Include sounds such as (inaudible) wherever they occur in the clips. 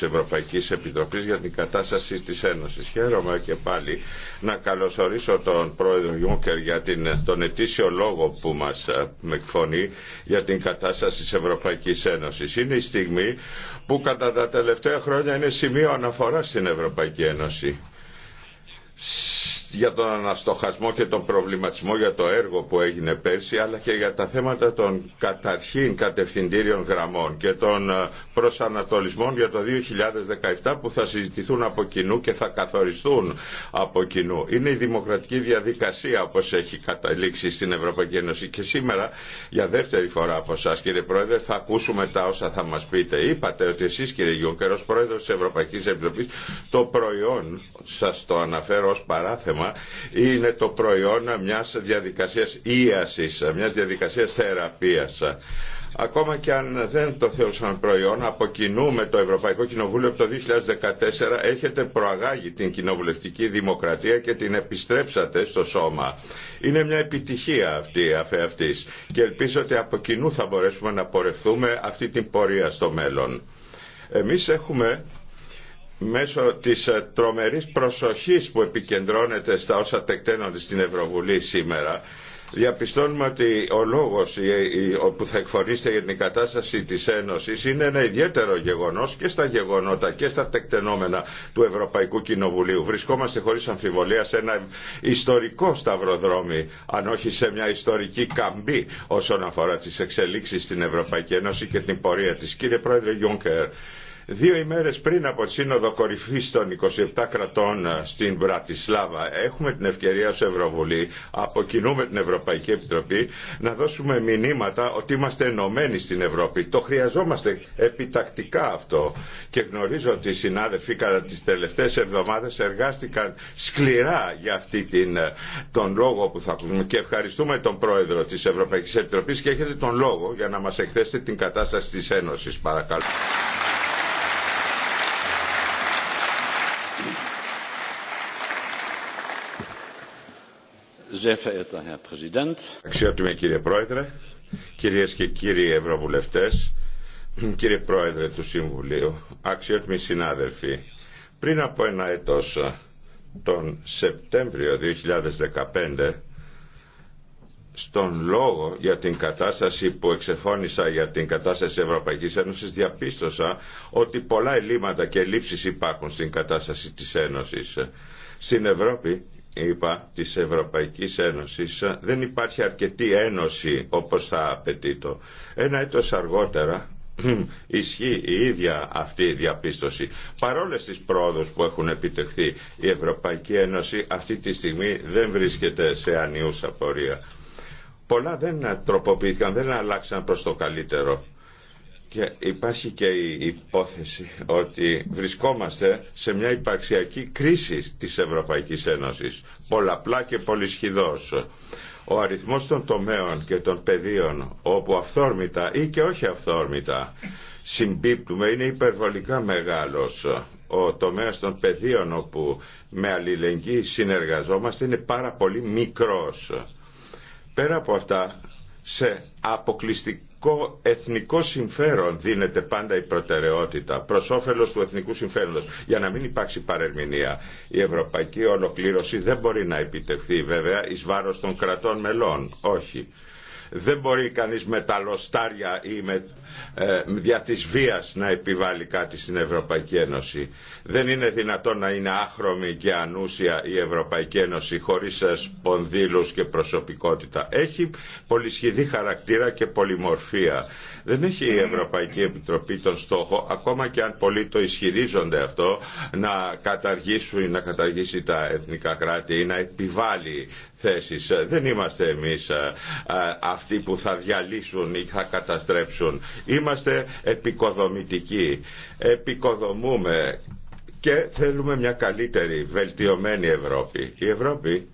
της Ευρωπαϊκής Επιτροπής για την κατάσταση της Ένωσης. Χαίρομαι και πάλι να καλωσορίσω τον πρόεδρο Γιούνκερ για την, τον ετήσιο λόγο που μας ε, εκφωνεί για την κατάσταση της Ευρωπαϊκής Ένωσης. Είναι η στιγμή που κατά τα τελευταία χρόνια είναι σημείο αναφορά στην Ευρωπαϊκή Ένωση για τον αναστοχασμό και τον προβληματισμό για το έργο που έγινε πέρσι αλλά και για τα θέματα των καταρχήν κατευθυντήριων γραμμών και των ε, προσανατολισμών για το 2017 που θα συζητηθούν από κοινού και θα καθοριστούν από κοινού. Είναι η δημοκρατική διαδικασία όπως έχει καταλήξει στην Ευρωπαϊκή Ένωση και σήμερα για δεύτερη φορά από εσά κύριε Πρόεδρε θα ακούσουμε τα όσα θα μας πείτε. Είπατε ότι εσείς κύριε Γιούνκερος, Πρόεδρος της Ευρωπαϊκής Επιτροπής το προϊόν σας το αναφέρω ως παράθεμα είναι το προϊόν μιας διαδικασίας ίασης, μιας διαδικασίας θεραπείας. Ακόμα και αν δεν το θεωρούσαν προϊόν, από κοινού με το Ευρωπαϊκό Κοινοβούλιο από το 2014 έχετε προαγάγει την κοινοβουλευτική δημοκρατία και την επιστρέψατε στο σώμα. Είναι μια επιτυχία αυτή αυτής. και ελπίζω ότι από κοινού θα μπορέσουμε να πορευθούμε αυτή την πορεία στο μέλλον. Εμείς έχουμε μέσω της ε, τρομερής προσοχής που επικεντρώνεται στα όσα τεκταίνονται στην Ευρωβουλή σήμερα διαπιστώνουμε ότι ο λόγος που θα εκφωνήσετε για την κατάσταση της Ένωσης είναι ένα ιδιαίτερο γεγονός και στα γεγονότα και στα τεκτενόμενα του Ευρωπαϊκού Κοινοβουλίου. Βρισκόμαστε χωρίς αμφιβολία σε ένα ιστορικό σταυροδρόμι, αν όχι σε μια ιστορική καμπή όσον αφορά τις εξελίξεις στην Ευρωπαϊκή Ένωση και την πορεία της. Κύριε Πρόεδρε Γιούνκερ, Δύο ημέρες πριν από τη Σύνοδο Κορυφής των 27 κρατών ε, στην Βρατισλάβα έχουμε την ευκαιρία ως Ευρωβουλή, αποκοινούμε την Ευρωπαϊκή Επιτροπή, να δώσουμε μηνύματα ότι είμαστε ενωμένοι στην Ευρώπη. Το χρειαζόμαστε επιτακτικά αυτό. Και γνωρίζω ότι οι συνάδελφοι κατά τις τελευταίες εβδομάδες εργάστηκαν σκληρά για αυτή ε, τον λόγο που θα ακούσουμε. Και ευχαριστούμε τον Πρόεδρο της Ευρωπαϊκής Επιτροπής και έχετε τον λόγο για να μας εκθέσετε την κατάσταση της Ένωσης παρακαλώ. Αξιότιμε κύριε Πρόεδρε, κυρίες και κύριοι Ευρωβουλευτές, κύριε Πρόεδρε του Συμβουλίου, αξιότιμοι συνάδελφοι, πριν από ένα έτος, τον Σεπτέμβριο 2015, στον λόγο για την κατάσταση που εξεφώνησα για την κατάσταση Ευρωπαϊκής Ένωσης διαπίστωσα ότι πολλά ελλείμματα και λήψεις υπάρχουν στην κατάσταση της Ένωσης. Στην Ευρώπη είπα, της Ευρωπαϊκής Ένωσης δεν υπάρχει αρκετή ένωση όπως θα απαιτεί το. Ένα έτος αργότερα (clears throat) ισχύει η ίδια αυτή η διαπίστωση. Παρόλες τις πρόοδους που έχουν επιτευχθεί η Ευρωπαϊκή Ένωση αυτή τη στιγμή δεν βρίσκεται σε ανιούσα πορεία. Πολλά δεν τροποποιήθηκαν, δεν αλλάξαν προς το καλύτερο. Και υπάρχει και η υπόθεση ότι βρισκόμαστε σε μια υπαρξιακή κρίση της Ευρωπαϊκής Ένωσης, πολλαπλά και πολυσχηδώς. Ο αριθμός των τομέων και των πεδίων όπου αυθόρμητα ή και όχι αυθόρμητα συμπίπτουμε είναι υπερβολικά μεγάλος. Ο τομέας των πεδίων όπου με αλληλεγγύη συνεργαζόμαστε είναι πάρα πολύ μικρός. Πέρα από αυτά, σε αποκλειστικά εθνικό, εθνικό συμφέρον δίνεται πάντα η προτεραιότητα προ όφελο του εθνικού συμφέροντος για να μην υπάρξει παρερμηνία. Η ευρωπαϊκή ολοκλήρωση δεν μπορεί να επιτευχθεί βέβαια εις βάρος των κρατών μελών. Όχι. Δεν μπορεί κανείς με τα λοστάρια ή με, ε, δια της βίας να επιβάλλει κάτι στην Ευρωπαϊκή Ένωση. Δεν είναι δυνατόν να είναι άχρωμη και ανούσια η Ευρωπαϊκή Ένωση χωρίς ε, σπονδύλους και προσωπικότητα. Έχει πολυσχηδή χαρακτήρα και πολυμορφία. Δεν έχει η Ευρωπαϊκή Επιτροπή τον στόχο, ακόμα και αν πολλοί το ισχυρίζονται αυτό, να καταργήσουν να καταργήσει τα εθνικά κράτη ή να επιβάλλει θέσεις. Δεν είμαστε εμείς ε, ε, αυτοί που θα διαλύσουν ή θα καταστρέψουν. Είμαστε επικοδομητικοί. Επικοδομούμε και θέλουμε μια καλύτερη, βελτιωμένη Ευρώπη. Η Ευρώπη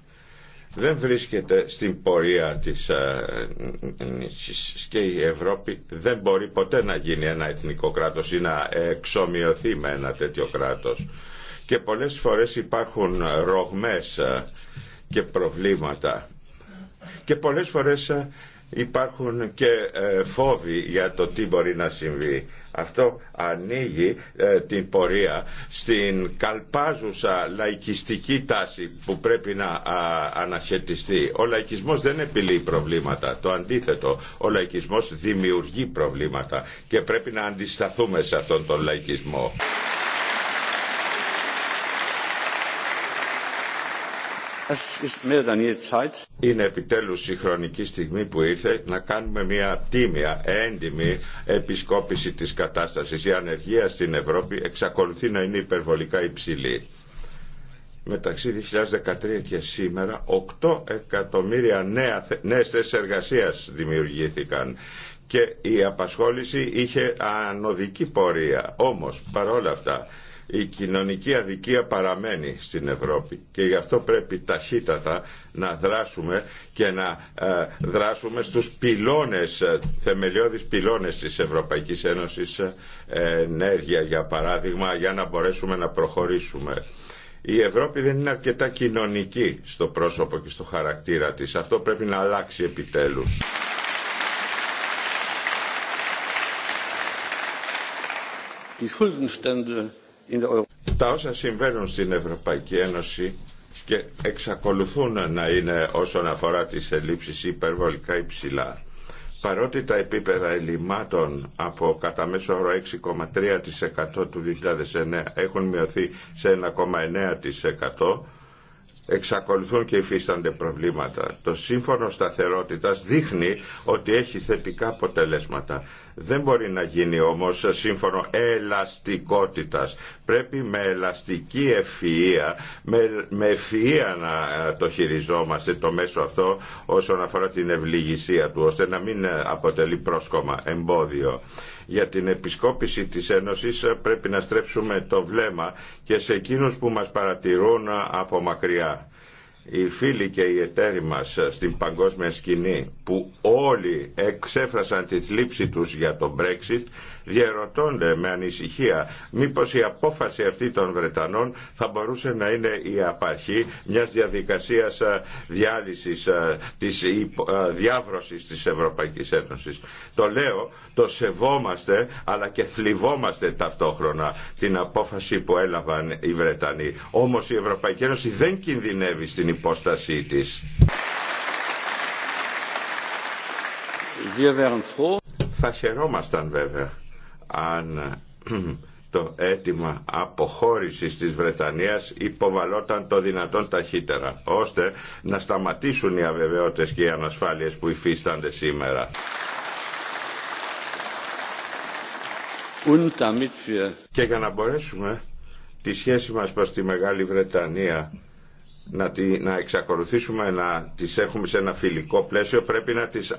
δεν βρίσκεται στην πορεία της ε, και η Ευρώπη δεν μπορεί ποτέ να γίνει ένα εθνικό κράτος ή να εξομοιωθεί με ένα τέτοιο κράτος. Και πολλές φορές υπάρχουν ρογμές και προβλήματα. Και πολλές φορές ε, υπάρχουν και ε, φόβοι για το τι μπορεί να συμβεί. Αυτό ανοίγει ε, την πορεία στην καλπάζουσα λαϊκιστική τάση που πρέπει να αναχαιτιστεί. Ο λαϊκισμός δεν επιλύει προβλήματα. Το αντίθετο, ο λαϊκισμός δημιουργεί προβλήματα και πρέπει να αντισταθούμε σε αυτόν τον λαϊκισμό. Είναι επιτέλους η χρονική στιγμή που ήρθε να κάνουμε μια τίμια, έντιμη επισκόπηση της κατάστασης. Η ανεργία στην Ευρώπη εξακολουθεί να είναι υπερβολικά υψηλή. Μεταξύ 2013 και σήμερα 8 εκατομμύρια νέα, νέες θέσεις εργασίας δημιουργήθηκαν και η απασχόληση είχε ανωδική πορεία. Όμως παρόλα αυτά η κοινωνική αδικία παραμένει στην Ευρώπη και γι' αυτό πρέπει ταχύτατα να δράσουμε και να ε, δράσουμε στους πυλώνες, ε, θεμελιώδεις πυλώνες της Ευρωπαϊκής Ένωσης ε, ενέργεια για παράδειγμα για να μπορέσουμε να προχωρήσουμε. Η Ευρώπη δεν είναι αρκετά κοινωνική στο πρόσωπο και στο χαρακτήρα της. Αυτό πρέπει να αλλάξει επιτέλους. Die τα όσα συμβαίνουν στην Ευρωπαϊκή Ένωση και εξακολουθούν να είναι όσον αφορά τις ελλείψεις υπερβολικά υψηλά. Παρότι τα επίπεδα ελλημάτων από κατά μέσο όρο 6,3% του 2009 έχουν μειωθεί σε 1,9% εξακολουθούν και υφίστανται προβλήματα. Το σύμφωνο σταθερότητας δείχνει ότι έχει θετικά αποτελέσματα. Δεν μπορεί να γίνει όμως σύμφωνο ελαστικότητας. Πρέπει με ελαστική ευφυΐα, με, με να ε, το χειριζόμαστε το μέσο αυτό όσον αφορά την ευληγησία του, ώστε να μην ε, αποτελεί πρόσκομα, εμπόδιο για την επισκόπηση της Ένωσης πρέπει να στρέψουμε το βλέμμα και σε εκείνους που μας παρατηρούν από μακριά. Οι φίλοι και οι εταίροι μας στην παγκόσμια σκηνή που όλοι εξέφρασαν τη θλίψη τους για το Brexit διαρωτώνται με ανησυχία μήπως η απόφαση αυτή των Βρετανών θα μπορούσε να είναι η απαρχή μιας διαδικασίας ε, διάλυσης ε, της ε, διάβρωσης της Ευρωπαϊκής Ένωσης. Το λέω, το σεβόμαστε αλλά και θλιβόμαστε ταυτόχρονα την απόφαση που έλαβαν οι Βρετανοί. Όμως η Ευρωπαϊκή Ένωση δεν κινδυνεύει στην υπόστασή της. Θα χαιρόμασταν βέβαια αν (clears throat) το αίτημα αποχώρησης της Βρετανίας υποβαλόταν το δυνατόν ταχύτερα, ώστε να σταματήσουν οι αβεβαιότητες και οι ανασφάλειες που υφίστανται σήμερα. Και για να μπορέσουμε τη σχέση μας προς τη Μεγάλη Βρετανία να, να εξακολουθήσουμε να τις έχουμε σε ένα φιλικό πλαίσιο πρέπει να τις,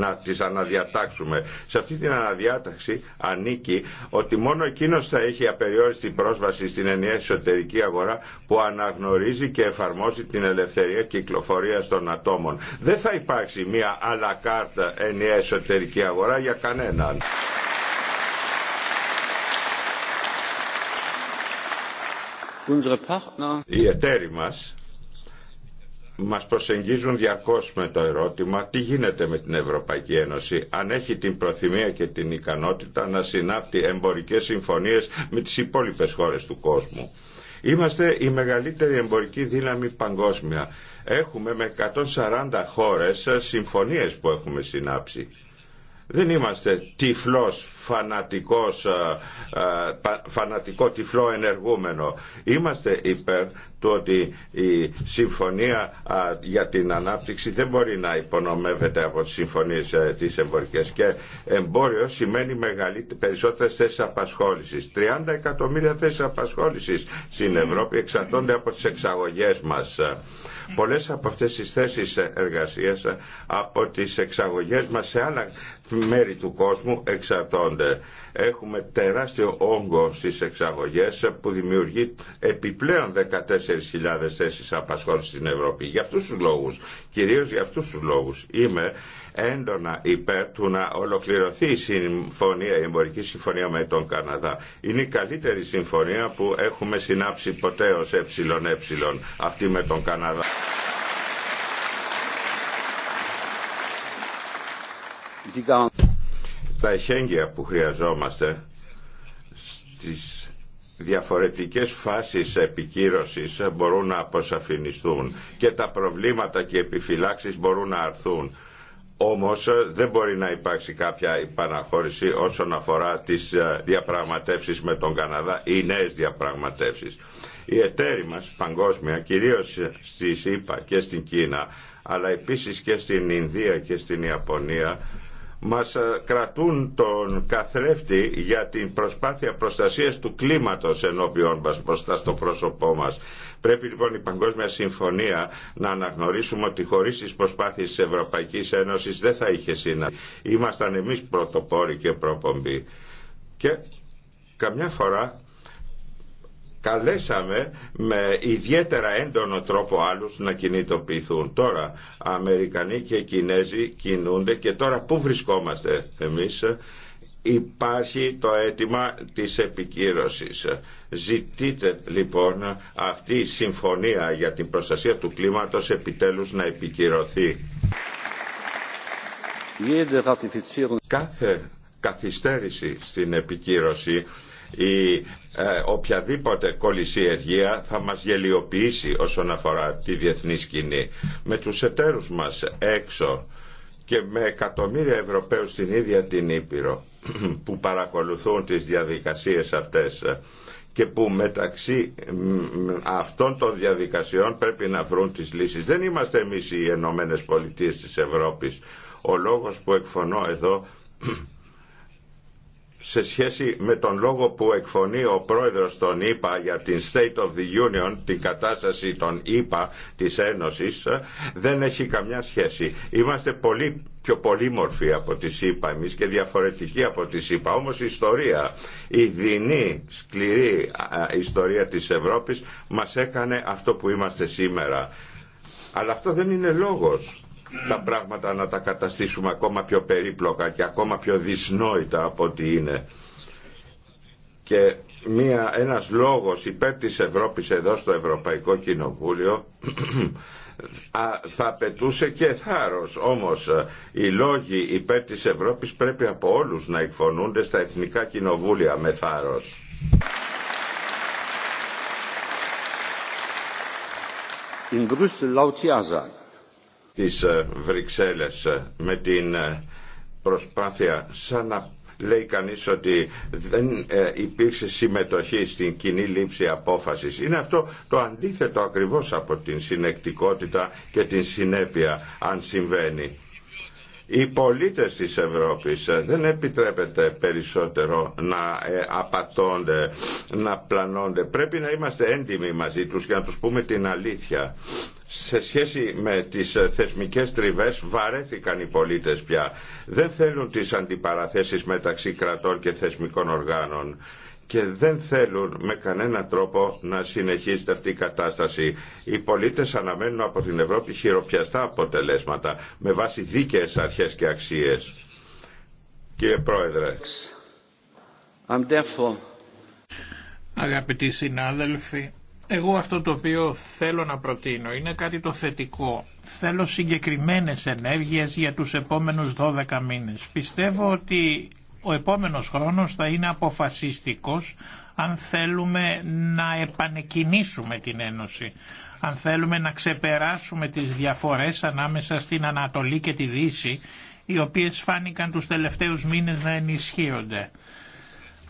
να τις αναδιατάξουμε. Σε αυτή την αναδιάταξη ανήκει ότι μόνο εκείνος θα έχει απεριόριστη πρόσβαση στην ενιαία εσωτερική αγορά που αναγνωρίζει και εφαρμόζει την ελευθερία κυκλοφορία των ατόμων. Δεν θα υπάρξει μια αλακάρτα ενιαία εσωτερική αγορά για κανέναν. Οι εταίροι μας μας προσεγγίζουν διαρκώς με το ερώτημα τι γίνεται με την Ευρωπαϊκή Ένωση αν έχει την προθυμία και την ικανότητα να συνάπτει εμπορικές συμφωνίες με τις υπόλοιπες χώρες του κόσμου. Είμαστε η μεγαλύτερη εμπορική δύναμη παγκόσμια. Έχουμε με 140 χώρες συμφωνίες που έχουμε συνάψει. Δεν είμαστε τυφλός, φανατικός, ε, ε, φανατικό τυφλό ενεργούμενο. Είμαστε υπέρ του ότι η συμφωνία για την ανάπτυξη δεν μπορεί να υπονομεύεται από τις συμφωνίες ε, της εμπορικές και εμπόριο σημαίνει μεγαλύτερη, περισσότερες θέσεις απασχόλησης. 30 εκατομμύρια θέσεις απασχόλησης στην Ευρώπη εξαρτώνται από τις εξαγωγές μας. Πολλές από αυτές τις θέσεις εργασίας από τις εξαγωγές μας σε άλλα μέρη του κόσμου εξαρτώνται. Έχουμε τεράστιο όγκο στις εξαγωγές που δημιουργεί επιπλέον 14.000 θέσεις απασχόλησης στην Ευρώπη. Για αυτούς τους λόγους, κυρίως για αυτούς τους λόγους είμαι έντονα υπέρ του να ολοκληρωθεί η συμφωνία, η εμπορική συμφωνία με τον Καναδά. Είναι η καλύτερη συμφωνία που έχουμε συνάψει ποτέ ως ΕΕ, αυτή με τον Καναδά. Τα εχέγγυα που χρειαζόμαστε στις διαφορετικές φάσεις επικύρωσης μπορούν να αποσαφινιστούν και τα προβλήματα και επιφυλάξει μπορούν να αρθούν. Όμως ε, δεν μπορεί να υπάρξει κάποια επαναχώρηση όσον αφορά τις ε, διαπραγματεύσεις με τον Καναδά ή νέες διαπραγματεύσεις. Οι εταίροι μας παγκόσμια, κυρίως στη ΣΥΠΑ και στην Κίνα, αλλά επίσης και στην Ινδία και στην Ιαπωνία, μας ε, κρατούν τον καθρέφτη για την προσπάθεια προστασίας του κλίματος ενώπιον μας μπροστά στο πρόσωπό μας. Πρέπει λοιπόν η Παγκόσμια Συμφωνία να αναγνωρίσουμε ότι χωρί τι προσπάθειε τη Ευρωπαϊκή Ένωση δεν θα είχε συναντήσει. Ήμασταν εμεί πρωτοπόροι και προπομπή. Και καμιά φορά καλέσαμε με ιδιαίτερα έντονο τρόπο άλλους να κινητοποιηθούν. Τώρα Αμερικανοί και Κινέζοι κινούνται και τώρα πού βρισκόμαστε εμείς υπάρχει το αίτημα της επικύρωσης. Ζητείτε λοιπόν αυτή η συμφωνία για την προστασία του κλίματος επιτέλους να επικυρωθεί. Κάθε καθυστέρηση στην επικύρωση η ε, οποιαδήποτε εργεία θα μας γελιοποιήσει όσον αφορά τη διεθνή σκηνή. Με τους εταίρους μας έξω και με εκατομμύρια Ευρωπαίους στην ίδια την Ήπειρο που παρακολουθούν τις διαδικασίες αυτές και που μεταξύ αυτών των διαδικασιών πρέπει να βρουν τις λύσεις. Δεν είμαστε εμείς οι Ενωμένες Πολιτείες της Ευρώπης. Ο λόγος που εκφωνώ εδώ σε σχέση με τον λόγο που εκφωνεί ο πρόεδρος των ΗΠΑ για την State of the Union, την κατάσταση των ΗΠΑ της Ένωσης, ε, δεν έχει καμιά σχέση. Είμαστε πολύ πιο πολύμορφοι από τη ΣΥΠΑ εμείς και διαφορετικοί από τη ΣΥΠΑ. Όμως η ιστορία, η δεινή, σκληρή ιστορία της Ευρώπης μας έκανε αυτό που είμαστε σήμερα. Αλλά αυτό δεν είναι λόγος τα πράγματα να τα καταστήσουμε ακόμα πιο περίπλοκα και ακόμα πιο δυσνόητα από ό,τι είναι. Και μια, ένας λόγος υπέρ της Ευρώπης εδώ στο Ευρωπαϊκό Κοινοβούλιο (clears throat) θα απαιτούσε και θάρρος. Όμως οι λόγοι υπέρ της Ευρώπης πρέπει από όλους να εκφωνούνται στα εθνικά κοινοβούλια με θάρρος. In Brüssel laut Τις ε, Βρυξέλλες ε, με την ε, προσπάθεια σαν να λέει κανείς ότι δεν υπήρξε συμμετοχή στην κοινή λήψη απόφασης. Είναι αυτό το αντίθετο ακριβώς από την συνεκτικότητα και την συνέπεια αν συμβαίνει οι πολίτες της Ευρώπης ε, δεν επιτρέπεται περισσότερο να ε, απατώνται, να πλανώνται. Πρέπει να είμαστε έντιμοι μαζί τους για να τους πούμε την αλήθεια. Σε σχέση με τις ε, θεσμικές τριβές βαρέθηκαν οι πολίτες πια. Δεν θέλουν τις αντιπαραθέσεις μεταξύ κρατών και θεσμικών οργάνων και δεν θέλουν με κανένα τρόπο να συνεχίζεται αυτή η κατάσταση. Οι πολίτες αναμένουν από την Ευρώπη χειροπιαστά αποτελέσματα με βάση δίκαιες αρχές και αξίες. Κύριε Πρόεδρε. Αγαπητοί συνάδελφοι, εγώ αυτό το οποίο θέλω να προτείνω είναι κάτι το θετικό. Θέλω συγκεκριμένες ενέργειες για τους επόμενους 12 μήνες. Πιστεύω ότι ο επόμενος χρόνος θα είναι αποφασιστικός αν θέλουμε να επανεκκινήσουμε την Ένωση, αν θέλουμε να ξεπεράσουμε τις διαφορές ανάμεσα στην Ανατολή και τη Δύση, οι οποίες φάνηκαν τους τελευταίους μήνες να ενισχύονται.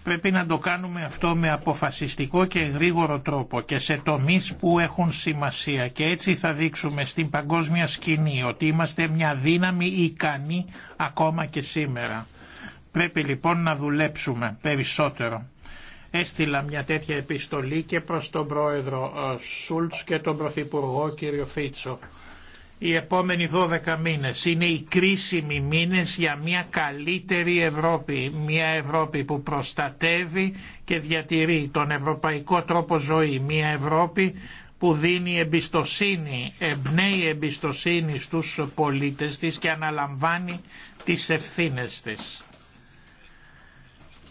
Πρέπει να το κάνουμε αυτό με αποφασιστικό και γρήγορο τρόπο και σε τομείς που έχουν σημασία και έτσι θα δείξουμε στην παγκόσμια σκηνή ότι είμαστε μια δύναμη ικανή ακόμα και σήμερα. Πρέπει λοιπόν να δουλέψουμε περισσότερο. Έστειλα μια τέτοια επιστολή και προς τον πρόεδρο ε, Σούλτς και τον πρωθυπουργό κύριο Φίτσο. Οι επόμενοι 12 μήνες είναι οι κρίσιμοι μήνες για μια καλύτερη Ευρώπη. Μια Ευρώπη που προστατεύει και διατηρεί τον ευρωπαϊκό τρόπο ζωή. Μια Ευρώπη που δίνει εμπιστοσύνη, εμπνέει εμπιστοσύνη στους πολίτες της και αναλαμβάνει τις ευθύνες της.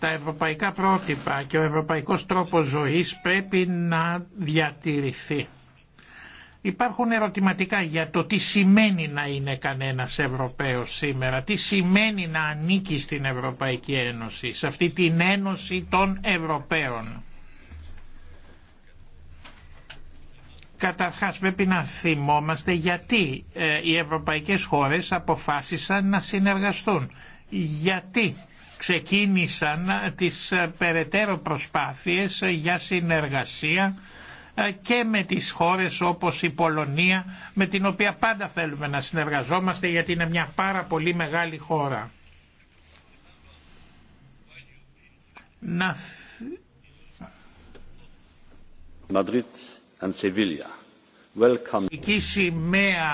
Τα ευρωπαϊκά πρότυπα και ο ευρωπαϊκός τρόπος ζωής πρέπει να διατηρηθεί. Υπάρχουν ερωτηματικά για το τι σημαίνει να είναι κανένας Ευρωπαίος σήμερα, τι σημαίνει να ανήκει στην Ευρωπαϊκή Ένωση, σε αυτή την Ένωση των Ευρωπαίων. Καταρχάς πρέπει να θυμόμαστε γιατί ε, οι ευρωπαϊκές χώρες αποφάσισαν να συνεργαστούν. Γιατί ξεκίνησαν τις ε, περαιτέρω προσπάθειες ε, για συνεργασία ε, και με τις χώρες όπως η Πολωνία με την οποία πάντα θέλουμε να συνεργαζόμαστε γιατί είναι μια πάρα πολύ μεγάλη χώρα. Η σημαία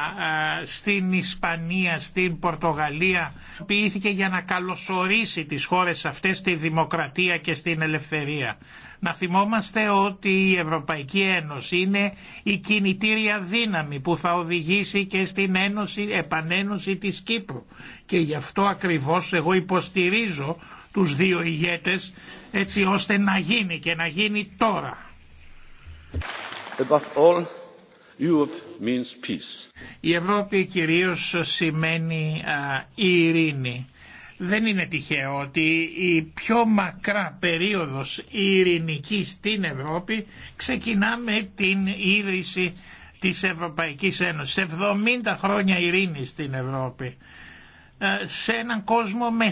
στην Ισπανία, στην Πορτογαλία ποιήθηκε για να καλωσορίσει τις χώρες αυτές στη δημοκρατία και στην ελευθερία. Να θυμόμαστε ότι η Ευρωπαϊκή Ένωση είναι η κινητήρια δύναμη που θα οδηγήσει και στην ένωση, επανένωση της Κύπρου. Και γι' αυτό ακριβώς εγώ υποστηρίζω τους δύο ηγέτες έτσι ώστε να γίνει και να γίνει τώρα. Η Ευρώπη κυρίως σημαίνει η ειρήνη. Δεν είναι τυχαίο ότι η πιο μακρά περίοδος ειρηνική στην Ευρώπη ξεκινά με την ίδρυση της Ευρωπαϊκής Ένωσης. 70 χρόνια ειρήνη στην Ευρώπη. Σε έναν κόσμο με 40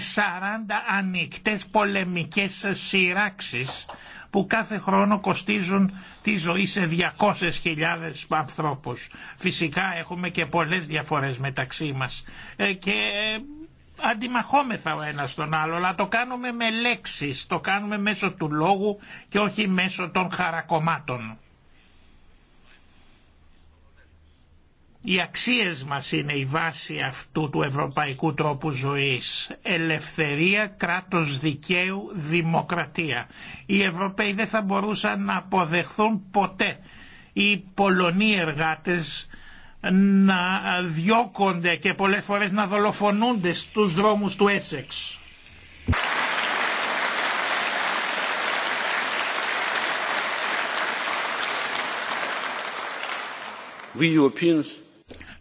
ανοιχτές πολεμικές σειράξεις που κάθε χρόνο κοστίζουν τη ζωή σε 200.000 ανθρώπους. Φυσικά έχουμε και πολλές διαφορές μεταξύ μας ε, και ε, αντιμαχόμεθα ο ένας τον άλλο, αλλά το κάνουμε με λέξεις, το κάνουμε μέσω του λόγου και όχι μέσω των χαρακομάτων. Οι αξίες μας είναι η βάση αυτού του ευρωπαϊκού τρόπου ζωής. Ελευθερία, κράτος δικαίου, δημοκρατία. Οι Ευρωπαίοι δεν θα μπορούσαν να αποδεχθούν ποτέ οι Πολωνοί εργάτες να διώκονται και πολλές φορές να δολοφονούνται στους δρόμους του Έσεξ.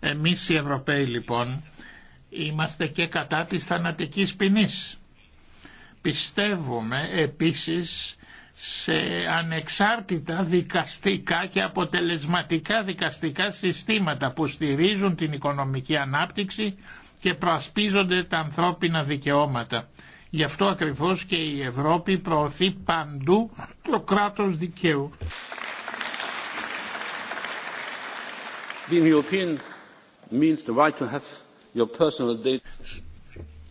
Εμείς οι Ευρωπαίοι λοιπόν είμαστε και κατά της θανατικής ποινής. Πιστεύουμε επίσης σε ανεξάρτητα δικαστικά και αποτελεσματικά δικαστικά συστήματα που στηρίζουν την οικονομική ανάπτυξη και προασπίζονται τα ανθρώπινα δικαιώματα. Γι' αυτό ακριβώς και η Ευρώπη προωθεί παντού το κράτος δικαίου.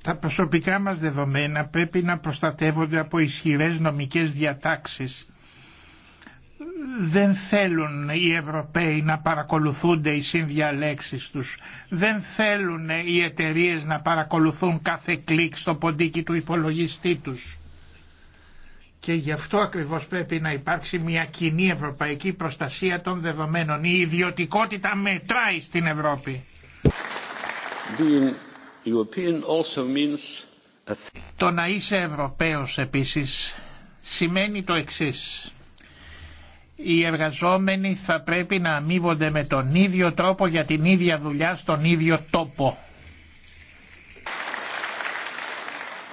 Τα προσωπικά μας δεδομένα πρέπει να προστατεύονται από ισχυρές νομικές διατάξεις. Δεν θέλουν οι Ευρωπαίοι να παρακολουθούνται οι συνδιαλέξεις τους. Δεν θέλουν οι εταιρείες να παρακολουθούν κάθε κλικ στο ποντίκι του υπολογιστή τους και γι' αυτό ακριβώς πρέπει να υπάρξει μια κοινή ευρωπαϊκή προστασία των δεδομένων. Η ιδιωτικότητα μετράει στην Ευρώπη. Also means... Το να είσαι Ευρωπαίος επίσης σημαίνει το εξής. Οι εργαζόμενοι θα πρέπει να αμείβονται με τον ίδιο τρόπο για την ίδια δουλειά στον ίδιο τόπο.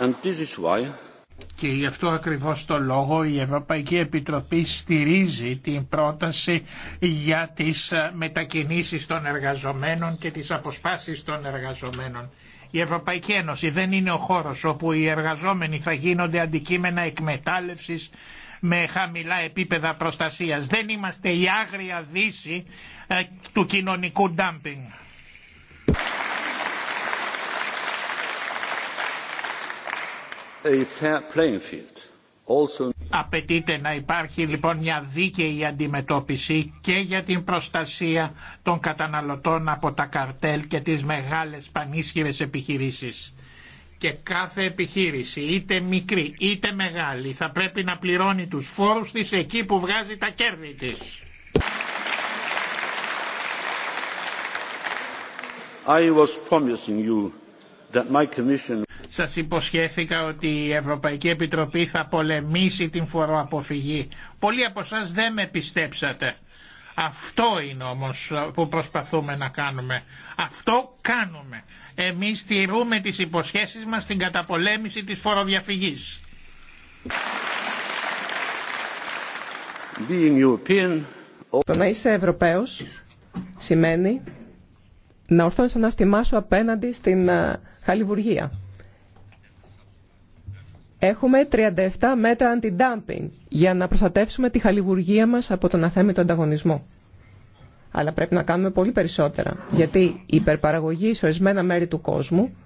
And this is why... Και γι' αυτό ακριβώς το λόγο η Ευρωπαϊκή Επιτροπή στηρίζει την πρόταση για τις ε, μετακινήσεις των εργαζομένων και τις αποσπάσεις των εργαζομένων. Η Ευρωπαϊκή Ένωση δεν είναι ο χώρος όπου οι εργαζόμενοι θα γίνονται αντικείμενα εκμετάλλευσης με χαμηλά επίπεδα προστασίας. Δεν είμαστε η άγρια δύση ε, του κοινωνικού ντάμπινγκ. Απαιτείται να υπάρχει λοιπόν μια δίκαιη αντιμετώπιση και για την προστασία των καταναλωτών από τα καρτέλ και τις μεγάλες πανίσχυρες επιχειρήσεις. Και κάθε επιχείρηση, είτε μικρή είτε μεγάλη, θα πρέπει να πληρώνει τους φόρους της εκεί που βγάζει τα κέρδη της. Σας υποσχέθηκα ότι η Ευρωπαϊκή Επιτροπή θα πολεμήσει την φοροαποφυγή. Πολλοί από εσά δεν με πιστέψατε. Αυτό είναι όμως που προσπαθούμε να κάνουμε. Αυτό κάνουμε. Εμείς τηρούμε τις υποσχέσεις μας στην καταπολέμηση της φοροδιαφυγής. Oh. Το να είσαι Ευρωπαίος σημαίνει να ορθώνεις τον άστημά σου απέναντι στην ε, χαλιβουργία. Έχουμε 37 μέτρα αντι-dumping για να προστατεύσουμε τη χαλιβουργία μας από τον αθέμητο ανταγωνισμό. Αλλά πρέπει να κάνουμε πολύ περισσότερα, γιατί η υπερπαραγωγή σε ορισμένα μέρη του κόσμου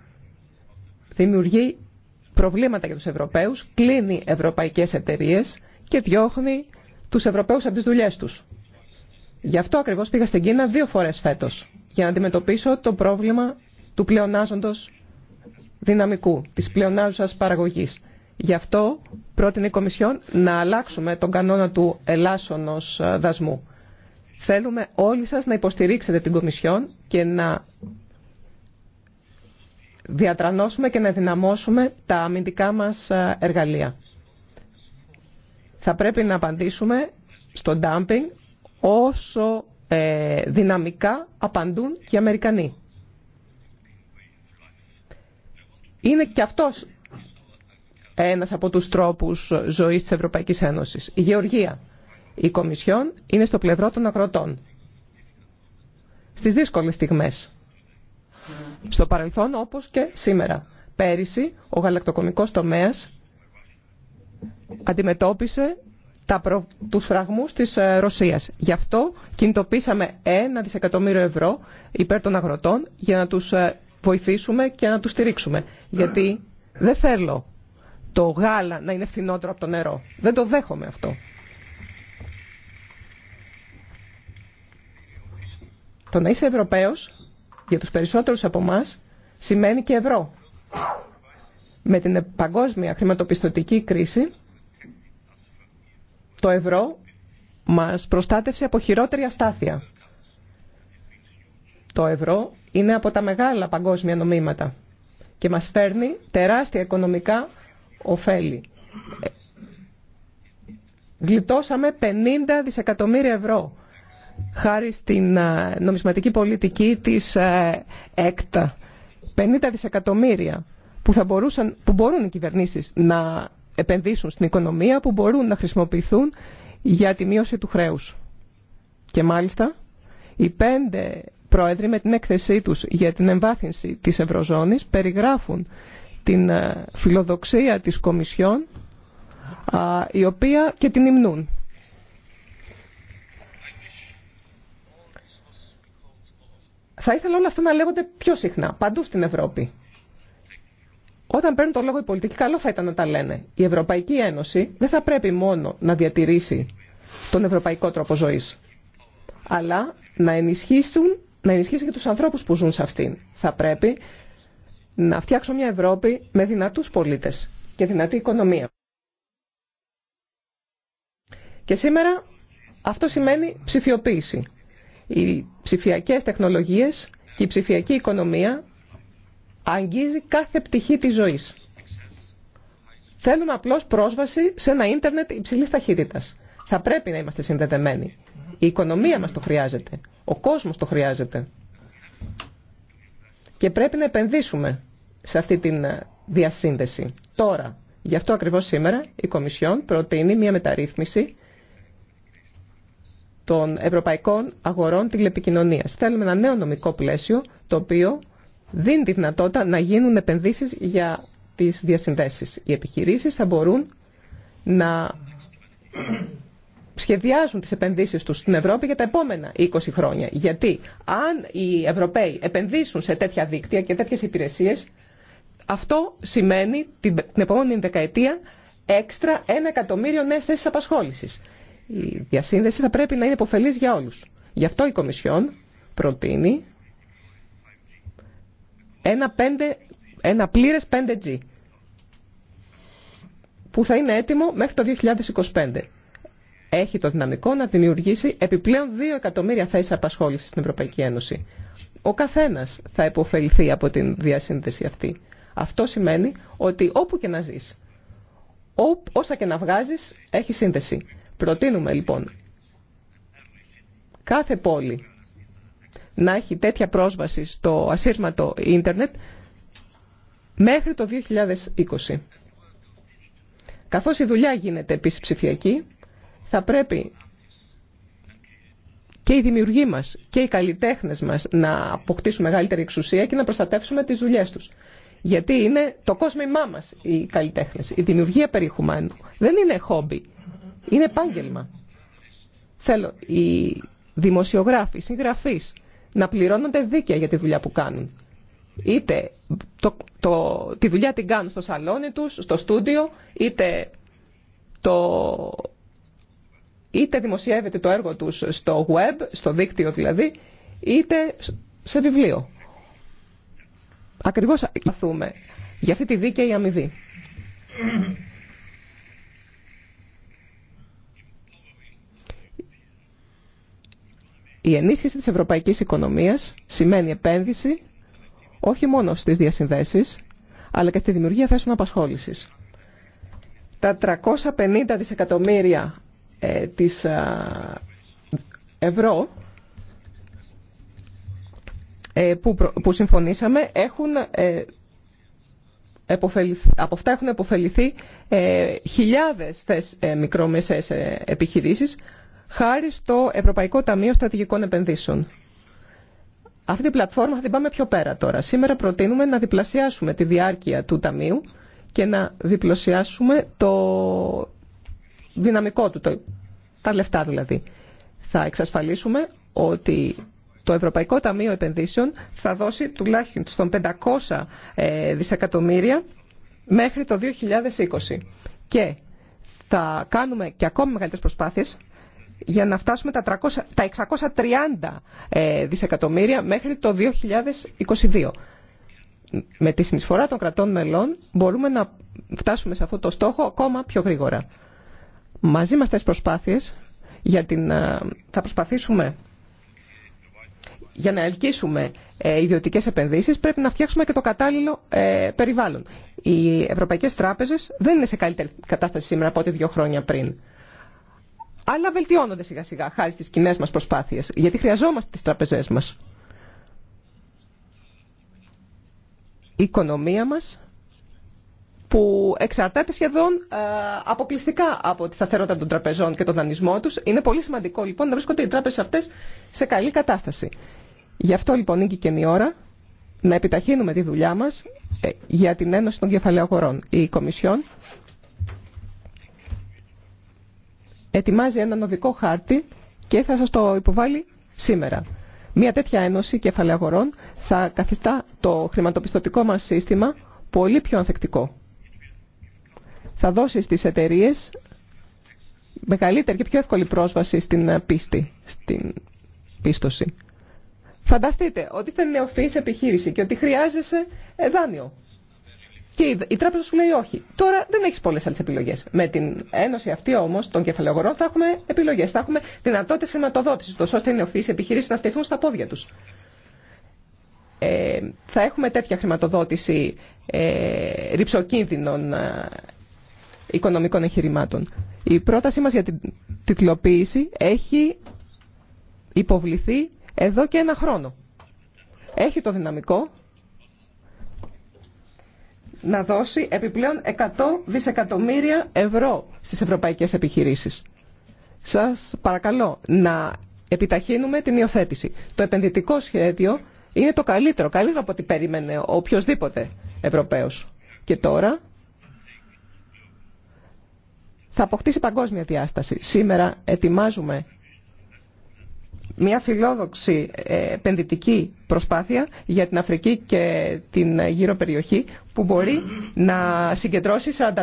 δημιουργεί προβλήματα για τους Ευρωπαίους, κλείνει ευρωπαϊκές εταιρείες και διώχνει τους Ευρωπαίους από τις δουλειές τους. Γι' αυτό ακριβώς πήγα στην Κίνα δύο φορές φέτος, για να αντιμετωπίσω το πρόβλημα του πλεονάζοντος δυναμικού, της πλεονάζουσας παραγωγής. Γι' αυτό πρότεινε η Κομισιόν να αλλάξουμε τον κανόνα του ελάσσονος ε, δασμού. Θέλουμε όλοι σας να υποστηρίξετε την Κομισιόν και να διατρανώσουμε και να δυναμώσουμε τα αμυντικά μας ε, εργαλεία. Θα πρέπει να απαντήσουμε στο dumping όσο ε, δυναμικά απαντούν και οι Αμερικανοί. Είναι και αυτός ένας από τους τρόπους ζωής της Ευρωπαϊκής Ένωσης. Η Γεωργία, η Κομισιόν είναι στο πλευρό των ακροτών. Στις δύσκολες στιγμές. Στο παρελθόν όπως και σήμερα. Πέρυσι ο γαλακτοκομικός τομέας αντιμετώπισε τα προ... τους φραγμούς της ε, Ρωσίας. Γι' αυτό κινητοποίησαμε ένα δισεκατομμύριο ευρώ υπέρ των αγροτών για να τους ε, βοηθήσουμε και να τους στηρίξουμε. Γιατί δεν θέλω το γάλα να είναι φθηνότερο από το νερό. Δεν το δέχομαι αυτό. Το να είσαι Ευρωπαίος, για τους περισσότερους από εμά σημαίνει και ευρώ. Με την παγκόσμια χρηματοπιστωτική κρίση, το ευρώ μας προστάτευσε από χειρότερη αστάθεια. Το ευρώ είναι από τα μεγάλα παγκόσμια νομίματα και μας φέρνει τεράστια οικονομικά ωφέλη. Γλιτώσαμε 50 δισεκατομμύρια ευρώ χάρη στην ε, νομισματική πολιτική της ε, ΕΚΤΑ. 50 δισεκατομμύρια που, θα μπορούσαν, που μπορούν οι κυβερνήσεις να επενδύσουν στην οικονομία, που μπορούν να χρησιμοποιηθούν για τη μείωση του χρέους. Και μάλιστα οι πέντε πρόεδροι με την έκθεσή τους για την εμβάθυνση της Ευρωζώνης περιγράφουν την ε, φιλοδοξία της Κομισιόν, η οποία και την υμνούν. Θα ήθελα όλα αυτά να λέγονται πιο συχνά, παντού στην Ευρώπη. Όταν παίρνουν το λόγο οι πολιτικοί, καλό θα ήταν να τα λένε. Η Ευρωπαϊκή Ένωση δεν θα πρέπει μόνο να διατηρήσει τον ευρωπαϊκό τρόπο ζωής, αλλά να ενισχύσουν να ενισχύσει και τους ανθρώπους που ζουν σε αυτήν. Θα πρέπει να φτιάξω μια Ευρώπη με δυνατούς πολίτες και δυνατή οικονομία. Και σήμερα αυτό σημαίνει ψηφιοποίηση. Οι ψηφιακές τεχνολογίες και η ψηφιακή οικονομία αγγίζει κάθε πτυχή της ζωής. Θέλουμε απλώς πρόσβαση σε ένα ίντερνετ υψηλής ταχύτητας. Θα πρέπει να είμαστε συνδεδεμένοι. Η οικονομία μας το χρειάζεται. Ο κόσμος το χρειάζεται. Και πρέπει να επενδύσουμε σε αυτή τη ε, διασύνδεση. Τώρα, γι' αυτό ακριβώς σήμερα η Κομισιόν προτείνει μια μεταρρύθμιση των ευρωπαϊκών αγορών τηλεπικοινωνίας. Θέλουμε ένα νέο νομικό πλαίσιο το οποίο δίνει τη δυνατότητα να γίνουν επενδύσεις για τις διασυνδέσεις. Οι επιχειρήσεις θα μπορούν να σχεδιάζουν τις επενδύσεις τους στην Ευρώπη για τα επόμενα 20 χρόνια. Γιατί αν οι Ευρωπαίοι επενδύσουν σε τέτοια δίκτυα και τέτοιες υπηρεσίες, αυτό σημαίνει την, επόμενη δεκαετία έξτρα ένα εκατομμύριο νέες θέσεις απασχόλησης. Η διασύνδεση θα πρέπει να είναι υποφελής για όλους. Γι' αυτό η Κομισιόν προτείνει ένα, πληρες πλήρες 5G που θα είναι έτοιμο μέχρι το 2025 έχει το δυναμικό να δημιουργήσει επιπλέον 2 εκατομμύρια θέσεις απασχόλησης στην Ευρωπαϊκή Ένωση. Ο καθένα θα υποφεληθεί από την διασύνδεση αυτή. Αυτό σημαίνει ότι όπου και να ζει, όσα και να βγάζει έχει σύνδεση. Προτείνουμε λοιπόν κάθε πόλη να έχει τέτοια πρόσβαση στο ασύρματο ίντερνετ μέχρι το 2020. Καθώς η δουλειά γίνεται επίσης ψηφιακή, θα πρέπει και οι δημιουργοί μας και οι καλλιτέχνες μας να αποκτήσουν μεγαλύτερη εξουσία και να προστατεύσουμε τις δουλειές τους. Γιατί είναι το κόσμημά μας οι καλλιτέχνες. Η δημιουργία περιεχομένου δεν είναι χόμπι, είναι επάγγελμα. Θέλω οι δημοσιογράφοι, οι συγγραφείς να πληρώνονται δίκαια για τη δουλειά που κάνουν. Είτε τη δουλειά την κάνουν στο σαλόνι τους, στο στούντιο, είτε το Είτε δημοσιεύεται το έργο τους στο web, στο δίκτυο δηλαδή, είτε σε βιβλίο. Ακριβώς αγαθούμε για αυτή τη δίκαιη αμοιβή. Η ενίσχυση της ευρωπαϊκής οικονομίας σημαίνει επένδυση όχι μόνο στις διασυνδέσεις, αλλά και στη δημιουργία θέσεων απασχόλησης. Τα 350 δισεκατομμύρια ε, της ευρώ ε, που συμφωνήσαμε έχουν ε, από αυτά έχουν επωφεληθεί χιλιάδες θες μικρομεσαίες επιχειρήσεις χάρη στο Ευρωπαϊκό Ταμείο Στρατηγικών Επενδύσεων. Αυτή την πλατφόρμα θα την πάμε πιο πέρα τώρα. Σήμερα προτείνουμε να διπλασιάσουμε τη διάρκεια του Ταμείου και να διπλωσιάσουμε το δυναμικό του, το, τα λεφτά δηλαδή. Θα εξασφαλίσουμε ότι το Ευρωπαϊκό Ταμείο Επενδύσεων θα δώσει τουλάχιστον 500 ε, δισεκατομμύρια μέχρι το 2020. Και θα κάνουμε και ακόμη μεγαλύτερες προσπάθειες για να φτάσουμε τα, 300, τα 630 ε, δισεκατομμύρια μέχρι το 2022. Με τη συνεισφορά των κρατών μελών μπορούμε να φτάσουμε σε αυτό το στόχο ακόμα πιο γρήγορα μαζί μας τις προσπάθειες για την, ε, θα προσπαθήσουμε για να ελκύσουμε ε, ιδιωτικέ επενδύσει, πρέπει να φτιάξουμε και το κατάλληλο ε, περιβάλλον. Οι ευρωπαϊκέ τράπεζε δεν είναι σε καλύτερη κατάσταση σήμερα από ό,τι δύο χρόνια πριν. Αλλά βελτιώνονται σιγά σιγά χάρη στις κοινέ μα προσπάθειε, γιατί χρειαζόμαστε τι τραπεζέ μα. Η οικονομία μας που εξαρτάται σχεδόν ε, αποκλειστικά από τη σταθερότητα των τραπεζών και τον δανεισμό τους. Είναι πολύ σημαντικό λοιπόν να βρίσκονται οι τράπεζες αυτές σε καλή κατάσταση. Γι' αυτό λοιπόν είναι και η ώρα να επιταχύνουμε τη δουλειά μας ε, για την Ένωση των Κεφαλαίων Η Κομισιόν ετοιμάζει έναν οδικό χάρτη και θα σας το υποβάλει σήμερα. Μία τέτοια ένωση Κεφαλαίων αγορών θα καθιστά το χρηματοπιστωτικό μας σύστημα πολύ πιο ανθεκτικό θα δώσει στις εταιρείε μεγαλύτερη και πιο εύκολη πρόσβαση στην πίστη, στην πίστοση. Φανταστείτε ότι είστε νεοφυής επιχείρηση και ότι χρειάζεσαι ε, δάνειο. Και η τράπεζα σου λέει όχι. Τώρα δεν έχει πολλέ άλλε επιλογέ. Με την ένωση αυτή όμω των κεφαλαιογορών θα έχουμε επιλογέ. Θα έχουμε δυνατότητε χρηματοδότηση, ώστε οι νεοφυεί επιχειρήσει να στηθούν στα πόδια του. Ε, θα έχουμε τέτοια χρηματοδότηση ε, ρηψοκίνδυνων ε, οικονομικών εγχειρημάτων. Η πρότασή μας για την τιτλοποίηση έχει υποβληθεί εδώ και ένα χρόνο. Έχει το δυναμικό να δώσει επιπλέον 100 δισεκατομμύρια ευρώ στις ευρωπαϊκές επιχειρήσεις. Σας παρακαλώ να επιταχύνουμε την υιοθέτηση. Το επενδυτικό σχέδιο είναι το καλύτερο, καλύτερο από ό,τι περίμενε οποιοδήποτε Ευρωπαίος. Και τώρα θα αποκτήσει παγκόσμια διάσταση. Σήμερα ετοιμάζουμε μια φιλόδοξη ε, επενδυτική προσπάθεια για την Αφρική και την γύρω περιοχή που μπορεί να συγκεντρώσει 44,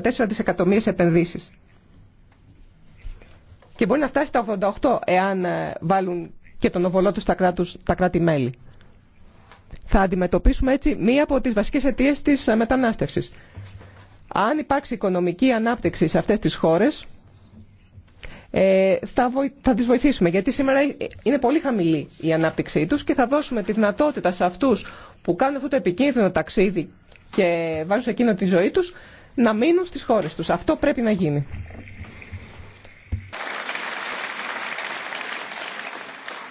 44 ε, δισεκατομμύρια επενδύσεις. Και μπορεί να φτάσει τα 88 εάν ε, βάλουν και τον οβολό τους τα, τα κράτη-μέλη. Θα αντιμετωπίσουμε έτσι μία από τις βασικές αιτίες της μετανάστευσης. Αν υπάρξει οικονομική ανάπτυξη σε αυτές τις χώρες, ε, θα, βοη, θα τις βοηθήσουμε. Γιατί σήμερα είναι πολύ χαμηλή η ανάπτυξή τους και θα δώσουμε τη δυνατότητα σε αυτούς που κάνουν αυτό το επικίνδυνο ταξίδι και βάζουν σε εκείνο τη ζωή τους, να μείνουν στις χώρες τους. Αυτό πρέπει να γίνει.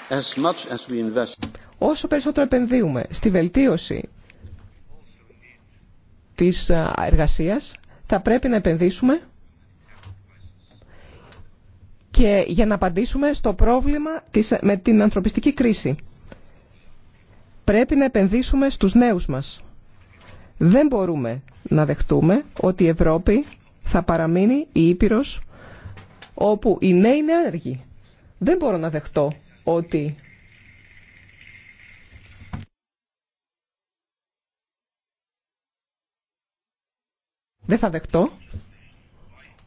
As much as we Όσο περισσότερο επενδύουμε στη βελτίωση της ε, εργασίας, θα πρέπει να επενδύσουμε και για να απαντήσουμε στο πρόβλημα της, ε, με την ανθρωπιστική κρίση. Πρέπει να επενδύσουμε στους νέους μας. Δεν μπορούμε να δεχτούμε ότι η Ευρώπη θα παραμείνει η Ήπειρος όπου οι νέοι είναι άνεργοι. Δεν μπορώ να δεχτώ ότι Δεν θα δεχτώ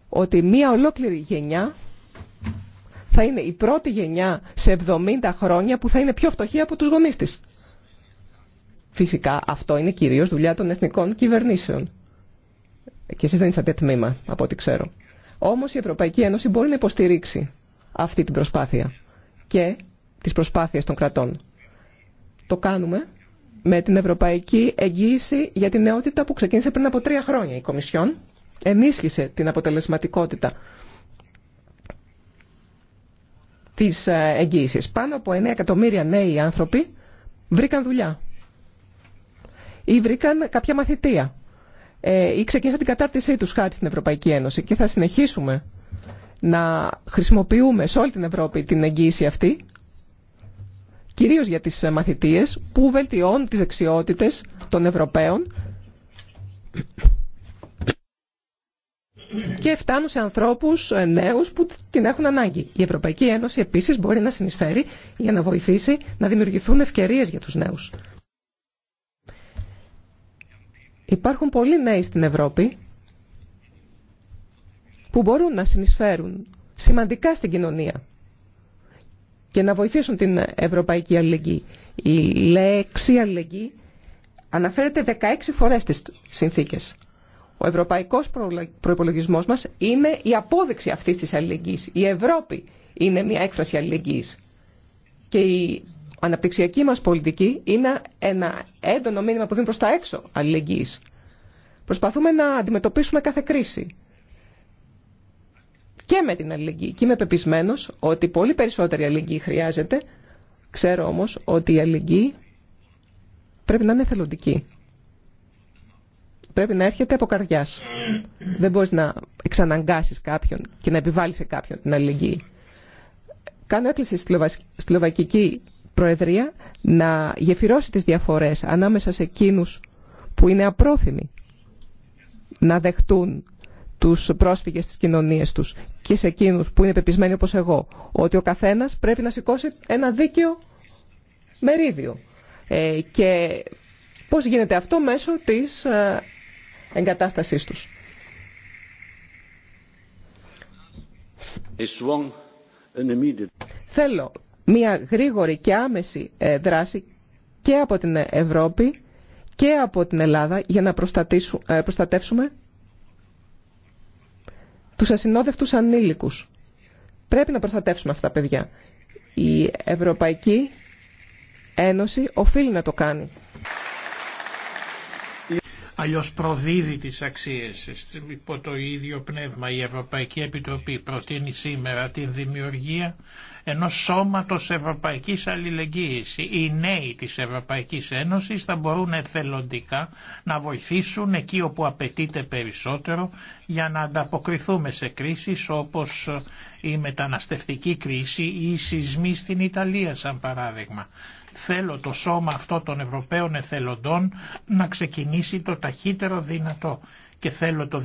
ότι μία ολόκληρη γενιά θα είναι η πρώτη γενιά σε 70 χρόνια που θα είναι πιο φτωχή από τους γονείς της. Φυσικά αυτό είναι κυρίως δουλειά των εθνικών κυβερνήσεων. Και εσείς δεν είστε τμήμα από ό,τι ξέρω. Όμως η Ευρωπαϊκή Ένωση μπορεί να υποστηρίξει αυτή την προσπάθεια και τις προσπάθειες των κρατών. Το κάνουμε με την Ευρωπαϊκή Εγγύηση για την Νεότητα που ξεκίνησε πριν από τρία χρόνια η Κομισιόν, ενίσχυσε την αποτελεσματικότητα της ε, εγγύησης. Πάνω από 9 εκατομμύρια νέοι άνθρωποι βρήκαν δουλειά ή βρήκαν κάποια μαθητεία ε, ή ξεκίνησαν την κατάρτισή τους χάρη στην Ευρωπαϊκή Ένωση και θα συνεχίσουμε να χρησιμοποιούμε σε όλη την Ευρώπη την εγγύηση αυτή κυρίως για τις ε, μαθητείες, που βελτιώνουν τις δεξιότητες των Ευρωπαίων και φτάνουν σε ανθρώπους ε, νέους που την έχουν ανάγκη. Η Ευρωπαϊκή Ένωση επίσης μπορεί να συνεισφέρει για να βοηθήσει να δημιουργηθούν ευκαιρίες για τους νέους. Υπάρχουν πολλοί νέοι στην Ευρώπη που μπορούν να συνεισφέρουν σημαντικά στην κοινωνία και να βοηθήσουν την ευρωπαϊκή αλληλεγγύη. Η λέξη αλληλεγγύη αναφέρεται 16 φορές στις συνθήκες. Ο ευρωπαϊκός προϋπολογισμός μας είναι η απόδειξη αυτής της αλληλεγγύης. Η Ευρώπη είναι μια έκφραση αλληλεγγύης. Και η αναπτυξιακή μας πολιτική είναι ένα έντονο μήνυμα που δίνει προς τα έξω αλληλεγγύης. Προσπαθούμε να αντιμετωπίσουμε κάθε κρίση και με την αλληλεγγύη. Και είμαι πεπισμένος ότι πολύ περισσότερη αλληλεγγύη χρειάζεται. Ξέρω όμως ότι η αλληλεγγύη πρέπει να είναι θελοντική. Πρέπει να έρχεται από καρδιάς. Δεν μπορεί να εξαναγκάσεις κάποιον και να επιβάλλεις σε κάποιον την αλληλεγγύη. Κάνω έκκληση στη Σλοβακική Προεδρία να γεφυρώσει τι διαφορέ ανάμεσα σε εκείνου που είναι απρόθυμοι να δεχτούν τους πρόσφυγε στις κοινωνία τους και σε εκείνου που είναι πεπισμένοι όπω εγώ ότι ο καθένα πρέπει να σηκώσει ένα δίκαιο μερίδιο. Ε, και πώ γίνεται αυτό μέσω της ε, εγκατάστασή του, Θέλω μια γρήγορη και άμεση ε, δράση και από την Ευρώπη και από την Ελλάδα για να ε, προστατεύσουμε τους ασυνόδευτους ανήλικους. Πρέπει να προστατεύσουμε αυτά τα παιδιά. Η Ευρωπαϊκή Ένωση οφείλει να το κάνει. Αλλιώς προδίδει τις αξίες υπό το ίδιο πνεύμα. Η Ευρωπαϊκή Επιτροπή προτείνει σήμερα την δημιουργία Ενό σώματο Ευρωπαϊκή αλληλεγγύης. Οι νέοι της Ευρωπαϊκή Ένωση θα μπορούν εθελοντικά να βοηθήσουν εκεί όπου απαιτείται περισσότερο για να ανταποκριθούμε σε κρίσεις όπως η μεταναστευτική κρίση ή οι σεισμοί στην Ιταλία σαν παράδειγμα. Θέλω το σώμα αυτό των Ευρωπαίων εθελοντών να ξεκινήσει το ταχύτερο δυνατό και θέλω το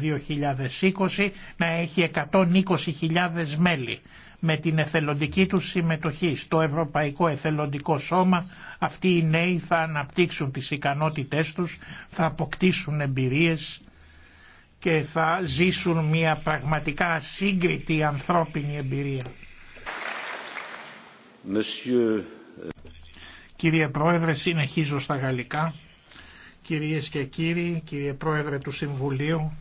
2020 να έχει 120.000 μέλη με την εθελοντική του συμμετοχή στο Ευρωπαϊκό Εθελοντικό Σώμα αυτοί οι νέοι θα αναπτύξουν τις ικανότητές τους, θα αποκτήσουν εμπειρίες και θα ζήσουν μια πραγματικά ασύγκριτη ανθρώπινη εμπειρία. Monsieur... Κύριε Πρόεδρε, συνεχίζω στα γαλλικά. Κυρίες και κύριοι, κύριε Πρόεδρε του Συμβουλίου,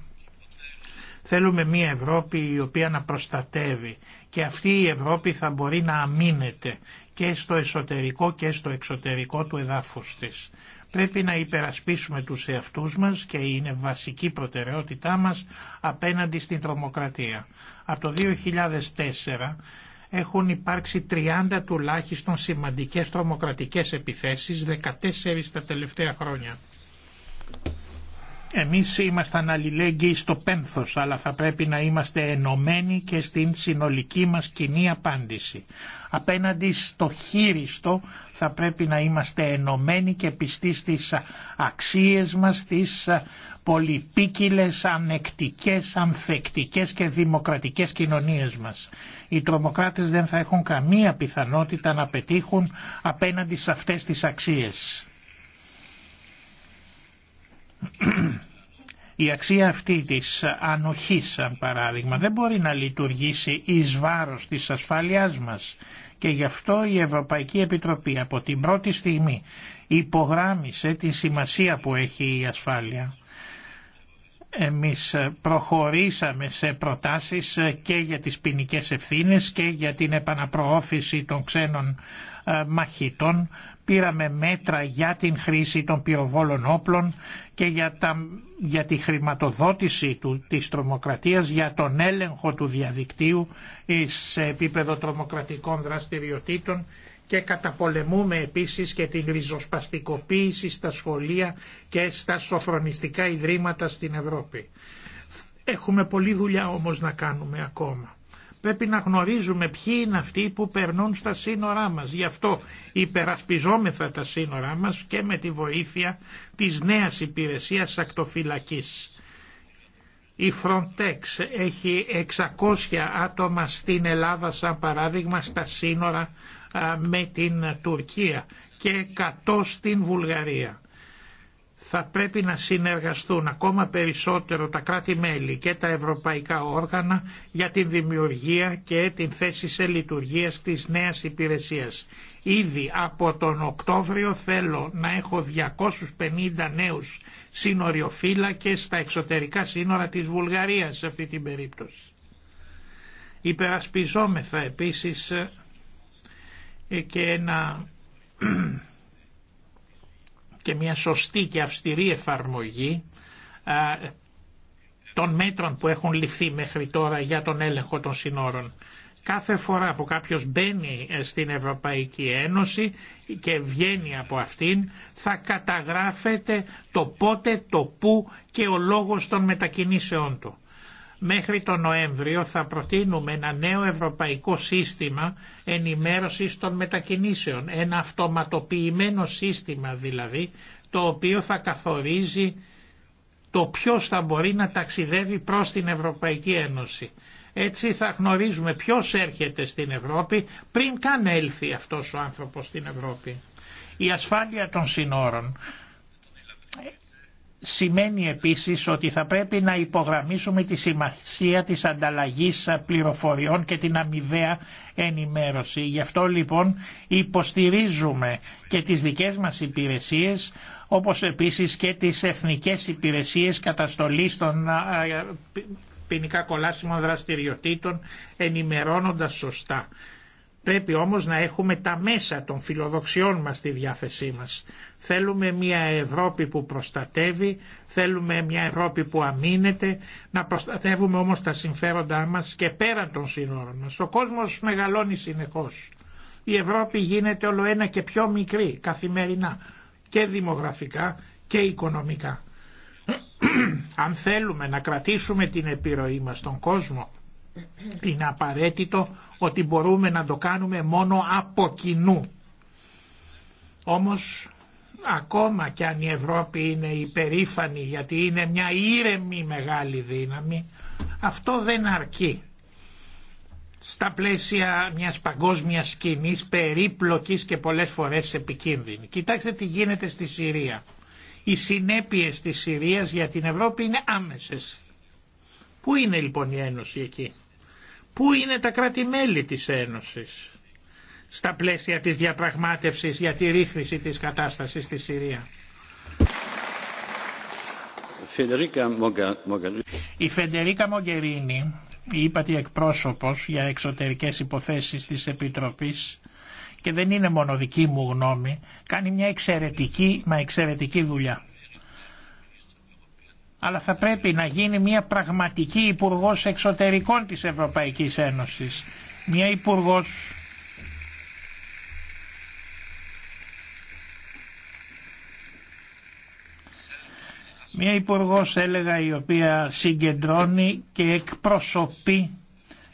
Θέλουμε μια Ευρώπη η οποία να προστατεύει και αυτή η Ευρώπη θα μπορεί να αμήνεται και στο εσωτερικό και στο εξωτερικό του εδάφους της. Πρέπει να υπερασπίσουμε τους εαυτούς μας και είναι βασική προτεραιότητά μας απέναντι στην τρομοκρατία. Από το 2004 έχουν υπάρξει 30 τουλάχιστον σημαντικές τρομοκρατικές επιθέσεις, 14 τα τελευταία χρόνια. Εμείς ήμασταν αλληλέγγυοι στο πένθος, αλλά θα πρέπει να είμαστε ενωμένοι και στην συνολική μας κοινή απάντηση. Απέναντι στο χείριστο θα πρέπει να είμαστε ενωμένοι και πιστοί στις αξίες μας, στις πολυπίκυλες, ανεκτικές, ανθεκτικές και δημοκρατικές κοινωνίες μας. Οι τρομοκράτες δεν θα έχουν καμία πιθανότητα να πετύχουν απέναντι σε αυτές τις αξίες. Η αξία αυτή της ανοχής, σαν παράδειγμα, δεν μπορεί να λειτουργήσει εις βάρος της ασφάλειάς μας και γι' αυτό η Ευρωπαϊκή Επιτροπή από την πρώτη στιγμή υπογράμμισε τη σημασία που έχει η ασφάλεια. Εμείς προχωρήσαμε σε προτάσεις και για τις ποινικέ ευθύνες και για την επαναπροώθηση των ξένων ε, μαχητών. Πήραμε μέτρα για την χρήση των πυροβόλων όπλων και για, τα, για τη χρηματοδότηση του, της τρομοκρατίας, για τον έλεγχο του διαδικτύου ε, σε επίπεδο τρομοκρατικών δραστηριοτήτων και καταπολεμούμε επίσης και την ριζοσπαστικοποίηση στα σχολεία και στα σοφρονιστικά ιδρύματα στην Ευρώπη. Έχουμε πολλή δουλειά όμως να κάνουμε ακόμα. Πρέπει να γνωρίζουμε ποιοι είναι αυτοί που περνούν στα σύνορά μας. Γι' αυτό υπερασπιζόμεθα τα σύνορά μας και με τη βοήθεια της νέας υπηρεσίας ακτοφυλακής. Η Frontex έχει 600 άτομα στην Ελλάδα σαν παράδειγμα στα σύνορα με την Τουρκία και 100 στην Βουλγαρία. Θα πρέπει να συνεργαστούν ακόμα περισσότερο τα κράτη-μέλη και τα ευρωπαϊκά όργανα για την δημιουργία και την θέση σε λειτουργία της νέας υπηρεσίας. Ήδη από τον Οκτώβριο θέλω να έχω 250 νέους σύνοριοφύλακες στα εξωτερικά σύνορα της Βουλγαρίας σε αυτή την περίπτωση. Υπερασπιζόμεθα επίσης και ένα (clears throat) και μια σωστή και αυστηρή εφαρμογή των μέτρων που έχουν ληφθεί μέχρι τώρα για τον έλεγχο των συνόρων. Κάθε φορά που κάποιος μπαίνει ε, στην Ευρωπαϊκή Ένωση και βγαίνει από αυτήν θα καταγράφεται το πότε, το πού και ο λόγος των μετακινήσεών του. Μέχρι τον Νοέμβριο θα προτείνουμε ένα νέο ευρωπαϊκό σύστημα ενημέρωσης των μετακινήσεων, ένα αυτοματοποιημένο σύστημα δηλαδή, το οποίο θα καθορίζει το ποιος θα μπορεί να ταξιδεύει προς την Ευρωπαϊκή Ένωση. Έτσι θα γνωρίζουμε ποιος έρχεται στην Ευρώπη πριν καν έλθει αυτός ο άνθρωπος στην Ευρώπη. Η ασφάλεια των συνόρων Σημαίνει επίσης ότι θα πρέπει να υπογραμμίσουμε τη σημασία της ανταλλαγής πληροφοριών και την αμοιβαία ενημέρωση. Γι' αυτό λοιπόν υποστηρίζουμε και τις δικές μας υπηρεσίες όπως επίσης και τις εθνικές υπηρεσίες καταστολής των ποινικά κολάσιμων δραστηριοτήτων ενημερώνοντας σωστά. Πρέπει όμως να έχουμε τα μέσα των φιλοδοξιών μας στη διάθεσή μας. Θέλουμε μια Ευρώπη που προστατεύει, θέλουμε μια Ευρώπη που αμήνεται, να προστατεύουμε όμως τα συμφέροντά μας και πέραν των σύνορων μας. Ο κόσμος μεγαλώνει συνεχώς. Η Ευρώπη γίνεται όλο ένα και πιο μικρή καθημερινά και δημογραφικά και οικονομικά. (clears throat) Αν θέλουμε να κρατήσουμε την επιρροή μας στον κόσμο, είναι απαραίτητο ότι μπορούμε να το κάνουμε μόνο από κοινού. Όμως Ακόμα και αν η Ευρώπη είναι υπερήφανη γιατί είναι μια ήρεμη μεγάλη δύναμη, αυτό δεν αρκεί. Στα πλαίσια μιας παγκόσμιας σκηνής, περίπλοκης και πολλές φορές επικίνδυνη. Κοιτάξτε τι γίνεται στη Συρία. Οι συνέπειες της Συρίας για την Ευρώπη είναι άμεσες. Πού είναι λοιπόν η Ένωση εκεί. Πού είναι τα κράτη-μέλη της Ένωσης στα πλαίσια της διαπραγμάτευσης για τη ρύθμιση της κατάστασης στη Συρία. Η Φεντερίκα Μογκερίνη, η τη εκπρόσωπος για εξωτερικές υποθέσεις της Επιτροπής και δεν είναι μόνο δική μου γνώμη, κάνει μια εξαιρετική μα εξαιρετική δουλειά. Αλλά θα πρέπει να γίνει μια πραγματική υπουργός εξωτερικών της Ευρωπαϊκής Ένωσης. Μια υπουργός Μια υπουργό έλεγα η οποία συγκεντρώνει και εκπροσωπεί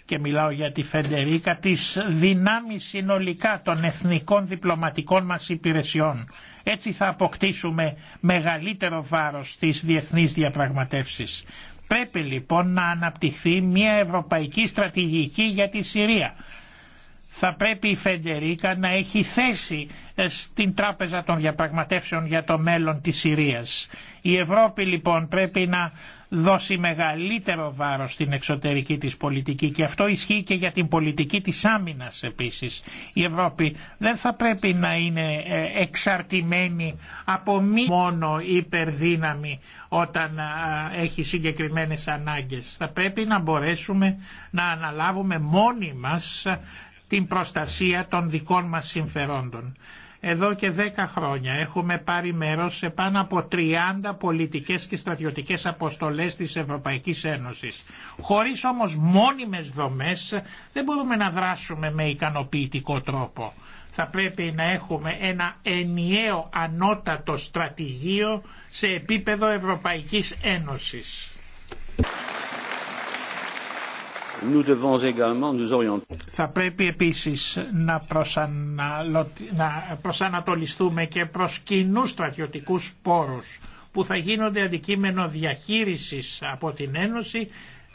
και μιλάω για τη Φεντερίκα, τις δυνάμεις συνολικά των εθνικών διπλωματικών μας υπηρεσιών. Έτσι θα αποκτήσουμε μεγαλύτερο βάρος στις διεθνείς διαπραγματεύσεις. Πρέπει λοιπόν να αναπτυχθεί μια ευρωπαϊκή στρατηγική για τη Συρία θα πρέπει η Φεντερίκα να έχει θέση ε, στην τράπεζα των διαπραγματεύσεων για το μέλλον της Συρίας. Η Ευρώπη λοιπόν πρέπει να δώσει μεγαλύτερο βάρος στην εξωτερική της πολιτική και αυτό ισχύει και για την πολιτική της άμυνας επίσης. Η Ευρώπη δεν θα πρέπει να είναι ε, εξαρτημένη από μη μόνο υπερδύναμη όταν έχει συγκεκριμένες ανάγκες. Θα πρέπει να μπορέσουμε να αναλάβουμε μόνοι μας την προστασία των δικών μας συμφερόντων. Εδώ και δέκα χρόνια έχουμε πάρει μέρος σε πάνω από 30 πολιτικές και στρατιωτικές αποστολές της Ευρωπαϊκής Ένωσης. Χωρίς όμως μόνιμες δομές δεν μπορούμε να δράσουμε με ικανοποιητικό τρόπο. Θα πρέπει να έχουμε ένα ενιαίο ανώτατο στρατηγείο σε επίπεδο Ευρωπαϊκής Ένωσης. Θα πρέπει επίσης να, να προσανατολιστούμε και προς κοινούς στρατιωτικούς πόρους που θα γίνονται αντικείμενο διαχείρισης από την Ένωση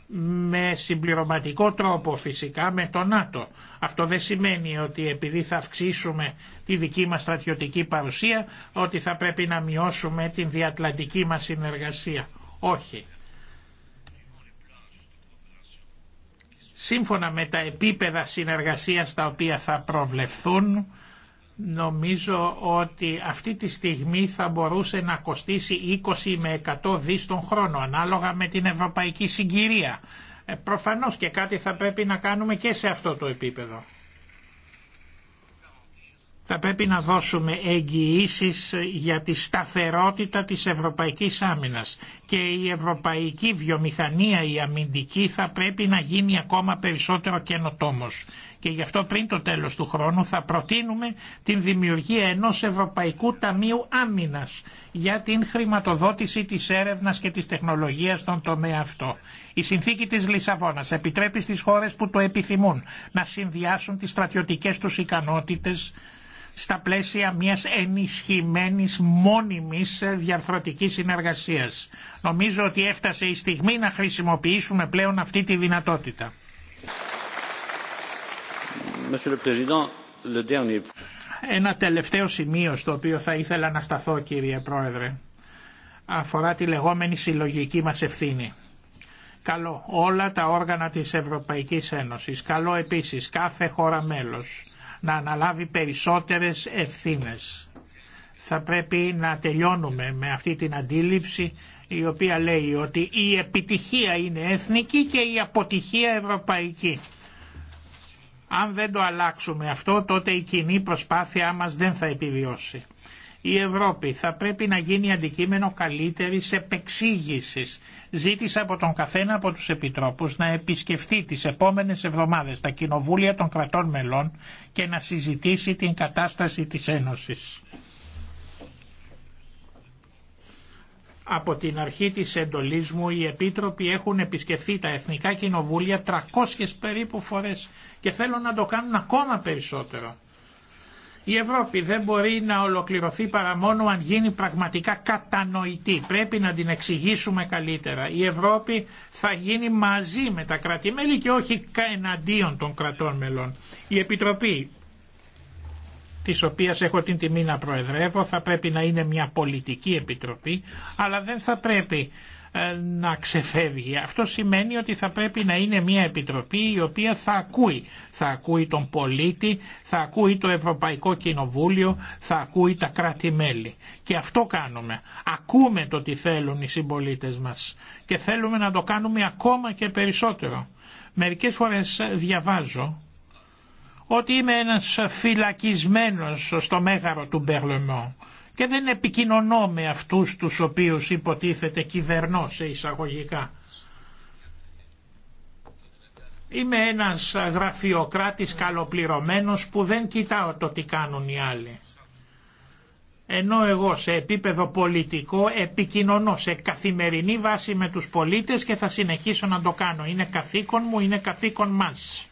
με συμπληρωματικό τρόπο φυσικά με το ΝΑΤΟ. Αυτό δεν σημαίνει ότι επειδή θα αυξήσουμε τη δική μας στρατιωτική παρουσία ότι θα πρέπει να μειώσουμε την διατλαντική μας συνεργασία. Όχι. Σύμφωνα με τα επίπεδα συνεργασίας τα οποία θα προβλεφθούν, νομίζω ότι αυτή τη στιγμή θα μπορούσε να κοστίσει 20 με 100 δις τον χρόνο, ανάλογα με την ευρωπαϊκή συγκυρία. Ε, προφανώς και κάτι θα πρέπει να κάνουμε και σε αυτό το επίπεδο. Θα πρέπει να δώσουμε εγγυήσει για τη σταθερότητα της ευρωπαϊκής άμυνας και η ευρωπαϊκή βιομηχανία, η αμυντική, θα πρέπει να γίνει ακόμα περισσότερο καινοτόμος. Και γι' αυτό πριν το τέλος του χρόνου θα προτείνουμε την δημιουργία ενός Ευρωπαϊκού Ταμείου Άμυνας για την χρηματοδότηση της έρευνας και της τεχνολογίας στον τομέα αυτό. Η συνθήκη της Λισαβόνας επιτρέπει στις χώρες που το επιθυμούν να συνδυάσουν τις στρατιωτικές τους ικανότητες στα πλαίσια μιας ενισχυμένης μόνιμης ε, διαρθρωτικής συνεργασίας. Νομίζω ότι έφτασε η στιγμή να χρησιμοποιήσουμε πλέον αυτή τη δυνατότητα. Ένα τελευταίο σημείο στο οποίο θα ήθελα να σταθώ κύριε Πρόεδρε αφορά τη λεγόμενη συλλογική μας ευθύνη. Καλό όλα τα όργανα της Ευρωπαϊκής Ένωσης. Καλό επίσης κάθε χώρα μέλος να αναλάβει περισσότερες ευθύνες. Θα πρέπει να τελειώνουμε με αυτή την αντίληψη η οποία λέει ότι η επιτυχία είναι εθνική και η αποτυχία ευρωπαϊκή. Αν δεν το αλλάξουμε αυτό τότε η κοινή προσπάθειά μας δεν θα επιβιώσει. Η Ευρώπη θα πρέπει να γίνει αντικείμενο καλύτερης επεξήγησης. Ζήτησα από τον καθένα από τους επιτρόπους να επισκεφτεί τις επόμενες εβδομάδες τα κοινοβούλια των κρατών μελών και να συζητήσει την κατάσταση της Ένωσης. από την αρχή της εντολής μου οι επίτροποι έχουν επισκεφθεί τα Εθνικά Κοινοβούλια 300 περίπου φορές και θέλω να το κάνουν ακόμα περισσότερο. Η Ευρώπη δεν μπορεί να ολοκληρωθεί παρά μόνο αν γίνει πραγματικά κατανοητή. Πρέπει να την εξηγήσουμε καλύτερα. Η Ευρώπη θα γίνει μαζί με τα κρατη και όχι εναντίον των κρατών μελών. Η Επιτροπή της οποίας έχω την τιμή να προεδρεύω, θα πρέπει να είναι μια πολιτική επιτροπή, αλλά δεν θα πρέπει ε, να ξεφεύγει. Αυτό σημαίνει ότι θα πρέπει να είναι μια επιτροπή η οποία θα ακούει. Θα ακούει τον πολίτη, θα ακούει το Ευρωπαϊκό Κοινοβούλιο, θα ακούει τα κράτη-μέλη. Και αυτό κάνουμε. Ακούμε το τι θέλουν οι συμπολίτες μας και θέλουμε να το κάνουμε ακόμα και περισσότερο. Μερικές φορές διαβάζω ότι είμαι ένας φυλακισμένος στο μέγαρο του Μπερλεμό και δεν επικοινωνώ με αυτούς τους οποίους υποτίθεται κυβερνώ σε εισαγωγικά. Είμαι ένας γραφειοκράτης καλοπληρωμένος που δεν κοιτάω το τι κάνουν οι άλλοι. Ενώ εγώ σε επίπεδο πολιτικό επικοινωνώ σε καθημερινή βάση με τους πολίτες και θα συνεχίσω να το κάνω. Είναι καθήκον μου, είναι καθήκον μας.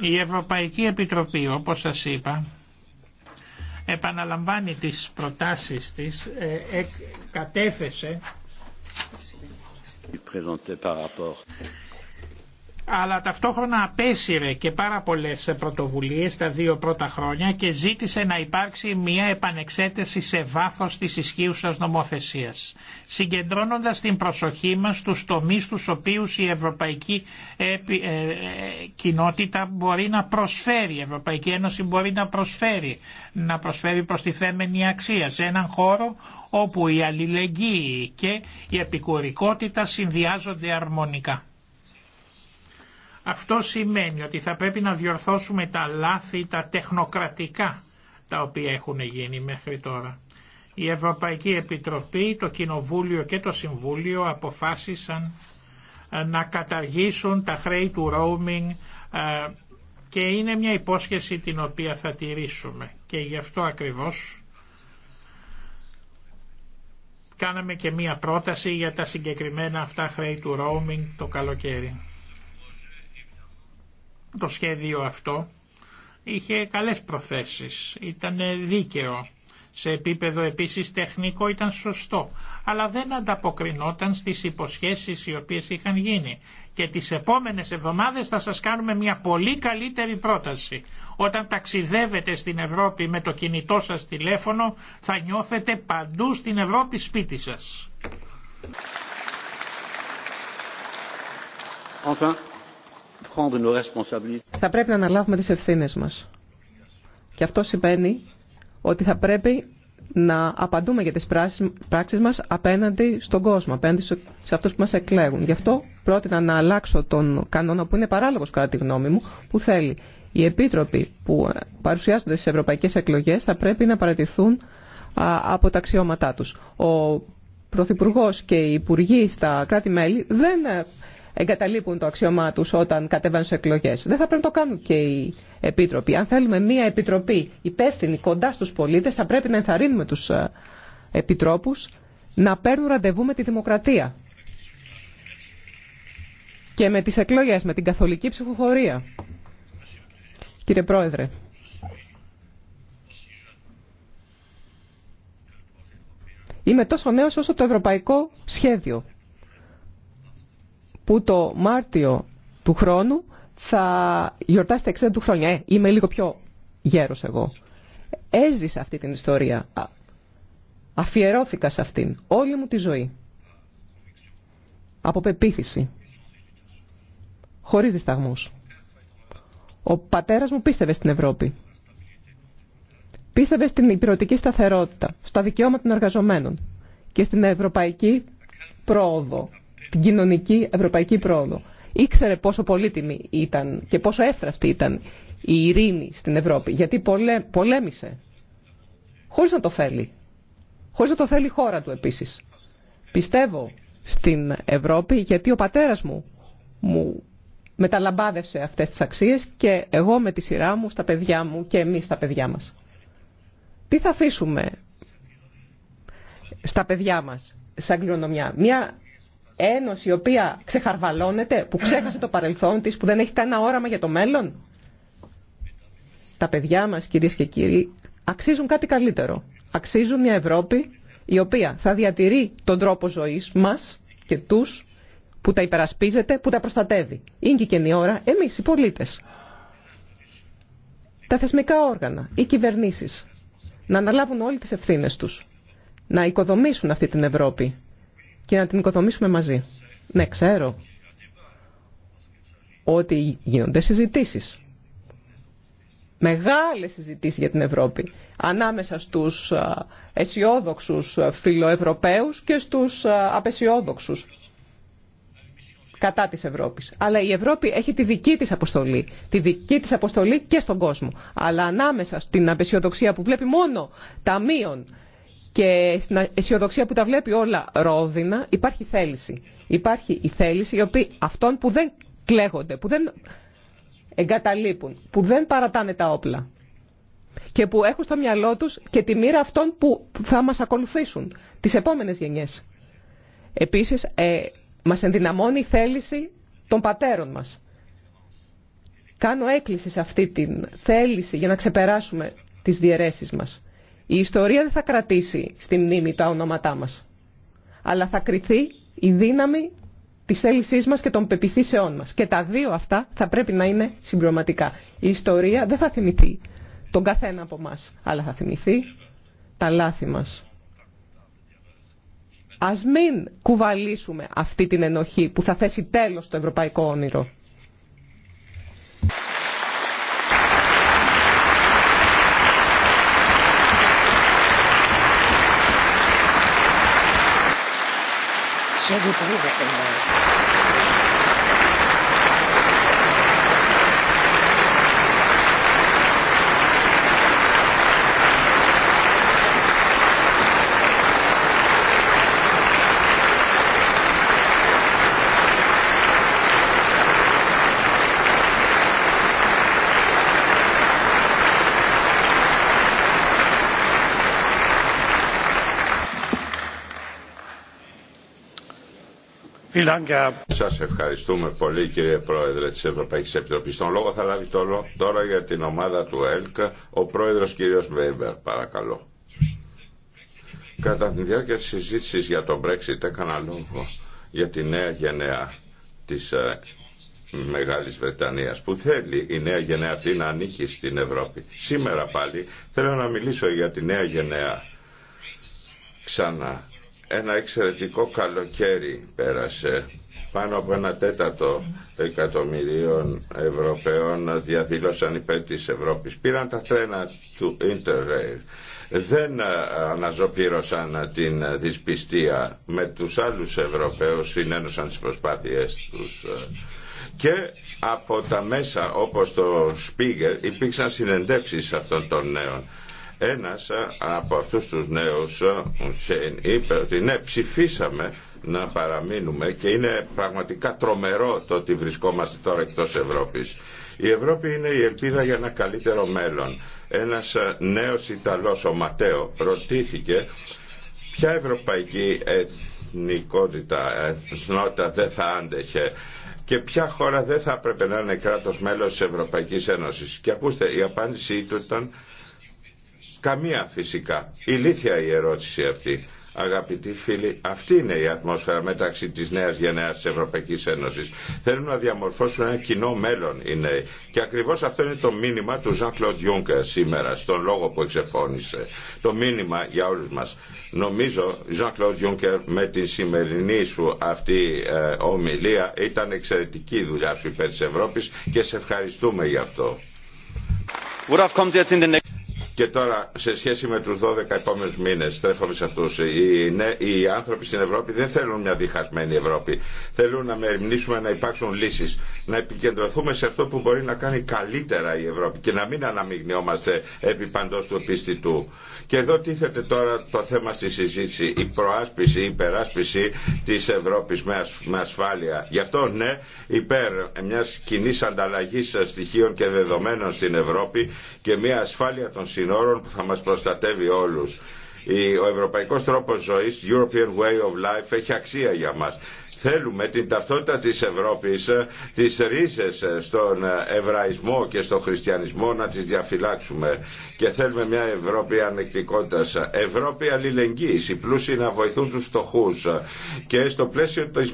Η Ευρωπαϊκή Επιτροπή, όπως σας είπα, επαναλαμβάνει τις προτάσεις της, ε, κατέθεσε αλλά ταυτόχρονα απέσυρε και πάρα πολλές πρωτοβουλίες τα δύο πρώτα χρόνια και ζήτησε να υπάρξει μια επανεξέταση σε βάθος της ισχύουσας νομοθεσίας, συγκεντρώνοντας την προσοχή μας στους τομείς τους οποίους η Ευρωπαϊκή ε, ε, Κοινότητα μπορεί να προσφέρει, η Ευρωπαϊκή Ένωση μπορεί να προσφέρει, να προσφέρει θέμενη αξία σε έναν χώρο όπου η αλληλεγγύη και η επικουρικότητα συνδυάζονται αρμονικά. Αυτό σημαίνει ότι θα πρέπει να διορθώσουμε τα λάθη, τα τεχνοκρατικά, τα οποία έχουν γίνει μέχρι τώρα. Η Ευρωπαϊκή Επιτροπή, το Κοινοβούλιο και το Συμβούλιο αποφάσισαν ε, να καταργήσουν τα χρέη του roaming ε, και είναι μια υπόσχεση την οποία θα τηρήσουμε. Και γι' αυτό ακριβώς κάναμε και μια πρόταση για τα συγκεκριμένα αυτά χρέη του roaming το καλοκαίρι το σχέδιο αυτό είχε καλές προθέσεις, ήταν δίκαιο. Σε επίπεδο επίσης τεχνικό ήταν σωστό, αλλά δεν ανταποκρινόταν στις υποσχέσεις οι οποίες είχαν γίνει. Και τις επόμενες εβδομάδες θα σας κάνουμε μια πολύ καλύτερη πρόταση. Όταν ταξιδεύετε στην Ευρώπη με το κινητό σας τηλέφωνο θα νιώθετε παντού στην Ευρώπη σπίτι σας. Θα πρέπει να αναλάβουμε τις ευθύνες μας. Και αυτό σημαίνει ότι θα πρέπει να απαντούμε για τις πράξεις μας απέναντι στον κόσμο, απέναντι σε αυτούς που μας εκλέγουν. Γι' αυτό πρότεινα να αλλάξω τον κανόνα που είναι παράλογος κατά τη γνώμη μου, που θέλει οι επίτροποι που ε, παρουσιάζονται στις ευρωπαϊκές εκλογές θα πρέπει να παρατηθούν από τα αξιώματά τους. Ο Πρωθυπουργό και οι Υπουργοί στα κράτη-μέλη δεν ε, εγκαταλείπουν το αξιωμά του όταν κατεβαίνουν σε εκλογές. Δεν θα πρέπει να το κάνουν και οι επίτροποι. Αν θέλουμε μια επιτροπή υπεύθυνη κοντά στους πολίτες θα πρέπει να ενθαρρύνουμε τους ε, επιτρόπους να παίρνουν ραντεβού με τη δημοκρατία και με τις εκλογές, με την καθολική ψηφοφορία. Κύριε Πρόεδρε, είμαι τόσο νέος όσο το ευρωπαϊκό σχέδιο που το Μάρτιο του χρόνου θα γιορτάσει τα 60 του χρόνια. Ε, είμαι λίγο πιο γέρος εγώ. Έζησα αυτή την ιστορία. Αφιερώθηκα σε αυτήν όλη μου τη ζωή. Από πεποίθηση. Χωρίς δισταγμούς. Ο πατέρας μου πίστευε στην Ευρώπη. Πίστευε στην υπηρετική σταθερότητα, στα δικαιώματα των εργαζομένων και στην ευρωπαϊκή πρόοδο την κοινωνική ευρωπαϊκή πρόοδο. Ήξερε πόσο πολύτιμη ήταν και πόσο εύθραυστη ήταν η ειρήνη στην Ευρώπη, γιατί πολέ, πολέμησε, Χωρί να το θέλει, χωρίς να το θέλει η χώρα του επίσης. Πιστεύω στην Ευρώπη γιατί ο πατέρας μου μου μεταλαμπάδευσε αυτές τις αξίες και εγώ με τη σειρά μου στα παιδιά μου και εμείς στα παιδιά μας. Τι θα αφήσουμε στα παιδιά μας σαν κληρονομιά. Μια ένωση η οποία ξεχαρβαλώνεται, που ξέχασε το παρελθόν της, που δεν έχει κανένα όραμα για το μέλλον. Τα παιδιά μας, κυρίες και κύριοι, αξίζουν κάτι καλύτερο. Αξίζουν μια Ευρώπη η οποία θα διατηρεί τον τρόπο ζωής μας και τους που τα υπερασπίζεται, που τα προστατεύει. Είναι και, και η ώρα εμείς οι πολίτες. Τα θεσμικά όργανα, οι κυβερνήσεις, να αναλάβουν όλοι τις ευθύνες τους, να οικοδομήσουν αυτή την Ευρώπη και να την οικοδομήσουμε μαζί. Ναι, ξέρω ότι γίνονται συζητήσεις. Μεγάλες συζητήσεις για την Ευρώπη. Ανάμεσα στους αισιόδοξου φιλοευρωπαίους και στους απεσιόδοξους κατά της Ευρώπης. Αλλά η Ευρώπη έχει τη δική της αποστολή. Τη δική της αποστολή και στον κόσμο. Αλλά ανάμεσα στην απεσιοδοξία που βλέπει μόνο ταμείων και στην αισιοδοξία που τα βλέπει όλα ρόδινα υπάρχει θέληση. Υπάρχει η θέληση η αυτών που δεν κλαίγονται, που δεν εγκαταλείπουν, που δεν παρατάνε τα όπλα και που έχουν στο μυαλό τους και τη μοίρα αυτών που θα μας ακολουθήσουν, τις επόμενες γενιές. Επίσης, ε, μας ενδυναμώνει η θέληση των πατέρων μας. Κάνω έκκληση σε αυτή τη θέληση για να ξεπεράσουμε τις διαιρέσεις μας η ιστορία δεν θα κρατήσει στη μνήμη τα ονόματά μας, αλλά θα κριθεί η δύναμη τη θέλησή μα και των πεπιθήσεών μα. Και τα δύο αυτά θα πρέπει να είναι συμπληρωματικά. Η ιστορία δεν θα θυμηθεί τον καθένα από εμά, αλλά θα θυμηθεί τα λάθη μα. Α μην κουβαλήσουμε αυτή την ενοχή που θα θέσει τέλο στο ευρωπαϊκό όνειρο. αυτό το βέβαια είναι Σας ευχαριστούμε πολύ κύριε Πρόεδρε της Ευρωπαϊκής Επιτροπής. Τον λόγο θα λάβει τώρα για την ομάδα του ΕΛΚ ο Πρόεδρος κύριος Βέιμπερ. Παρακαλώ. Κατά τη διάρκεια της συζήτησης για τον Brexit έκανα λόγο για τη νέα γενναία της ε, Μεγάλης Βρετανίας που θέλει η νέα γενναία αυτή να ανήκει στην Ευρώπη. Σήμερα πάλι θέλω να μιλήσω για τη νέα γενναία ξανά ένα εξαιρετικό καλοκαίρι πέρασε. Πάνω από ένα τέταρτο εκατομμυρίων Ευρωπαίων διαδήλωσαν υπέρ της Ευρώπης. Πήραν τα τρένα του Interrail. Δεν αναζωπήρωσαν την δυσπιστία. Με τους άλλους Ευρωπαίους συνένωσαν τις προσπάθειές τους και από τα μέσα όπως το Σπίγκερ υπήρξαν συνεντεύξεις αυτών των νέων ένας από αυτούς τους νέους, Σέιν είπε ότι ναι, ψηφίσαμε να παραμείνουμε και είναι πραγματικά τρομερό το ότι βρισκόμαστε τώρα εκτός Ευρώπης. Η Ευρώπη είναι η ελπίδα για ένα καλύτερο μέλλον. Ένας νέος Ιταλός, ο Ματέο, ρωτήθηκε ποια ευρωπαϊκή εθνικότητα, εθνότητα δεν θα άντεχε και ποια χώρα δεν θα έπρεπε να είναι κράτος μέλος της Ευρωπαϊκής Ένωσης. Και ακούστε, η απάντησή του ήταν Καμία φυσικά. Ηλίθια η ερώτηση αυτή. Αγαπητοί φίλοι, αυτή είναι η ατμόσφαιρα μεταξύ της νέας γενναίας της Ευρωπαϊκής Ένωσης. Θέλουν να διαμορφώσουν ένα κοινό μέλλον οι νέοι. Και ακριβώς αυτό είναι το μήνυμα του Ζαν Κλοντ Juncker σήμερα, στον λόγο που εξεφώνησε. Το μήνυμα για όλους μας. Νομίζω, Ζαν Κλοντ Juncker, με τη σημερινή σου αυτή ε, ομιλία ήταν εξαιρετική η δουλειά σου υπέρ της Ευρώπη και σε ευχαριστούμε γι' αυτό. Και τώρα, σε σχέση με τους 12 επόμενους μήνες, στρέφομαι σε αυτούς, οι, άνθρωποι στην Ευρώπη δεν θέλουν μια διχασμένη Ευρώπη. Θέλουν να μεριμνήσουμε να υπάρξουν λύσεις, να επικεντρωθούμε σε αυτό που μπορεί να κάνει καλύτερα η Ευρώπη και να μην αναμειγνιόμαστε επί παντός του επίστητου. Και εδώ τίθεται τώρα το θέμα στη συζήτηση, η προάσπιση, η υπεράσπιση της Ευρώπης με ασφάλεια. Γι' αυτό ναι, υπέρ μιας κοινής ανταλλαγή στοιχείων και δεδομένων στην Ευρώπη και μια ασφάλεια των συνόρων που θα μας προστατεύει όλους. Ο ευρωπαϊκός τρόπος ζωής, European Way of Life, έχει αξία για μας. Θέλουμε την ταυτότητα της Ευρώπης, ε, τις ρίζες ε, στον ε, εβραϊσμό και στον χριστιανισμό να τις διαφυλάξουμε. Και θέλουμε μια Ευρώπη ανεκτικότητας. Ευρώπη αλληλεγγύης, οι πλούσιοι να βοηθούν τους φτωχούς. Και στο πλαίσιο της,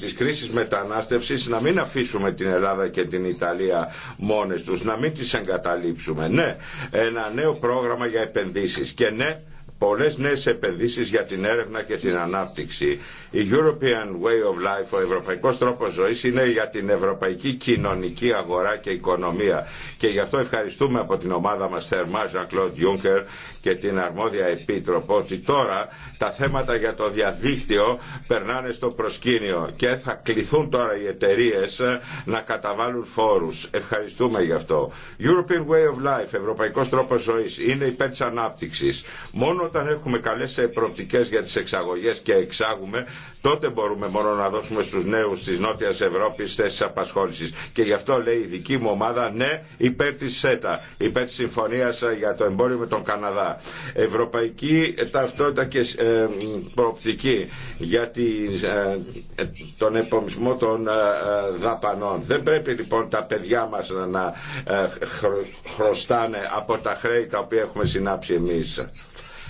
της κρίσης μετανάστευσης να μην αφήσουμε την Ελλάδα και την Ιταλία μόνες τους, να μην τις εγκαταλείψουμε. Ναι, ένα νέο πρόγραμμα για επενδύσεις. Και ναι, πολλές νέες επενδύσεις για την έρευνα και την ανάπτυξη η European Way of Life, ο ευρωπαϊκός τρόπος ζωής, είναι για την ευρωπαϊκή κοινωνική αγορά και οικονομία. Και γι' αυτό ευχαριστούμε από την ομάδα μας θερμά, Jean-Claude Juncker και την αρμόδια επίτροπο, ότι τώρα τα θέματα για το διαδίκτυο περνάνε στο προσκήνιο και θα κληθούν τώρα οι εταιρείε ε, να καταβάλουν φόρους. Ευχαριστούμε γι' αυτό. European Way of Life, ευρωπαϊκός τρόπος ζωής, είναι υπέρ της ανάπτυξης. Μόνο όταν έχουμε καλές προοπτικές για τις εξαγωγές και εξάγουμε τότε μπορούμε μόνο να δώσουμε στους νέους της Νότιας Ευρώπης θέσεις απασχόλησης. Και γι' αυτό λέει η δική μου ομάδα ναι υπέρ της ΣΕΤΑ, υπέρ της Συμφωνίας για το εμπόριο με τον Καναδά. Ευρωπαϊκή ταυτότητα και ε, προοπτική για ε, τον επομισμό των ε, δαπανών. Δεν πρέπει λοιπόν τα παιδιά μας να χρωστάνε από τα χρέη τα οποία έχουμε συνάψει εμείς.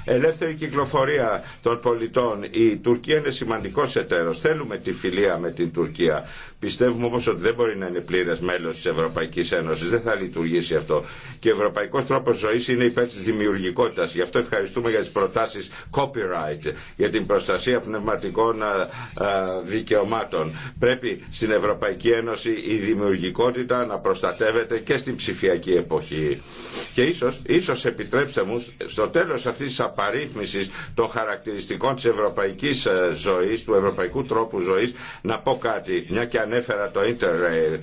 Ελεύθερη κυκλοφορία των πολιτών. Η Τουρκία είναι σημαντικό εταίρο. Θέλουμε τη φιλία με την Τουρκία. Πιστεύουμε όμω ότι δεν μπορεί να είναι πλήρε μέλο τη Ευρωπαϊκή Ένωση. Δεν θα λειτουργήσει αυτό. Και ο ευρωπαϊκό τρόπο ζωή είναι υπέρ τη δημιουργικότητα. Γι' αυτό ευχαριστούμε για τι προτάσει copyright, για την προστασία πνευματικών δικαιωμάτων. Πρέπει στην Ευρωπαϊκή Ένωση η δημιουργικότητα να προστατεύεται και στην ψηφιακή εποχή. Και ίσω ίσως επιτρέψτε μου στο τέλος αυτή των χαρακτηριστικών της ευρωπαϊκής ε, ζωής, του ευρωπαϊκού τρόπου ζωής, να πω κάτι, μια και ανέφερα το Interrail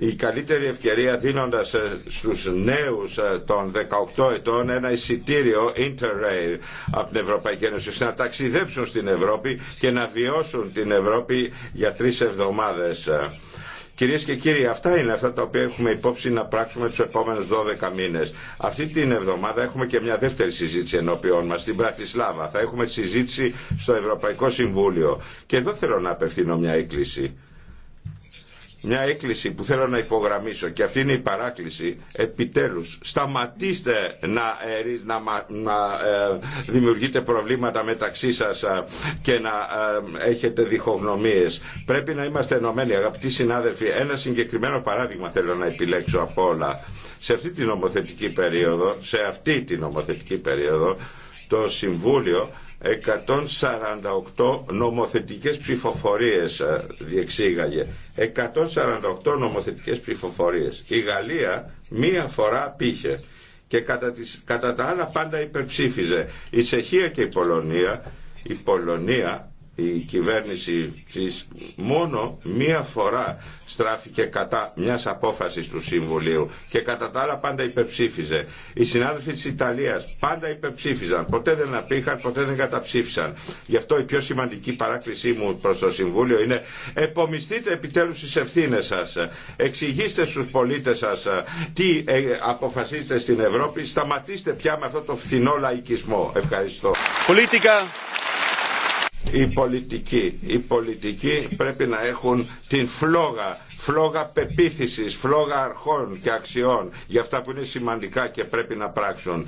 η καλύτερη ευκαιρία δίνοντας ε, στους νέους ε, των 18 ετών ένα εισιτήριο Interrail από την Ευρωπαϊκή Ένωση να ταξιδέψουν στην Ευρώπη και να βιώσουν την Ευρώπη για τρεις εβδομάδες. Κυρίες και κύριοι, αυτά είναι αυτά τα οποία έχουμε υπόψη να πράξουμε τους επόμενους 12 μήνες. Αυτή την εβδομάδα έχουμε και μια δεύτερη συζήτηση ενώπιον μας στην Πρατισλάβα. Θα έχουμε συζήτηση στο Ευρωπαϊκό Συμβούλιο. Και εδώ θέλω να απευθύνω μια έκκληση μια έκκληση που θέλω να υπογραμμίσω και αυτή είναι η παράκληση επιτέλους σταματήστε να, ε, να, να ε, δημιουργείτε προβλήματα μεταξύ σας ε, και να έχετε διχογνωμίες πρέπει να είμαστε ενωμένοι αγαπητοί συνάδελφοι ένα συγκεκριμένο παράδειγμα θέλω να επιλέξω από όλα σε αυτή την νομοθετική περίοδο σε αυτή την νομοθετική περίοδο το Συμβούλιο 148 νομοθετικές ψηφοφορίες ε, διεξήγαγε. 148 νομοθετικές ψηφοφορίες. Η Γαλλία μία φορά πήχε και κατά, κατά τα άλλα πάντα υπερψήφιζε. Η Σεχία και η Πολωνία, η Πολωνία η κυβέρνηση μόνο μία φορά στράφηκε κατά μιας απόφασης του Συμβουλίου και κατά τα άλλα πάντα υπεψήφιζε Οι συνάδελφοι της Ιταλίας πάντα υπερψήφιζαν, ποτέ δεν απήχαν, ποτέ δεν καταψήφισαν. Γι' αυτό η πιο σημαντική παράκλησή μου προς το Συμβούλιο είναι επομιστείτε επιτέλους τις ευθύνες σας, εξηγήστε στους πολίτες σας ε, τι ε, αποφασίζετε στην Ευρώπη, σταματήστε πια με αυτό το φθηνό λαϊκισμό. Ευχαριστώ οι πολιτικοί. πρέπει να έχουν την φλόγα, φλόγα πεποίθησης, φλόγα αρχών και αξιών για αυτά που είναι σημαντικά και πρέπει να πράξουν.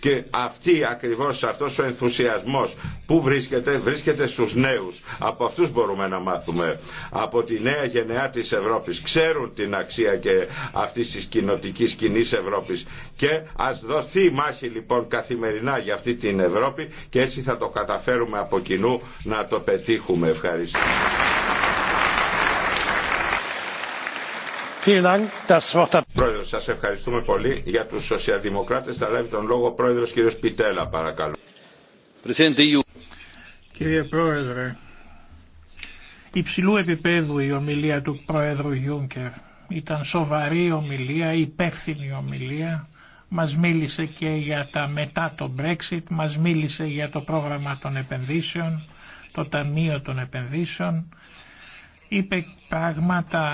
Και αυτή ακριβώς αυτός ο ενθουσιασμός που βρίσκεται, βρίσκεται στους νέους. Από αυτούς μπορούμε να μάθουμε. Από τη νέα γενεά της Ευρώπης. Ξέρουν την αξία και αυτής της κοινοτικής κοινή Ευρώπης. Και ας δοθεί μάχη λοιπόν καθημερινά για αυτή την Ευρώπη και έτσι θα το καταφέρουμε από κοινού να το πετύχουμε. Ευχαριστώ. Πρόεδρος, σας ευχαριστούμε πολύ. Για τους σοσιαλδημοκράτες θα λάβει τον λόγο ο πρόεδρος κύριος Πιτέλα, παρακαλώ. Κύριε Πρόεδρε, υψηλού επίπεδου η ομιλία του Πρόεδρου Γιούνκερ. Ήταν σοβαρή ομιλία, υπεύθυνη ομιλία. Μας μίλησε και για τα μετά το Brexit, μας μίλησε για το πρόγραμμα των επενδύσεων, το Ταμείο των Επενδύσεων. Είπε πράγματα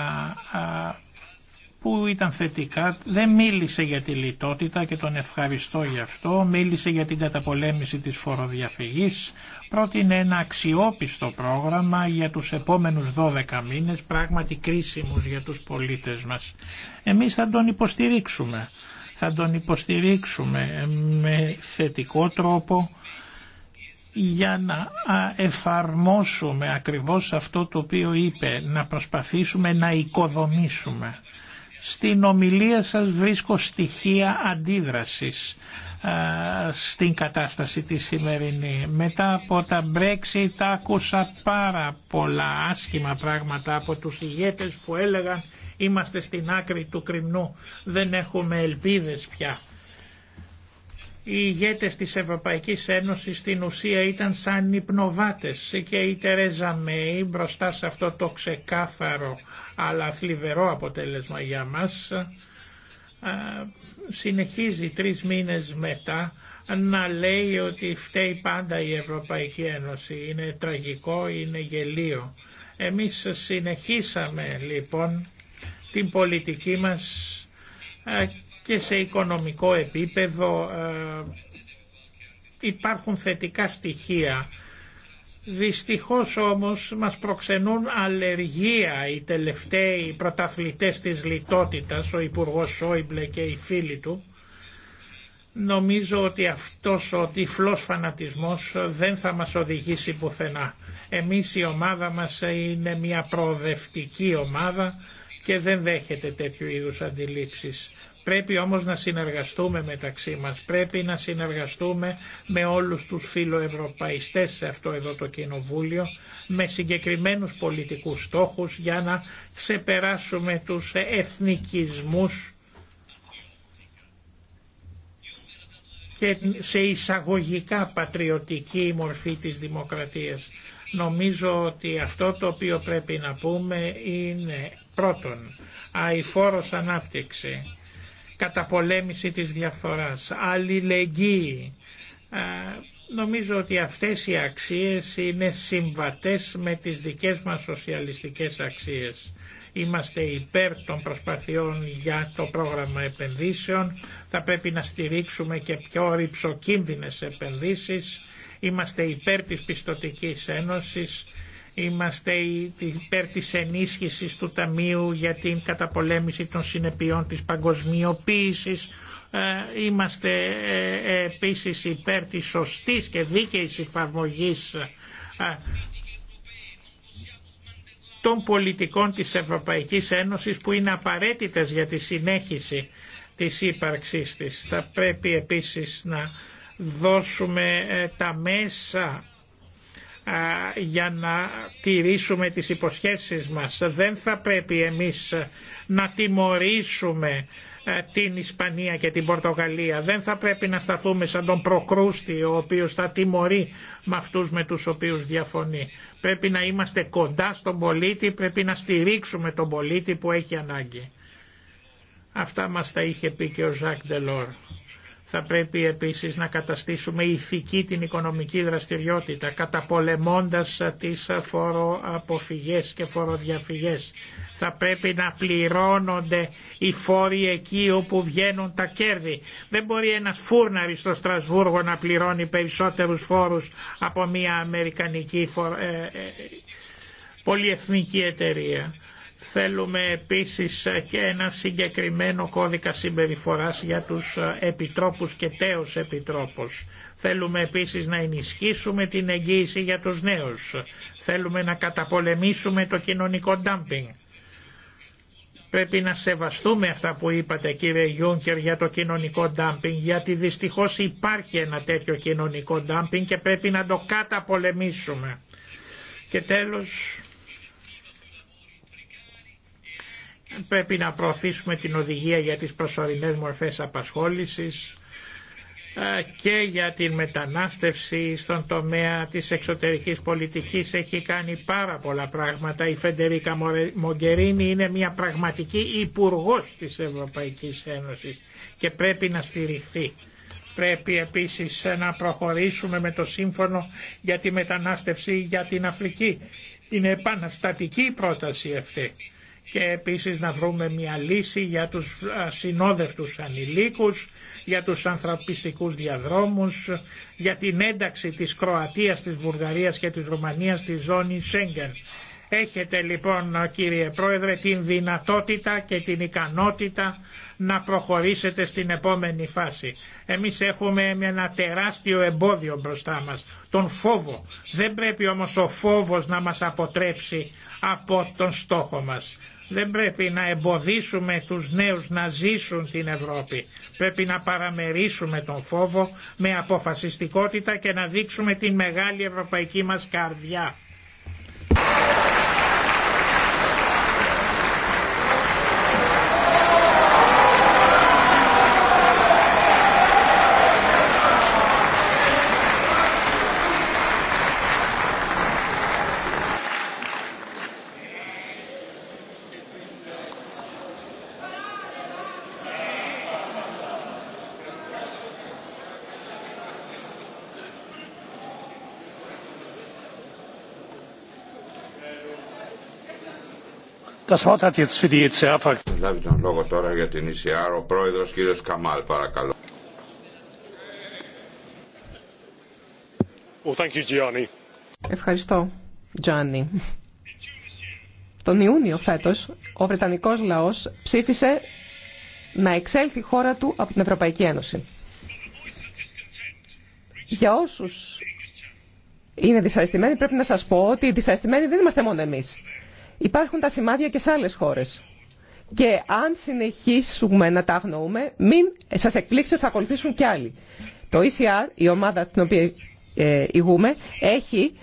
που ήταν θετικά, δεν μίλησε για τη λιτότητα και τον ευχαριστώ γι' αυτό, μίλησε για την καταπολέμηση της φοροδιαφυγής, πρότεινε ένα αξιόπιστο πρόγραμμα για τους επόμενους 12 μήνες, πράγματι κρίσιμους για τους πολίτες μας. Εμείς θα τον υποστηρίξουμε, θα τον υποστηρίξουμε με θετικό τρόπο, για να εφαρμόσουμε ακριβώς αυτό το οποίο είπε, να προσπαθήσουμε να οικοδομήσουμε. Στην ομιλία σας βρίσκω στοιχεία αντίδρασης στην κατάσταση τη σημερινή. Μετά από τα Brexit άκουσα πάρα πολλά άσχημα πράγματα από τους ηγέτες που έλεγαν είμαστε στην άκρη του κρυμνού, δεν έχουμε ελπίδες πια. Οι ηγέτες της Ευρωπαϊκής Ένωσης στην ουσία ήταν σαν υπνοβάτες και η Τερέζα Μέη μπροστά σε αυτό το ξεκάθαρο αλλά θλιβερό αποτέλεσμα για μας, ε, συνεχίζει τρεις μήνες μετά να λέει ότι φταίει πάντα η Ευρωπαϊκή Ένωση. Είναι τραγικό, είναι γελίο. Εμείς συνεχίσαμε λοιπόν την πολιτική μας ε, και σε οικονομικό επίπεδο ε, υπάρχουν θετικά στοιχεία Δυστυχώς όμως μας προξενούν αλλεργία οι τελευταίοι πρωταθλητές της λιτότητας, ο Υπουργός Σόιμπλε και οι φίλοι του. Νομίζω ότι αυτός ο τυφλός φανατισμός δεν θα μας οδηγήσει πουθενά. Εμείς η ομάδα μας είναι μια προοδευτική ομάδα και δεν δέχεται τέτοιου είδους αντιλήψεις. Πρέπει όμως να συνεργαστούμε μεταξύ μας, πρέπει να συνεργαστούμε με όλους τους φιλοευρωπαϊστές σε αυτό εδώ το κοινοβούλιο, με συγκεκριμένους πολιτικούς στόχους για να ξεπεράσουμε τους εθνικισμούς και σε εισαγωγικά πατριωτική μορφή της δημοκρατίας. Νομίζω ότι αυτό το οποίο πρέπει να πούμε είναι πρώτον αηφόρος ανάπτυξη καταπολέμηση της διαφθοράς, αλληλεγγύη. Ε, νομίζω ότι αυτές οι αξίες είναι συμβατές με τις δικές μας σοσιαλιστικές αξίες. Είμαστε υπέρ των προσπαθειών για το πρόγραμμα επενδύσεων. Θα πρέπει να στηρίξουμε και πιο ρηψοκίνδυνες επενδύσεις. Είμαστε υπέρ της πιστοτικής ένωσης Είμαστε υπέρ της ενίσχυση του Ταμείου για την καταπολέμηση των συνεπειών της παγκοσμιοποίησης. Ε, είμαστε ε, επίσης υπέρ της σωστής και δίκαιης εφαρμογής ε, των πολιτικών της Ευρωπαϊκής Ένωσης που είναι απαραίτητες για τη συνέχιση της ύπαρξής της. Θα πρέπει επίσης να δώσουμε τα μέσα για να τηρήσουμε τις υποσχέσεις μας. Δεν θα πρέπει εμείς να τιμωρήσουμε την Ισπανία και την Πορτογαλία. Δεν θα πρέπει να σταθούμε σαν τον προκρούστη ο οποίος θα τιμωρεί με αυτούς με τους οποίους διαφωνεί. Πρέπει να είμαστε κοντά στον πολίτη, πρέπει να στηρίξουμε τον πολίτη που έχει ανάγκη. Αυτά μας τα είχε πει και ο Ζακ Ντελόρ. Θα πρέπει επίσης να καταστήσουμε ηθική την οικονομική δραστηριότητα, καταπολεμώντας τις φοροαποφυγές και φοροδιαφυγές. Θα πρέπει να πληρώνονται οι φόροι εκεί όπου βγαίνουν τα κέρδη. Δεν μπορεί ένας φούρναρης στο Στρασβούργο να πληρώνει περισσότερους φόρους από μια αμερικανική ε, ε, ε, πολυεθνική εταιρεία Θέλουμε επίσης και ένα συγκεκριμένο κώδικα συμπεριφοράς για τους επιτρόπους και τέος επιτρόπους. Θέλουμε επίσης να ενισχύσουμε την εγγύηση για τους νέους. Θέλουμε να καταπολεμήσουμε το κοινωνικό ντάμπινγκ. Πρέπει να σεβαστούμε αυτά που είπατε κύριε Γιούνκερ για το κοινωνικό ντάμπινγκ γιατί δυστυχώς υπάρχει ένα τέτοιο κοινωνικό ντάμπινγκ και πρέπει να το καταπολεμήσουμε. Και τέλος Πρέπει να προωθήσουμε την οδηγία για τις προσωρινές μορφές απασχόλησης ε, και για την μετανάστευση στον τομέα της εξωτερικής πολιτικής έχει κάνει πάρα πολλά πράγματα. Η Φεντερίκα Μογκερίνη είναι μια πραγματική υπουργός της Ευρωπαϊκής Ένωσης και πρέπει να στηριχθεί. Πρέπει επίσης να προχωρήσουμε με το σύμφωνο για τη μετανάστευση για την Αφρική. Είναι επαναστατική η πρόταση αυτή και επίσης να βρούμε μια λύση για τους συνόδευτους ανηλίκους, για τους ανθρωπιστικούς διαδρόμους, για την ένταξη της Κροατίας, της Βουλγαρίας και της Ρουμανίας στη ζώνη Σέγγεν. Έχετε λοιπόν κύριε Πρόεδρε την δυνατότητα και την ικανότητα να προχωρήσετε στην επόμενη φάση. Εμείς έχουμε ένα τεράστιο εμπόδιο μπροστά μας, τον φόβο. Δεν πρέπει όμως ο φόβος να μας αποτρέψει από τον στόχο μας. Δεν πρέπει να εμποδίσουμε τους νέους να ζήσουν την Ευρώπη. Πρέπει να παραμερίσουμε τον φόβο με αποφασιστικότητα και να δείξουμε την μεγάλη ευρωπαϊκή μας καρδιά. Ευχαριστώ, Τζάνι. Τον Ιούνιο φέτος ο Βρετανικός λαός ψήφισε να εξέλθει η χώρα του από την Ευρωπαϊκή Ένωση. Για όσους είναι δυσαρεστημένοι πρέπει να σας πω ότι δυσαρεστημένοι δεν είμαστε μόνο εμείς. Υπάρχουν τα σημάδια και σε άλλες χώρες. Και αν συνεχίσουμε να τα αγνοούμε, μην σας εκπλήξει ότι θα ακολουθήσουν κι άλλοι. Το ECR, η ομάδα την οποία ε, ηγούμε, έχει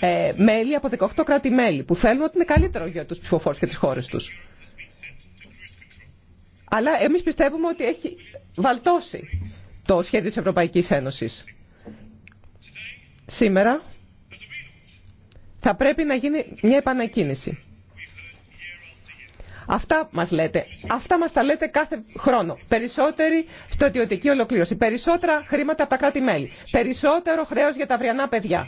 ε, μέλη από 18 κράτη-μέλη που θέλουν ότι είναι καλύτερο για τους ψηφοφόρους και τις χώρες τους. Αλλά εμείς πιστεύουμε ότι έχει βαλτώσει το σχέδιο της Ευρωπαϊκής Ένωσης. Σήμερα θα πρέπει να γίνει μια επανακίνηση. Αυτά μα λέτε. Αυτά μα τα λέτε κάθε χρόνο. Περισσότερη στρατιωτική ολοκλήρωση. Περισσότερα χρήματα από τα κράτη-μέλη. Περισσότερο χρέο για τα αυριανά παιδιά.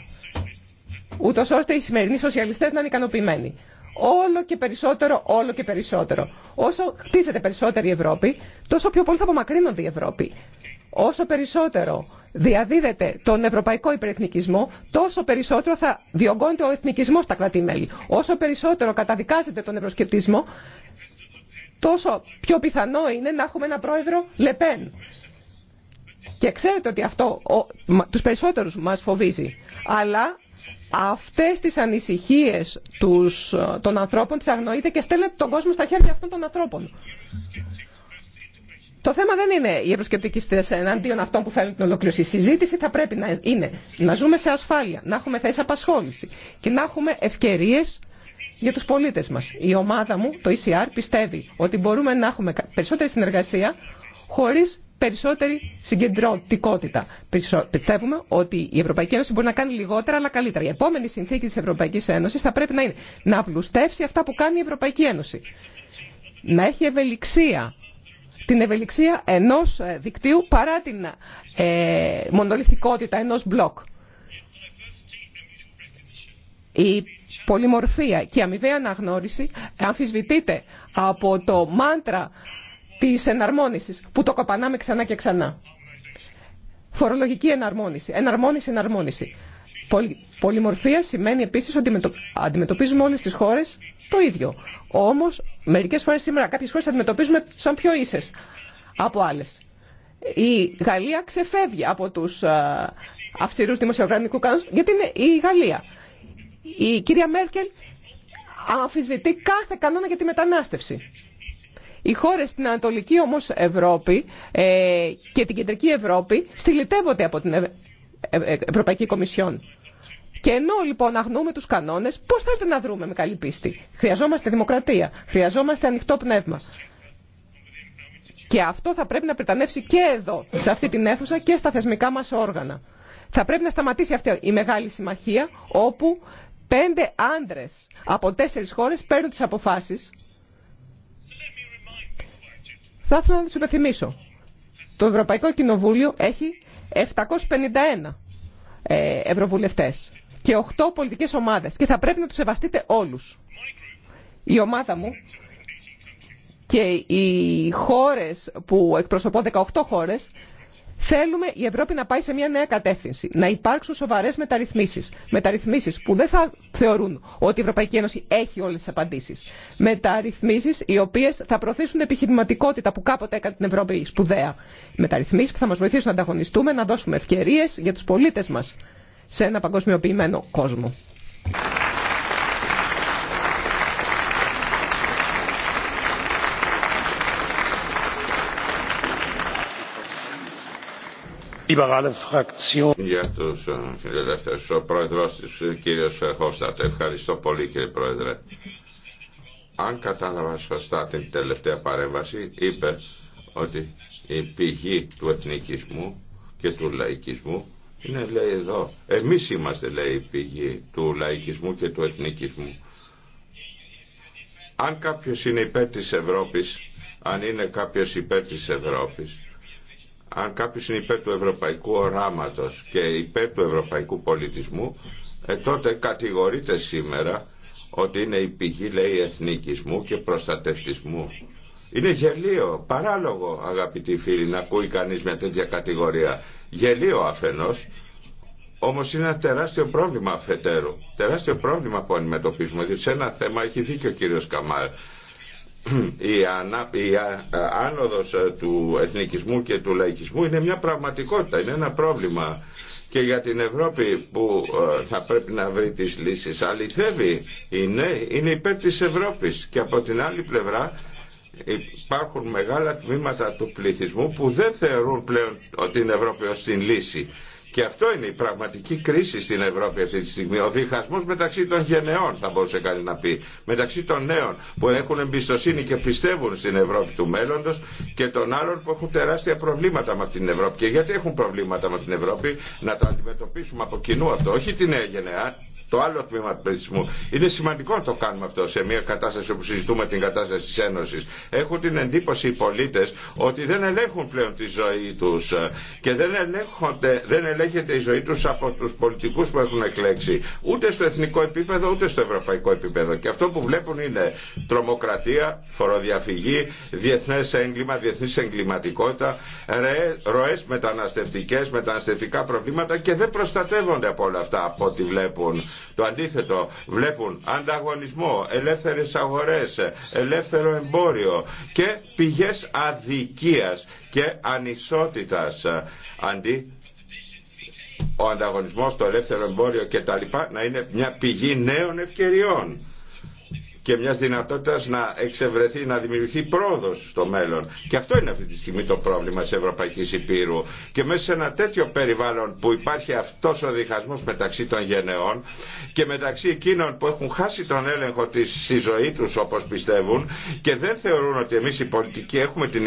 Ούτω ώστε οι σημερινοί σοσιαλιστές να είναι ικανοποιημένοι. Όλο και περισσότερο, όλο και περισσότερο. Όσο χτίζεται περισσότερη η Ευρώπη, τόσο πιο πολύ θα απομακρύνονται η Ευρώπη. Όσο περισσότερο διαδίδεται τον ευρωπαϊκό υπερεθνικισμό, τόσο περισσότερο θα διωγγώνεται ο εθνικισμό στα κράτη-μέλη. Όσο περισσότερο καταδικάζεται τον ευρωσκεπτισμό, τόσο πιο πιθανό είναι να έχουμε ένα πρόεδρο Λεπέν. Και ξέρετε ότι αυτό τους περισσότερους μας φοβίζει. Αλλά αυτές τις ανησυχίες τους, ε, των ανθρώπων τις αγνοείτε και στέλνετε τον κόσμο στα χέρια αυτών των ανθρώπων. Το θέμα δεν είναι οι ευρωσκεπτικιστέ εναντίον αυτών που θέλουν την ολοκλήρωση. Η συζήτηση θα πρέπει να είναι να ζούμε σε ασφάλεια, να έχουμε θέση απασχόληση και να έχουμε ευκαιρίε για τους πολίτες μας. Η ομάδα μου, το ECR, πιστεύει ότι μπορούμε να έχουμε περισσότερη συνεργασία χωρίς περισσότερη συγκεντρωτικότητα. Πιστεύουμε ότι η Ευρωπαϊκή Ένωση μπορεί να κάνει λιγότερα αλλά καλύτερα. Η επόμενη συνθήκη της Ευρωπαϊκής Ένωσης θα πρέπει να είναι να βλουστεύσει αυτά που κάνει η Ευρωπαϊκή Ένωση. Να έχει ευελιξία την ευελιξία ενός ε, δικτύου παρά την ε, μονολυθικότητα ενός μπλοκ πολυμορφία και αμοιβαία αναγνώριση αμφισβητείται από το μάντρα της εναρμόνισης που το κοπανάμε ξανά και ξανά. Φορολογική εναρμόνιση, εναρμόνιση, εναρμόνιση. Πολυμορφία σημαίνει επίσης ότι αντιμετωπίζουμε όλες τις χώρες το ίδιο. Όμως, μερικές φορές σήμερα κάποιες χώρες αντιμετωπίζουμε σαν πιο ίσες από άλλες. Η Γαλλία ξεφεύγει από τους αυστηρούς δημοσιογραμμικού κανόνες γιατί είναι η Γαλλία. Η κυρία Μέρκελ αμφισβητεί κάθε κανόνα για τη μετανάστευση. Οι χώρε στην Ανατολική όμω Ευρώπη ε, και την Κεντρική Ευρώπη στυλιτεύονται από την ε, ε, Ευρωπαϊκή Κομισιόν. Και ενώ λοιπόν αγνοούμε του κανόνε, πώ θέλετε να δρούμε με καλή πίστη. Χρειαζόμαστε δημοκρατία. Χρειαζόμαστε ανοιχτό πνεύμα. Και αυτό θα πρέπει να πρετανεύσει και εδώ, σε αυτή την αίθουσα και στα θεσμικά μα όργανα. Θα πρέπει να σταματήσει αυτή η μεγάλη συμμαχία όπου πέντε άντρες από τέσσερις χώρες παίρνουν τις αποφάσεις. Θα ήθελα να τους υπενθυμίσω. Το Ευρωπαϊκό Κοινοβούλιο έχει 751 ε, ευρωβουλευτές και 8 πολιτικές ομάδες και θα πρέπει να τους σεβαστείτε όλους. Η ομάδα μου και οι χώρες που εκπροσωπώ 18 χώρες Θέλουμε η Ευρώπη να πάει σε μια νέα κατεύθυνση, να υπάρξουν σοβαρέ μεταρρυθμίσει. Μεταρρυθμίσει που δεν θα θεωρούν ότι η Ευρωπαϊκή Ένωση έχει όλε τι απαντήσει. Μεταρρυθμίσει οι οποίε θα προωθήσουν επιχειρηματικότητα που κάποτε έκανε την Ευρώπη σπουδαία. Μεταρρυθμίσει που θα μα βοηθήσουν να ανταγωνιστούμε, να δώσουμε ευκαιρίε για του πολίτε μα σε ένα παγκοσμιοποιημένο κόσμο. Για του ε, φιλελεύθερους, ο πρόεδρο τη ε, κύριο Φερχόφστατ, Ευχαριστώ πολύ κύριε πρόεδρε. Αν κατάλαβα σωστά την τελευταία παρέμβαση, είπε ότι η πηγή του εθνικισμού και του λαϊκισμού είναι λέει εδώ. Εμείς είμαστε λέει η πηγή του λαϊκισμού και του εθνικισμού. Αν κάποιος είναι υπέρ της Ευρώπης, αν είναι κάποιος υπέρ της Ευρώπης, αν κάποιος είναι υπέρ του ευρωπαϊκού οράματος και υπέρ του ευρωπαϊκού πολιτισμού, ε, τότε κατηγορείται σήμερα ότι είναι η πηγή, λέει, εθνικισμού και προστατευτισμού. Είναι γελίο, παράλογο, αγαπητοί φίλοι, να ακούει κανείς μια τέτοια κατηγορία. Γελίο αφενός, όμως είναι ένα τεράστιο πρόβλημα αφετέρου. Τεράστιο πρόβλημα που αντιμετωπίζουμε, διότι σε ένα θέμα έχει δίκιο ο κύριος Καμάρ η, ανά, η ε, ε, άνοδος ε, του εθνικισμού και του λαϊκισμού είναι μια πραγματικότητα, είναι ένα πρόβλημα και για την Ευρώπη που θα πρέπει να βρει τις λύσεις. Αληθεύει, είναι, είναι υπέρ της Ευρώπης και από την άλλη πλευρά υπάρχουν μεγάλα τμήματα του πληθυσμού που δεν θεωρούν πλέον ότι την Ευρώπη ως την λύση. Και αυτό είναι η πραγματική κρίση στην Ευρώπη αυτή τη στιγμή. Ο διχασμός μεταξύ των γενεών θα μπορούσε κανεί να πει. Μεταξύ των νέων που έχουν εμπιστοσύνη και πιστεύουν στην Ευρώπη του μέλλοντος και των άλλων που έχουν τεράστια προβλήματα με αυτή την Ευρώπη. Και γιατί έχουν προβλήματα με την Ευρώπη να τα αντιμετωπίσουμε από κοινού αυτό. Όχι την νέα ε γενεά, το άλλο τμήμα του πληθυσμού. Είναι σημαντικό να το κάνουμε αυτό σε μια κατάσταση όπου συζητούμε την κατάσταση τη Ένωση. Έχουν την εντύπωση οι πολίτε ότι δεν ελέγχουν πλέον τη ζωή του ε, και δεν, ελέγχονται, δεν ελέγχεται η ζωή του από του πολιτικού που έχουν εκλέξει ούτε στο εθνικό επίπεδο ούτε στο ευρωπαϊκό επίπεδο. Και αυτό που βλέπουν είναι τρομοκρατία, φοροδιαφυγή, διεθνέ έγκλημα, διεθνή εγκληματικότητα, ροέ μεταναστευτικέ, μεταναστευτικά προβλήματα και δεν προστατεύονται από όλα αυτά από ό,τι βλέπουν το αντίθετο, βλέπουν ανταγωνισμό, ελεύθερες αγορές, ελεύθερο εμπόριο και πηγές αδικίας και ανισότητας αντί ο ανταγωνισμός, το ελεύθερο εμπόριο και τα να είναι μια πηγή νέων ευκαιριών και μια δυνατότητα να εξευρεθεί, να δημιουργηθεί πρόοδο στο μέλλον. Και αυτό είναι αυτή τη στιγμή το πρόβλημα τη Ευρωπαϊκή Υπήρου. Και μέσα σε ένα τέτοιο περιβάλλον που υπάρχει αυτό ο διχασμός μεταξύ των γενεών και μεταξύ εκείνων που έχουν χάσει τον έλεγχο τη στη ζωή του, όπω πιστεύουν και δεν θεωρούν ότι εμεί οι πολιτικοί έχουμε την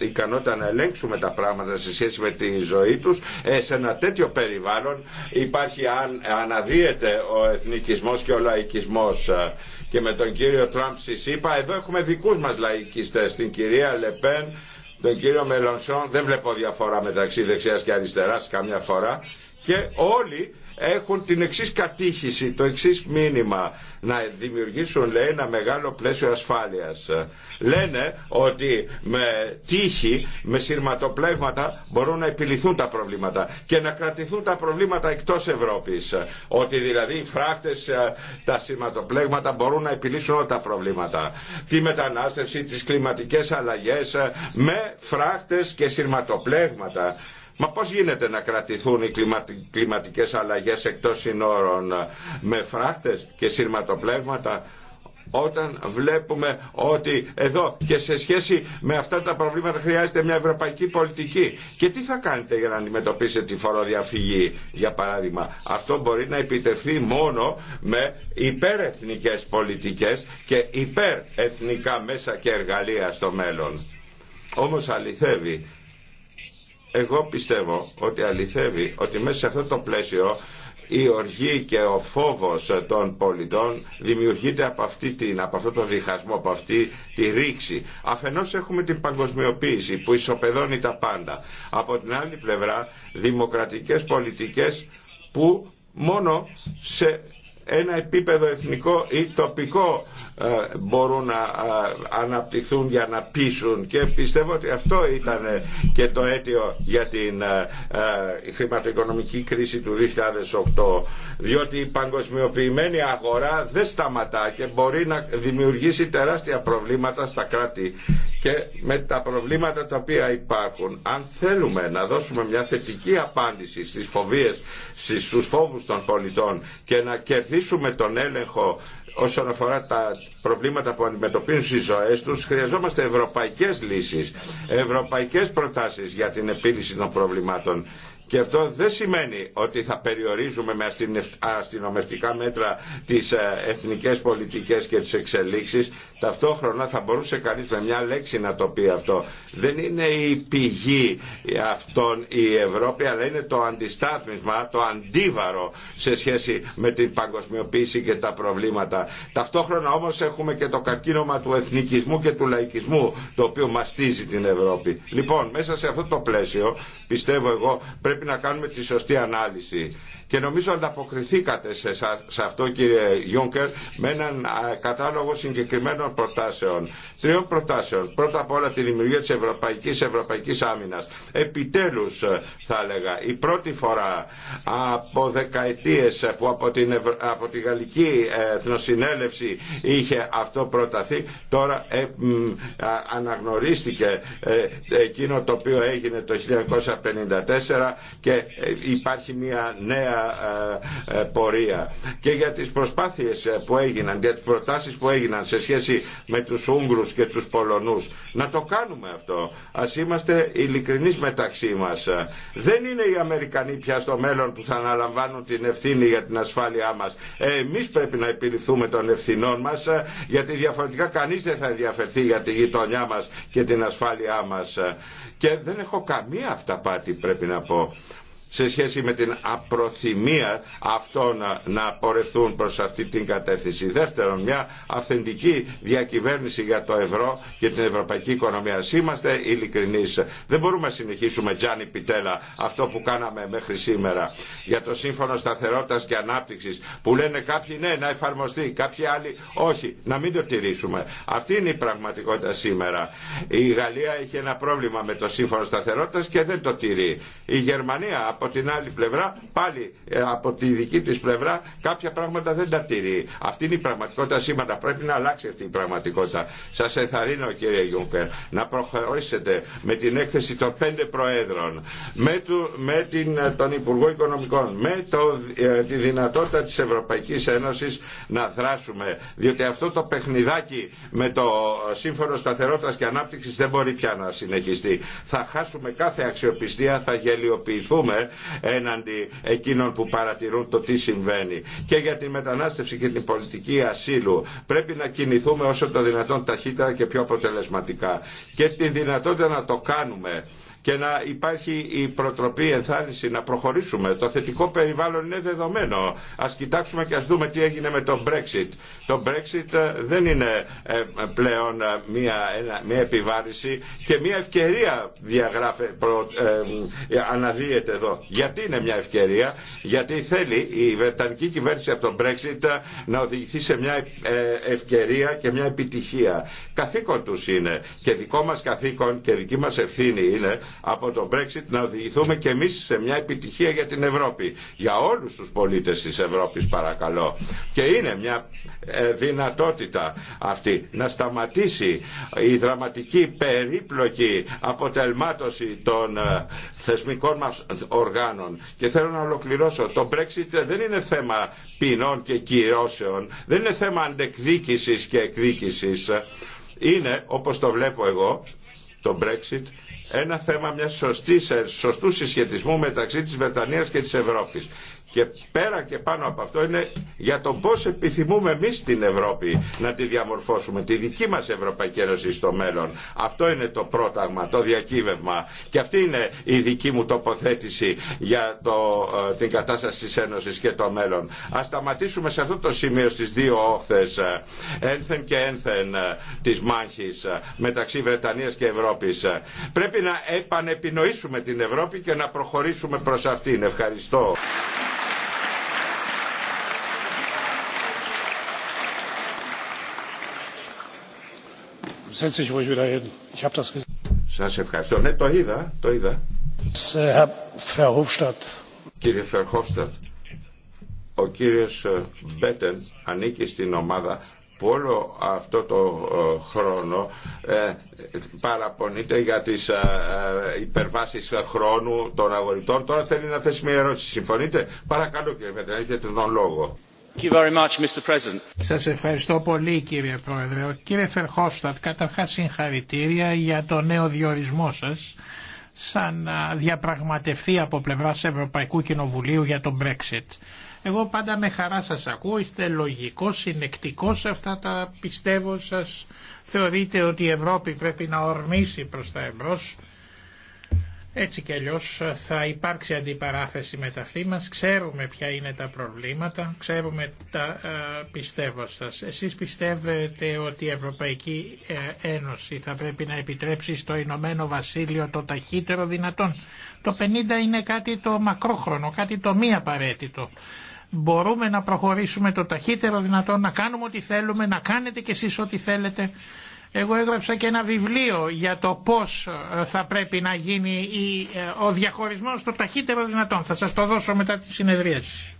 ικανότητα να ελέγξουμε τα πράγματα σε σχέση με τη ζωή του, ε, σε ένα τέτοιο περιβάλλον υπάρχει αν, αναδύεται ο εθνικισμό και ο λαϊκισμός ε, και με τον κύριο Τραμπ στη ΣΥΠΑ. Εδώ έχουμε δικούς μας λαϊκιστές, την κυρία Λεπέν, τον κύριο Μελονσόν. Δεν βλέπω διαφορά μεταξύ δεξιάς και αριστεράς καμιά φορά. Και όλοι έχουν την εξή κατήχηση, το εξής μήνυμα να δημιουργήσουν λέει ένα μεγάλο πλαίσιο ασφάλειας. Λένε ότι με τύχη, με σειρματοπλέγματα μπορούν να επιληθούν τα προβλήματα και να κρατηθούν τα προβλήματα εκτός Ευρώπης. Ότι δηλαδή οι φράκτες, ε, τα σειρματοπλέγματα μπορούν να επιλύσουν όλα τα προβλήματα. Τη μετανάστευση, τις κλιματικές αλλαγές ε, με φράκτες και σειρματοπλέγματα Μα πώς γίνεται να κρατηθούν οι κλιματικές αλλαγές εκτός συνόρων ε, με φράχτες και συρματοπλέγματα όταν βλέπουμε ότι εδώ και σε σχέση με αυτά τα προβλήματα χρειάζεται μια ευρωπαϊκή πολιτική. Και τι θα κάνετε για να αντιμετωπίσετε τη φοροδιαφυγή, για παράδειγμα. Αυτό μπορεί να επιτευχθεί μόνο με υπερεθνικές πολιτικές και υπερεθνικά μέσα και εργαλεία στο μέλλον. Όμως αληθεύει εγώ πιστεύω ότι αληθεύει ότι μέσα σε αυτό το πλαίσιο η οργή και ο φόβος των πολιτών δημιουργείται από, αυτή την, από αυτό το διχασμό, από αυτή τη ρήξη. Αφενός έχουμε την παγκοσμιοποίηση που ισοπεδώνει τα πάντα. Από την άλλη πλευρά δημοκρατικές πολιτικές που μόνο σε ένα επίπεδο εθνικό ή τοπικό ε, μπορούν να ε, αναπτυχθούν για να πείσουν και πιστεύω ότι αυτό ήταν και το αίτιο για την ε, χρηματοοικονομική κρίση του 2008 διότι η παγκοσμιοποιημένη αγορά δεν σταματά και μπορεί να δημιουργήσει τεράστια προβλήματα στα κράτη και με τα προβλήματα τα οποία υπάρχουν αν θέλουμε να δώσουμε μια θετική απάντηση στις φοβίες, στους φόβους των πολιτών και να κερδίσουμε τον έλεγχο όσον αφορά τα προβλήματα που αντιμετωπίζουν στις ζωές τους, χρειαζόμαστε ευρωπαϊκές λύσεις, ευρωπαϊκές προτάσεις για την επίλυση των προβλημάτων. Και αυτό δεν σημαίνει ότι θα περιορίζουμε με αστυνομευτικά μέτρα τις ε, εθνικές πολιτικές και τις εξελίξεις. Ταυτόχρονα θα μπορούσε κανείς με μια λέξη να το πει αυτό. Δεν είναι η πηγή αυτών η Ευρώπη, αλλά είναι το αντιστάθμισμα, το αντίβαρο σε σχέση με την παγκοσμιοποίηση και τα προβλήματα. Ταυτόχρονα όμως έχουμε και το καρκίνωμα του εθνικισμού και του λαϊκισμού, το οποίο μαστίζει την Ευρώπη. Λοιπόν, μέσα σε αυτό το πλαίσιο, πιστεύω εγώ, πρέπει να κάνουμε τη σωστή ανάλυση και νομίζω ανταποκριθήκατε σε, σε αυτό κύριε Γιούγκερ με έναν κατάλογο συγκεκριμένων προτάσεων. Τριών προτάσεων. Πρώτα απ' όλα τη δημιουργία της Ευρωπαϊκής Ευρωπαϊκής Άμυνας. Επιτέλους ε, θα έλεγα η πρώτη φορά από δεκαετίες που από, την από τη Γαλλική ε, Εθνοσυνέλευση είχε αυτό προταθεί τώρα ε, αναγνωρίστηκε εκείνο το οποίο έγινε το 1954 και υπάρχει μια νέα ε, ε, πορεία και για τις προσπάθειες ε, που έγιναν, για τις προτάσεις που έγιναν σε σχέση με τους Ούγγρους και τους Πολωνούς. Να το κάνουμε αυτό. Ας είμαστε ειλικρινείς μεταξύ μας. Δεν είναι οι Αμερικανοί πια στο μέλλον που θα αναλαμβάνουν την ευθύνη για την ασφάλειά μας. Εμείς πρέπει να επιληφθούμε των ευθυνών μας γιατί διαφορετικά κανείς δεν θα ενδιαφερθεί για τη γειτονιά μας και την ασφάλειά μας. Και δεν έχω καμία αυταπάτη πρέπει να πω σε σχέση με την απροθυμία αυτών να πορευθούν προς αυτή την κατεύθυνση. Δεύτερον, μια αυθεντική διακυβέρνηση για το ευρώ και την ευρωπαϊκή οικονομία. Είμαστε ειλικρινείς. Δεν μπορούμε να συνεχίσουμε, Τζάνι Πιτέλα, αυτό που κάναμε μέχρι σήμερα για το Σύμφωνο Σταθερότητας και Ανάπτυξης που λένε κάποιοι ναι να εφαρμοστεί, κάποιοι άλλοι όχι, να μην το τηρήσουμε. Αυτή είναι η πραγματικότητα σήμερα. Η Γαλλία έχει ένα πρόβλημα με το Σύμφωνο Σταθερότητας και δεν το τηρεί. Η Γερμανία από την άλλη πλευρά πάλι ε, από τη δική της πλευρά κάποια πράγματα δεν τα τηρεί. Αυτή είναι η πραγματικότητα σήμερα. Πρέπει να αλλάξει αυτή η πραγματικότητα. Σας εθαρρύνω κύριε Γιούγκερ να προχωρήσετε με την έκθεση των πέντε προέδρων, με, του, με την, ε, τον Υπουργό Οικονομικών, με το, ε, τη δυνατότητα της Ευρωπαϊκής Ένωσης να δράσουμε. Διότι αυτό το παιχνιδάκι με το Σύμφωνο Σταθερότητας και Ανάπτυξης δεν μπορεί πια να συνεχιστεί. Θα χάσουμε κάθε αξιοπιστία, θα γελιοποιηθούμε έναντι εκείνων που παρατηρούν το τι συμβαίνει. Και για την μετανάστευση και την πολιτική ασύλου πρέπει να κινηθούμε όσο το δυνατόν ταχύτερα και πιο αποτελεσματικά. Και την δυνατότητα να το κάνουμε και να υπάρχει η προτροπή ενθάρρυνση να προχωρήσουμε. Το θετικό περιβάλλον είναι δεδομένο. Α κοιτάξουμε και ας δούμε τι έγινε με τον Brexit. Το Brexit ε, δεν είναι ε, πλέον ε, μια, μια επιβάρηση και μια ευκαιρία διαγράφε, αναδύεται εδώ. Γιατί είναι μια ευκαιρία, γιατί θέλει η Βρετανική κυβέρνηση από το Brexit να οδηγηθεί σε μια ευκαιρία και μια επιτυχία. Καθήκον τους είναι και δικό μας καθήκον και δική μας ευθύνη είναι από το Brexit να οδηγηθούμε και εμείς σε μια επιτυχία για την Ευρώπη. Για όλους τους πολίτες της Ευρώπης παρακαλώ. Και είναι μια ε, δυνατότητα αυτή να σταματήσει η δραματική περίπλοκη αποτελμάτωση των ε, θεσμικών μας οργάνων. Και θέλω να ολοκληρώσω. Το Brexit δεν είναι θέμα ποινών και κυρώσεων. Δεν είναι θέμα αντεκδίκησης και εκδίκησης. Είναι, όπως το βλέπω εγώ, το Brexit ένα θέμα μιας σωστής, σωστού συσχετισμού μεταξύ της Βρετανίας και της Ευρώπης και πέρα και πάνω από αυτό είναι για το πώς επιθυμούμε εμείς την Ευρώπη να τη διαμορφώσουμε, τη δική μας Ευρωπαϊκή Ένωση στο μέλλον. Αυτό είναι το πρόταγμα, το διακύβευμα και αυτή είναι η δική μου τοποθέτηση για το, ε, την κατάσταση της Ένωσης και το μέλλον. Ας σταματήσουμε σε αυτό το σημείο στις δύο όχθες ε, ένθεν και ένθεν ε, της μάχης μεταξύ Βρετανίας και Ευρώπης. Πρέπει να επανεπινοήσουμε την Ευρώπη και να προχωρήσουμε προς αυτήν. Ευχαριστώ. Σας ευχαριστώ. Ναι, το είδα, το είδα. Ε, κύριε Φερχόφστατ, ο κύριος ε, Μπέτεν ανήκει στην ομάδα που όλο αυτό το ε, χρόνο παραπονείται για τις υπερβάσεις χρόνου των αγορητών. Τώρα θέλει να θέσει μια ερώτηση. Συμφωνείτε. Παρακαλώ κύριε Μπέτεν, έχετε τον λόγο. Σας ευχαριστώ πολύ κύριε Πρόεδρε. κύριε Φερχόφστατ, καταρχάς συγχαρητήρια για το νέο διορισμό σας σαν διαπραγματευτή από πλευράς Ευρωπαϊκού Κοινοβουλίου για τον Brexit. Εγώ πάντα με χαρά σας ακούω, είστε λογικός, συνεκτικός αυτά τα πιστεύω σας. Θεωρείτε ότι η Ευρώπη πρέπει να ορμήσει προς τα εμπρός έτσι κι αλλιώς ε, θα υπάρξει αντιπαράθεση μεταξύ μας, ξέρουμε ποια είναι τα προβλήματα, ξέρουμε τα ε, πιστεύω σας. Εσείς πιστεύετε ότι η Ευρωπαϊκή ε, Ένωση θα πρέπει να επιτρέψει στο Ηνωμένο Βασίλειο το ταχύτερο δυνατόν. Το 50 είναι κάτι το μακρόχρονο, κάτι το μη απαραίτητο. Μπορούμε να προχωρήσουμε το ταχύτερο δυνατόν, να κάνουμε ό,τι θέλουμε, να κάνετε κι εσείς ό,τι θέλετε. Εγώ έγραψα και ένα βιβλίο για το πώς ε, θα πρέπει να γίνει ε, ο διαχωρισμός το ταχύτερο δυνατόν. Θα σας το δώσω μετά τη συνεδρίαση.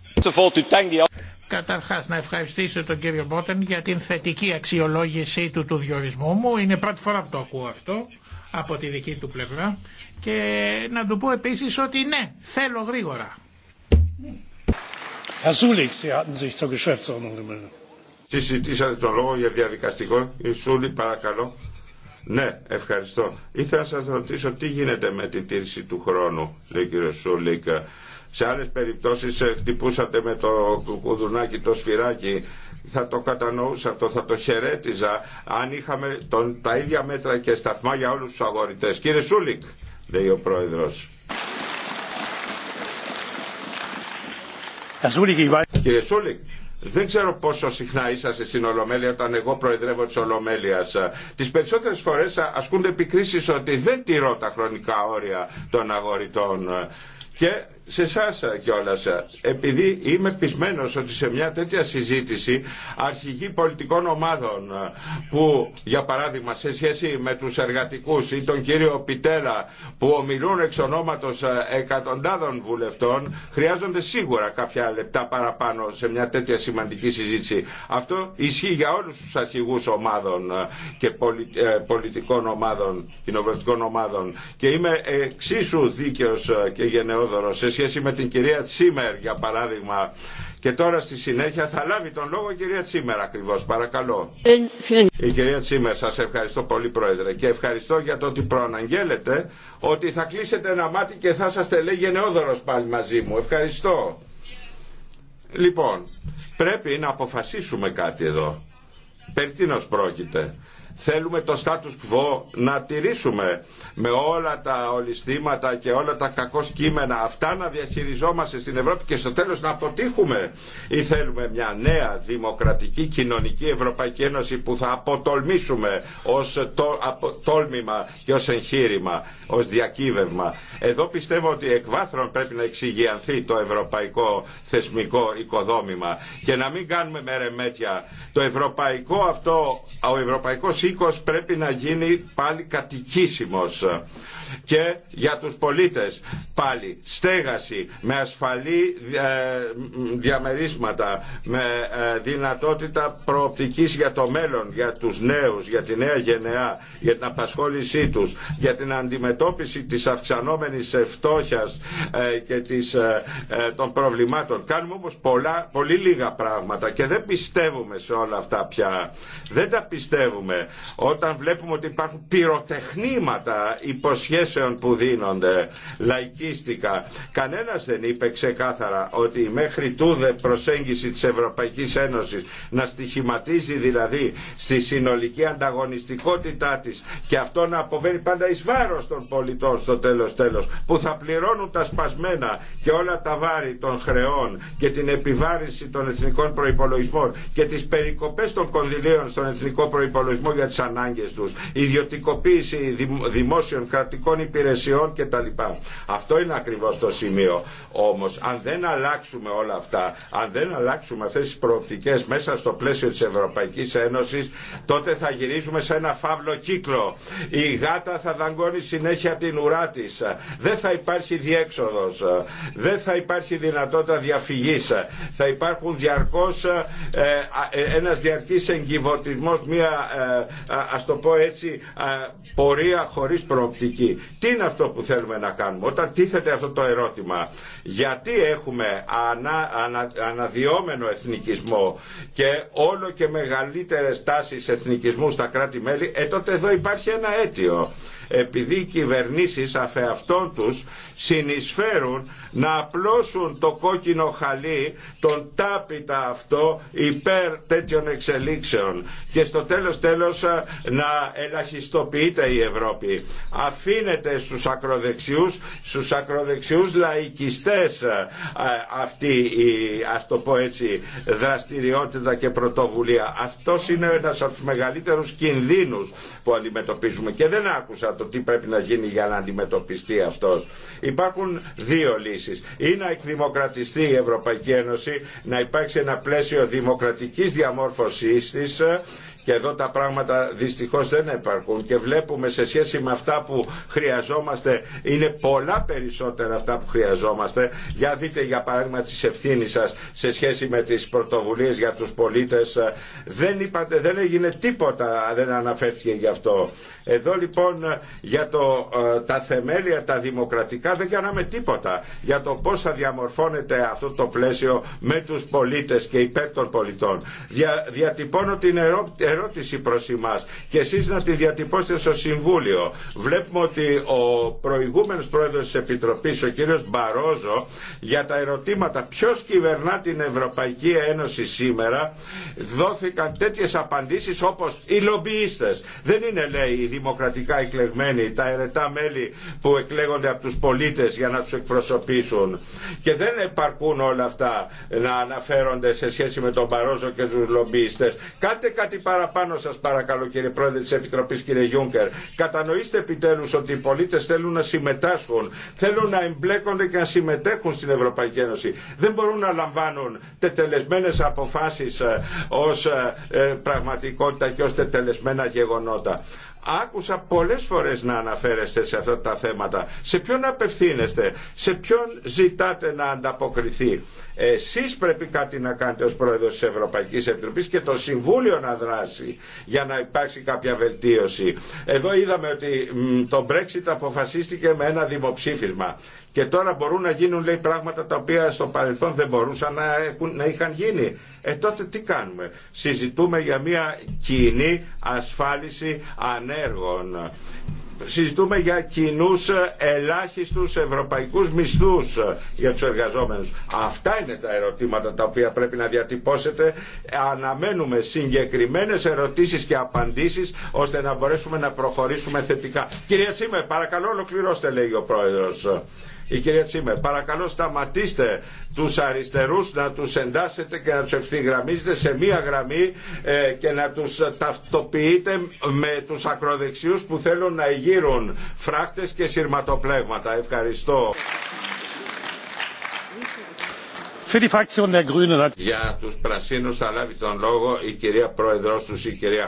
Καταρχάς να ευχαριστήσω τον κύριο Μπότεν για την θετική αξιολόγησή του του διορισμού μου. Είναι πρώτη φορά που το ακούω αυτό από τη δική του πλευρά. Και να του πω επίσης ότι ναι, θέλω γρήγορα. Συζητήσατε τον λόγο για διαδικαστικό. Ισούλη, παρακαλώ. Ναι, ευχαριστώ. Ήθελα να σας ρωτήσω τι γίνεται με την τήρηση του χρόνου, λέει ο Σούλικ. Σε άλλες περιπτώσεις ε, χτυπούσατε με το κουδουνάκι το σφυράκι. Θα το κατανοούσα αυτό, θα το χαιρέτιζα αν είχαμε τον, τα ίδια μέτρα και σταθμά για όλους τους αγορητές. Κύριε Σούλικ, λέει ο πρόεδρος. Κύριε Σούλικ, δεν ξέρω πόσο συχνά είσαστε στην Ολομέλεια όταν εγώ προεδρεύω τη Ολομέλεια. Τι περισσότερε φορέ ασκούνται επικρίσει ότι δεν τηρώ τα χρονικά όρια των αγοριτών. Και σε εσά ε, κιόλα. Επειδή είμαι πεισμένο ότι σε μια τέτοια συζήτηση αρχηγοί πολιτικών ομάδων ε, που για παράδειγμα σε σχέση με του εργατικού ή τον κύριο Πιτέλα που ομιλούν εξ ονόματο ε, εκατοντάδων βουλευτών χρειάζονται σίγουρα κάποια λεπτά παραπάνω σε μια τέτοια σημαντική συζήτηση. Αυτό ισχύει για όλου του αρχηγού ομάδων και πολιτικών ομάδων, κοινοβουλευτικών ομάδων. Και είμαι εξίσου δίκαιο και σχέση με την κυρία Τσίμερ για παράδειγμα. Και τώρα στη συνέχεια θα λάβει τον λόγο η κυρία Τσίμερ ακριβώς. Παρακαλώ. Η κυρία Τσίμερ σας ευχαριστώ πολύ πρόεδρε και ευχαριστώ για το ότι προαναγγέλλετε ότι θα κλείσετε ένα μάτι και θα σας τελέγει γενναιόδωρος πάλι μαζί μου. Ευχαριστώ. Λοιπόν, πρέπει να αποφασίσουμε κάτι εδώ. Περί τίνος πρόκειται. Θέλουμε το status quo να τηρήσουμε με όλα τα ολισθήματα και όλα τα κακό κείμενα αυτά να διαχειριζόμαστε στην Ευρώπη και στο τέλος να αποτύχουμε ή θέλουμε μια νέα δημοκρατική κοινωνική Ευρωπαϊκή Ένωση που θα αποτολμήσουμε ως το, απο, τόλμημα και ως εγχείρημα, ως διακύβευμα. Εδώ πιστεύω ότι βάθρων πρέπει να εξηγιανθεί το ευρωπαϊκό θεσμικό οικοδόμημα και να μην κάνουμε μερεμέτια. Το ευρωπαϊκό αυτό, ο ευρωπαϊκός οίκος πρέπει να γίνει πάλι κατοικήσιμος και για τους πολίτες πάλι στέγαση με ασφαλή ε, διαμερίσματα με ε, δυνατότητα προοπτικής για το μέλλον για τους νέους, για τη νέα γενεά για την απασχόλησή τους για την αντιμετώπιση της αυξανόμενης φτώχειας ε, και της, των προβλημάτων κάνουμε όμως πολλά, πολύ λίγα πράγματα και δεν πιστεύουμε σε όλα αυτά πια δεν τα πιστεύουμε όταν βλέπουμε ότι υπάρχουν πυροτεχνήματα υποσχέσεις που δίνονται λαϊκίστικα. Κανένας δεν είπε ξεκάθαρα ότι η μέχρι τούδε προσέγγιση της Ευρωπαϊκής Ένωσης να στοιχηματίζει δηλαδή στη συνολική ανταγωνιστικότητά της και αυτό να αποβαίνει πάντα εις βάρος των πολιτών στο τέλος τέλος που θα πληρώνουν τα σπασμένα και όλα τα βάρη των χρεών και την επιβάρηση των εθνικών προϋπολογισμών και τις περικοπές των κονδυλίων στον εθνικό προϋπολογισμό για τις ανάγκες τους ιδιωτικοποίηση δημόσιων κρατικών υπηρεσιών κτλ. Αυτό είναι ακριβώς το σημείο. Όμως αν δεν αλλάξουμε όλα αυτά, αν δεν αλλάξουμε αυτές τις προοπτικές μέσα στο πλαίσιο της Ευρωπαϊκής Ένωσης, τότε θα γυρίζουμε σε ένα φαύλο κύκλο. Η γάτα θα δαγκώνει συνέχεια την ουρά της. Δεν θα υπάρχει διέξοδος. Δεν θα υπάρχει δυνατότητα διαφυγής. Θα υπάρχουν διαρκώ ε, ε, ένα διαρκή εγκυβωτισμό, μια ε, α το πω έτσι πορεία χωρί προοπτική. Τι είναι αυτό που θέλουμε να κάνουμε. Όταν τίθεται αυτό το ερώτημα, γιατί έχουμε ανα, αναδυόμενο εθνικισμό και όλο και μεγαλύτερες τάσεις εθνικισμού στα κράτη-μέλη, ε τότε εδώ υπάρχει ένα αίτιο επειδή οι κυβερνήσεις αφεαυτών τους συνεισφέρουν να απλώσουν το κόκκινο χαλί τον τάπιτα αυτό υπέρ τέτοιων εξελίξεων και στο τέλος τέλος να ελαχιστοποιείται η Ευρώπη δίνεται στους ακροδεξιούς, στους ακροδεξιούς λαϊκιστές ε, αυτή η, ας το πω έτσι, δραστηριότητα και πρωτοβουλία. Αυτό είναι ένας από τους μεγαλύτερους κινδύνους που αντιμετωπίζουμε και δεν άκουσα το τι πρέπει να γίνει για να αντιμετωπιστεί αυτός. Υπάρχουν δύο λύσεις. Ή να εκδημοκρατιστεί η Ευρωπαϊκή Ένωση, να υπάρξει ένα πλαίσιο δημοκρατικής διαμόρφωσής της και εδώ τα πράγματα δυστυχώς δεν υπάρχουν και βλέπουμε σε σχέση με αυτά που χρειαζόμαστε, είναι πολλά περισσότερα αυτά που χρειαζόμαστε. Για δείτε για παράδειγμα τις ευθύνη σας σε σχέση με τις πρωτοβουλίες για τους πολίτες. Δεν είπατε, δεν έγινε τίποτα, δεν αναφέρθηκε γι' αυτό. Εδώ λοιπόν για το, ε, τα θεμέλια τα δημοκρατικά δεν κάναμε τίποτα για το πώς θα διαμορφώνεται αυτό το πλαίσιο με τους πολίτες και υπέρ των πολιτών. Δια, διατυπώνω την ερώτηση προς εμάς και εσείς να τη διατυπώσετε στο Συμβούλιο. Βλέπουμε ότι ο προηγούμενος πρόεδρος της Επιτροπής, ο κύριος Μπαρόζο, για τα ερωτήματα ποιος κυβερνά την Ευρωπαϊκή Ένωση σήμερα, δόθηκαν τέτοιες απαντήσεις όπως οι λομπιίστες. Δεν είναι λέει δημοκρατικά εκλεγμένοι, τα αιρετά μέλη που εκλέγονται από τους πολίτες για να τους εκπροσωπήσουν. Και δεν επαρκούν όλα αυτά να αναφέρονται σε σχέση με τον Παρόζο και τους λομπίστες. Κάντε κάτι παραπάνω σας παρακαλώ κύριε Πρόεδρε της Επιτροπής κύριε Γιούγκερ. Κατανοήστε επιτέλους ότι οι πολίτες θέλουν να συμμετάσχουν, θέλουν να εμπλέκονται και να συμμετέχουν στην Ευρωπαϊκή Ένωση. Δεν μπορούν να λαμβάνουν τετελεσμένες αποφάσεις ε, ως ε, ε, πραγματικότητα και ως τετελεσμένα γεγονότα άκουσα πολλές φορές να αναφέρεστε σε αυτά τα θέματα. Σε ποιον απευθύνεστε, σε ποιον ζητάτε να ανταποκριθεί. Εσείς πρέπει κάτι να κάνετε ως Πρόεδρος της Ευρωπαϊκής Επιτροπής και το Συμβούλιο να δράσει για να υπάρξει κάποια βελτίωση. Εδώ είδαμε ότι το Brexit αποφασίστηκε με ένα δημοψήφισμα και τώρα μπορούν να γίνουν λέει, πράγματα τα οποία στο παρελθόν δεν μπορούσαν να, έχουν, να είχαν γίνει. Ε τότε τι κάνουμε. Συζητούμε για μια κοινή ασφάλιση ανέργων. Συζητούμε για κοινού ε, ελάχιστου Ευρωπαϊκού μισθού ε, για του εργαζόμενου. Αυτά είναι τα ερωτήματα τα οποία πρέπει να διατυπώσετε. Αναμένουμε συγκεκριμένε ερωτήσει και απαντήσει ώστε να μπορέσουμε να προχωρήσουμε θετικά. Κυρία Σίμε, παρακαλώ ολοκληρώστε λέει ο πρόεδρο η κυρία Τσίμερ, παρακαλώ σταματήστε τους αριστερούς να τους εντάσσετε και να τους ευθυγραμμίζετε σε μία γραμμή ε, και να τους ταυτοποιείτε με τους ακροδεξιούς που θέλουν να γύρουν φράχτες και σειρματοπλέγματα. Ευχαριστώ. Για τους πρασίνους θα λάβει τον λόγο η κυρία Πρόεδρος τους, η κυρία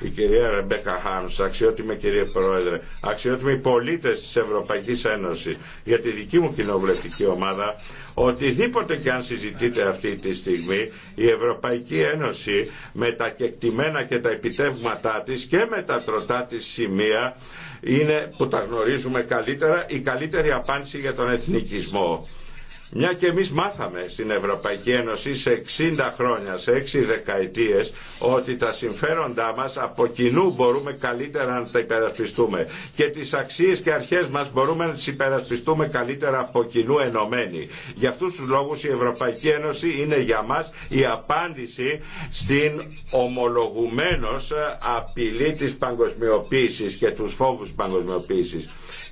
η κυρία Ρεμπέκα Χάμς, αξιότιμη κυρία Πρόεδρε, αξιότιμοι πολίτες της Ευρωπαϊκής Ένωσης, για τη δική μου κοινοβουλευτική ομάδα, οτιδήποτε και αν συζητείτε αυτή τη στιγμή, η Ευρωπαϊκή Ένωση με τα κεκτημένα και τα επιτεύγματά της και με τα τροτά της σημεία είναι που τα γνωρίζουμε καλύτερα η καλύτερη απάντηση για τον εθνικισμό μια και εμείς μάθαμε στην Ευρωπαϊκή Ένωση σε 60 χρόνια, σε 6 δεκαετίες, ότι τα συμφέροντά μας από κοινού μπορούμε καλύτερα να τα υπερασπιστούμε και τις αξίες και αρχές μας μπορούμε να τις υπερασπιστούμε καλύτερα από κοινού ενωμένοι. Για αυτούς τους λόγους η Ευρωπαϊκή Ένωση είναι για μας η απάντηση στην ομολογουμένως απειλή της παγκοσμιοποίησης και τους φόβους παγκοσμιοποίησης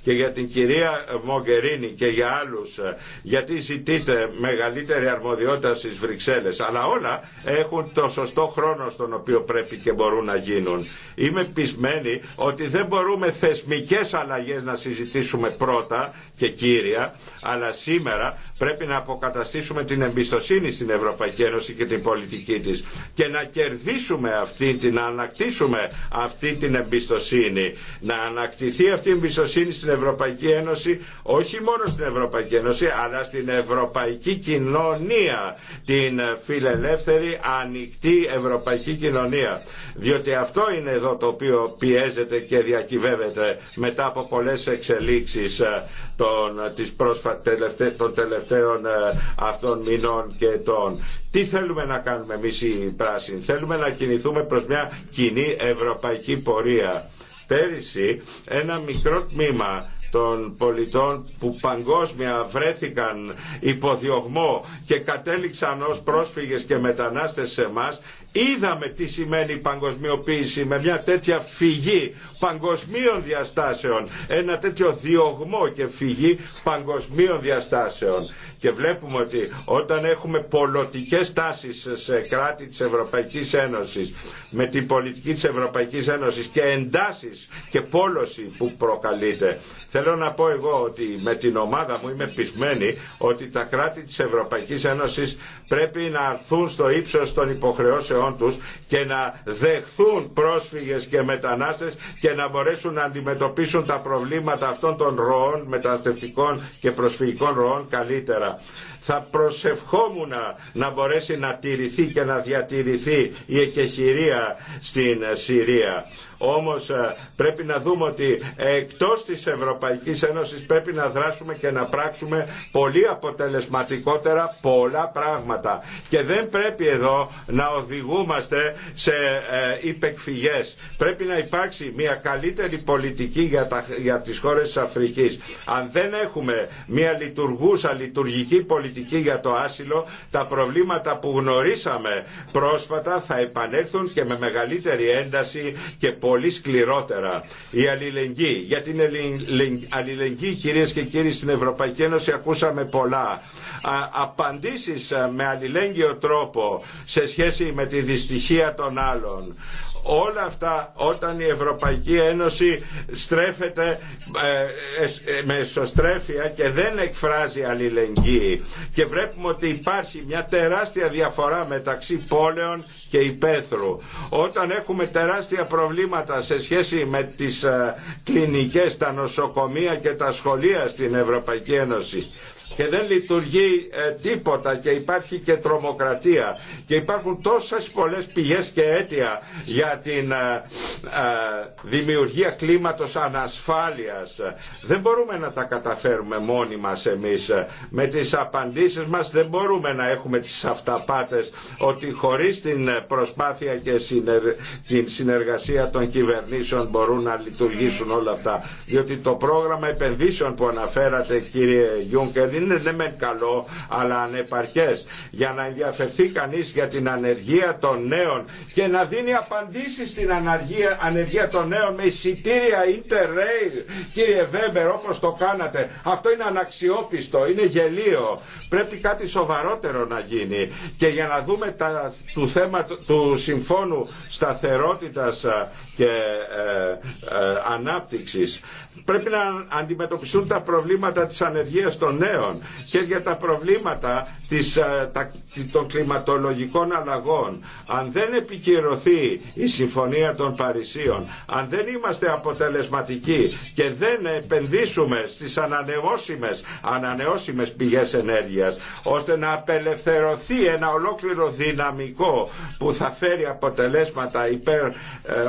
και για την κυρία Μογκερίνη και για άλλους ε, γιατί ζητείτε μεγαλύτερη αρμοδιότητα στις Βρυξέλλες αλλά όλα έχουν το σωστό χρόνο στον οποίο πρέπει και μπορούν να γίνουν. Είμαι πεισμένη ότι δεν μπορούμε θεσμικές αλλαγές να συζητήσουμε πρώτα και κύρια αλλά σήμερα Πρέπει να αποκαταστήσουμε την εμπιστοσύνη στην Ευρωπαϊκή Ένωση και την πολιτική της και να κερδίσουμε αυτή, την, να ανακτήσουμε αυτή την εμπιστοσύνη. Να ανακτηθεί αυτή η εμπιστοσύνη στην Ευρωπαϊκή Ένωση, όχι μόνο στην Ευρωπαϊκή Ένωση, αλλά στην Ευρωπαϊκή Κοινωνία, την φιλελεύθερη ανοιχτή Ευρωπαϊκή Κοινωνία. Διότι αυτό είναι εδώ το οποίο πιέζεται και διακυβεύεται μετά από πολλές εξελίξεις ε, των, των τελευταίων τελευταίων ε, αυτών μηνών και ετών. Τι θέλουμε να κάνουμε εμεί οι πράσινοι. Θέλουμε να κινηθούμε προς μια κοινή ευρωπαϊκή πορεία. Πέρυσι ένα μικρό τμήμα των πολιτών που παγκόσμια βρέθηκαν υποδιωγμό και κατέληξαν ως πρόσφυγες και μετανάστες σε εμά Είδαμε τι σημαίνει η παγκοσμιοποίηση με μια τέτοια φυγή παγκοσμίων διαστάσεων, ένα τέτοιο διωγμό και φυγή παγκοσμίων διαστάσεων. Και βλέπουμε ότι όταν έχουμε πολιτικές τάσεις σε κράτη της Ευρωπαϊκής Ένωσης, με την πολιτική της Ευρωπαϊκής Ένωσης και εντάσεις και πόλωση που προκαλείται, θέλω να πω εγώ ότι με την ομάδα μου είμαι πεισμένη ότι τα κράτη της Ευρωπαϊκής Ένωσης πρέπει να αρθούν στο ύψος των υποχρεώσεων τους και να δεχθούν πρόσφυγες και μετανάστες και να μπορέσουν να αντιμετωπίσουν τα προβλήματα αυτών των ροών μεταναστευτικών και προσφυγικών ροών καλύτερα θα προσευχόμουν να μπορέσει να τηρηθεί και να διατηρηθεί η εκεχηρία στην Συρία. Όμως ε, πρέπει να δούμε ότι εκτός της Ευρωπαϊκής Ένωσης πρέπει να δράσουμε και να πράξουμε πολύ αποτελεσματικότερα πολλά πράγματα. Και δεν πρέπει εδώ να οδηγούμαστε σε ε, υπεκφυγές. Πρέπει να υπάρξει μια καλύτερη πολιτική για, τα, για τις χώρες της Αφρικής. Αν δεν έχουμε μια λειτουργούσα, λειτουργική πολιτική για το άσυλο, τα προβλήματα που γνωρίσαμε πρόσφατα θα επανέλθουν και με μεγαλύτερη ένταση και πολύ σκληρότερα. Η αλληλεγγύη. Για την αλληλεγγύη κυρίες και κύριοι στην Ευρωπαϊκή Ένωση ακούσαμε πολλά. Απαντήσεις ε, με αλληλέγγυο τρόπο σε σχέση με τη δυστυχία των άλλων όλα αυτά όταν η Ευρωπαϊκή Ένωση στρέφεται ε, ε, ε, με εσωστρέφεια και δεν εκφράζει αλληλεγγύη και βλέπουμε ότι υπάρχει μια τεράστια διαφορά μεταξύ πόλεων και υπαίθρου όταν έχουμε τεράστια προβλήματα σε σχέση με τις κλινικές, τα νοσοκομεία και τα σχολεία στην Ευρωπαϊκή Ένωση και δεν λειτουργεί ε, τίποτα και υπάρχει και τρομοκρατία και υπάρχουν τόσες πολλές πηγές και αίτια για την ε, ε, δημιουργία κλίματος ανασφάλειας. Δεν μπορούμε να τα καταφέρουμε μόνοι μας εμείς. Με τις απαντήσεις μας δεν μπορούμε να έχουμε τις αυταπάτες ότι χωρίς την προσπάθεια και την συνεργασία των κυβερνήσεων μπορούν να λειτουργήσουν όλα αυτά. Διότι το πρόγραμμα επενδύσεων που αναφέρατε κύριε Γιούγκερ είναι ναι μεν καλό αλλά ανεπαρκές για να ενδιαφερθεί κανείς για την ανεργία των νέων και να δίνει απαντήσεις στην ανεργία, ανεργία των νέων με εισιτήρια Interrail κύριε Βέμπερ όπως το κάνατε αυτό είναι αναξιόπιστο, είναι γελίο πρέπει κάτι σοβαρότερο να γίνει και για να δούμε το του θέμα του Συμφώνου Σταθερότητας και ε, ε, ανάπτυξης. Πρέπει να αντιμετωπιστούν τα προβλήματα της ανεργίας των νέων και για τα προβλήματα της, ε, των κλιματολογικών αλλαγών. Αν δεν επικυρωθεί η Συμφωνία των Παρισίων, αν δεν είμαστε αποτελεσματικοί και δεν επενδύσουμε στις ανανεώσιμες, ανανεώσιμες πηγές ενέργειας, ώστε να απελευθερωθεί ένα ολόκληρο δυναμικό που θα φέρει αποτελέσματα υπέρ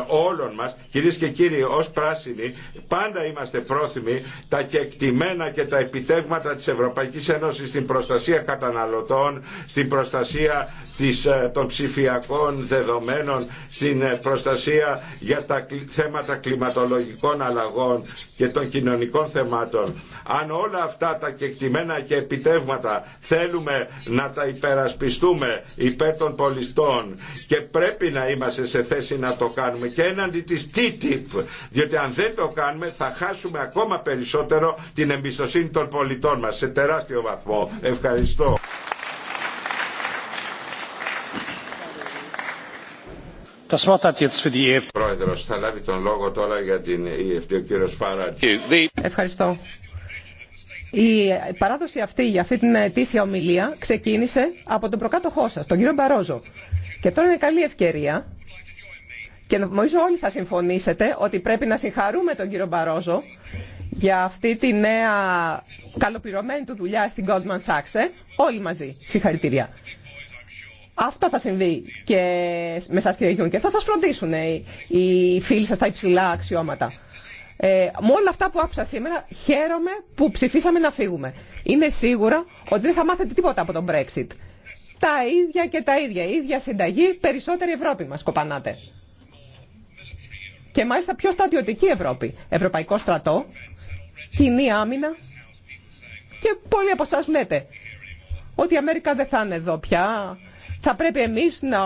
όλων όλων κυρίες και κύριοι, ως πράσινοι, πάντα είμαστε πρόθυμοι τα κεκτημένα και τα επιτεύγματα της Ευρωπαϊκής Ένωσης στην προστασία καταναλωτών, στην προστασία ε, των ψηφιακών δεδομένων, στην ε, προστασία για τα θέματα κλιματολογικών αλλαγών και των κοινωνικών θεμάτων. Αν όλα αυτά τα κεκτημένα και επιτεύγματα θέλουμε να τα υπερασπιστούμε υπέρ των πολιστών και πρέπει να είμαστε σε θέση να το κάνουμε και έναντι της TTIP, διότι αν δεν το κάνουμε θα χάσουμε ακόμα περισσότερο την εμπιστοσύνη των πολιτών μας σε τεράστιο βαθμό. Ευχαριστώ. E θα λάβει τον λόγο τώρα για την e ο Ευχαριστώ. Η παράδοση αυτή για αυτή την ετήσια ομιλία ξεκίνησε από τον προκάτοχό σας, τον κύριο Μπαρόζο. Και τώρα είναι καλή ευκαιρία και νομίζω όλοι θα συμφωνήσετε ότι πρέπει να συγχαρούμε τον κύριο Μπαρόζο για αυτή τη νέα καλοπληρωμένη του δουλειά στην Goldman Sachs. Ε. Όλοι μαζί. Συγχαρητήρια. Αυτό θα συμβεί και με εσά, κύριε Γιούνκερ. Θα σα φροντίσουν ε, οι φίλοι σα τα υψηλά αξιώματα. Ε, με όλα αυτά που άκουσα σήμερα, χαίρομαι που ψηφίσαμε να φύγουμε. Είναι σίγουρα ότι δεν θα μάθετε τίποτα από τον Brexit. Τα ίδια και τα ίδια. Η ίδια συνταγή, περισσότερη Ευρώπη μας κοπανάτε. Και μάλιστα πιο στρατιωτική Ευρώπη. Ευρωπαϊκό στρατό, κοινή άμυνα. Και πολλοί από εσά λέτε ότι η Αμέρικα δεν θα είναι εδώ πια θα πρέπει εμείς να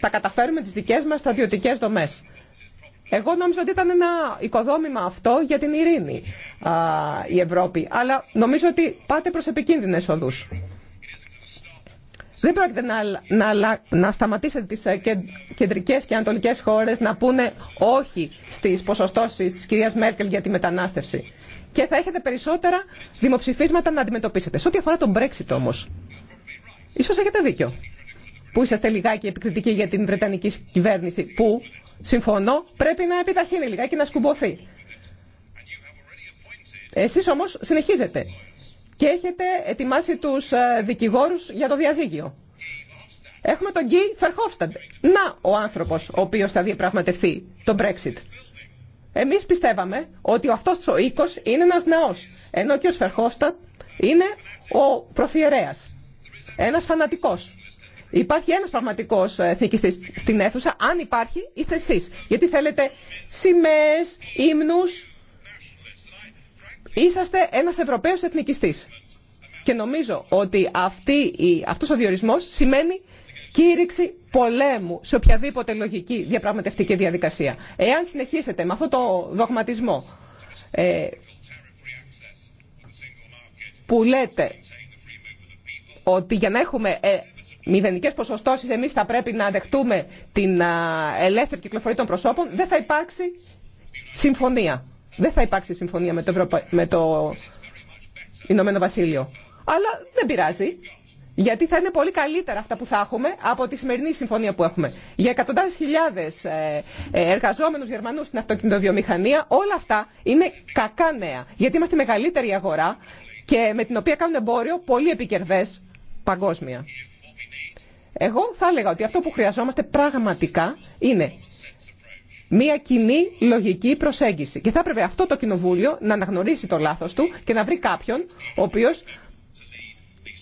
τα καταφέρουμε τις δικές μας στρατιωτικές δομές. Εγώ νόμιζα ότι ήταν ένα οικοδόμημα αυτό για την ειρήνη α, η Ευρώπη. Αλλά νομίζω ότι πάτε προς επικίνδυνες οδούς. Δεν πρόκειται να, να, να σταματήσετε τις ε, κεντρικές και ανατολικέ χώρες να πούνε όχι στις ποσοστώσεις της κυρίας Μέρκελ για τη μετανάστευση. Και θα έχετε περισσότερα δημοψηφίσματα να αντιμετωπίσετε. Σε ό,τι αφορά τον Brexit όμως, ίσως έχετε δίκιο που είσαστε λιγάκι επικριτικοί για την Βρετανική κυβέρνηση, που συμφωνώ πρέπει να επιταχύνει λιγάκι να σκουμποθεί. Εσείς όμως συνεχίζετε και έχετε ετοιμάσει τους ε, δικηγόρους για το διαζύγιο. Έχουμε τον Γκί Φερχόφσταντ. Να ο άνθρωπος ο οποίος θα διαπραγματευτεί το Brexit. Εμείς πιστεύαμε ότι ο αυτός ο οίκος είναι ένας ναός, ενώ και ο Φερχόφσταντ είναι ο προθιερέας, ένας φανατικός. Υπάρχει ένας πραγματικός ε, θήκης στην αίθουσα. Αν υπάρχει, είστε εσείς. Γιατί θέλετε σημαίες, ύμνους. Είσαστε ένας Ευρωπαίος εθνικιστής. Και νομίζω ότι αυτή, αυτός ο διορισμός σημαίνει κήρυξη πολέμου σε οποιαδήποτε λογική διαπραγματευτική διαδικασία. Εάν συνεχίσετε με αυτό το δογματισμό ε, που λέτε ότι για να έχουμε ε, μηδενικές ποσοστώσεις εμείς θα πρέπει να δεχτούμε την ελεύθερη κυκλοφορία των προσώπων, δεν θα υπάρξει συμφωνία. Δεν θα υπάρξει συμφωνία με το, με το Ηνωμένο Βασίλειο. Αλλά δεν πειράζει. Γιατί θα είναι πολύ καλύτερα αυτά που θα έχουμε από τη σημερινή συμφωνία που έχουμε. Για εκατοντάδε χιλιάδες ε, ε, εργαζόμενου Γερμανού στην αυτοκινητοβιομηχανία, όλα αυτά είναι κακά νέα. Γιατί είμαστε μεγαλύτερη αγορά και με την οποία κάνουν εμπόριο πολύ επικερδές παγκόσμια. Εγώ θα έλεγα ότι αυτό που χρειαζόμαστε πραγματικά είναι μια κοινή λογική προσέγγιση. Και θα έπρεπε αυτό το κοινοβούλιο να αναγνωρίσει το λάθος του και να βρει κάποιον ο οποίος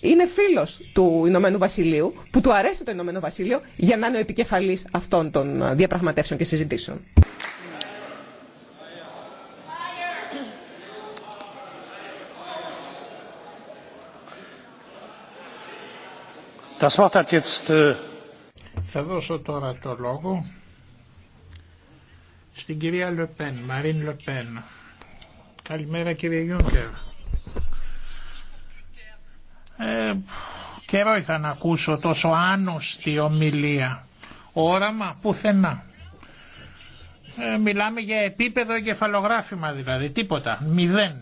είναι φίλος του Ηνωμένου Βασιλείου, που του αρέσει το Ηνωμένο Βασίλειο, για να είναι ο επικεφαλής αυτών των διαπραγματεύσεων και συζητήσεων. Äh, Θα δώσω τώρα το λόγο στην κυρία Λεπέν, Μαρίν Λεπέν. Καλημέρα κύριε Γιούνκερ. Ε, καιρό είχα να ακούσω τόσο άνοστη ομιλία. Όραμα πουθενά. Ε, μιλάμε για επίπεδο εγκεφαλογράφημα δηλαδή, τίποτα, μηδέν.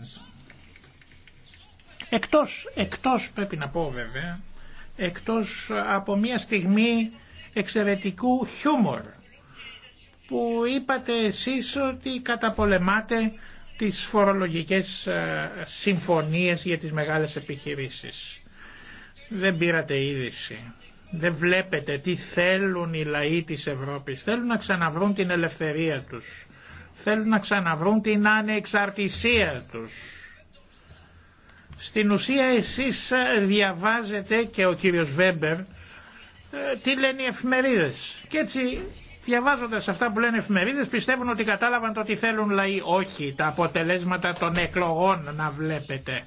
Εκτός, εκτός πρέπει να πω βέβαια, εκτός από μια στιγμή εξαιρετικού χιούμορ που είπατε εσείς ότι καταπολεμάτε τις φορολογικές ε, συμφωνίες για τις μεγάλες επιχειρήσεις. Δεν πήρατε είδηση. Δεν βλέπετε τι θέλουν οι λαοί της Ευρώπης. Θέλουν να ξαναβρούν την ελευθερία τους. Θέλουν να ξαναβρούν την ανεξαρτησία τους στην ουσία εσείς ε, διαβάζετε και ο κύριος Βέμπερ ε, τι λένε οι εφημερίδες. Και έτσι διαβάζοντας αυτά που λένε εφημερίδες πιστεύουν ότι κατάλαβαν το ότι θέλουν λαοί. Όχι, τα αποτελέσματα των εκλογών να βλέπετε.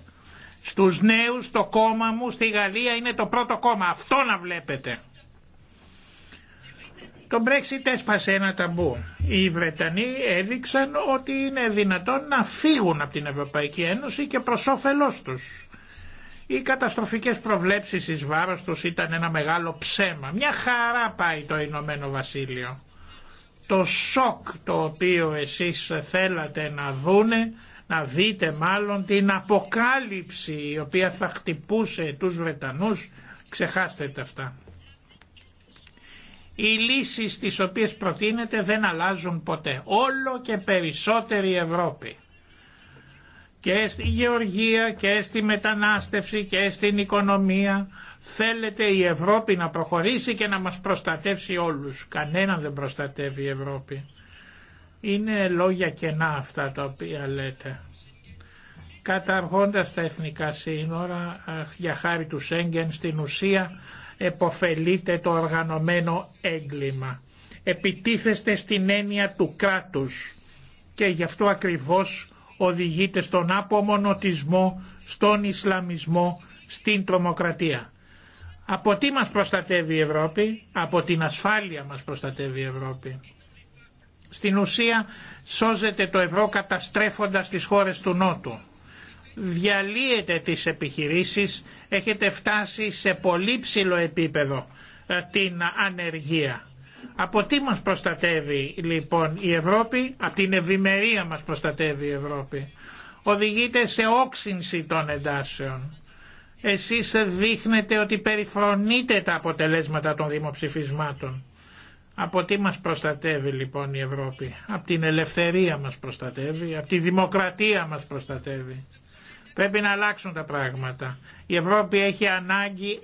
Στους νέους το κόμμα μου στη Γαλλία είναι το πρώτο κόμμα. Αυτό να βλέπετε. Το Brexit έσπασε ένα ταμπού. Οι Βρετανοί έδειξαν ότι είναι δυνατόν να φύγουν από την Ευρωπαϊκή Ένωση και προς όφελός τους. Οι καταστροφικές προβλέψεις εις βάρος τους ήταν ένα μεγάλο ψέμα. Μια χαρά πάει το Ηνωμένο Βασίλειο. Το σοκ το οποίο εσείς θέλατε να δούνε, να δείτε μάλλον την αποκάλυψη η οποία θα χτυπούσε τους Βρετανούς, ξεχάστε τα αυτά. Οι λύσεις τις οποίες προτείνεται δεν αλλάζουν ποτέ. Όλο και περισσότερη Ευρώπη. Και στη γεωργία και στη μετανάστευση και στην οικονομία θέλετε η Ευρώπη να προχωρήσει και να μας προστατεύσει όλους. Κανέναν δεν προστατεύει η Ευρώπη. Είναι λόγια κενά αυτά τα οποία λέτε. Καταργώντας τα εθνικά σύνορα ε, για χάρη του Σέγγεν στην ουσία εποφελείται το οργανωμένο έγκλημα. Επιτίθεστε στην έννοια του κράτους και γι' αυτό ακριβώς οδηγείται στον απομονωτισμό, στον Ισλαμισμό, στην τρομοκρατία. Από τι μας προστατεύει η Ευρώπη, από την ασφάλεια μας προστατεύει η Ευρώπη. Στην ουσία σώζεται το ευρώ καταστρέφοντας τις χώρες του Νότου Διαλύεται τις επιχειρήσεις, έχετε φτάσει σε πολύ ψηλό επίπεδο ε, την ανεργία. Από τι μας προστατεύει λοιπόν η Ευρώπη, από την ευημερία μας προστατεύει η Ευρώπη. Οδηγείται σε όξυνση των εντάσεων. Εσείς δείχνετε ότι περιφρονείτε τα αποτελέσματα των δημοψηφισμάτων. Από τι μας προστατεύει λοιπόν η Ευρώπη. Από την ελευθερία μας προστατεύει, από τη δημοκρατία μας προστατεύει. Πρέπει να αλλάξουν τα πράγματα. Η Ευρώπη έχει ανάγκη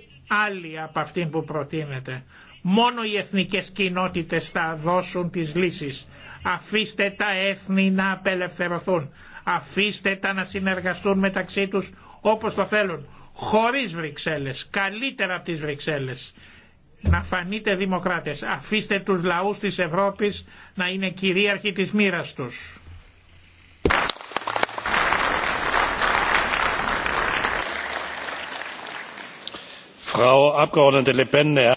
άλλη από αυτήν που προτείνεται. Μόνο οι εθνικές κοινότητες θα δώσουν τις λύσεις. Αφήστε τα έθνη να απελευθερωθούν. Αφήστε τα να συνεργαστούν μεταξύ τους όπως το θέλουν. Χωρίς Βρυξέλλες. Καλύτερα από τις Βρυξέλλες. Να φανείτε δημοκράτες. Αφήστε τους λαούς της Ευρώπης να είναι κυρίαρχοι της μοίρα τους.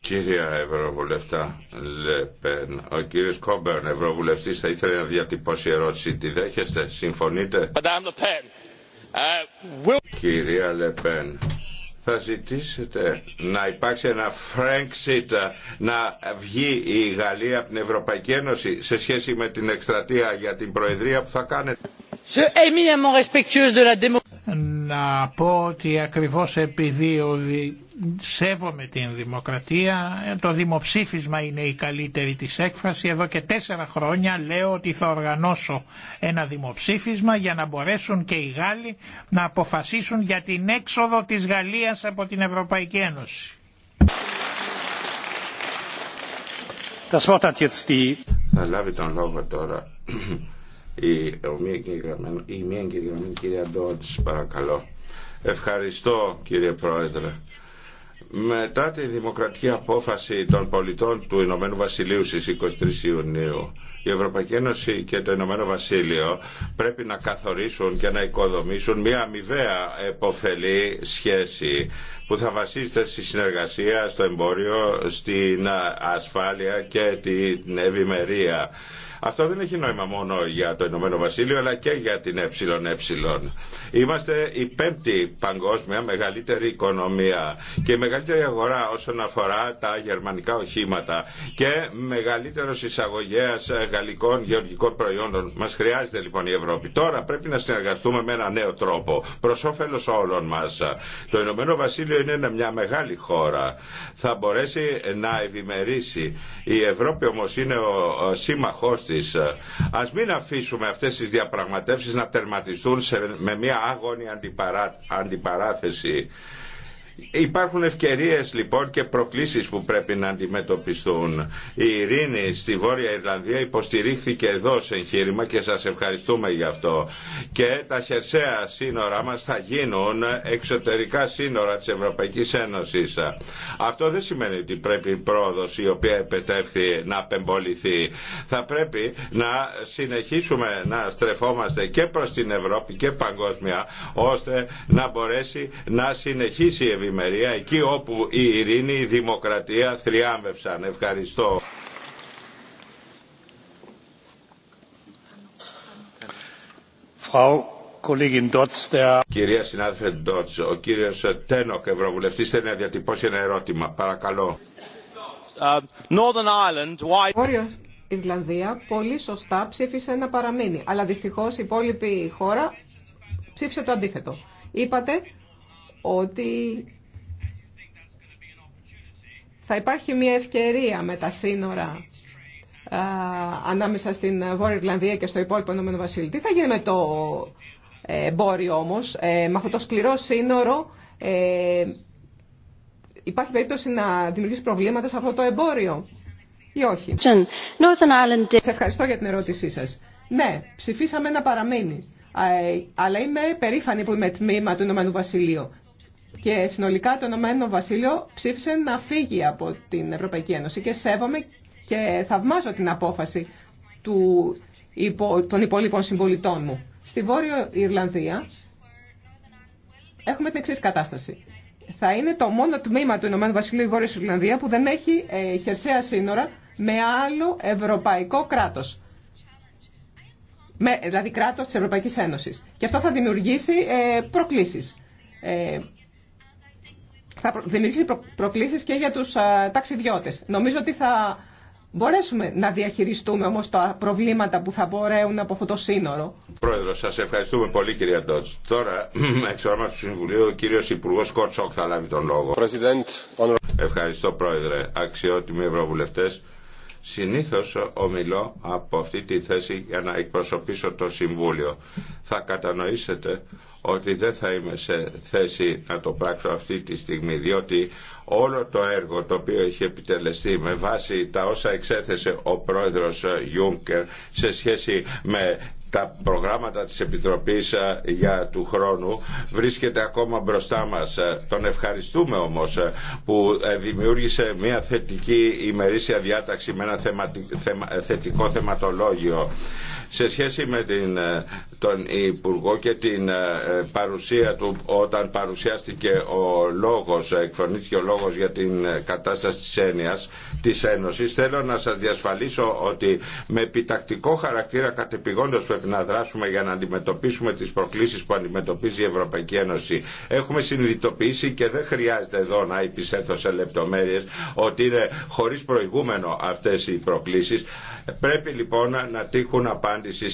Κυρία Ευρωβουλευτά Λεπέν, ο κύριος Κόμπερν, Ευρωβουλευτής, θα ήθελε να διατυπώσει ερώτηση. Τη δέχεστε, συμφωνείτε. Uh, Κυρία Λεπέν, θα ζητήσετε να υπάρξει ένα Brexit να βγει η Γαλλία από την Ευρωπαϊκή Ένωση σε σχέση με την εκστρατεία για την Προεδρία που θα κάνετε να πω ότι ακριβώς επειδή σέβομαι την δημοκρατία, το δημοψήφισμα είναι η καλύτερη της έκφραση. Εδώ και τέσσερα χρόνια λέω ότι θα οργανώσω ένα δημοψήφισμα για να μπορέσουν και οι Γάλλοι να αποφασίσουν για την έξοδο της Γαλλίας από την Ευρωπαϊκή Ένωση. Θα λάβει τον λόγο τώρα η, μία εγγεγραμμένη κυρία Ντότς, παρακαλώ. Ευχαριστώ κύριε Πρόεδρε. Μετά τη δημοκρατική απόφαση των πολιτών του Ηνωμένου Βασιλείου στις 23 Ιουνίου, η Ευρωπαϊκή Ένωση και το Ηνωμένο Βασίλειο πρέπει να καθορίσουν και να οικοδομήσουν μια αμοιβαία εποφελή σχέση που θα βασίζεται στη συνεργασία, στο εμπόριο, στην ασφάλεια και την ευημερία αυτό δεν έχει νόημα μόνο για το Ηνωμένο Βασίλειο αλλά και για την ΕΕ. Είμαστε η πέμπτη παγκόσμια μεγαλύτερη οικονομία και η μεγαλύτερη αγορά όσον αφορά τα γερμανικά οχήματα και μεγαλύτερο εισαγωγέα γαλλικών γεωργικών προϊόντων. Μα χρειάζεται λοιπόν η Ευρώπη. Τώρα πρέπει να συνεργαστούμε με ένα νέο τρόπο προ όφελο όλων μα. Το Ηνωμένο Βασίλειο είναι μια μεγάλη χώρα. Θα μπορέσει να ευημερήσει. Η Ευρώπη όμω είναι ο σύμμαχός της. Ε, ας μην αφήσουμε αυτές τις διαπραγματεύσεις να τερματιστούν με μια άγωνη αντιπαρά, αντιπαράθεση Υπάρχουν ευκαιρίες λοιπόν και προκλήσεις που πρέπει να αντιμετωπιστούν. Η ειρήνη στη Βόρεια Ιρλανδία υποστηρίχθηκε εδώ σε εγχείρημα και σας ευχαριστούμε γι' αυτό. Και τα χερσαία σύνορά μας θα γίνουν εξωτερικά σύνορα της Ευρωπαϊκής Ένωσης. Αυτό δεν σημαίνει ότι πρέπει η πρόοδος η οποία επετεύχθη να απεμποληθεί. Θα πρέπει να συνεχίσουμε να στρεφόμαστε και προς την Ευρώπη και παγκόσμια ώστε να μπορέσει να συνεχίσει η ευημερία εκεί όπου η ειρήνη, η δημοκρατία θριάμβευσαν. Ευχαριστώ. Κυρία συνάδελφε Ντότς, ο κύριος Τένοκ, Ευρωβουλευτής, θέλει να διατυπώσει ένα ερώτημα. Παρακαλώ. Uh, Northern Ireland, Βόρεια Ιρλανδία πολύ σωστά ψήφισε να παραμείνει, αλλά δυστυχώς η υπόλοιπη χώρα ψήφισε το αντίθετο. Είπατε ότι θα υπάρχει μια ευκαιρία με τα σύνορα ανάμεσα στην Βόρεια Ιρλανδία και στο υπόλοιπο Ηνωμένο Τι θα γίνει με το ε, εμπόριο όμως, ε, με αυτό το σκληρό σύνορο ε, υπάρχει περίπτωση να δημιουργήσει προβλήματα σε αυτό το εμπόριο ή όχι. Ireland... Σε ευχαριστώ για την ερώτησή σας. Ναι, ψηφίσαμε να παραμείνει. Αλλά είμαι περήφανη που είμαι τμήμα του Ηνωμένου Βασιλείου και συνολικά το Ηνωμένο Βασίλειο ψήφισε να φύγει από την Ευρωπαϊκή Ένωση και σέβομαι και θαυμάζω την απόφαση του, των υπόλοιπων συμπολιτών μου. Στη Βόρεια Ιρλανδία έχουμε την εξή κατάσταση. Θα είναι το μόνο τμήμα του Ηνωμένου Βασιλείου η Βόρεια Ιρλανδία που δεν έχει ε, χερσαία σύνορα με άλλο ευρωπαϊκό κράτος. Με, δηλαδή κράτος της Ευρωπαϊκής Ένωσης. Και αυτό θα δημιουργήσει ε, προκλήσεις. Ε, θα δημιουργήσει προκλήσεις και για τους ταξιδιώτες. Νομίζω ότι θα μπορέσουμε να διαχειριστούμε όμως τα προβλήματα που θα μπορέουν από αυτό το σύνορο. Πρόεδρο, σας ευχαριστούμε πολύ κυρία Ντότζ. Τώρα, (clears throat) εξ ονόματος του Συμβουλίου, ο κύριος Υπουργός Κόρτσοκ θα λάβει τον λόγο. Ευχαριστώ πρόεδρε, αξιότιμοι ευρωβουλευτές. Συνήθως ομιλώ από αυτή τη θέση για να εκπροσωπήσω το Συμβούλιο. Θα κατανοήσετε ότι δεν θα είμαι σε θέση να το πράξω αυτή τη στιγμή διότι όλο το έργο το οποίο έχει επιτελεστεί με βάση τα όσα εξέθεσε ο πρόεδρος Γιούνκερ σε σχέση με τα προγράμματα της Επιτροπής ε, για του χρόνου βρίσκεται ακόμα μπροστά μας. Ε, τον ευχαριστούμε όμως ε, που δημιούργησε μια θετική ημερήσια διάταξη με ένα θετικό θεματολόγιο σε σχέση με την, ε, τον Υπουργό και την ε, ε, παρουσία του όταν παρουσιάστηκε ο λόγος, εκφωνήθηκε ο λόγος για την κατάσταση της έννοιας της Ένωσης. Θέλω να σας διασφαλίσω ότι με επιτακτικό χαρακτήρα κατεπηγόντως πρέπει να δράσουμε για να αντιμετωπίσουμε τις προκλήσεις που αντιμετωπίζει η Ευρωπαϊκή Ένωση. Έχουμε συνειδητοποιήσει και δεν χρειάζεται εδώ να υπησέθω σε λεπτομέρειες ότι είναι χωρίς προηγούμενο αυτές οι προκλήσεις. Πρέπει λοιπόν να τύχουν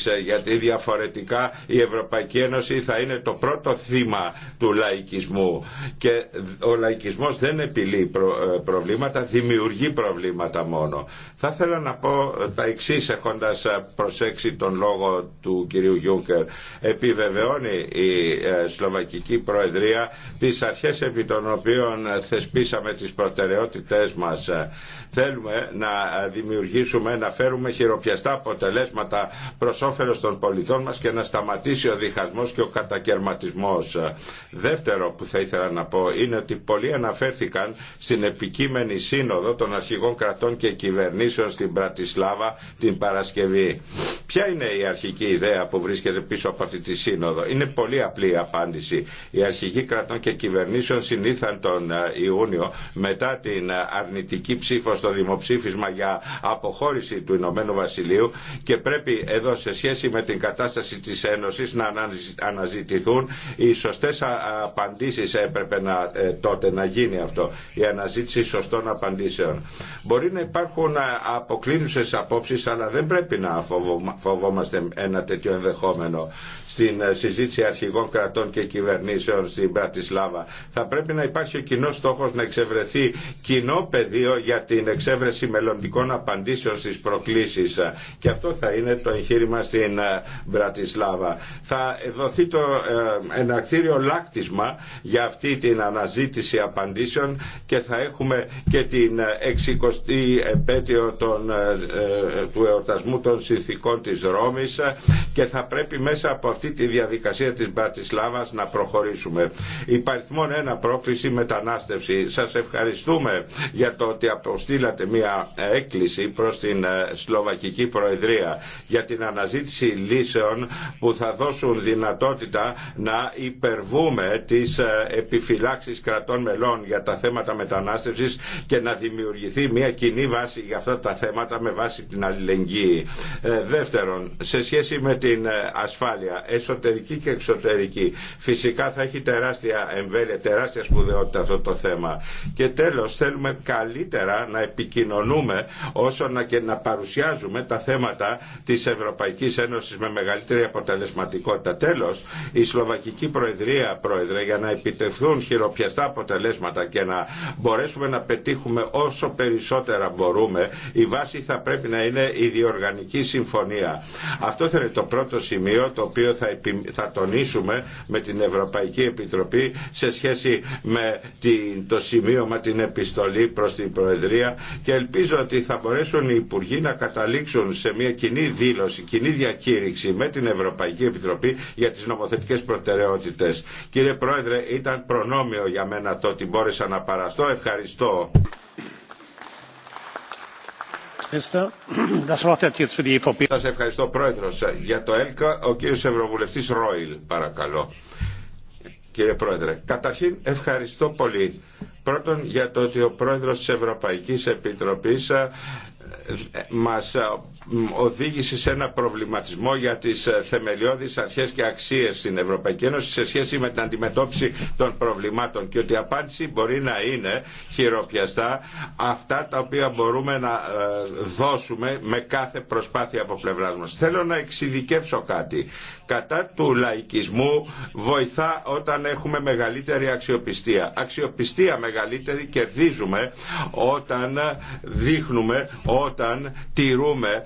ε, γιατί διαφορετικά η Ευρωπαϊκή Ένωση θα είναι το πρώτο θύμα του λαϊκισμού και ο λαϊκισμός δεν επιλύει ε, προβλήματα, δημιουργεί προβλήματα μόνο. Θα ήθελα να πω τα εξή έχοντας ε, προσέξει τον λόγο του κυρίου Γιούγκερ. Επιβεβαιώνει η Σλοβακική Προεδρία τις αρχές επί των οποίων θεσπίσαμε τις προτεραιότητές μας Θέλουμε να δημιουργήσουμε, να φέρουμε χειροπιαστά αποτελέσματα προ όφελο των πολιτών μα και να σταματήσει ο διχασμό και ο κατακαιρματισμό. Δεύτερο που θα ήθελα να πω είναι ότι πολλοί αναφέρθηκαν στην επικείμενη σύνοδο των αρχηγών κρατών και κυβερνήσεων στην Πρατισλάβα την Παρασκευή. Ποια είναι η αρχική ιδέα που βρίσκεται πίσω από αυτή τη σύνοδο. Είναι πολύ απλή η απάντηση. Οι αρχηγοί κρατών και κυβερνήσεων συνήθαν τον ε, Ιούνιο μετά την ε, αρνητική ψήφο στο δημοψήφισμα για αποχώρηση του Ηνωμένου Βασιλείου και πρέπει εδώ σε σχέση με την κατάσταση της Ένωσης να αναζητηθούν οι σωστές απαντήσεις έπρεπε να, ε, τότε να γίνει αυτό η αναζήτηση σωστών απαντήσεων μπορεί να υπάρχουν ε, αποκλίνουσες απόψεις αλλά δεν πρέπει να φοβόμαστε ένα τέτοιο ενδεχόμενο στην ε, συζήτηση αρχηγών κρατών και κυβερνήσεων στην Πρατισλάβα. Θα πρέπει να υπάρχει ο κοινό στόχος να εξευρεθεί κοινό πεδίο για την την εξέβρεση μελλοντικών απαντήσεων στις προκλήσεις και αυτό θα είναι το εγχείρημα στην ε, Μπρατισλάβα. Θα δοθεί το εναρκτήριο λάκτισμα για αυτή την αναζήτηση απαντήσεων και θα έχουμε και την 60η επέτειο ε, ε, του εορτασμού των συνθήκων της Ρώμης και θα πρέπει μέσα από αυτή τη διαδικασία της Μπρατισλάβας να προχωρήσουμε. μόνο ένα πρόκληση μετανάστευση. Σας ευχαριστούμε για το ότι αποστεί στείλατε μια έκκληση προς την ε, Σλοβακική Προεδρία για την αναζήτηση λύσεων που θα δώσουν δυνατότητα να υπερβούμε τις ε, επιφυλάξεις κρατών μελών για τα θέματα μετανάστευσης και να δημιουργηθεί μια κοινή βάση για αυτά τα θέματα με βάση την αλληλεγγύη. Ε, δεύτερον, σε σχέση με την ασφάλεια, εσωτερική και εξωτερική, φυσικά θα έχει τεράστια εμβέλεια, τεράστια σπουδαιότητα αυτό το θέμα. Και τέλος, θέλουμε καλύτερα να επικοινωνούμε όσο να και να παρουσιάζουμε τα θέματα της Ευρωπαϊκής Ένωσης με μεγαλύτερη αποτελεσματικότητα. Τέλος, η Σλοβακική Προεδρία, Πρόεδρε, για να επιτευχθούν χειροπιαστά αποτελέσματα και να μπορέσουμε να πετύχουμε όσο περισσότερα μπορούμε, η βάση θα πρέπει να είναι η διοργανική συμφωνία. Αυτό θα είναι το πρώτο σημείο το οποίο θα, θα τονίσουμε με την Ευρωπαϊκή Επιτροπή σε σχέση με την... το σημείωμα την επιστολή προς την Προεδρία και ελπίζω ότι θα μπορέσουν οι Υπουργοί να καταλήξουν σε μια κοινή δήλωση, κοινή διακήρυξη με την Ευρωπαϊκή Επιτροπή για τις νομοθετικές προτεραιότητες. Κύριε Πρόεδρε, ήταν προνόμιο για μένα το ότι μπόρεσα να παραστώ. Ευχαριστώ. Σα ευχαριστώ Πρόεδρος. Για το ΕΛΚΑ ο κύριος Ευρωβουλευτής Ρόιλ παρακαλώ. Κύριε Πρόεδρε, καταρχήν ευχαριστώ πολύ Πρώτον για το ότι ο πρόεδρος της Ευρωπαϊκής Επιτροπής ε, ε, μας ε, οδήγησε σε ένα προβληματισμό για τις ε, θεμελιώδεις αρχές και αξίες στην Ευρωπαϊκή Ένωση σε σχέση με την αντιμετώπιση των προβλημάτων και ότι η απάντηση μπορεί να είναι χειροπιαστά αυτά τα οποία μπορούμε να ε, δώσουμε με κάθε προσπάθεια από πλευρά μας. Θέλω να εξειδικεύσω κάτι. Κατά του λαϊκισμού βοηθά όταν έχουμε μεγαλύτερη αξιοπιστία. Αξιοπιστία μεγαλύτερη κερδίζουμε όταν δείχνουμε, όταν τηρούμε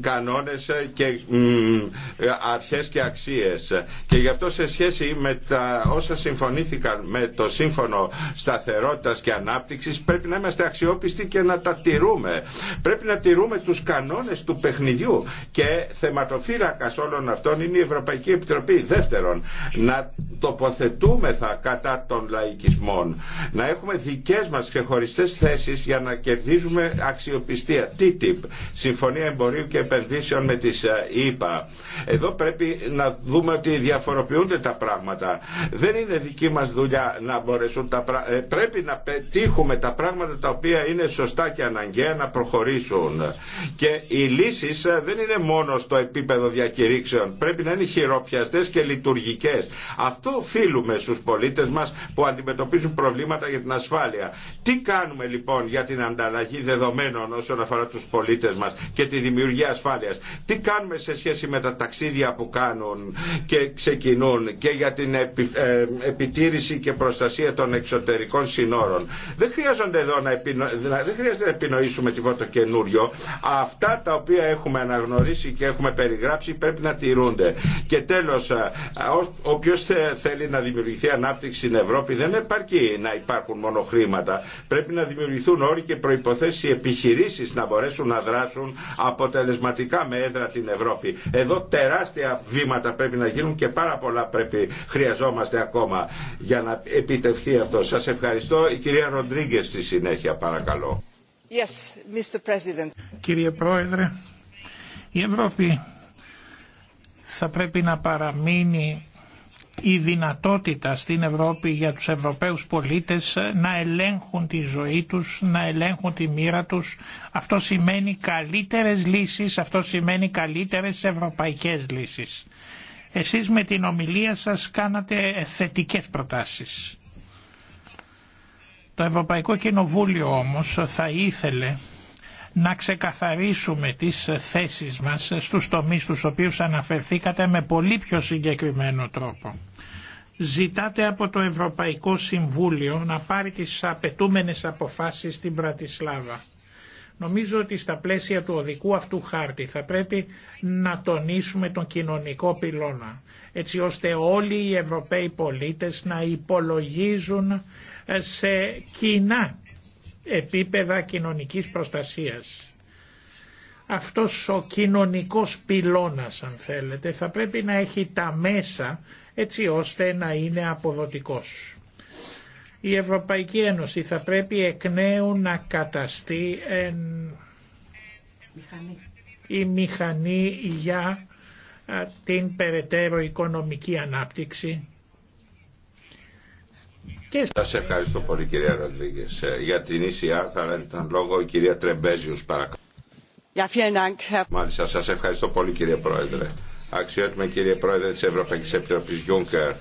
κανόνες και αρχές και αξίες. Και γι' αυτό σε σχέση με τα όσα συμφωνήθηκαν με το Σύμφωνο Σταθερότητας και Ανάπτυξης πρέπει να είμαστε αξιόπιστοι και να τα τηρούμε. Πρέπει να τηρούμε τους κανόνες του παιχνιδιού και θεματοφύλακας όλων αυτών είναι η Ευρωπαϊκή Επιτροπή. Δεύτερον, να θα κατά των λαϊκισμών. Να έχουμε δικές μας ξεχωριστέ θέσεις για να κερδίζουμε αξιοπιστία. TTIP, Συμφωνία εμπορίου και επενδύσεων με τις ε, ΗΠΑ. Εδώ πρέπει να δούμε ότι διαφοροποιούνται τα πράγματα. Δεν είναι δική μας δουλειά να μπορέσουν τα πράγματα. Ε, πρέπει να πετύχουμε τα πράγματα τα οποία είναι σωστά και αναγκαία να προχωρήσουν. Και οι λύσει ε, δεν είναι μόνο στο επίπεδο διακηρύξεων. Πρέπει να είναι χειροπιαστέ και λειτουργικέ. Αυτό οφείλουμε στου πολίτε μα που αντιμετωπίζουν προβλήματα για την ασφάλεια. Τι κάνουμε λοιπόν για την ανταλλαγή δεδομένων όσον αφορά του πολίτε μα και τη δημιουργία δημιουργία Τι κάνουμε σε σχέση με τα ταξίδια που κάνουν και ξεκινούν και για την ε, επιτήρηση και προστασία των εξωτερικών συνόρων. Δεν χρειάζονται δεν χρειάζεται να επινοήσουμε τίποτα καινούριο. Αυτά τα οποία έχουμε αναγνωρίσει και έχουμε περιγράψει πρέπει να τηρούνται. Και τέλος, ε, όποιο θέλει να δημιουργηθεί ανάπτυξη στην Ευρώπη δεν επαρκεί να υπάρχουν μόνο χρήματα. Πρέπει να δημιουργηθούν όροι και προϋποθέσεις επιχειρήσει να μπορέσουν να δράσουν αποτελεσματικά αποτελεσματικά με έδρα την Ευρώπη. Εδώ τεράστια βήματα πρέπει να γίνουν και πάρα πολλά πρέπει χρειαζόμαστε ακόμα για να επιτευχθεί αυτό. Σας ευχαριστώ. Η κυρία Ροντρίγκε στη συνέχεια παρακαλώ. Yes, Mr. President. Κύριε Πρόεδρε, η Ευρώπη θα πρέπει να παραμείνει η δυνατότητα στην Ευρώπη για τους Ευρωπαίους πολίτες να ελέγχουν τη ζωή τους, να ελέγχουν τη μοίρα τους. Αυτό σημαίνει καλύτερες λύσεις, αυτό σημαίνει καλύτερες ευρωπαϊκές λύσεις. Εσείς με την ομιλία σας κάνατε θετικές προτάσεις. Το Ευρωπαϊκό Κοινοβούλιο όμως θα ήθελε να ξεκαθαρίσουμε τις θέσεις μας στους τομείς στους οποίους αναφερθήκατε με πολύ πιο συγκεκριμένο τρόπο. Ζητάτε από το Ευρωπαϊκό Συμβούλιο να πάρει τις απαιτούμενες αποφάσεις στην Πρατισλάβα. Νομίζω ότι στα πλαίσια του οδικού αυτού χάρτη θα πρέπει να τονίσουμε τον κοινωνικό πυλώνα, έτσι ώστε όλοι οι Ευρωπαίοι πολίτες να υπολογίζουν σε κοινά επίπεδα κοινωνικής προστασίας. Αυτός ο κοινωνικός πυλώνας αν θέλετε θα πρέπει να έχει τα μέσα έτσι ώστε να είναι αποδοτικός. Η Ευρωπαϊκή Ένωση θα πρέπει εκ νέου να καταστεί εν... μηχανή. η μηχανή για την περαιτέρω οικονομική ανάπτυξη και... Σας ευχαριστώ πολύ κυρία Ροντρίγκες. Ε, για την ECR θα λένε τον λόγο η κυρία Τρεμπέζιους παρακαλώ. Μάλιστα, σα ευχαριστώ πολύ κύριε Πρόεδρε. Αξιότιμε κύριε Πρόεδρε τη Ευρωπαϊκή Επιτροπή Γιούνκερ.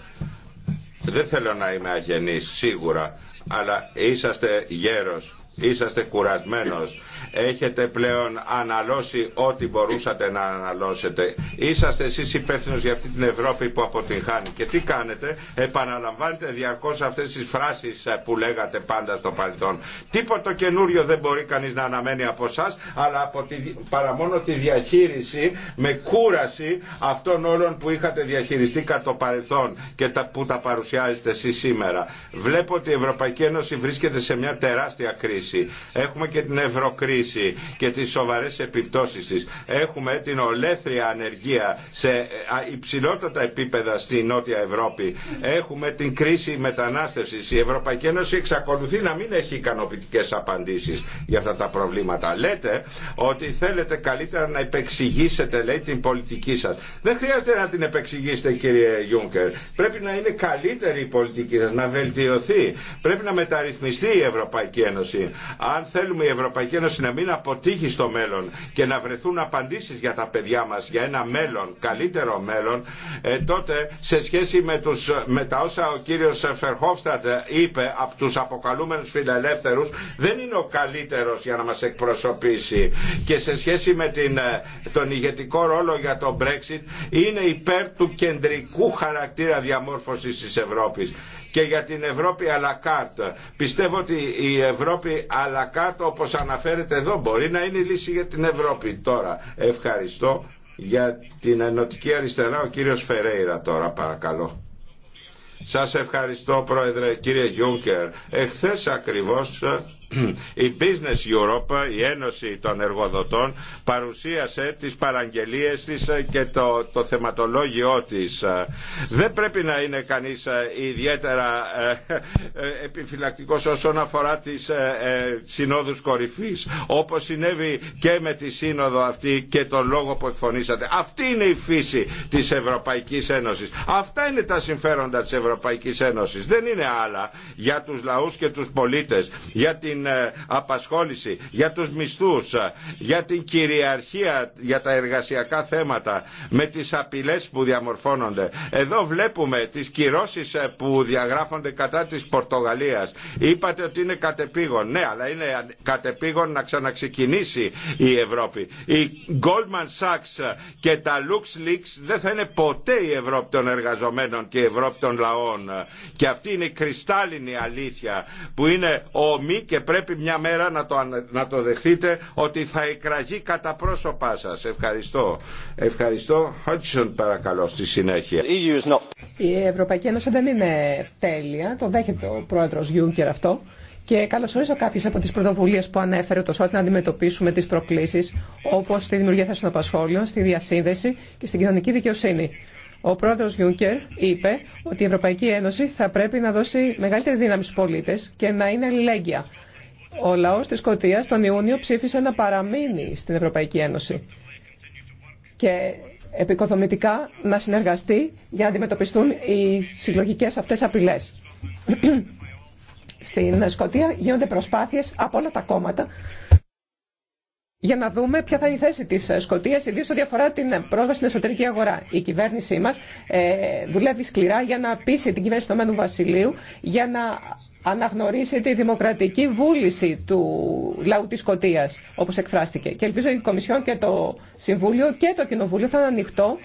Δεν θέλω να είμαι αγενής, σίγουρα, αλλά είσαστε γέρος είσαστε κουρασμένος. Έχετε πλέον αναλώσει ό,τι μπορούσατε να αναλώσετε. Είσαστε εσείς υπεύθυνος για αυτή την Ευρώπη που αποτυγχάνει. Και τι κάνετε, επαναλαμβάνετε διαρκώς αυτές τις φράσεις ε, που λέγατε πάντα στο παρελθόν. Τίποτα καινούριο δεν μπορεί κανείς να αναμένει από εσά, αλλά από τη, παρά μόνο τη διαχείριση με κούραση αυτών όλων που είχατε διαχειριστεί κατά το παρελθόν και τα, που τα παρουσιάζετε εσείς σήμερα. Βλέπω ότι η Ευρωπαϊκή Ένωση βρίσκεται σε μια τεράστια κρίση Έχουμε και την ευρωκρίση και τις σοβαρές επιπτώσεις της. Έχουμε την ολέθρια ανεργία σε ε, υψηλότατα επίπεδα στη Νότια Ευρώπη. Έχουμε την κρίση μετανάστευσης. Η Ευρωπαϊκή Ένωση εξακολουθεί να μην έχει ικανοποιητικέ απαντήσεις για αυτά τα προβλήματα. Λέτε ότι θέλετε καλύτερα να επεξηγήσετε λέει την πολιτική σας. Δεν χρειάζεται να την επεξηγήσετε κύριε Γιούγκερ. Πρέπει να είναι καλύτερη η πολιτική σας, να βελτιωθεί. Πρέπει να μεταρρυθμιστεί η Ευρωπαϊκή Ένωση αν θέλουμε η Ευρωπαϊκή Ένωση να μην αποτύχει στο μέλλον και να βρεθούν απαντήσεις για τα παιδιά μας για ένα μέλλον, καλύτερο μέλλον, ε, τότε σε σχέση με, τους, με τα όσα ο κύριος Φερχόφστατ είπε από τους αποκαλούμενους φιλελεύθερους, δεν είναι ο καλύτερος για να μας εκπροσωπήσει. Και σε σχέση με την, ε, τον ηγετικό ρόλο για το Brexit, είναι υπέρ του κεντρικού χαρακτήρα διαμόρφωσης της Ευρώπης και για την Ευρώπη à carte. Πιστεύω ότι η Ευρώπη à carte όπως αναφέρεται εδώ μπορεί να είναι η λύση για την Ευρώπη τώρα. Ευχαριστώ για την Ενωτική Αριστερά ο κύριος Φερέιρα τώρα παρακαλώ. Σας ευχαριστώ Πρόεδρε κύριε Γιούγκερ. Εχθές ακριβώς η Business Europe, η Ένωση των Εργοδοτών, παρουσίασε τις παραγγελίες της ε, και το, το θεματολόγιο της. Ε, δεν πρέπει να είναι κανείς ε, ιδιαίτερα επιφυλακτικός όσον αφορά τις συνόδους κορυφής, όπως συνέβη και με τη σύνοδο αυτή και τον λόγο που εκφωνήσατε. Αυτή είναι η φύση της Ευρωπαϊκής Ένωσης. Αυτά είναι τα συμφέροντα της Ευρωπαϊκής Ένωσης. Δεν είναι άλλα για τους λαούς και τους πολίτες, για την ε, απασχόληση, για τους μισθούς, ε, για την κυριαρχία, για τα εργασιακά θέματα, με τις απειλές που διαμορφώνονται. Εδώ βλέπουμε τις κυρώσεις ε, που διαγράφονται κατά της Πορτογαλίας. Είπατε ότι είναι κατεπήγον. Ναι, αλλά είναι κατεπήγον να ξαναξεκινήσει η Ευρώπη. Η Goldman Sachs και τα Lux Leaks δεν θα είναι ποτέ η Ευρώπη των εργαζομένων και η Ευρώπη των λαών. Και αυτή είναι η κρυστάλλινη αλήθεια που είναι ομοί και πρέπει μια μέρα να το, να το δεχθείτε ότι θα εκραγεί κατά πρόσωπά σας. Ευχαριστώ. Ευχαριστώ. Χότσον παρακαλώ στη συνέχεια. E η Ευρωπαϊκή Ένωση δεν είναι τέλεια. Το δέχεται ο πρόεδρος Γιούγκερ αυτό. Και καλωσορίζω κάποιε από τι πρωτοβουλίε που ανέφερε, ούτω ώστε να αντιμετωπίσουμε τι προκλήσει, όπω τη δημιουργία θέσεων απασχόλων, στη διασύνδεση και στην κοινωνική δικαιοσύνη. Ο πρόεδρο Γιούγκερ είπε ότι η Ευρωπαϊκή Ένωση θα πρέπει να δώσει μεγαλύτερη δύναμη στου πολίτε και να είναι αλληλέγγυα ο λαό τη Σκωτίας τον Ιούνιο ψήφισε να παραμείνει στην Ευρωπαϊκή Ένωση και επικοδομητικά να συνεργαστεί για να αντιμετωπιστούν οι συλλογικέ αυτέ απειλέ. Στην Σκωτία γίνονται προσπάθειε από όλα τα κόμματα για να δούμε ποια θα είναι η θέση τη Σκωτία, ιδίω ό,τι αφορά την πρόσβαση στην εσωτερική αγορά. Η κυβέρνησή μα ε, δουλεύει σκληρά για να πείσει την κυβέρνηση του Βασιλείου για να αναγνωρίσει τη δημοκρατική βούληση του λαού της Σκοτίας, όπως εκφράστηκε. Και ελπίζω η Κομισιόν και το Συμβούλιο και το Κοινοβούλιο θα είναι ανοιχτό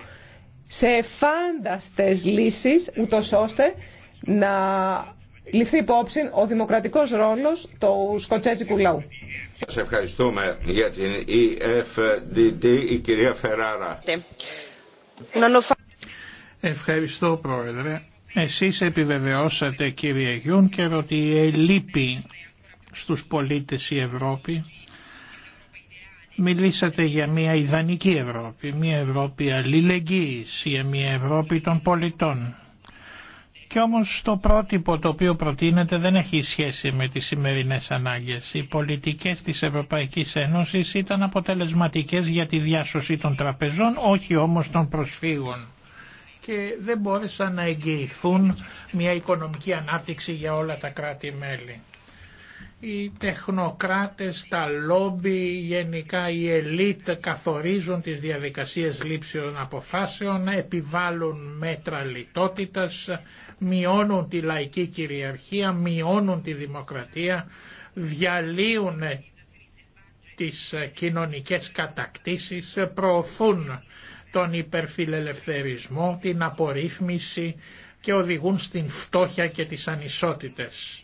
σε φάνταστες λύσεις, ούτως ώστε να ληφθεί υπόψη ο δημοκρατικός ρόλος του σκοτσέζικου λαού. Σας ευχαριστούμε για την EFDD, η κυρία Φεράρα. Ευχαριστώ, Πρόεδρε. Εσείς επιβεβαιώσατε κύριε Γιούνκερ ότι λείπει στους πολίτες η Ευρώπη. Μιλήσατε για μια ιδανική Ευρώπη, μια Ευρώπη αλληλεγγύης, για μια Ευρώπη των πολιτών. και όμως το πρότυπο το οποίο προτείνεται δεν έχει σχέση με τις σημερινές ανάγκες. Οι πολιτικές της Ευρωπαϊκής Ένωσης ήταν αποτελεσματικές για τη διάσωση των τραπεζών, όχι όμως των προσφύγων και δεν μπόρεσαν να εγγυηθούν μια οικονομική ανάπτυξη για όλα τα κράτη-μέλη. Οι τεχνοκράτες, τα λόμπι, γενικά η ελίτ καθορίζουν τις διαδικασίες λήψεων αποφάσεων, επιβάλλουν μέτρα λιτότητας, μειώνουν τη λαϊκή κυριαρχία, μειώνουν τη δημοκρατία, διαλύουν τις κοινωνικές κατακτήσεις, προωθούν τον υπερφιλελευθερισμό, την απορρίθμιση και οδηγούν στην φτώχεια και τις ανισότητες.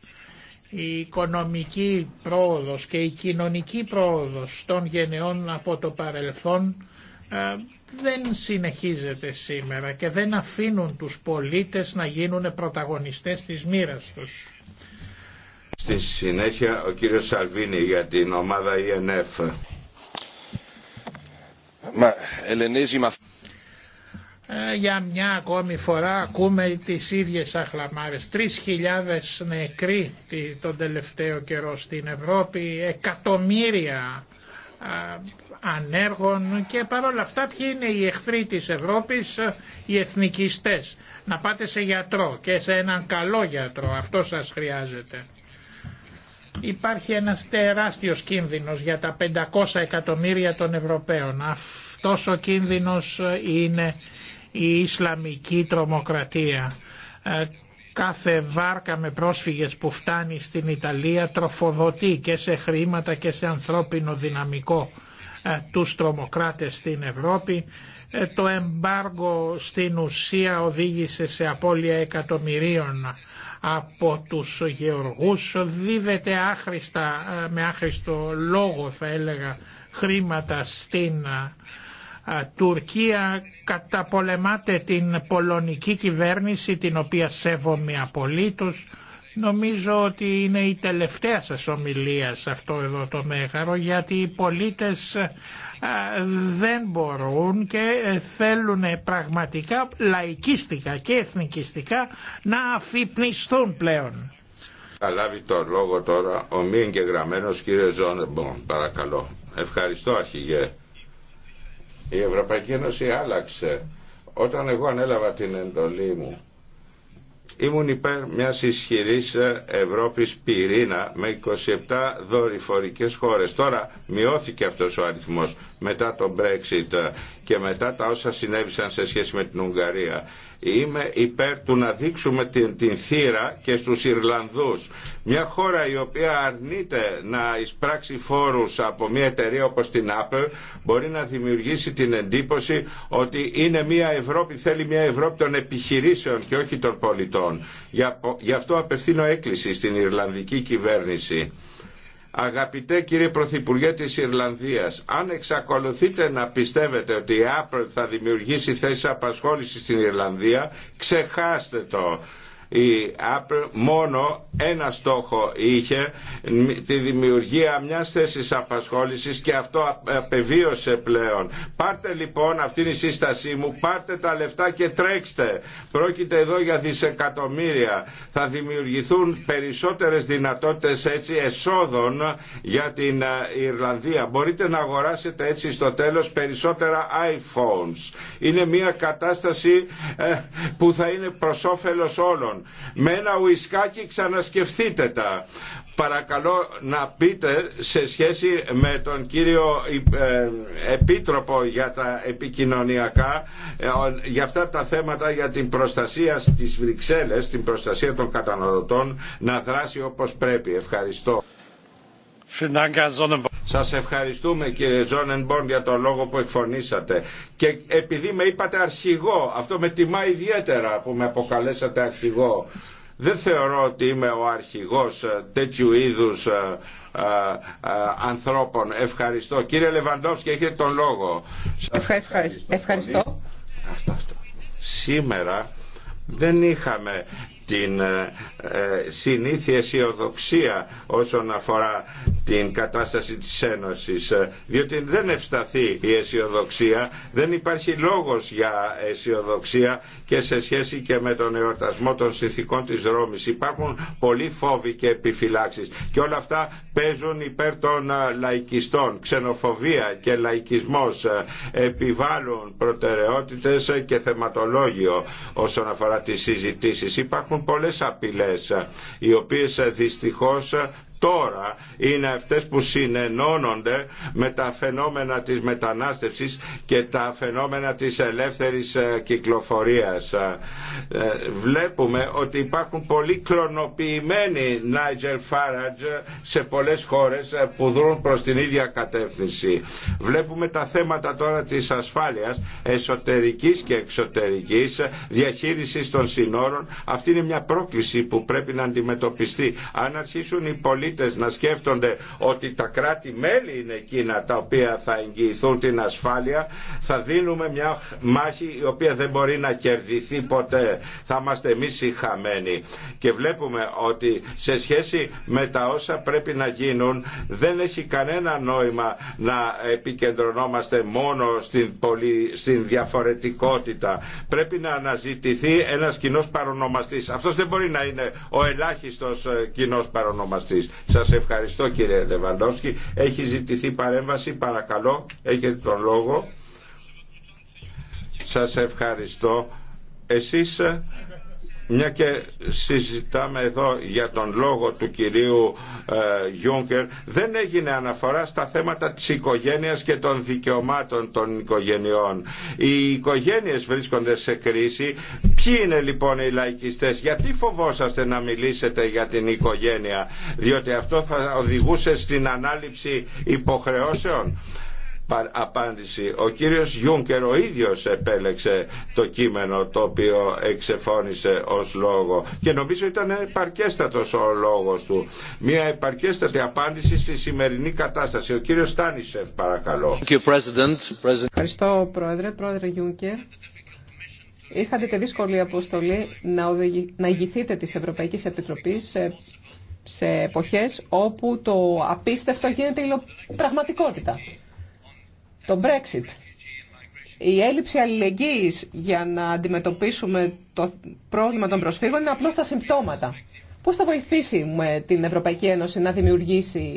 Η οικονομική πρόοδος και η κοινωνική πρόοδος των γενεών από το παρελθόν ε, δεν συνεχίζεται σήμερα και δεν αφήνουν τους πολίτες να γίνουν πρωταγωνιστές της μοίρας τους. Στη συνέχεια ο κύριος Σαλβίνη για την ομάδα INF. E ε, για μια ακόμη φορά ακούμε τις ίδιες αχλαμάρες. 3.000 νεκροί τον τελευταίο καιρό στην Ευρώπη, εκατομμύρια ανέργων και παρόλα αυτά ποιοι είναι οι εχθροί της Ευρώπης, ε, οι εθνικιστές. Να πάτε σε γιατρό και σε έναν καλό γιατρό, αυτό σας χρειάζεται. Υπάρχει ένας τεράστιος κίνδυνος για τα 500 εκατομμύρια των Ευρωπαίων. Αυτός ο κίνδυνος ε, είναι η Ισλαμική τρομοκρατία. Ε, κάθε βάρκα με πρόσφυγες που φτάνει στην Ιταλία τροφοδοτεί και σε χρήματα και σε ανθρώπινο δυναμικό ε, τους τρομοκράτες στην Ευρώπη. Το εμπάργο στην ουσία οδήγησε σε απώλεια εκατομμυρίων από τους γεωργούς, δίδεται άχρηστα, ε, με άχρηστο λόγο θα έλεγα, χρήματα στην ε, ε, Τουρκία, καταπολεμάται την πολωνική κυβέρνηση, την οποία σέβομαι απολύτως, Νομίζω ότι είναι η τελευταία σας ομιλία σε αυτό εδώ το μέγαρο γιατί οι πολίτες δεν μπορούν και θέλουν πραγματικά λαϊκίστικα και εθνικιστικά να αφυπνιστούν πλέον. Θα λάβει το λόγο τώρα ο μη εγγεγραμμένος κύριε Ζόνεμπο, παρακαλώ. Ευχαριστώ αρχηγέ. Η Ευρωπαϊκή Ένωση άλλαξε. Όταν εγώ ανέλαβα την εντολή μου ήμουν υπέρ μια ισχυρής ε, Ευρώπης πυρήνα με 27 δορυφορικές χώρες. Τώρα μειώθηκε αυτός ο αριθμός μετά το Brexit ε, και μετά τα όσα συνέβησαν σε σχέση με την Ουγγαρία. Είμαι υπέρ του να δείξουμε την, την θύρα και στους Ιρλανδούς. Μια χώρα η οποία αρνείται να εισπράξει φόρους από μια εταιρεία όπως την Apple μπορεί να δημιουργήσει την εντύπωση ότι είναι μια Ευρώπη, θέλει μια Ευρώπη των επιχειρήσεων και όχι των πολιτών. Γι' αυτό απευθύνω έκκληση στην Ιρλανδική κυβέρνηση Αγαπητέ κύριε Πρωθυπουργέ της Ιρλανδίας, αν εξακολουθείτε να πιστεύετε ότι η Apple θα δημιουργήσει θέσεις απασχόλησης στην Ιρλανδία, ξεχάστε το η Apple μόνο ένα στόχο είχε, τη δημιουργία μιας θέσης απασχόλησης και αυτό απεβίωσε πλέον. Πάρτε λοιπόν αυτήν η σύστασή μου, πάρτε τα λεφτά και τρέξτε. Πρόκειται εδώ για δισεκατομμύρια. Θα δημιουργηθούν περισσότερες δυνατότητες έτσι εσόδων για την ε, Ιρλανδία. Μπορείτε να αγοράσετε έτσι στο τέλος περισσότερα iPhones. Είναι μια κατάσταση ε, που θα είναι προς όφελος όλων με ένα ουισκάκι ξανασκεφτείτε τα. Παρακαλώ να πείτε σε σχέση με τον κύριο ε, Επίτροπο για τα επικοινωνιακά, ε, για αυτά τα θέματα για την προστασία στις Βρυξέλλες, την προστασία των καταναλωτών, να δράσει όπως πρέπει. Ευχαριστώ. Σας ευχαριστούμε κύριε Μπορν για τον λόγο που εκφωνήσατε. Και επειδή με είπατε αρχηγό, αυτό με τιμά ιδιαίτερα που με αποκαλέσατε αρχηγό. Δεν θεωρώ ότι είμαι ο αρχηγός ε, τέτοιου είδους ε, ε, ανθρώπων. Ευχαριστώ. Κύριε Λεβαντόφσκι, έχετε τον λόγο. Ευχαριστώ. Ευχαριστώ. Σήμερα δεν είχαμε την ε, ε, συνήθεια αισιοδοξία όσον αφορά την κατάσταση της Ένωσης ε, διότι δεν ευσταθεί η αισιοδοξία δεν υπάρχει λόγος για αισιοδοξία και σε σχέση και με τον εορτασμό των συνθήκων της Ρώμης υπάρχουν πολλοί φόβοι και επιφυλάξεις και όλα αυτά παίζουν υπέρ των λαϊκιστών ξενοφοβία και λαϊκισμός επιβάλλουν προτεραιότητες και θεματολόγιο όσον αφορά τις συζητήσεις Υπάρχουν πολλές απειλές οι οποίες δυστυχώς τώρα είναι αυτές που συνενώνονται με τα φαινόμενα της μετανάστευσης και τα φαινόμενα της ελεύθερης ε, κυκλοφορίας. Ε, βλέπουμε ότι υπάρχουν υπάρχουν κλωνοποιημένοι Νάιτζερ Φάρατζ σε πολλές χώρες ε, που δρούν προς την ίδια κατεύθυνση. Βλέπουμε τα θέματα τώρα της ασφάλειας εσωτερικής και εξωτερικής διαχείρισης των συνόρων. Αυτή είναι μια πρόκληση που πρέπει να αντιμετωπιστεί. Αν αρχίσουν οι να σκέφτονται ότι τα κράτη-μέλη είναι εκείνα τα οποία θα εγγυηθούν την ασφάλεια, θα δίνουμε μια μάχη η οποία δεν μπορεί να κερδιθεί ποτέ. Θα είμαστε εμεί οι χαμένοι. Και βλέπουμε ότι σε σχέση με τα όσα πρέπει να γίνουν δεν έχει κανένα νόημα να επικεντρωνόμαστε μόνο στην, πολυ... στην διαφορετικότητα. Πρέπει να αναζητηθεί ένας κοινό παρονομαστής. Αυτός δεν μπορεί να είναι ο ελάχιστος ε, κοινό παρονομαστής. Σας ευχαριστώ κύριε Λεβαντόφσκι. Έχει ζητηθεί παρέμβαση. Παρακαλώ, έχετε τον λόγο. Σας ευχαριστώ. Εσείς μια και συζητάμε εδώ για τον λόγο του κυρίου ε, Γιούγκερ δεν έγινε αναφορά στα θέματα της οικογένειας και των δικαιωμάτων των οικογενειών. Οι οικογένειες βρίσκονται σε κρίση. Ποιοι είναι λοιπόν οι λαϊκιστές, γιατί φοβόσαστε να μιλήσετε για την οικογένεια, διότι αυτό θα οδηγούσε στην ανάληψη υποχρεώσεων απάντηση. Ο κύριος Γιούνκερ ο ίδιος επέλεξε το κείμενο το οποίο εξεφώνησε ως λόγο και νομίζω ήταν επαρκέστατος ο λόγος του. Μια επαρκέστατη απάντηση στη σημερινή κατάσταση. Ο κύριος Στάνισεφ παρακαλώ. Ευχαριστώ Πρόεδρε, Πρόεδρε Γιούνκερ. Είχατε τη δύσκολη αποστολή να, οδηγη... να ηγηθείτε της Ευρωπαϊκής Επιτροπής σε... σε εποχές όπου το απίστευτο γίνεται πραγματικότητα. Το Brexit, η έλλειψη αλληλεγγύης για να αντιμετωπίσουμε το πρόβλημα των προσφύγων είναι απλώς τα συμπτώματα. Πώς θα βοηθήσει με την Ευρωπαϊκή Ένωση να δημιουργήσει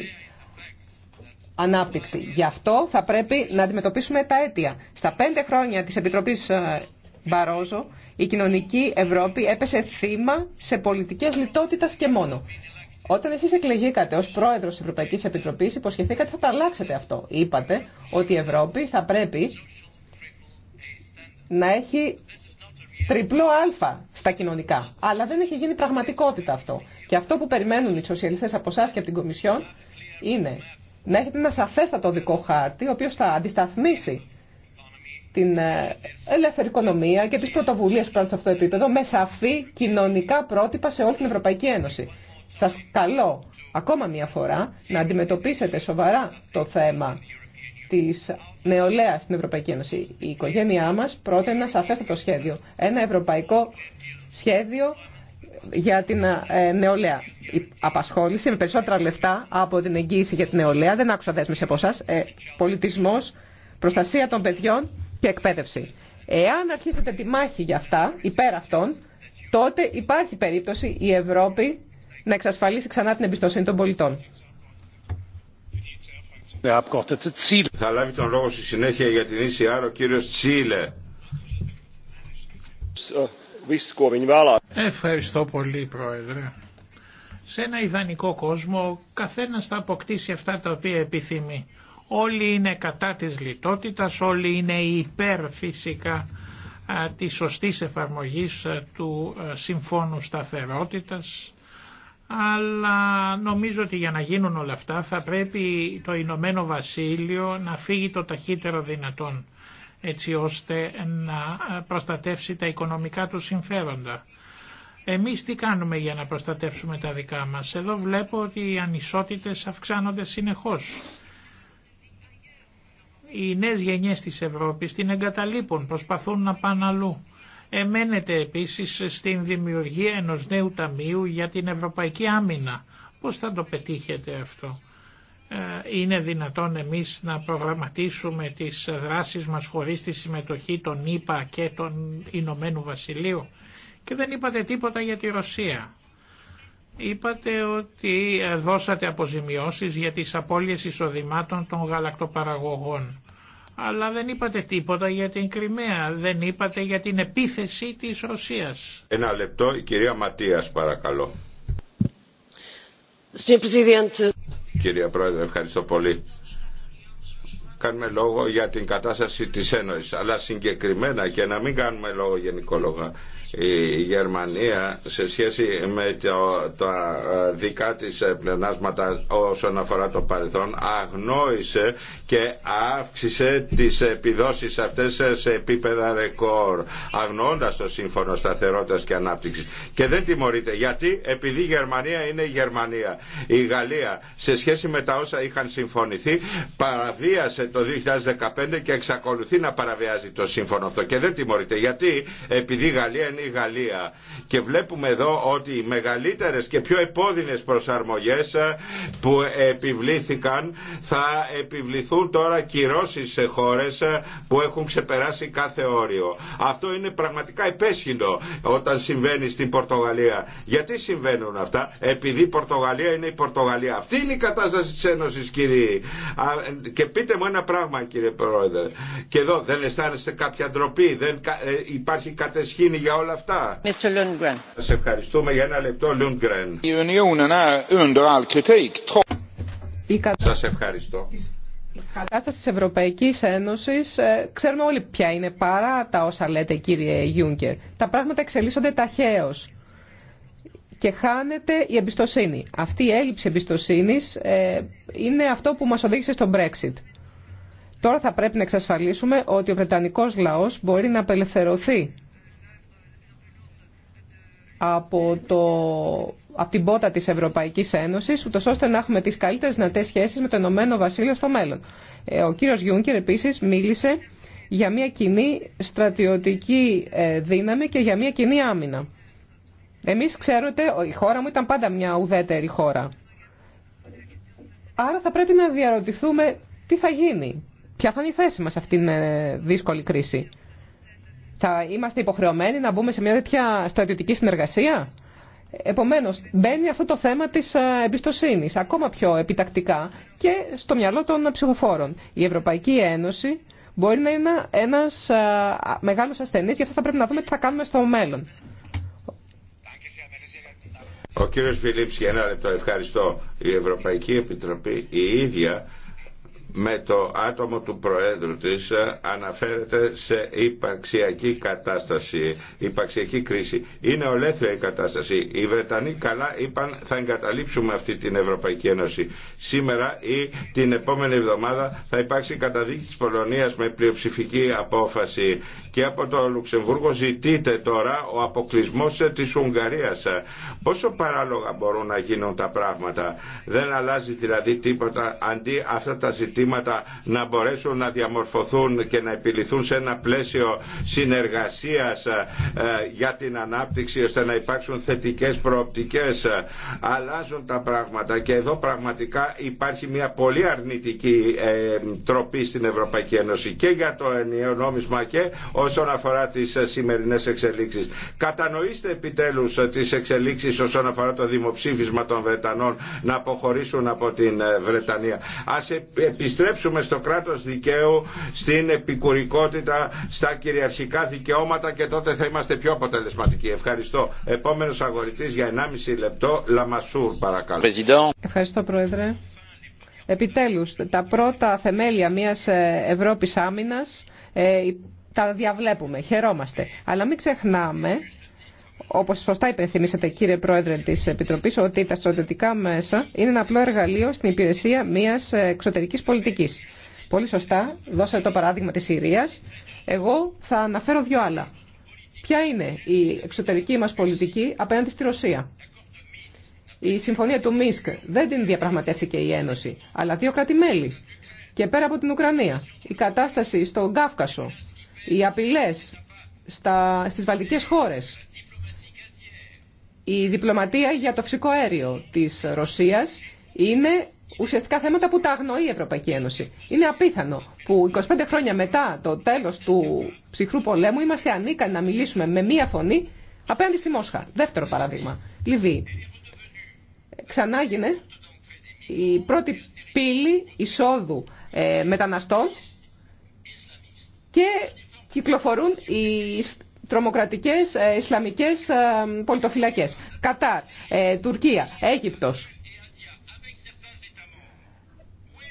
ανάπτυξη. Γι' αυτό θα πρέπει να αντιμετωπίσουμε τα αίτια. Στα πέντε χρόνια της Επιτροπής ε, Μπαρόζο, η κοινωνική Ευρώπη έπεσε θύμα σε πολιτικές λιτότητας και μόνο. Όταν εσεί εκλεγήκατε ω πρόεδρο τη Ευρωπαϊκή Επιτροπή, υποσχεθήκατε θα τα αλλάξετε αυτό. Είπατε ότι η Ευρώπη θα πρέπει να έχει τριπλό αλφα στα κοινωνικά. Αλλά δεν έχει γίνει πραγματικότητα αυτό. Και αυτό που περιμένουν οι σοσιαλιστέ από εσά και από την Κομισιόν είναι να έχετε ένα σαφέστατο δικό χάρτη, ο οποίο θα αντισταθμίσει την ε, ελεύθερη οικονομία και τι πρωτοβουλίε που σε αυτό το επίπεδο με σαφή κοινωνικά πρότυπα σε όλη την Ευρωπαϊκή Ένωση. Σας καλώ ακόμα μια φορά να αντιμετωπίσετε σοβαρά το θέμα της νεολαία στην Ευρωπαϊκή Ένωση. Η οικογένειά μας πρότεινε ένα σαφέστατο σχέδιο. Ένα ευρωπαϊκό σχέδιο για την ε, νεολαία. Η απασχόληση με περισσότερα λεφτά από την εγγύηση για την νεολαία. Δεν άκουσα δέσμευση από εσά. Πολιτισμό, προστασία των παιδιών και εκπαίδευση. Εάν αρχίσετε τη μάχη για αυτά, υπέρ αυτών, τότε υπάρχει περίπτωση η Ευρώπη να εξασφαλίσει ξανά την εμπιστοσύνη των πολιτών. Θα λάβει τον λόγο στη συνέχεια για την ECR ο κύριος Τσίλε. Ευχαριστώ πολύ Πρόεδρε. Σε ένα ιδανικό κόσμο καθένας θα αποκτήσει αυτά τα οποία επιθυμεί. Όλοι είναι κατά της λιτότητας, όλοι είναι υπέρ φυσικά της σωστής εφαρμογής του Συμφώνου Σταθερότητας αλλά νομίζω ότι για να γίνουν όλα αυτά θα πρέπει το Ηνωμένο Βασίλειο να φύγει το ταχύτερο δυνατόν έτσι ώστε να προστατεύσει τα οικονομικά του συμφέροντα. Εμείς τι κάνουμε για να προστατεύσουμε τα δικά μας. Εδώ βλέπω ότι οι ανισότητες αυξάνονται συνεχώς. Οι νέες γενιές της Ευρώπης την εγκαταλείπουν, προσπαθούν να πάνε αλλού. Εμένετε επίσης στην δημιουργία ενός νέου ταμείου για την Ευρωπαϊκή Άμυνα. Πώς θα το πετύχετε αυτό. Ε, είναι δυνατόν εμείς να προγραμματίσουμε τις δράσεις μας χωρίς τη συμμετοχή των ΗΠΑ και των Ηνωμένου Βασιλείου. Και δεν είπατε τίποτα για τη Ρωσία. Είπατε ότι δώσατε αποζημιώσεις για τις απώλειες εισοδημάτων των γαλακτοπαραγωγών αλλά δεν είπατε τίποτα για την Κρυμαία, δεν είπατε για την επίθεση της Ρωσίας. Ένα λεπτό, η κυρία Ματίας παρακαλώ. Κυρία Πρόεδρε, ευχαριστώ πολύ. Κάνουμε λόγο για την κατάσταση της Ένωσης, αλλά συγκεκριμένα και να μην κάνουμε λόγο γενικόλογα η Γερμανία σε σχέση με τα δικά της πλεονάσματα όσον αφορά το παρελθόν αγνόησε και αύξησε τις επιδόσεις αυτές σε επίπεδα ρεκόρ αγνώντας το Σύμφωνο Σταθερότητας και Ανάπτυξης και δεν τιμωρείται γιατί επειδή η Γερμανία είναι η Γερμανία η Γαλλία σε σχέση με τα όσα είχαν συμφωνηθεί παραβίασε το 2015 και εξακολουθεί να παραβιάζει το σύμφωνο αυτό και δεν τιμωρείται γιατί επειδή η Γαλλία είναι η Γαλλία. Και βλέπουμε εδώ ότι οι μεγαλύτερες και πιο επώδυνες προσαρμογές ε, που επιβλήθηκαν θα επιβληθούν τώρα κυρώσεις σε χώρες ε, που έχουν ξεπεράσει κάθε όριο. Αυτό είναι πραγματικά επέσχυνο όταν συμβαίνει στην Πορτογαλία. Γιατί συμβαίνουν αυτά. Επειδή η Πορτογαλία είναι η Πορτογαλία. Αυτή είναι η κατάσταση της Ένωσης κύριοι. Και πείτε μου ένα πράγμα κύριε Πρόεδρε. Και εδώ δεν αισθάνεστε κάποια ντροπή. Δεν ε, υπάρχει κατεσχήνη για όλα όλα αυτά. Σας ευχαριστούμε για ένα λεπτό, Λούντγκρεν. Η Σας ευχαριστώ. Η κατάσταση της Ευρωπαϊκής Ένωσης, ε, ξέρουμε όλοι ποια είναι παρά τα όσα λέτε κύριε Γιούγκερ. Τα πράγματα εξελίσσονται ταχαίως και χάνεται η εμπιστοσύνη. Αυτή η έλλειψη εμπιστοσύνης ε, είναι αυτό που μας οδήγησε στο Brexit. Τώρα θα πρέπει να εξασφαλίσουμε ότι ο Βρετανικός λαός μπορεί να απελευθερωθεί από, το, από την πότα της Ευρωπαϊκής Ένωσης, ούτως ώστε να έχουμε τις καλύτερες δυνατές σχέσεις με το Ενωμένο Βασίλειο στο μέλλον. Ε, ο κύριος Γιούνκερ επίσης μίλησε για μια κοινή στρατιωτική ε, δύναμη και για μια κοινή άμυνα. Εμείς, ξέρετε, η χώρα μου ήταν πάντα μια ουδέτερη χώρα. Άρα θα πρέπει να διαρωτηθούμε τι θα γίνει, ποια θα είναι η θέση μας αυτήν την ε, δύσκολη κρίση θα είμαστε υποχρεωμένοι να μπούμε σε μια τέτοια στρατιωτική συνεργασία. Επομένως, μπαίνει αυτό το θέμα της ε, εμπιστοσύνης ακόμα πιο επιτακτικά και στο μυαλό των ψηφοφόρων. Η Ευρωπαϊκή Ένωση μπορεί να είναι ένας ε, μεγάλος ασθενής, γι' αυτό θα πρέπει να δούμε τι θα κάνουμε στο μέλλον. Ο κύριος Φιλίπς, για ένα λεπτό, ευχαριστώ. Η Ευρωπαϊκή Επιτροπή, η ίδια, με το άτομο του Προέδρου της ε, αναφέρεται σε υπαρξιακή κατάσταση, υπαρξιακή κρίση. Είναι ολέθρια η κατάσταση. Οι Βρετανοί καλά είπαν θα εγκαταλείψουμε αυτή την Ευρωπαϊκή Ένωση. Σήμερα ή την επόμενη εβδομάδα θα υπάρξει καταδίκη της Πολωνίας με πλειοψηφική απόφαση και από το Λουξεμβούργο ζητείται τώρα ο αποκλεισμό ε, της Ουγγαρίας. Πόσο παράλογα μπορούν να γίνουν τα πράγματα. Δεν αλλάζει δηλαδή τίποτα αντί αυτά τα ζητήματα ζητήματα να μπορέσουν να διαμορφωθούν και να επιληθούν σε ένα πλαίσιο συνεργασίας ε, για την ανάπτυξη ώστε να υπάρξουν θετικές προοπτικές. Αλλάζουν τα πράγματα και εδώ πραγματικά υπάρχει μια πολύ αρνητική ε, τροπή στην Ευρωπαϊκή Ένωση και για το ενιαίο νόμισμα και όσον αφορά τις ε, σημερινές εξελίξεις. Κατανοήστε επιτέλους τις εξελίξεις όσον αφορά το δημοψήφισμα των Βρετανών να αποχωρήσουν από την Βρετανία επιστρέψουμε στο κράτος δικαίου, στην επικουρικότητα, στα κυριαρχικά δικαιώματα και τότε θα είμαστε πιο αποτελεσματικοί. Ευχαριστώ. Επόμενος αγορητής για 1,5 λεπτό, Λαμασούρ παρακαλώ. Ευχαριστώ Πρόεδρε. Επιτέλους, τα πρώτα θεμέλια μιας ε, Ευρώπης άμυνας ε, τα διαβλέπουμε, χαιρόμαστε. Αλλά μην ξεχνάμε Όπω σωστά υπενθυμίσατε κύριε Πρόεδρε τη Επιτροπή ότι τα στρατιωτικά μέσα είναι ένα απλό εργαλείο στην υπηρεσία μια εξωτερική πολιτική. Πολύ σωστά, δώσατε το παράδειγμα τη Συρίας. Εγώ θα αναφέρω δύο άλλα. Ποια είναι η εξωτερική μα πολιτική απέναντι στη Ρωσία. Η συμφωνία του Μίσκ δεν την διαπραγματεύτηκε η Ένωση, αλλά δύο κράτη-μέλη. Και πέρα από την Ουκρανία, η κατάσταση στον Κάφκασο, οι απειλέ στι στις χώρε. Η διπλωματία για το φυσικό αέριο της Ρωσίας είναι ουσιαστικά θέματα που τα αγνοεί η Ευρωπαϊκή Ένωση. Είναι απίθανο που 25 χρόνια μετά το τέλος του ψυχρού πολέμου είμαστε ανίκανοι να μιλήσουμε με μία φωνή απέναντι στη Μόσχα. Δεύτερο παράδειγμα, Λιβύη. Ξανά γίνε η πρώτη πύλη εισόδου ε, μεταναστών και κυκλοφορούν οι τρομοκρατικές ε, ισλαμικές ε, πολιτοφυλακές. Κατάρ, ε, Τουρκία, Αίγυπτος.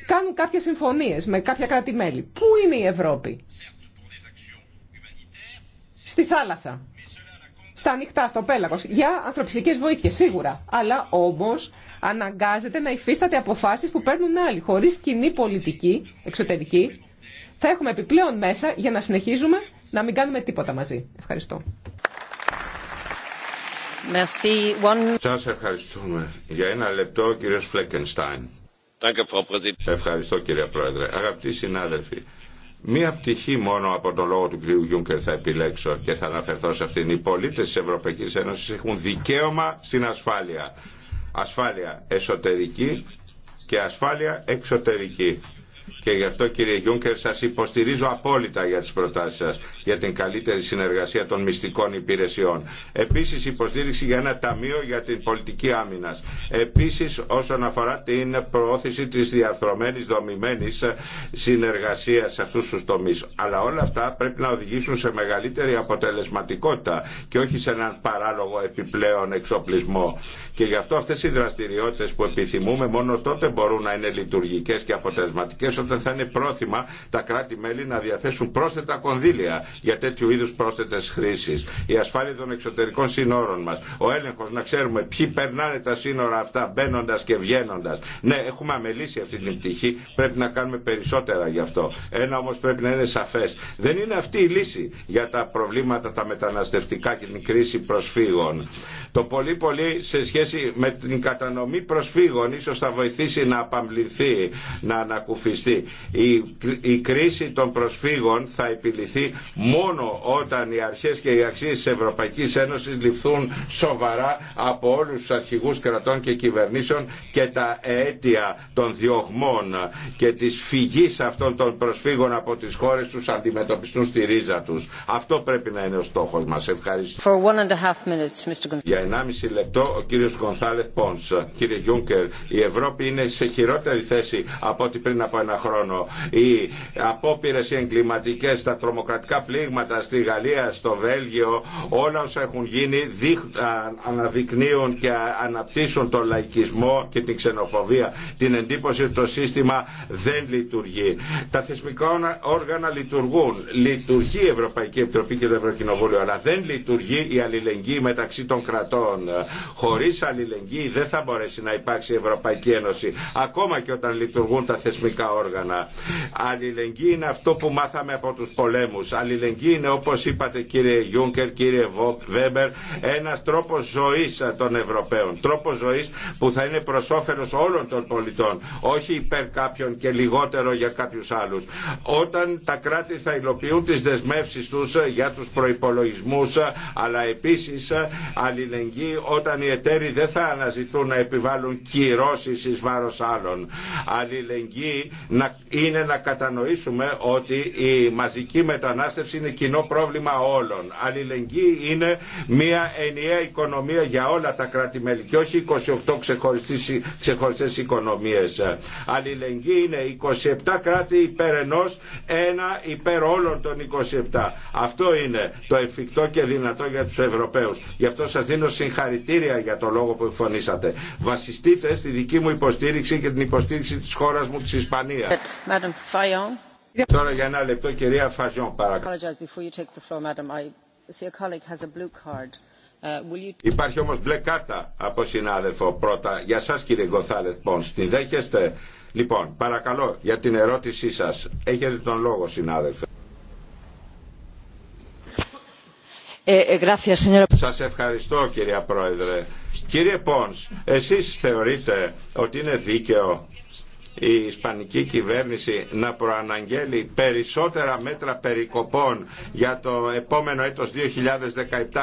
Κάνουν κάποιες συμφωνίες με κάποια κράτη-μέλη. Πού είναι η Ευρώπη? Στη θάλασσα. Στα ανοιχτά, στο πέλαγος. Για ανθρωπιστικές βοήθειες, σίγουρα. Αλλά όμως αναγκάζεται να υφίσταται αποφάσεις που παίρνουν άλλοι. Χωρίς κοινή πολιτική εξωτερική θα έχουμε επιπλέον μέσα για να συνεχίζουμε να μην κάνουμε τίποτα μαζί. Ευχαριστώ. Σας ευχαριστούμε. Για ένα λεπτό ο κύριος Φλέκενστάιν. Ευχαριστώ κύριε Πρόεδρε. Αγαπητοί συνάδελφοι, Μία πτυχή μόνο από τον λόγο του κύριου Γιούγκερ θα επιλέξω και θα αναφερθώ σε αυτήν. Οι πολίτε τη Ευρωπαϊκή Ένωση έχουν δικαίωμα στην ασφάλεια. Ασφάλεια εσωτερική και ασφάλεια εξωτερική. Και γι' αυτό κύριε Γιούγκερ σας υποστηρίζω απόλυτα για τις προτάσεις σας για την καλύτερη συνεργασία των μυστικών υπηρεσιών. Επίση, υποστήριξη για ένα ταμείο για την πολιτική άμυνα. Επίση, όσον αφορά την προώθηση τη διαρθρωμένη δομημένη συνεργασία σε αυτού του τομεί. Αλλά όλα αυτά πρέπει να οδηγήσουν σε μεγαλύτερη αποτελεσματικότητα και όχι σε έναν παράλογο επιπλέον εξοπλισμό. Και γι' αυτό αυτέ οι δραστηριότητε που επιθυμούμε μόνο τότε μπορούν να είναι λειτουργικέ και αποτελεσματικέ όταν θα είναι πρόθυμα τα κράτη-μέλη να διαθέσουν πρόσθετα κονδύλια για τέτοιου είδου πρόσθετε χρήσει. Η ασφάλεια των εξωτερικών σύνορων μα. Ο έλεγχο να ξέρουμε ποιοι περνάνε τα σύνορα αυτά μπαίνοντα και βγαίνοντα. Ναι, έχουμε αμελήσει αυτή την πτυχή. Πρέπει να κάνουμε περισσότερα γι' αυτό. Ένα όμω πρέπει να είναι σαφέ. Δεν είναι αυτή η λύση για τα προβλήματα τα μεταναστευτικά και την κρίση προσφύγων. Το πολύ πολύ σε σχέση με την κατανομή προσφύγων ίσω θα βοηθήσει να απαμπληθεί, να ανακουφιστεί. Η, η κρίση των προσφύγων θα επιληθεί μόνο όταν οι αρχές και οι αξίες της Ευρωπαϊκής Ένωσης ληφθούν σοβαρά από όλους τους αρχηγούς κρατών και κυβερνήσεων και τα αίτια των διωγμών και της φυγής αυτών των προσφύγων από τις χώρες τους αντιμετωπιστούν στη ρίζα τους. Αυτό πρέπει να είναι ο στόχος μας. Ευχαριστώ. For one and a half minutes, Mr. Για 1,5 λεπτό ο κύριος Γκονθάλεθ Πόνς. Κύριε Γιούγκερ, η Ευρώπη είναι σε χειρότερη θέση από ό,τι πριν από ένα χρόνο. Οι απόπειρες οι εγκληματικές, τα τρομοκρατικά πλήγματα στη Γαλλία, στο Βέλγιο, όλα όσα έχουν γίνει αναδεικνύουν και αναπτύσσουν τον λαϊκισμό και την ξενοφοβία. Την εντύπωση ότι το σύστημα δεν λειτουργεί. Τα θεσμικά όργανα λειτουργούν. Λειτουργεί η Ευρωπαϊκή Επιτροπή και το Ευρωκοινοβούλιο, αλλά δεν λειτουργεί η αλληλεγγύη μεταξύ των κρατών. Χωρί αλληλεγγύη δεν θα μπορέσει να υπάρξει η Ευρωπαϊκή Ένωση, ακόμα και όταν λειτουργούν τα θεσμικά όργανα. Αλληλεγγύη είναι αυτό που μάθαμε από του πολέμου αλληλεγγύη είναι όπως είπατε κύριε Γιούγκερ, κύριε Βέμπερ, ένας τρόπος ζωής των Ευρωπαίων. Τρόπος ζωής που θα είναι προς όφελος όλων των πολιτών, όχι υπέρ κάποιων και λιγότερο για κάποιους άλλους. Όταν τα κράτη θα υλοποιούν τις δεσμεύσεις τους ε, για τους προϋπολογισμούς, ε, αλλά επίσης ε, αλληλεγγύη όταν οι εταίροι δεν θα αναζητούν να επιβάλλουν κυρώσεις εις βάρος άλλων. Αλληλεγγύη είναι να κατανοήσουμε ότι η μαζική μετανάστευση είναι κοινό πρόβλημα όλων. Αλληλεγγύη είναι μια ενιαία οικονομία για όλα τα κράτη-μέλη και όχι 28 ξεχωριστέ οικονομίε. Αλληλεγγύη είναι 27 κράτη υπέρ ενό, ένα υπέρ όλων των 27. Αυτό είναι το εφικτό και δυνατό για τους Ευρωπαίους. Γι' αυτό σας δίνω συγχαρητήρια για το λόγο που εκφωνήσατε. Βασιστείτε στη δική μου υποστήριξη και την υποστήριξη τη χώρα μου της Ισπανίας. Τώρα για ένα λεπτό κυρία παρακαλώ. Uh, Υπάρχει όμως μπλε κάρτα από συνάδελφο πρώτα. Για σας κύριε Γκοθάλετ Πόνς, την δέχεστε. Λοιπόν, παρακαλώ για την ερώτησή σας. Έχετε τον λόγο συνάδελφε. Ε, ε σας ευχαριστώ κυρία Πρόεδρε. Κύριε Πόνς, εσείς θεωρείτε ότι είναι δίκαιο η Ισπανική κυβέρνηση να προαναγγέλει περισσότερα μέτρα περικοπών για το επόμενο έτος 2017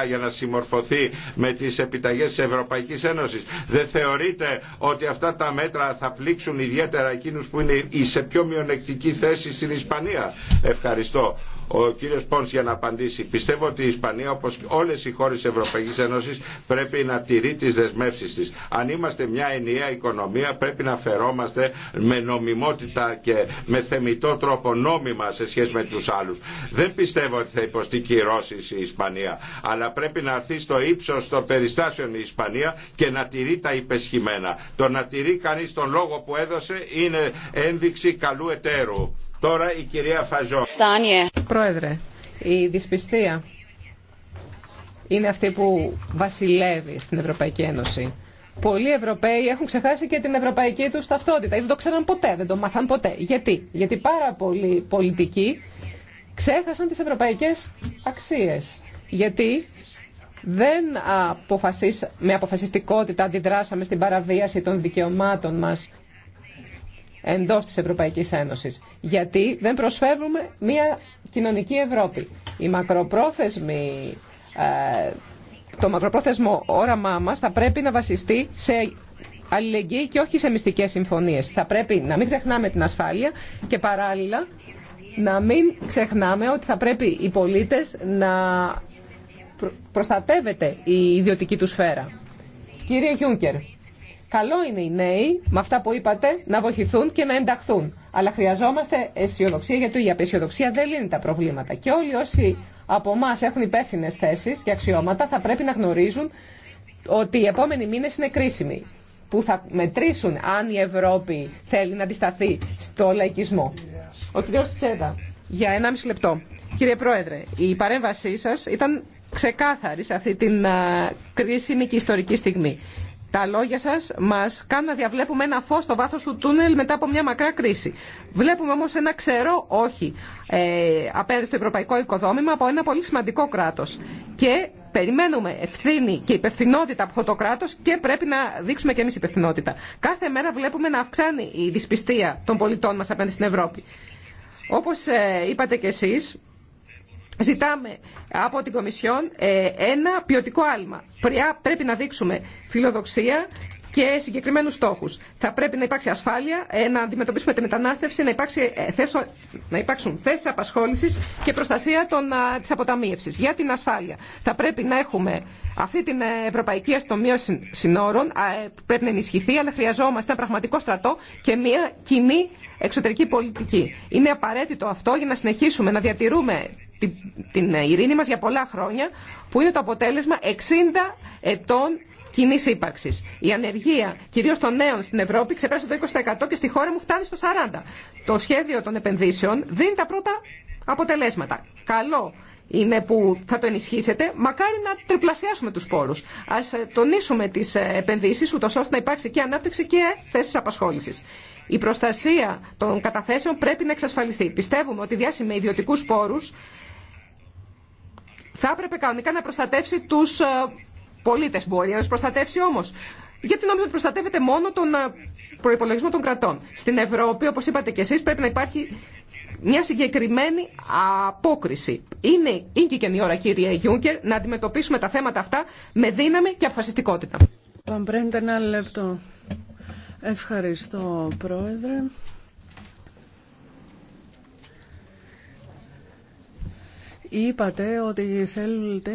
για να συμμορφωθεί με τις επιταγές της Ευρωπαϊκής Ένωσης. Δεν θεωρείτε ότι αυτά τα μέτρα θα πλήξουν ιδιαίτερα εκείνους που είναι σε πιο μειονεκτική θέση στην Ισπανία. Ευχαριστώ. Ο κύριος Πόνς για να απαντήσει. Πιστεύω ότι η Ισπανία όπως όλες οι χώρες της Ευρωπαϊκής Ένωσης πρέπει να τηρεί τις δεσμεύσεις της. Αν είμαστε μια ενιαία οικονομία πρέπει να φερόμαστε με νομιμότητα και με θεμητό τρόπο νόμιμα σε σχέση με τους άλλους. Δεν πιστεύω ότι θα υποστεί κυρώσεις η Ισπανία, αλλά πρέπει να έρθει στο ύψος των περιστάσεων η Ισπανία και να τηρεί τα υπεσχημένα. Το να τηρεί κανείς τον λόγο που έδωσε είναι ένδειξη καλού εταίρου. Τώρα η κυρία Φαζό. Στάνιε. Πρόεδρε, η δυσπιστία είναι αυτή που βασιλεύει στην Ευρωπαϊκή Ένωση. Πολλοί Ευρωπαίοι έχουν ξεχάσει και την ευρωπαϊκή του ταυτότητα. Δεν το ξέραν ποτέ, δεν το μάθαν ποτέ. Γιατί, Γιατί πάρα πολλοί πολιτικοί ξέχασαν τις ευρωπαϊκές αξίες. Γιατί δεν αποφασίσ... με αποφασιστικότητα αντιδράσαμε στην παραβίαση των δικαιωμάτων μας εντός της Ευρωπαϊκής Ένωσης. Γιατί δεν προσφέρουμε μια κοινωνική Ευρώπη. Η μακροπρόθεσμη, ε, το μακροπρόθεσμο όραμά μας θα πρέπει να βασιστεί σε αλληλεγγύη και όχι σε μυστικές συμφωνίες. Θα πρέπει να μην ξεχνάμε την ασφάλεια και παράλληλα να μην ξεχνάμε ότι θα πρέπει οι πολίτες να προστατεύεται η ιδιωτική του σφαίρα. Κύριε Γιούγκερ Καλό είναι οι νέοι, με αυτά που είπατε, να βοηθηθούν και να ενταχθούν. Αλλά χρειαζόμαστε αισιοδοξία, γιατί η απεσιοδοξία δεν λύνει τα προβλήματα. Και όλοι όσοι από εμά έχουν υπεύθυνε θέσει και αξιώματα θα πρέπει να γνωρίζουν ότι οι επόμενοι μήνε είναι κρίσιμοι. Που θα μετρήσουν αν η Ευρώπη θέλει να αντισταθεί στο λαϊκισμό. Ο κ. Τσέδα, για 1,5 λεπτό. Κύριε Πρόεδρε, η παρέμβασή σας ήταν ξεκάθαρη σε αυτή την κρίσιμη και ιστορική στιγμή. Τα λόγια σα μα κάνουν να διαβλέπουμε ένα φω στο βάθο του τούνελ μετά από μια μακρά κρίση. Βλέπουμε όμω ένα ξερό όχι ε, απέναντι στο ευρωπαϊκό οικοδόμημα από ένα πολύ σημαντικό κράτο. Και περιμένουμε ευθύνη και υπευθυνότητα από αυτό το κράτο και πρέπει να δείξουμε και εμεί υπευθυνότητα. Κάθε μέρα βλέπουμε να αυξάνει η δυσπιστία των πολιτών μα απέναντι στην Ευρώπη. Όπω ε, είπατε κι εσεί, Ζητάμε από την Κομισιόν ε, ένα ποιοτικό άλμα. Πρέπει να δείξουμε φιλοδοξία και συγκεκριμένου στόχου. Θα πρέπει να υπάρξει ασφάλεια, ε, να αντιμετωπίσουμε τη μετανάστευση, να, υπάρξει, ε, να υπάρξουν θέσει απασχόληση και προστασία τη αποταμίευση. Για την ασφάλεια θα πρέπει να έχουμε αυτή την Ευρωπαϊκή Αστομία Συνόρων, πρέπει να ενισχυθεί, αλλά χρειαζόμαστε ένα πραγματικό στρατό και μια κοινή εξωτερική πολιτική. Είναι απαραίτητο αυτό για να συνεχίσουμε να διατηρούμε την ειρήνη μας για πολλά χρόνια, που είναι το αποτέλεσμα 60 ετών κοινή ύπαρξη. Η ανεργία, κυρίω των νέων στην Ευρώπη, ξεπέρασε το 20% και στη χώρα μου φτάνει στο 40%. Το σχέδιο των επενδύσεων δίνει τα πρώτα αποτελέσματα. Καλό είναι που θα το ενισχύσετε, μακάρι να τριπλασιάσουμε τους πόρους. Ας ε, τονίσουμε τις ε, επενδύσεις, ούτως ώστε να υπάρξει και ανάπτυξη και θέσεις απασχόλησης. Η προστασία των καταθέσεων πρέπει να εξασφαλιστεί. Πιστεύουμε ότι με ιδιωτικού πόρου θα έπρεπε κανονικά να προστατεύσει τους ε, πολίτες. Μπορεί να του προστατεύσει όμως. Γιατί νόμιζα ότι προστατεύεται μόνο τον ε, προπολογισμό των κρατών. Στην Ευρώπη, όπως είπατε και εσείς, πρέπει να υπάρχει μια συγκεκριμένη απόκριση. Είναι και η ώρα, κύριε Γιούγκερ, να αντιμετωπίσουμε τα θέματα αυτά με δύναμη και αποφασιστικότητα. Ευχαριστώ, Πρόεδρε. Είπατε ότι θέλετε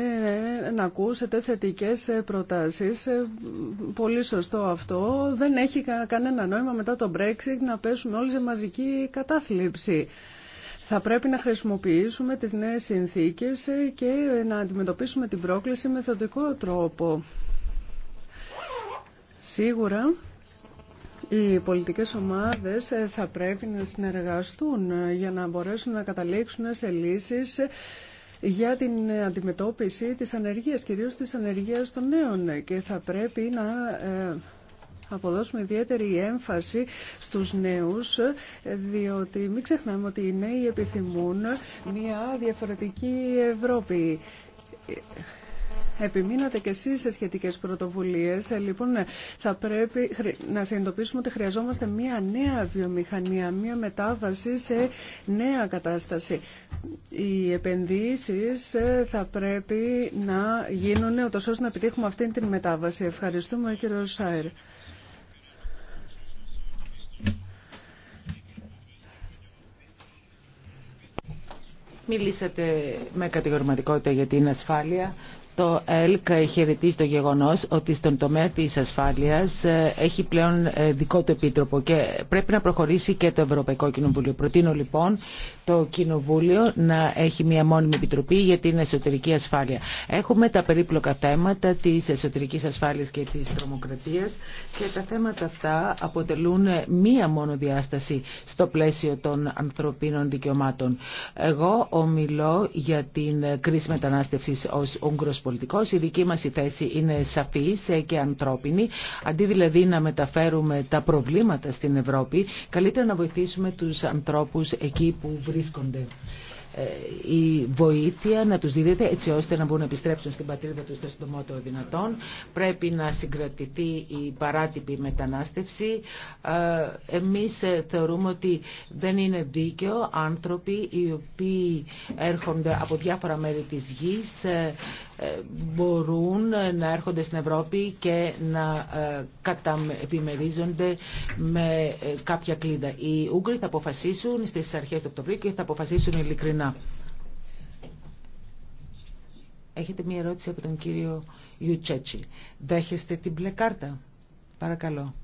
να ακούσετε θετικές προτάσεις. Ε, πολύ σωστό αυτό. Δεν έχει κανένα νόημα μετά το Brexit να πέσουν όλοι σε μαζική κατάθλιψη. Θα πρέπει να χρησιμοποιήσουμε τις νέες συνθήκες ε, και να αντιμετωπίσουμε την πρόκληση με θετικό τρόπο. Σίγουρα οι πολιτικές ομάδες ε, θα πρέπει να συνεργαστούν για να μπορέσουν να καταλήξουν σε λύσεις για την αντιμετώπιση της ανεργίας, κυρίως της ανεργίας των νέων και θα πρέπει να ε, αποδώσουμε ιδιαίτερη έμφαση στους νέους, διότι μην ξεχνάμε ότι οι νέοι επιθυμούν μια διαφορετική Ευρώπη. Επιμείνατε και εσείς σε σχετικές πρωτοβουλίες. Ε, λοιπόν, ε, θα πρέπει να συνειδητοποιήσουμε ότι χρειαζόμαστε μια νέα βιομηχανία, μια μετάβαση σε νέα κατάσταση. Οι επενδύσεις ε, θα πρέπει να γίνουν ούτως ώστε να επιτύχουμε αυτή την μετάβαση. Ευχαριστούμε κύριο Σάιρ. Μιλήσατε με κατηγορηματικότητα για την ασφάλεια το ΕΛΚ χαιρετίζει το γεγονός ότι στον τομέα της ασφάλειας ε, έχει πλέον ε, δικό του επίτροπο και πρέπει να προχωρήσει και το Ευρωπαϊκό Κοινοβούλιο. Προτείνω λοιπόν το Κοινοβούλιο να έχει μια μόνιμη επιτροπή για την εσωτερική ασφάλεια. Έχουμε τα περίπλοκα θέματα της εσωτερικής ασφάλειας και της τρομοκρατίας και τα θέματα αυτά αποτελούν μία μόνο διάσταση στο πλαίσιο των ανθρωπίνων δικαιωμάτων. Εγώ ομιλώ για την κρίση μετανάστευσης ως πολιτικός. Η δική μας η θέση είναι σαφής και ανθρώπινη. Αντί δηλαδή να μεταφέρουμε τα προβλήματα στην Ευρώπη, καλύτερα να βοηθήσουμε τους ανθρώπους εκεί που βρίσκονται ε, η βοήθεια να τους δίδεται έτσι ώστε να μπορούν να επιστρέψουν στην πατρίδα τους το συντομότερο δυνατόν. Πρέπει να συγκρατηθεί η παράτυπη μετανάστευση. Ε, εμείς ε, θεωρούμε ότι δεν είναι δίκαιο άνθρωποι οι οποίοι έρχονται από διάφορα μέρη της γης ε, μπορούν να έρχονται στην Ευρώπη και να ε, καταεπιμερίζονται με ε, κάποια κλίδα. Οι Ούγγροι θα αποφασίσουν στις αρχές του Οκτωβρίου και θα αποφασίσουν ειλικρινά. Έχετε μία ερώτηση από τον κύριο Ιουτσέτσι. Δέχεστε την μπλε κάρτα. Παρακαλώ.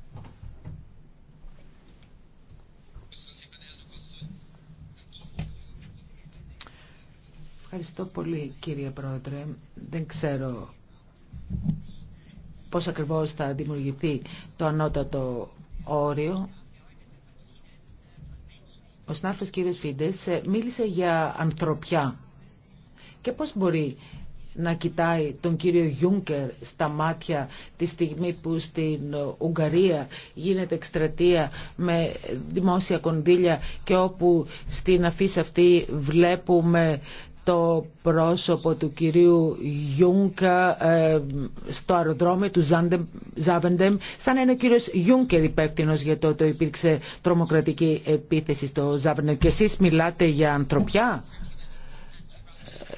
Ευχαριστώ πολύ κύριε Πρόεδρε. Δεν ξέρω πώς ακριβώς θα δημιουργηθεί το ανώτατο όριο. Ο συνάδελφος κύριος Φίντες μίλησε για ανθρωπιά και πώς μπορεί να κοιτάει τον κύριο Γιούνκερ στα μάτια τη στιγμή που στην Ουγγαρία γίνεται εκστρατεία με δημόσια κονδύλια και όπου στην αφή αυτή βλέπουμε το πρόσωπο του κυρίου Γιούγκα ε, στο αεροδρόμιο του Ζάβεντεμ σαν ένα είναι ο κύριος Γιούγκερ υπεύθυνο για το ότι υπήρξε τρομοκρατική επίθεση στο Ζάβεντεμ και εσείς μιλάτε για ανθρωπιά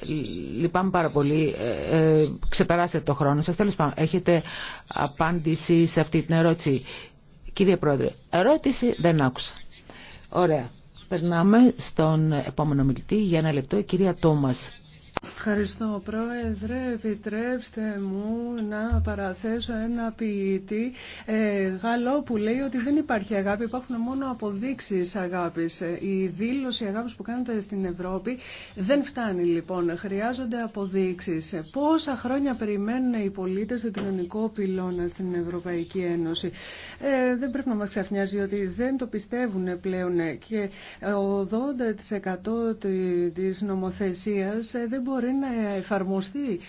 ε, λυπάμαι πάρα πολύ ε, ξεπεράσετε το χρόνο σας τέλος πάντων έχετε απάντηση σε αυτή την ερώτηση κύριε πρόεδρε ερώτηση δεν άκουσα ωραία Περνάμε στον επόμενο μιλητή για ένα λεπτό, η κυρία Τόμας. Ευχαριστώ Πρόεδρε. Επιτρέψτε μου να παραθέσω ένα ποιητή ε, Γαλλό που λέει ότι δεν υπάρχει αγάπη, υπάρχουν μόνο αποδείξεις αγάπης. Ε, η δήλωση αγάπης που κάνετε στην Ευρώπη δεν φτάνει λοιπόν, χρειάζονται αποδείξεις. Πόσα χρόνια περιμένουν οι πολίτες το κοινωνικό πυλώνα στην Ευρωπαϊκή Ένωση. Ε, δεν πρέπει να μας ξαφνιάζει ότι δεν το πιστεύουν πλέον και 80% της νομοθεσίας ε, δεν μπορεί να εφαρμοστεί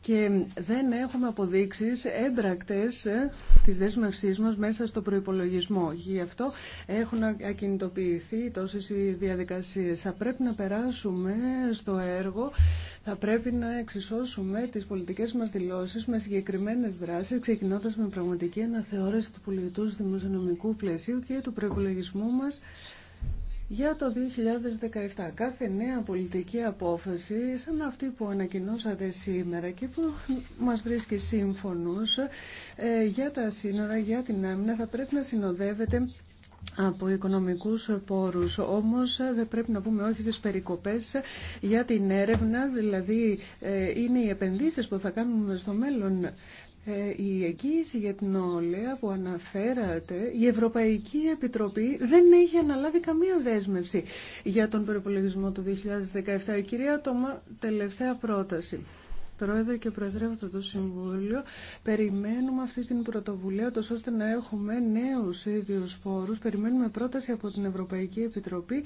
και δεν έχουμε αποδείξεις έδρακτες ε, της δέσμευσής μας μέσα στο προϋπολογισμό. Γι' αυτό έχουν ακινητοποιηθεί τόσες οι διαδικασίες. Θα πρέπει να περάσουμε στο έργο, θα πρέπει να εξισώσουμε τις πολιτικές μας δηλώσεις με συγκεκριμένες δράσεις, ξεκινώντας με πραγματική αναθεώρηση του πολιτικού δημοσιονομικού πλαισίου και του προϋπολογισμού μας για το 2017, κάθε νέα πολιτική απόφαση, σαν αυτή που ανακοινώσατε σήμερα και που μας βρίσκει σύμφωνους ε, για τα σύνορα, για την άμυνα, θα πρέπει να συνοδεύεται από οικονομικούς πόρους. Όμως ε, δεν πρέπει να πούμε όχι στις περικοπές για την έρευνα, δηλαδή ε, είναι οι επενδύσεις που θα κάνουμε στο μέλλον. Ε, η εγγύηση για την νεολαία που αναφέρατε, η Ευρωπαϊκή Επιτροπή δεν είχε αναλάβει καμία δέσμευση για τον προπολογισμό του 2017. Η κυρία Τόμα, τελευταία πρόταση. Πρόεδρε και Προεδρεύοντα το Συμβούλιο, περιμένουμε αυτή την πρωτοβουλία, τόσο ώστε να έχουμε νέους ίδιους πόρους. Περιμένουμε πρόταση από την Ευρωπαϊκή Επιτροπή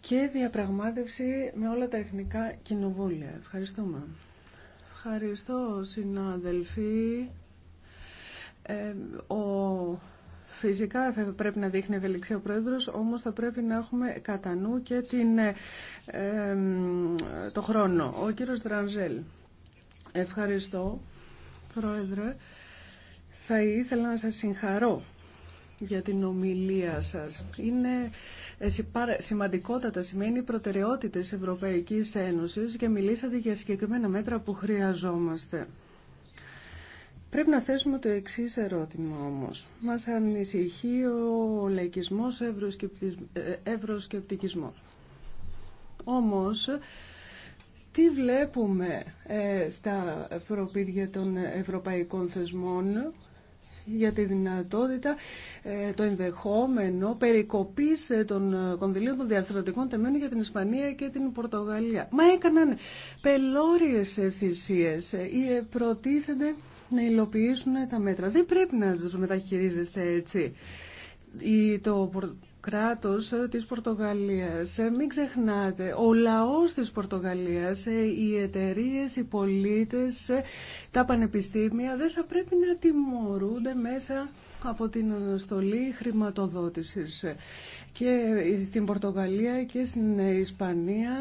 και διαπραγμάτευση με όλα τα εθνικά κοινοβούλια. Ευχαριστούμε. Ευχαριστώ, συνάδελφοι. Ε, ο... Φυσικά θα πρέπει να δείχνει ευελιξία ο Πρόεδρος, όμως θα πρέπει να έχουμε κατά νου και την, ε, το χρόνο. Ο κύριος Δρανζέλ. Ευχαριστώ, Πρόεδρε. Θα ήθελα να σας συγχαρώ για την ομιλία σας. Είναι ε, σημαντικότατα, σημαίνει προτεραιότητες Ευρωπαϊκής Ένωσης και μιλήσατε για συγκεκριμένα μέτρα που χρειαζόμαστε. Πρέπει να θέσουμε το εξής ερώτημα όμως. Μας ανησυχεί ο λαϊκισμός ε, ευρωσκεπτικισμός. Όμως, τι βλέπουμε ε, στα προπήρια των ευρωπαϊκών θεσμών για τη δυνατότητα, ε, το ενδεχόμενο περικοπής ε, των ε, κονδυλίων των διαρθρωτικών τεμένων για την Ισπανία και την Πορτογαλία. Μα έκαναν πελώριες θυσίες ή προτίθενται να υλοποιήσουν τα μέτρα. Δεν πρέπει να τους μεταχειρίζεστε έτσι. Το κράτος ε, της Πορτογαλίας. Ε, μην ξεχνάτε, ο λαός της Πορτογαλίας, ε, οι εταιρείε, οι πολίτες, τα πανεπιστήμια δεν θα πρέπει να τιμωρούνται μέσα από την στολή χρηματοδότησης. Και στην Πορτογαλία και στην Ισπανία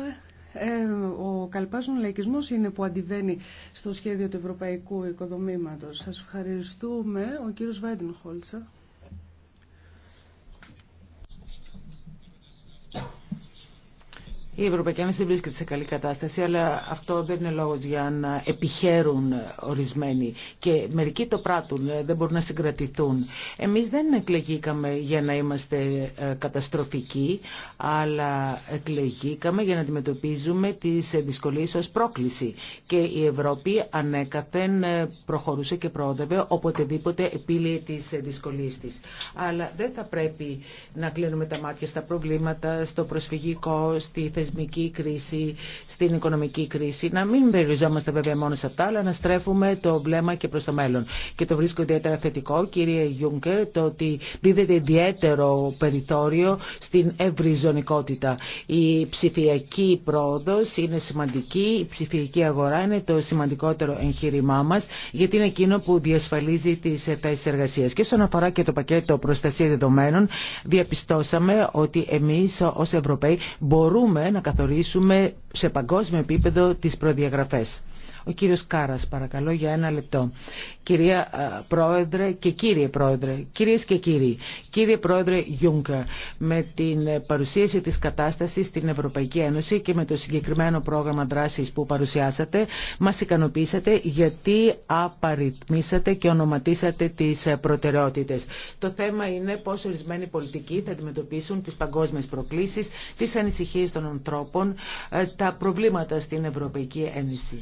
ο καλπάζων λαϊκισμός είναι που αντιβαίνει στο σχέδιο του ευρωπαϊκού οικοδομήματος. Σας ευχαριστούμε. Ο κύριος Χόλτσα. Η Ευρωπαϊκή Ένωση βρίσκεται σε καλή κατάσταση, αλλά αυτό δεν είναι λόγο για να επιχαίρουν ορισμένοι. Και μερικοί το πράττουν, δεν μπορούν να συγκρατηθούν. Εμεί δεν εκλεγήκαμε για να είμαστε ε, καταστροφικοί, αλλά εκλεγήκαμε για να αντιμετωπίζουμε τι δυσκολίε ω πρόκληση. Και η Ευρώπη ανέκαθεν ε, προχωρούσε και πρόοδευε οποτεδήποτε επίλυε τις δυσκολίες τη. Αλλά δεν θα πρέπει να κλείνουμε τα μάτια στα προβλήματα, στο προσφυγικό, στη θεσμική κρίση, στην οικονομική κρίση. Να μην περιοριζόμαστε βέβαια μόνο σε αυτά, αλλά να στρέφουμε το βλέμμα και προ το μέλλον. Και το βρίσκω ιδιαίτερα θετικό, κύριε Γιούγκερ, το ότι δίδεται ιδιαίτερο περιθώριο στην ευρυζωνικότητα. Η ψηφιακή πρόοδο είναι σημαντική, η ψηφιακή αγορά είναι το σημαντικότερο εγχείρημά μα, γιατί είναι εκείνο που διασφαλίζει τι θέσει εργασία. Και όσον αφορά και το πακέτο προστασία δεδομένων, διαπιστώσαμε ότι εμεί ω Ευρωπαίοι μπορούμε να καθορίσουμε σε παγκόσμιο επίπεδο τις προδιαγραφές. Ο κύριος Κάρας, παρακαλώ, για ένα λεπτό. Κυρία ε, Πρόεδρε και κύριε Πρόεδρε, κυρίες και κύριοι, κύριε Πρόεδρε Γιούγκα, με την παρουσίαση της κατάστασης στην Ευρωπαϊκή Ένωση και με το συγκεκριμένο πρόγραμμα δράσης που παρουσιάσατε, μας ικανοποίησατε γιατί απαριθμίσατε και ονοματίσατε τις προτεραιότητες. Το θέμα είναι πώς ορισμένοι πολιτικοί θα αντιμετωπίσουν τις παγκόσμιες προκλήσεις, τις ανησυχίες των ανθρώπων, ε, τα προβλήματα στην Ευρωπαϊκή Ένωση.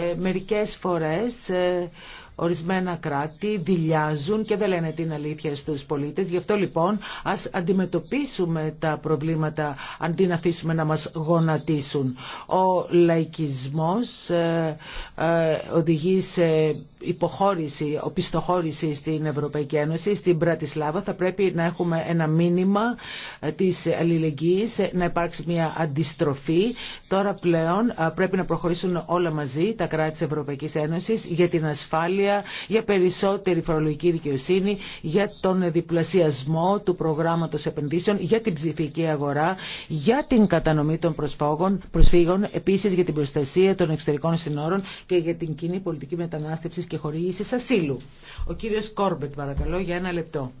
Ε, μερικές φορές ε, Ορισμένα κράτη δηλιάζουν και δεν λένε την αλήθεια στους πολίτες. Γι' αυτό λοιπόν ας αντιμετωπίσουμε τα προβλήματα αντί να αφήσουμε να μας γονατίσουν. Ο λαϊκισμός ε, ε, οδηγεί σε υποχώρηση, οπισθοχώρηση στην Ευρωπαϊκή Ένωση. Στην Πρατισλάβα θα πρέπει να έχουμε ένα μήνυμα ε, της αλληλεγγύης, να υπάρξει μια αντιστροφή. Τώρα πλέον πρέπει να προχωρήσουν όλα μαζί τα κράτη της Ευρωπαϊκής Ένωσης για την ασφάλεια για περισσότερη φορολογική δικαιοσύνη, για τον διπλασιασμό του προγράμματο επενδύσεων, για την ψηφική αγορά, για την κατανομή των προσφύγων, επίση για την προστασία των εξωτερικών συνόρων και για την κοινή πολιτική μετανάστευση και χορήγηση ασύλου. Ο κύριο Κόρμπετ, παρακαλώ, για ένα λεπτό.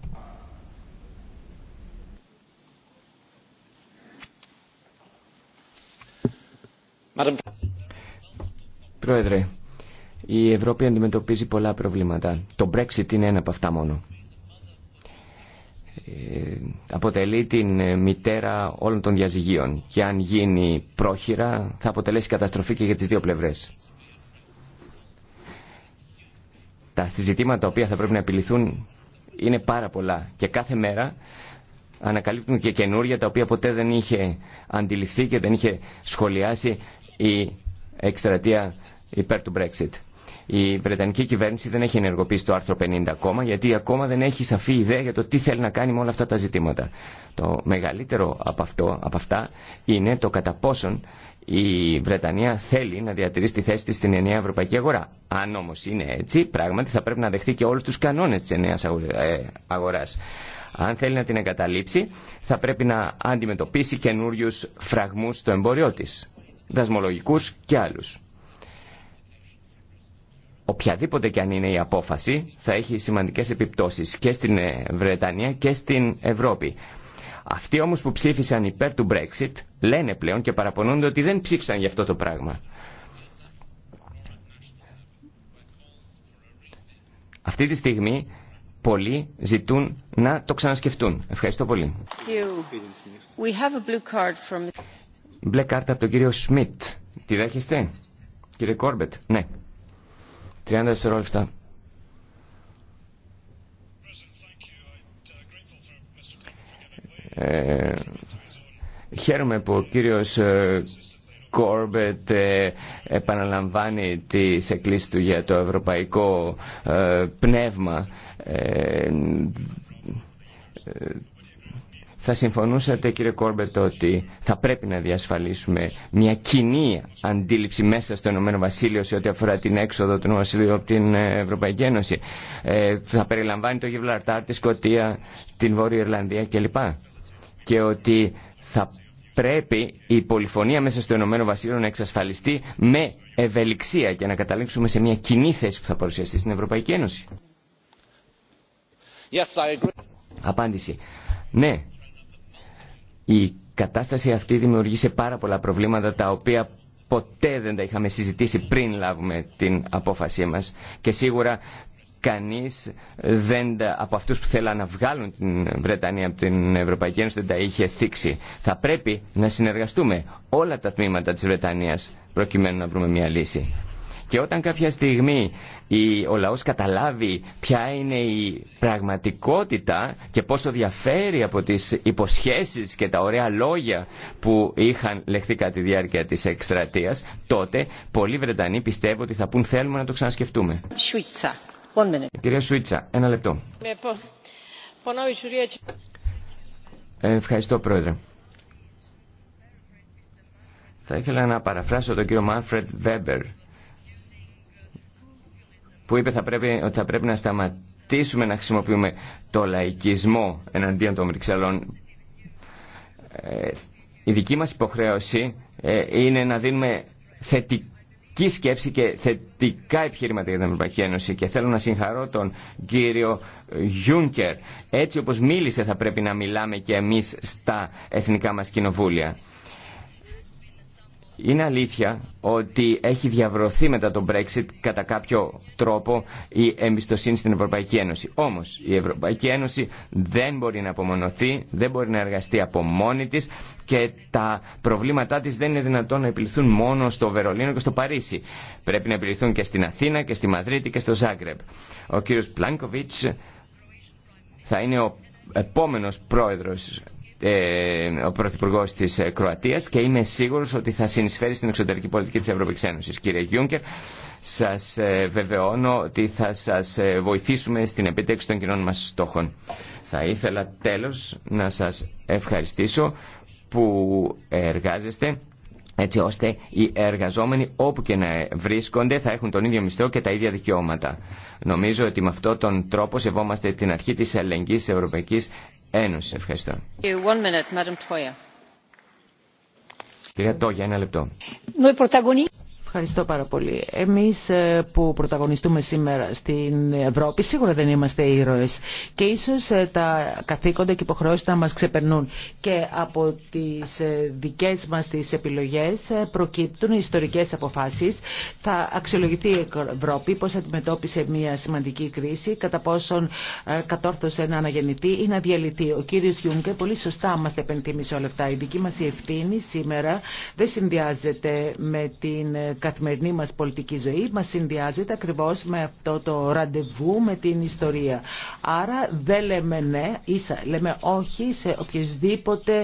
Πρόεδρε, η Ευρώπη αντιμετωπίζει πολλά προβλήματα. Το Brexit είναι ένα από αυτά μόνο. Ε, αποτελεί την ε, μητέρα όλων των διαζυγίων και αν γίνει πρόχειρα θα αποτελέσει καταστροφή και για τις δύο πλευρές. Τα συζητήματα τα οποία θα πρέπει να επιληθούν είναι πάρα πολλά και κάθε μέρα ανακαλύπτουν και καινούρια τα οποία ποτέ δεν είχε αντιληφθεί και δεν είχε σχολιάσει η εκστρατεία υπέρ του Brexit. Η Βρετανική κυβέρνηση δεν έχει ενεργοποιήσει το άρθρο 50 ακόμα, γιατί ακόμα δεν έχει σαφή ιδέα για το τι θέλει να κάνει με όλα αυτά τα ζητήματα. Το μεγαλύτερο από, αυτό, από αυτά είναι το κατά πόσον η Βρετανία θέλει να διατηρήσει τη θέση της στην ενιαία ευρωπαϊκή αγορά. Αν όμως είναι έτσι, πράγματι θα πρέπει να δεχτεί και όλους τους κανόνες της ενιαίας ε, αγοράς. Αν θέλει να την εγκαταλείψει, θα πρέπει να αντιμετωπίσει καινούριου φραγμούς στο εμπόριό της, δασμολογικούς και άλλους οποιαδήποτε και αν είναι η απόφαση θα έχει σημαντικές επιπτώσεις και στην ε, Βρετανία και στην Ευρώπη. Αυτοί όμως που ψήφισαν υπέρ του Brexit λένε πλέον και παραπονούνται ότι δεν ψήφισαν για αυτό το πράγμα. Αυτή τη στιγμή πολλοί ζητούν να το ξανασκεφτούν. Ευχαριστώ πολύ. Μπλε κάρτα από τον κύριο Σμιτ. Τη δέχεστε, κύριε Κόρμπετ. Ναι. 30 δευτερόλεπτα. Ε, χαίρομαι που ο κύριος ε, Κόρμπετ ε, επαναλαμβάνει τις εκκλήσεις του για το ευρωπαϊκό πνεύμα θα συμφωνούσατε κύριε Κόρμπετ ότι θα πρέπει να διασφαλίσουμε μια κοινή αντίληψη μέσα στο Ηνωμένο Βασίλειο σε ό,τι αφορά την έξοδο του Βασίλειου από την ε, Ευρωπαϊκή Ένωση. Ε, θα περιλαμβάνει το Γιβλαρτάρ, τη Σκωτία, την Βόρεια Ιρλανδία κλπ. Και ότι θα πρέπει η πολυφωνία μέσα στο Ηνωμένο Βασίλειο να εξασφαλιστεί με ευελιξία και να καταλήξουμε σε μια κοινή θέση που θα παρουσιαστεί στην Ευρωπαϊκή Ένωση. Yes, I agree. Απάντηση. Ναι, η κατάσταση αυτή δημιουργήσε πάρα πολλά προβλήματα τα οποία ποτέ δεν τα είχαμε συζητήσει πριν λάβουμε την απόφασή μας και σίγουρα κανείς δεν, από αυτούς που θέλαν να βγάλουν την Βρετανία από την Ευρωπαϊκή Ένωση δεν τα είχε θίξει. Θα πρέπει να συνεργαστούμε όλα τα τμήματα της Βρετανίας προκειμένου να βρούμε μια λύση. Και όταν κάποια στιγμή ο λαός καταλάβει ποια είναι η πραγματικότητα και πόσο διαφέρει από τις υποσχέσεις και τα ωραία λόγια που είχαν λεχθεί κατά τη διάρκεια της εκστρατείας, τότε πολλοί Βρετανοί πιστεύω ότι θα πούν θέλουμε να το ξανασκεφτούμε. Σουίτσα. Κυρία Σουίτσα, ένα λεπτό. Ναι, ε, ευχαριστώ, Πρόεδρε. Θα ήθελα να παραφράσω τον κύριο Μάνφρετ Βέμπερ που είπε πρέπει, ότι θα πρέπει να σταματήσουμε να χρησιμοποιούμε το λαϊκισμό εναντίον των Βρυξελών. Ε, η δική μας υποχρέωση ε, είναι να δίνουμε θετική σκέψη και θετικά επιχείρηματα για την Ευρωπαϊκή και θέλω να συγχαρώ τον κύριο Γιούνκερ. Έτσι όπως μίλησε θα πρέπει να μιλάμε και εμείς στα εθνικά μας κοινοβούλια. Είναι αλήθεια ότι έχει διαβρωθεί μετά τον Brexit κατά κάποιο τρόπο η εμπιστοσύνη στην Ευρωπαϊκή Ένωση. Όμως η Ευρωπαϊκή Ένωση δεν μπορεί να απομονωθεί, δεν μπορεί να εργαστεί από μόνη της και τα προβλήματά της δεν είναι δυνατόν να επιληθούν μόνο στο Βερολίνο και στο Παρίσι. Πρέπει να επιληθούν και στην Αθήνα και στη Μαδρίτη και στο Ζάγκρεπ. Ο κύριος Πλάνκοβιτς θα είναι ο επόμενος πρόεδρος ε, ο Πρωθυπουργό τη ε, Κροατία και είμαι σίγουρο ότι θα συνεισφέρει στην εξωτερική πολιτική τη Ευρωπαϊκή Ένωση. Κύριε Γιούγκερ, σα ε, βεβαιώνω ότι θα σα βοηθήσουμε στην επίτευξη των κοινών μα στόχων. Θα ήθελα τέλο να σα ευχαριστήσω που εργάζεστε έτσι ώστε οι εργαζόμενοι όπου και να βρίσκονται θα έχουν τον ίδιο μισθό και τα ίδια δικαιώματα. Νομίζω ότι με αυτόν τον τρόπο σεβόμαστε την αρχή της ελεγγύης Ευρωπαϊκής ένωση. Ευχαριστώ. Κυρία Τόγια, ένα λεπτό. Ευχαριστώ πάρα πολύ. Εμείς ε, που πρωταγωνιστούμε σήμερα στην Ευρώπη σίγουρα δεν είμαστε ήρωες και ίσως ε, τα καθήκοντα και υποχρεώσει να μας ξεπερνούν και από τις ε, δικές μας τις επιλογές προκύπτουν ιστορικές αποφάσεις. Θα αξιολογηθεί η Ευρώπη πώ αντιμετώπισε μια σημαντική κρίση, κατά πόσον κατόρθωσε να αναγεννηθεί ή να διαλυθεί. Ο κυριο Γιούγκερ πολύ σωστά μα τα επενθύμισε όλα αυτά. Η δική μας ευθύνη σήμερα δεν συνδυάζεται με την καθημερινή μας πολιτική ζωή μας συνδυάζεται ακριβώς με αυτό το ραντεβού με την ιστορία. Άρα δεν λέμε ναι, ίσα, λέμε όχι σε οποιασδήποτε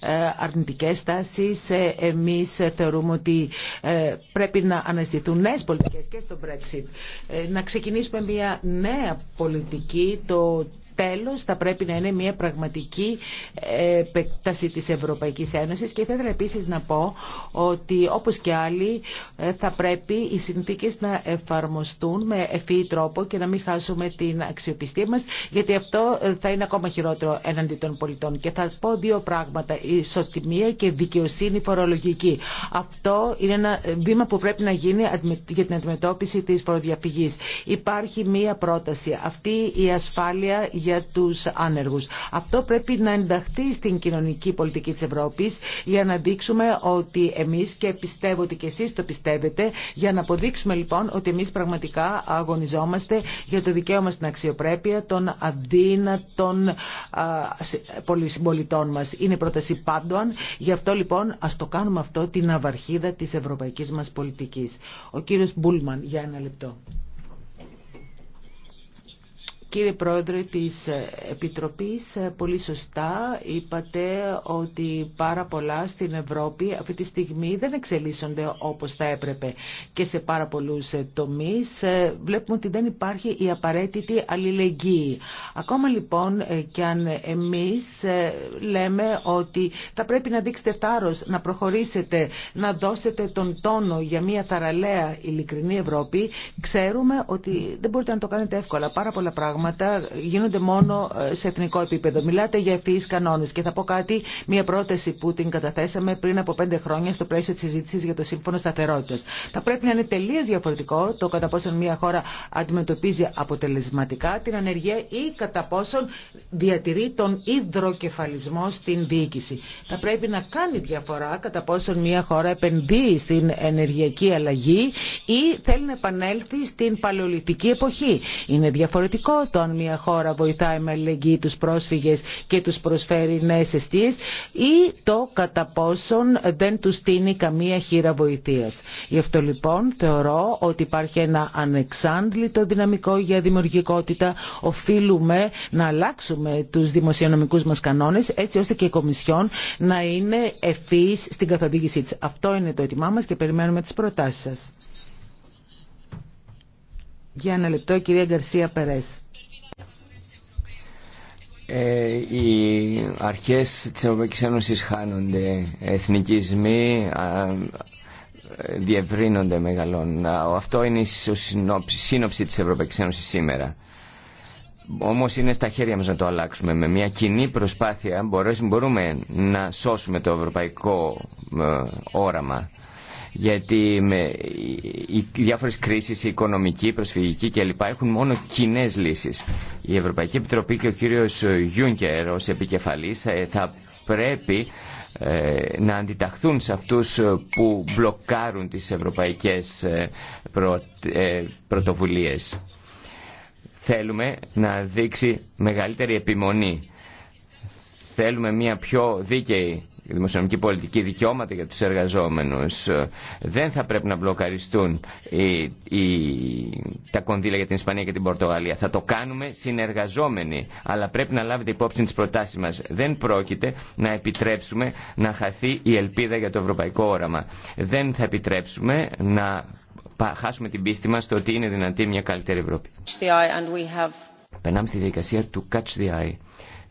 ε, αρνητικές στάσεις. Ε, εμείς θεωρούμε ότι ε, πρέπει να αναστηθούν νέε πολιτικές και στο Brexit. Να ξεκινήσουμε μια νέα πολιτική, το τέλος θα πρέπει να είναι μια πραγματική επέκταση της Ευρωπαϊκής Ένωσης και θα ήθελα επίσης να πω ότι όπως και άλλοι θα πρέπει οι συνθήκες να εφαρμοστούν με ευφύη τρόπο και να μην χάσουμε την αξιοπιστία μας γιατί αυτό θα είναι ακόμα χειρότερο εναντί των πολιτών και θα πω δύο πράγματα ισοτιμία και δικαιοσύνη φορολογική αυτό είναι ένα βήμα που πρέπει να γίνει για την αντιμετώπιση της φοροδιαφυγής υπάρχει μία πρόταση αυτή η ασφάλεια για τους άνεργους. Αυτό πρέπει να ενταχθεί στην κοινωνική πολιτική της Ευρώπης για να δείξουμε ότι εμείς και πιστεύω ότι και εσείς το πιστεύετε για να αποδείξουμε λοιπόν ότι εμείς πραγματικά αγωνιζόμαστε για το δικαίωμα στην αξιοπρέπεια των αδύνατων πολυσυμπολιτών μας. Είναι πρόταση πάντων. Γι' αυτό λοιπόν ας το κάνουμε αυτό την αυαρχίδα της ευρωπαϊκής μας πολιτικής. Ο κύριος Μπούλμαν για ένα λεπτό. Κύριε Πρόεδρε της Επιτροπής, πολύ σωστά είπατε ότι πάρα πολλά στην Ευρώπη αυτή τη στιγμή δεν εξελίσσονται όπως θα έπρεπε και σε πάρα πολλούς τομείς βλέπουμε ότι δεν υπάρχει η απαραίτητη αλληλεγγύη. Ακόμα λοιπόν ε, και αν εμείς ε, λέμε ότι θα πρέπει να δείξετε θάρρος, να προχωρήσετε, να δώσετε τον τόνο για μια θαραλέα ειλικρινή Ευρώπη, ξέρουμε ότι δεν μπορείτε να το κάνετε εύκολα. Πάρα πολλά πράγματα πράγματα γίνονται μόνο ε, σε εθνικό επίπεδο. Μιλάτε για ευθύ κανόνε και θα πω κάτι, μια πρόταση που την καταθέσαμε πριν από πέντε χρόνια στο πλαίσιο τη συζήτηση για το Σύμφωνο Σταθερότητα. Θα πρέπει να είναι τελείω διαφορετικό το κατά πόσον μια χώρα αντιμετωπίζει αποτελεσματικά την ανεργία ή κατά πόσον διατηρεί τον υδροκεφαλισμό στην διοίκηση. Θα πρέπει να κάνει διαφορά κατά πόσον μια χώρα επενδύει στην ενεργειακή αλλαγή ή θέλει να επανέλθει στην παλαιολιτική εποχή. Είναι διαφορετικό το αν μια χώρα βοηθάει με αλληλεγγύη τους πρόσφυγες και τους προσφέρει νέες αιστείες ή το κατά πόσον δεν τους τίνει καμία χείρα βοηθείας. Γι' αυτό λοιπόν θεωρώ ότι υπάρχει ένα ανεξάντλητο δυναμικό για δημιουργικότητα. Οφείλουμε να αλλάξουμε τους δημοσιονομικούς μας κανόνες έτσι ώστε και η Κομισιόν να είναι ευφύης στην καθοδήγησή της. Αυτό είναι το έτοιμά μας και περιμένουμε τις προτάσεις σας. Για ένα λεπτό, κυρία Γκαρσία Περές. Ε, οι αρχές της Ευρωπαϊκής Ένωσης χάνονται, εθνικισμοί διευρύνονται μεγαλών. Αυτό είναι η σύνοψη της Ευρωπαϊκής Ένωσης σήμερα. Όμως είναι στα χέρια μας να το αλλάξουμε. Με μια κοινή προσπάθεια μπορούμε να σώσουμε το ευρωπαϊκό ε, όραμα γιατί οι διάφορες κρίσεις, η οικονομική, η προσφυγική κλπ. έχουν μόνο κοινέ λύσεις. Η Ευρωπαϊκή Επιτροπή και ο κύριος Γιούνκερ ως επικεφαλής ε, θα πρέπει ε, να αντιταχθούν σε αυτούς που μπλοκάρουν τις ευρωπαϊκές ε, πρωτοβουλίες. Θέλουμε να δείξει μεγαλύτερη επιμονή. Θέλουμε μια πιο δίκαιη δημοσιονομική πολιτική δικαιώματα για τους εργαζόμενους. Ε, δεν θα πρέπει να μπλοκαριστούν οι, τα κονδύλια για την Ισπανία και την Πορτογαλία. Θα το κάνουμε συνεργαζόμενοι, αλλά πρέπει να λάβετε υπόψη τις προτάσεις μας. Δεν πρόκειται να επιτρέψουμε να χαθεί η ελπίδα για το ευρωπαϊκό όραμα. Δεν θα επιτρέψουμε να χάσουμε την πίστη μας στο ότι είναι δυνατή μια καλύτερη Ευρώπη. Περνάμε στη διαδικασία του Catch the Eye.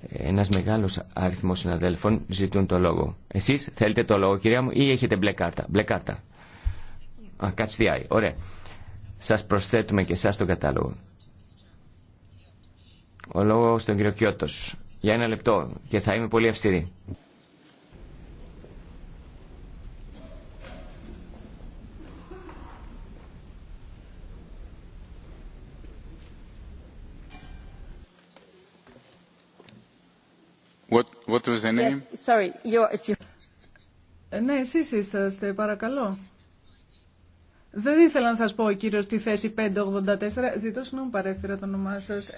Ένας μεγάλος αριθμός συναδέλφων ζητούν το λόγο. Εσείς θέλετε το λόγο κυρία μου ή έχετε μπλε κάρτα. Μπλε κάρτα. Α, catch the Ωραία. Σας προσθέτουμε και εσάς τον κατάλογο. Ο λόγος στον κύριο Κιώτος. Για ένα λεπτό και θα είμαι πολύ αυστηρή. ναι, εσείς είσαστε, παρακαλώ. Δεν ήθελα να σας πω, κύριο, τη θέση 584. Ζητώ συγγνώμη παρέστηρα το όνομά σας.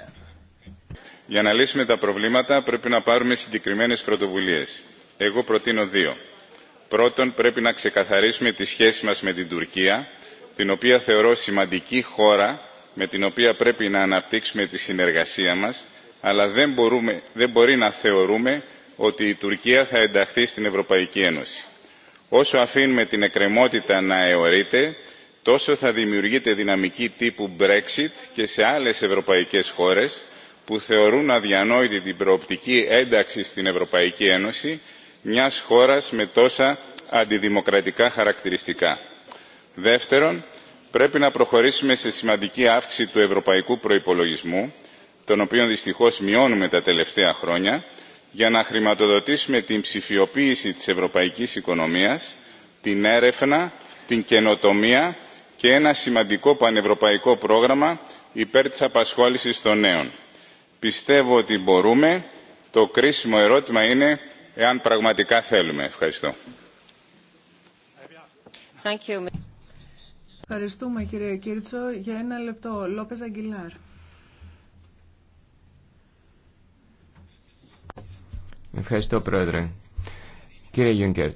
Για να λύσουμε τα προβλήματα πρέπει να πάρουμε συγκεκριμένες πρωτοβουλίες. Εγώ προτείνω δύο. Πρώτον, πρέπει να ξεκαθαρίσουμε τη σχέση μας με την Τουρκία, την οποία θεωρώ σημαντική χώρα με την οποία πρέπει να αναπτύξουμε τη συνεργασία μας, αλλά δεν μπορεί να θεωρούμε ότι η Τουρκία θα ενταχθεί στην Ευρωπαϊκή Ένωση. Όσο αφήνουμε την εκκρεμότητα να αιωρείται, τόσο θα δημιουργείται δυναμική τύπου Brexit και σε άλλες ευρωπαϊκές χώρες που θεωρούν αδιανόητη την προοπτική ένταξη στην Ευρωπαϊκή Ένωση μιας χώρας με τόσα αντιδημοκρατικά χαρακτηριστικά. Δεύτερον, πρέπει να προχωρήσουμε σε σημαντική αύξηση του ευρωπαϊκού προϋπολογισμού, τον οποίο δυστυχώς μειώνουμε τα τελευταία χρόνια, για να χρηματοδοτήσουμε την ψηφιοποίηση της ευρωπαϊκής οικονομίας, την έρευνα, την καινοτομία και ένα σημαντικό πανευρωπαϊκό πρόγραμμα υπέρ της απασχόλησης των νέων. Πιστεύω ότι μπορούμε. Το κρίσιμο ερώτημα είναι εάν πραγματικά θέλουμε. Ευχαριστώ. Ευχαριστούμε κύριε Κίρτσο. Για ένα λεπτό. Λόπες Αγγιλάρ. Ευχαριστώ, Πρόεδρε. Κύριε Γιούγκερ,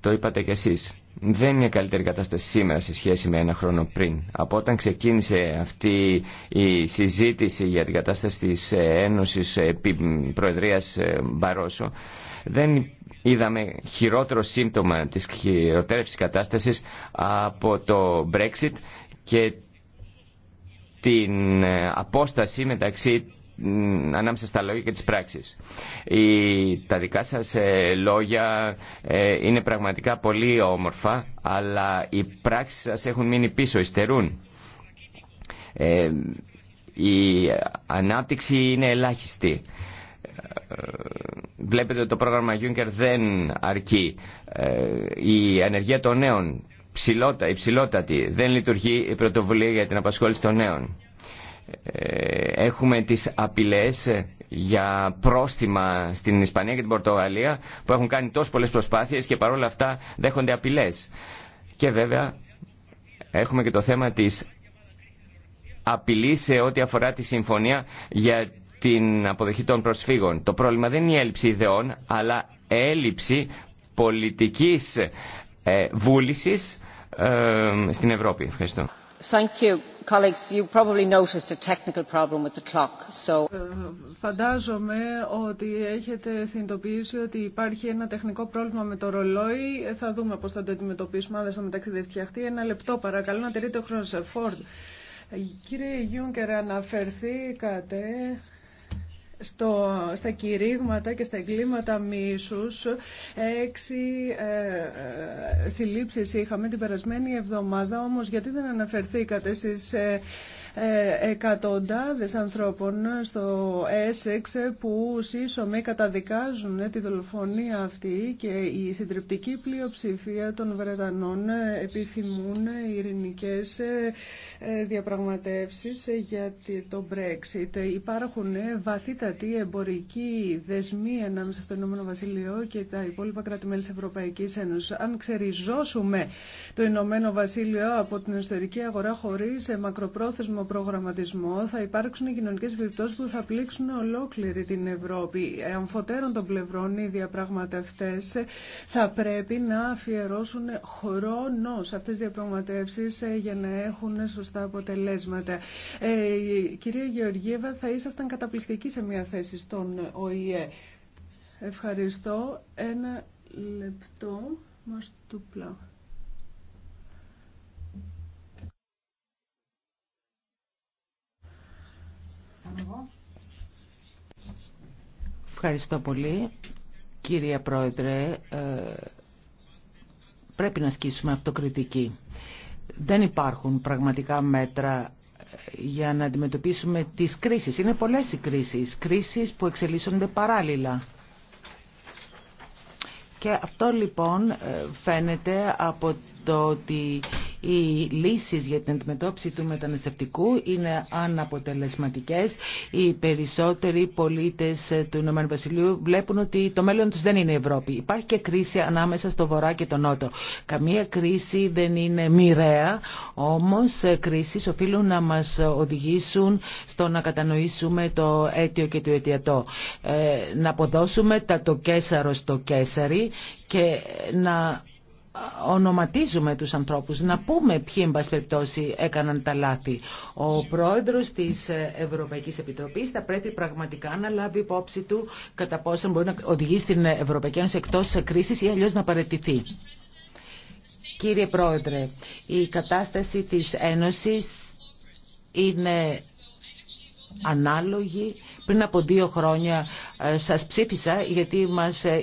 το είπατε κι εσεί. Δεν είναι καλύτερη κατάσταση σήμερα σε σχέση με ένα χρόνο πριν. Από όταν ξεκίνησε αυτή η συζήτηση για την κατάσταση της ε, Ένωσης ε, Προεδρίας ε, Μπαρόσο, δεν είδαμε χειρότερο σύμπτωμα της χειροτέρευση κατάστασης από το Brexit και την απόσταση μεταξύ ανάμεσα στα λόγια και τις πράξεις. Η, τα δικά σας ε, λόγια ε, είναι πραγματικά πολύ όμορφα, αλλά οι πράξεις σας έχουν μείνει πίσω, υστερούν. Ε, η ανάπτυξη είναι ελάχιστη. Βλέπετε ότι το πρόγραμμα Juncker δεν αρκεί. Η ανεργία των νέων, ψηλότατη υψηλότατη, δεν λειτουργεί η πρωτοβουλία για την απασχόληση των νέων. Ε, έχουμε τις απειλές για πρόστιμα στην Ισπανία και την Πορτογαλία που έχουν κάνει τόσο πολλές προσπάθειες και παρόλα αυτά δέχονται απειλές. Και βέβαια έχουμε και το θέμα της απειλή σε ό,τι αφορά τη συμφωνία για την αποδοχή των προσφύγων. Το πρόβλημα δεν είναι η έλλειψη ιδεών, αλλά έλλειψη πολιτικής ε, βούλησης ε, στην Ευρώπη. Ευχαριστώ. Thank Φαντάζομαι ότι έχετε συνειδητοποιήσει ότι υπάρχει ένα τεχνικό πρόβλημα με το ρολόι. Θα δούμε πώς θα το αντιμετωπίσουμε, αν δεν στο μεταξύ δεν φτιαχτεί. Ένα λεπτό παρακαλώ να τηρείτε ο χρόνος. Φόρντ. Ε, ε, κύριε Γιούγκερ, αναφερθήκατε στο, στα κηρύγματα και στα εγκλήματα μίσους. Έξι ε, ε, συλλήψεις είχαμε την περασμένη εβδομάδα, όμως γιατί δεν αναφερθήκατε στις ε, ε, εκατοντάδες ανθρώπων στο Έσεξ που σύσσωμε καταδικάζουν τη δολοφονία αυτή και η συντριπτική πλειοψηφία των Βρετανών επιθυμούν ειρηνικές ε, ε, διαπραγματεύσεις για το Brexit. Υπάρχουν βαθύτατοι εμπορικοί δεσμοί ανάμεσα στο Ηνωμένο Βασίλειο και τα υπόλοιπα κράτη-μέλη της Ευρωπαϊκής Ένωσης. Αν ξεριζώσουμε το Ηνωμένο Βασίλειο από την εσωτερική αγορά χωρίς μακροπρόθεσμο προγραμματισμό θα υπάρξουν κοινωνικέ επιπτώσει που θα πλήξουν ολόκληρη την Ευρώπη. Αμφωτέρων των πλευρών οι διαπραγματευτέ θα πρέπει να αφιερώσουν χρόνο σε αυτέ τι διαπραγματεύσει ε, για να έχουν σωστά αποτελέσματα. Ε, κυρία Γεωργίευα, θα ήσασταν καταπληκτικοί σε μια θέση στον ΟΗΕ. Ευχαριστώ. Ένα λεπτό. Μας τουπλά. Ευχαριστώ πολύ. Κύριε Πρόεδρε, ε, πρέπει να ασκήσουμε αυτοκριτική. Δεν υπάρχουν πραγματικά μέτρα ε, για να αντιμετωπίσουμε τις κρίσεις. Είναι πολλές οι κρίσεις, κρίσεις που εξελίσσονται παράλληλα. Και αυτό λοιπόν ε, φαίνεται από το ότι οι λύσεις για την αντιμετώπιση του μεταναστευτικού είναι αναποτελεσματικές. Οι περισσότεροι πολίτες του Ηνωμένου Βασιλείου βλέπουν ότι το μέλλον τους δεν είναι η Ευρώπη. Υπάρχει και κρίση ανάμεσα στο Βορρά και τον Νότο. Καμία κρίση δεν είναι μοιραία, όμως κρίσεις οφείλουν να μας οδηγήσουν στο να κατανοήσουμε το αίτιο και το αιτιατό. Ε, να αποδώσουμε τα το κέσαρο στο κέσαρι και να ονοματίζουμε τους ανθρώπους, να πούμε ποιοι εν πάση περιπτώσει έκαναν τα λάθη. Ο πρόεδρος της Ευρωπαϊκής Επιτροπής θα πρέπει πραγματικά να λάβει υπόψη του κατά πόσο μπορεί να οδηγεί στην Ευρωπαϊκή Ένωση εκτός κρίσης ή αλλιώς να παραιτηθεί. Κύριε Πρόεδρε, η κατάσταση της Ένωσης είναι ανάλογη. Πριν από δύο χρόνια ε, σας ψήφισα γιατί μας ε,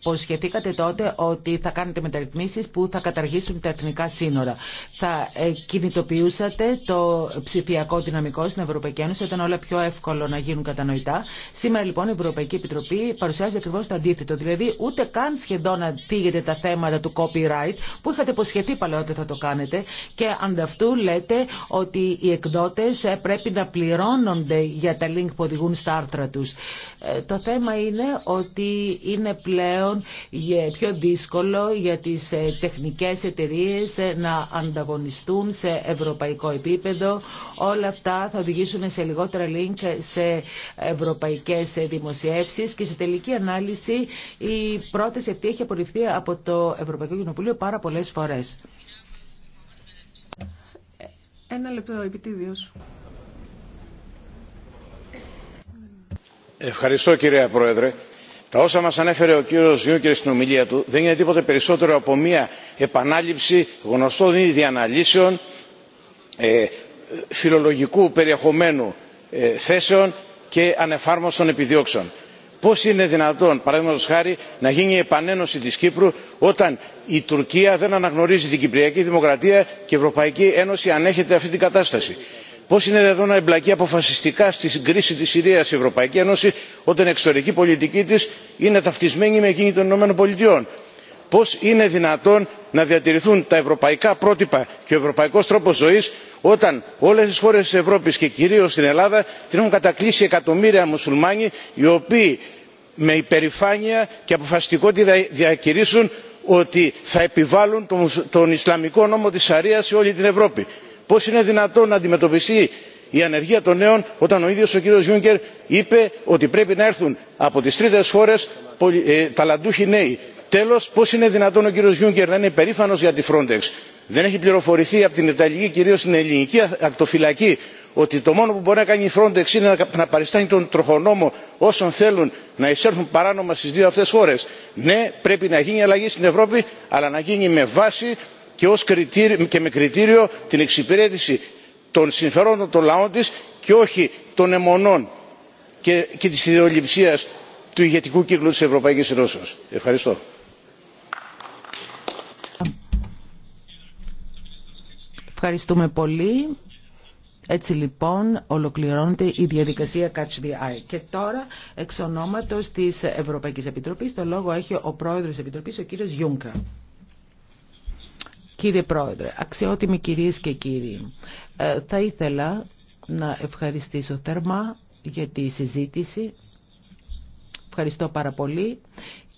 υποσχεθήκατε τότε ότι θα κάνετε μεταρρυθμίσεις που θα καταργήσουν τα εθνικά σύνορα. Θα ε, κινητοποιούσατε το ψηφιακό δυναμικό στην Ευρωπαϊκή Ένωση, ήταν όλα πιο εύκολο να γίνουν κατανοητά. Σήμερα λοιπόν η Ευρωπαϊκή Επιτροπή παρουσιάζει ακριβώ το αντίθετο. Δηλαδή ούτε καν σχεδόν να θίγετε τα θέματα του copyright που είχατε υποσχεθεί παλαιότερα θα το κάνετε και ανταυτού λέτε ότι οι εκδότες ε, πρέπει να πληρώνονται για τα link που οδηγούν στα άρθρα τους. Ε, το θέμα είναι ότι είναι πλέον πλέον πιο δύσκολο για τις ε, τεχνικές εταιρείες ε, να ανταγωνιστούν σε ευρωπαϊκό επίπεδο. Όλα αυτά θα οδηγήσουν σε λιγότερα link σε ευρωπαϊκές δημοσιεύσεις και σε τελική ανάλυση η πρόταση αυτή έχει απορριφθεί από το Ευρωπαϊκό Κοινοβούλιο πάρα πολλές φορές. Ένα λεπτό, επιτίδιος. Ευχαριστώ κυρία Πρόεδρε τα όσα μας ανέφερε ο κύριος Γιούγκερ στην ομιλία του δεν είναι τίποτε περισσότερο από μια επανάληψη γνωστών ήδη αναλύσεων ε, φιλολογικού περιεχομένου ε, θέσεων και ανεφάρμοστων επιδιώξεων. Πώς είναι δυνατόν, παραδείγματος χάρη, να γίνει η επανένωση της Κύπρου όταν η Τουρκία δεν αναγνωρίζει την Κυπριακή Δημοκρατία και η Ευρωπαϊκή Ένωση ανέχεται αυτή την κατάσταση πώ είναι εδώ να εμπλακεί αποφασιστικά στη κρίση της Συρίας η ευρωπαϊκή ένωση όταν η εξωτερική πολιτική της είναι ταυτισμένη με εκείνη των ηνωμένων πολιτειών; Πώς είναι δυνατόν να διατηρηθούν τα ευρωπαϊκά πρότυπα και ο ευρωπαϊκός τρόπος ζωής όταν όλες τι χώρες της Ευρώπης και κυρίως στην ελλάδα την έχουν κατακλείσει εκατομμύρια μουσουλμάνοι οι οποίοι με υπερηφάνεια και αποφασιστικότητα διακηρύσουν ότι θα επιβάλλουν τον ισλαμικό νόμο της Σαρία σε όλη την ευρώπη πώς είναι δυνατόν να αντιμετωπιστεί η ανεργία των νέων όταν ο ίδιος ο κύριος Γιούγκερ είπε ότι πρέπει να έρθουν από τις τρίτες χώρες ε, ταλαντούχοι νέοι. τέλος πώς είναι δυνατόν ο κύριος Γιούγκερ να είναι περήφανος για τη frontex δεν έχει πληροφορηθεί από την ιταλική κυρίως την ελληνική ακτοφυλακή ότι το μόνο που μπορεί να κάνει η frontex είναι να παριστάνει τον τροχονόμο όσων θέλουν να εισέλθουν παράνομα στις δύο αυτές χώρες. ναι πρέπει να γίνει αλλαγή στην ευρώπη αλλά να γίνει με βάση και, ως με κριτήριο την εξυπηρέτηση των συμφερόντων των λαών της και όχι των αιμονών και, και της ιδεολειψίας του ηγετικού κύκλου της Ευρωπαϊκής Ενώσεως. Ευχαριστώ. Ευχαριστούμε πολύ. Έτσι λοιπόν ολοκληρώνεται η διαδικασία Catch the Eye. Και τώρα εξ ονόματος της Ευρωπαϊκής Επιτροπής το λόγο έχει ο πρόεδρος Επιτροπής, ο κύριος Γιούγκα. Κύριε Πρόεδρε, αξιότιμοι κυρίες και κύριοι, ε, θα ήθελα να ευχαριστήσω θερμά για τη συζήτηση. Ευχαριστώ πάρα πολύ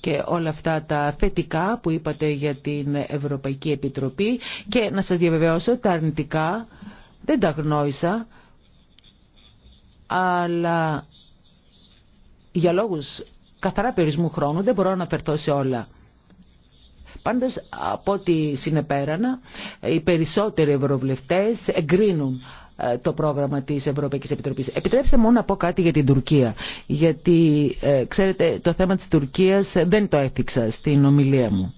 και όλα αυτά τα θετικά που είπατε για την Ευρωπαϊκή Επιτροπή και να σας διαβεβαιώσω τα αρνητικά δεν τα γνώρισα αλλά για λόγους καθαρά περισμού χρόνου δεν μπορώ να αναφερθώ σε όλα. Πάντως από ό,τι συνεπέρανα οι περισσότεροι ευρωβουλευτές εγκρίνουν ε, το πρόγραμμα της Ευρωπαϊκής Επιτροπής. Επιτρέψτε μόνο να πω κάτι για την Τουρκία, γιατί ε, ξέρετε το θέμα της Τουρκίας δεν το έθιξα στην ομιλία μου.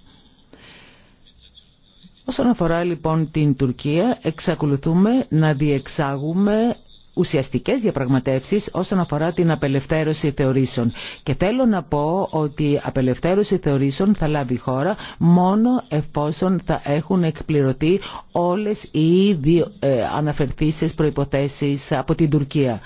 Όσον αφορά λοιπόν την Τουρκία, εξακολουθούμε να διεξάγουμε ουσιαστικές διαπραγματεύσεις όσον αφορά την απελευθέρωση θεωρήσεων. Και θέλω να πω ότι η απελευθέρωση θεωρήσεων θα λάβει χώρα μόνο εφόσον θα έχουν εκπληρωθεί όλες οι ήδη ε, αναφερθήσεις προϋποθέσεις από την Τουρκία.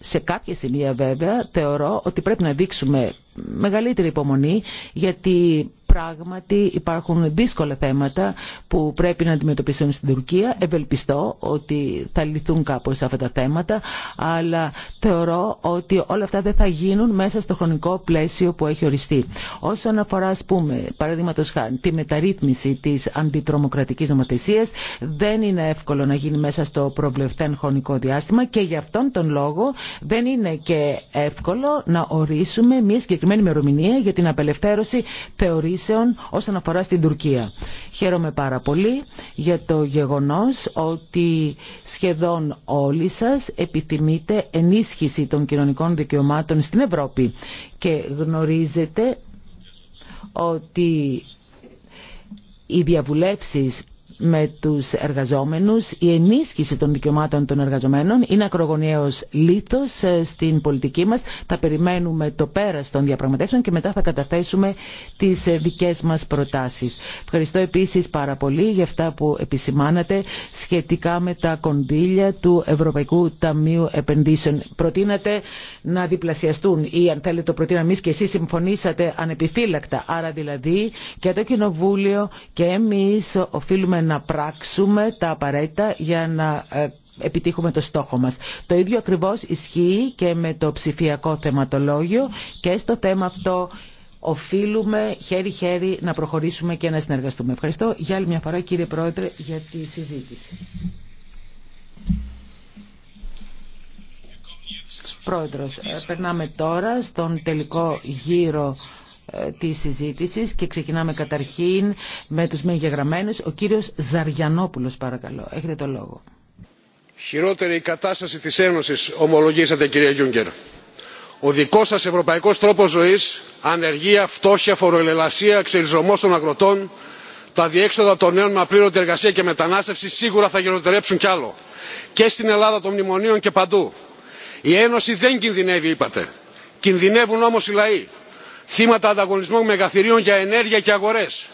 Σε κάποια σημεία βέβαια θεωρώ ότι πρέπει να δείξουμε μεγαλύτερη υπομονή γιατί Πράγματι υπάρχουν δύσκολα θέματα που πρέπει να αντιμετωπιστούν στην Τουρκία. Ευελπιστώ ότι θα λυθούν κάπως αυτά τα θέματα, αλλά θεωρώ ότι όλα αυτά δεν θα γίνουν μέσα στο χρονικό πλαίσιο που έχει οριστεί. Όσον αφορά, ας πούμε, παραδείγματο χάρη, τη μεταρρύθμιση τη αντιτρομοκρατική νομοθεσία, δεν είναι εύκολο να γίνει μέσα στο προβλεφθέν χρονικό διάστημα και γι' αυτόν τον λόγο δεν είναι και εύκολο να ορίσουμε μια συγκεκριμένη ημερομηνία για την απελευθέρωση θεωρήσεων όσον αφορά στην Τουρκία. Χαίρομαι πάρα πολύ για το γεγονός ότι σχεδόν όλοι σας επιθυμείτε ενίσχυση των κοινωνικών δικαιωμάτων στην Ευρώπη και γνωρίζετε ότι οι διαβουλεύσεις με τους εργαζόμενους. Η ενίσχυση των δικαιωμάτων των εργαζομένων είναι ακρογωνιαίος λίθος ε, στην πολιτική μας. Θα περιμένουμε το πέρας των διαπραγματεύσεων και μετά θα καταθέσουμε τις ε, δικές μας προτάσεις. Ευχαριστώ επίσης πάρα πολύ για αυτά που επισημάνατε σχετικά με τα κονδύλια του Ευρωπαϊκού Ταμείου Επενδύσεων. Προτείνατε να διπλασιαστούν ή αν θέλετε το προτείναμε εμείς και εσείς συμφωνήσατε ανεπιφύλακτα. Άρα δηλαδή και το Κοινοβούλιο και εμείς οφείλουμε να πράξουμε τα απαραίτητα για να ε, επιτύχουμε το στόχο μας. Το ίδιο ακριβώς ισχύει και με το ψηφιακό θεματολόγιο και στο θέμα αυτό οφείλουμε χέρι-χέρι να προχωρήσουμε και να συνεργαστούμε. Ευχαριστώ για άλλη μια φορά κύριε Πρόεδρε για τη συζήτηση. Πρόεδρος, ε, περνάμε τώρα στον τελικό γύρο ε, της συζήτησης και ξεκινάμε καταρχήν με τους μεγεγραμμένους. Ο κύριος Ζαριανόπουλος παρακαλώ. Έχετε το λόγο. Χειρότερη η κατάσταση της Ένωσης ομολογήσατε κύριε Γιούγκερ. Ο δικός σας ευρωπαϊκός τρόπος ζωής, ανεργία, φτώχεια, φοροελελασία, ξεριζωμός των αγροτών, τα διέξοδα των νέων με απλήρωτη εργασία και μετανάστευση σίγουρα θα γεροτερέψουν κι άλλο. Και στην Ελλάδα των μνημονίων και παντού. Η Ένωση δεν κινδυνεύει είπατε. Κινδυνεύουν όμως οι λαοί θύματα ανταγωνισμού μεγαθυρίων για ενέργεια και αγορές.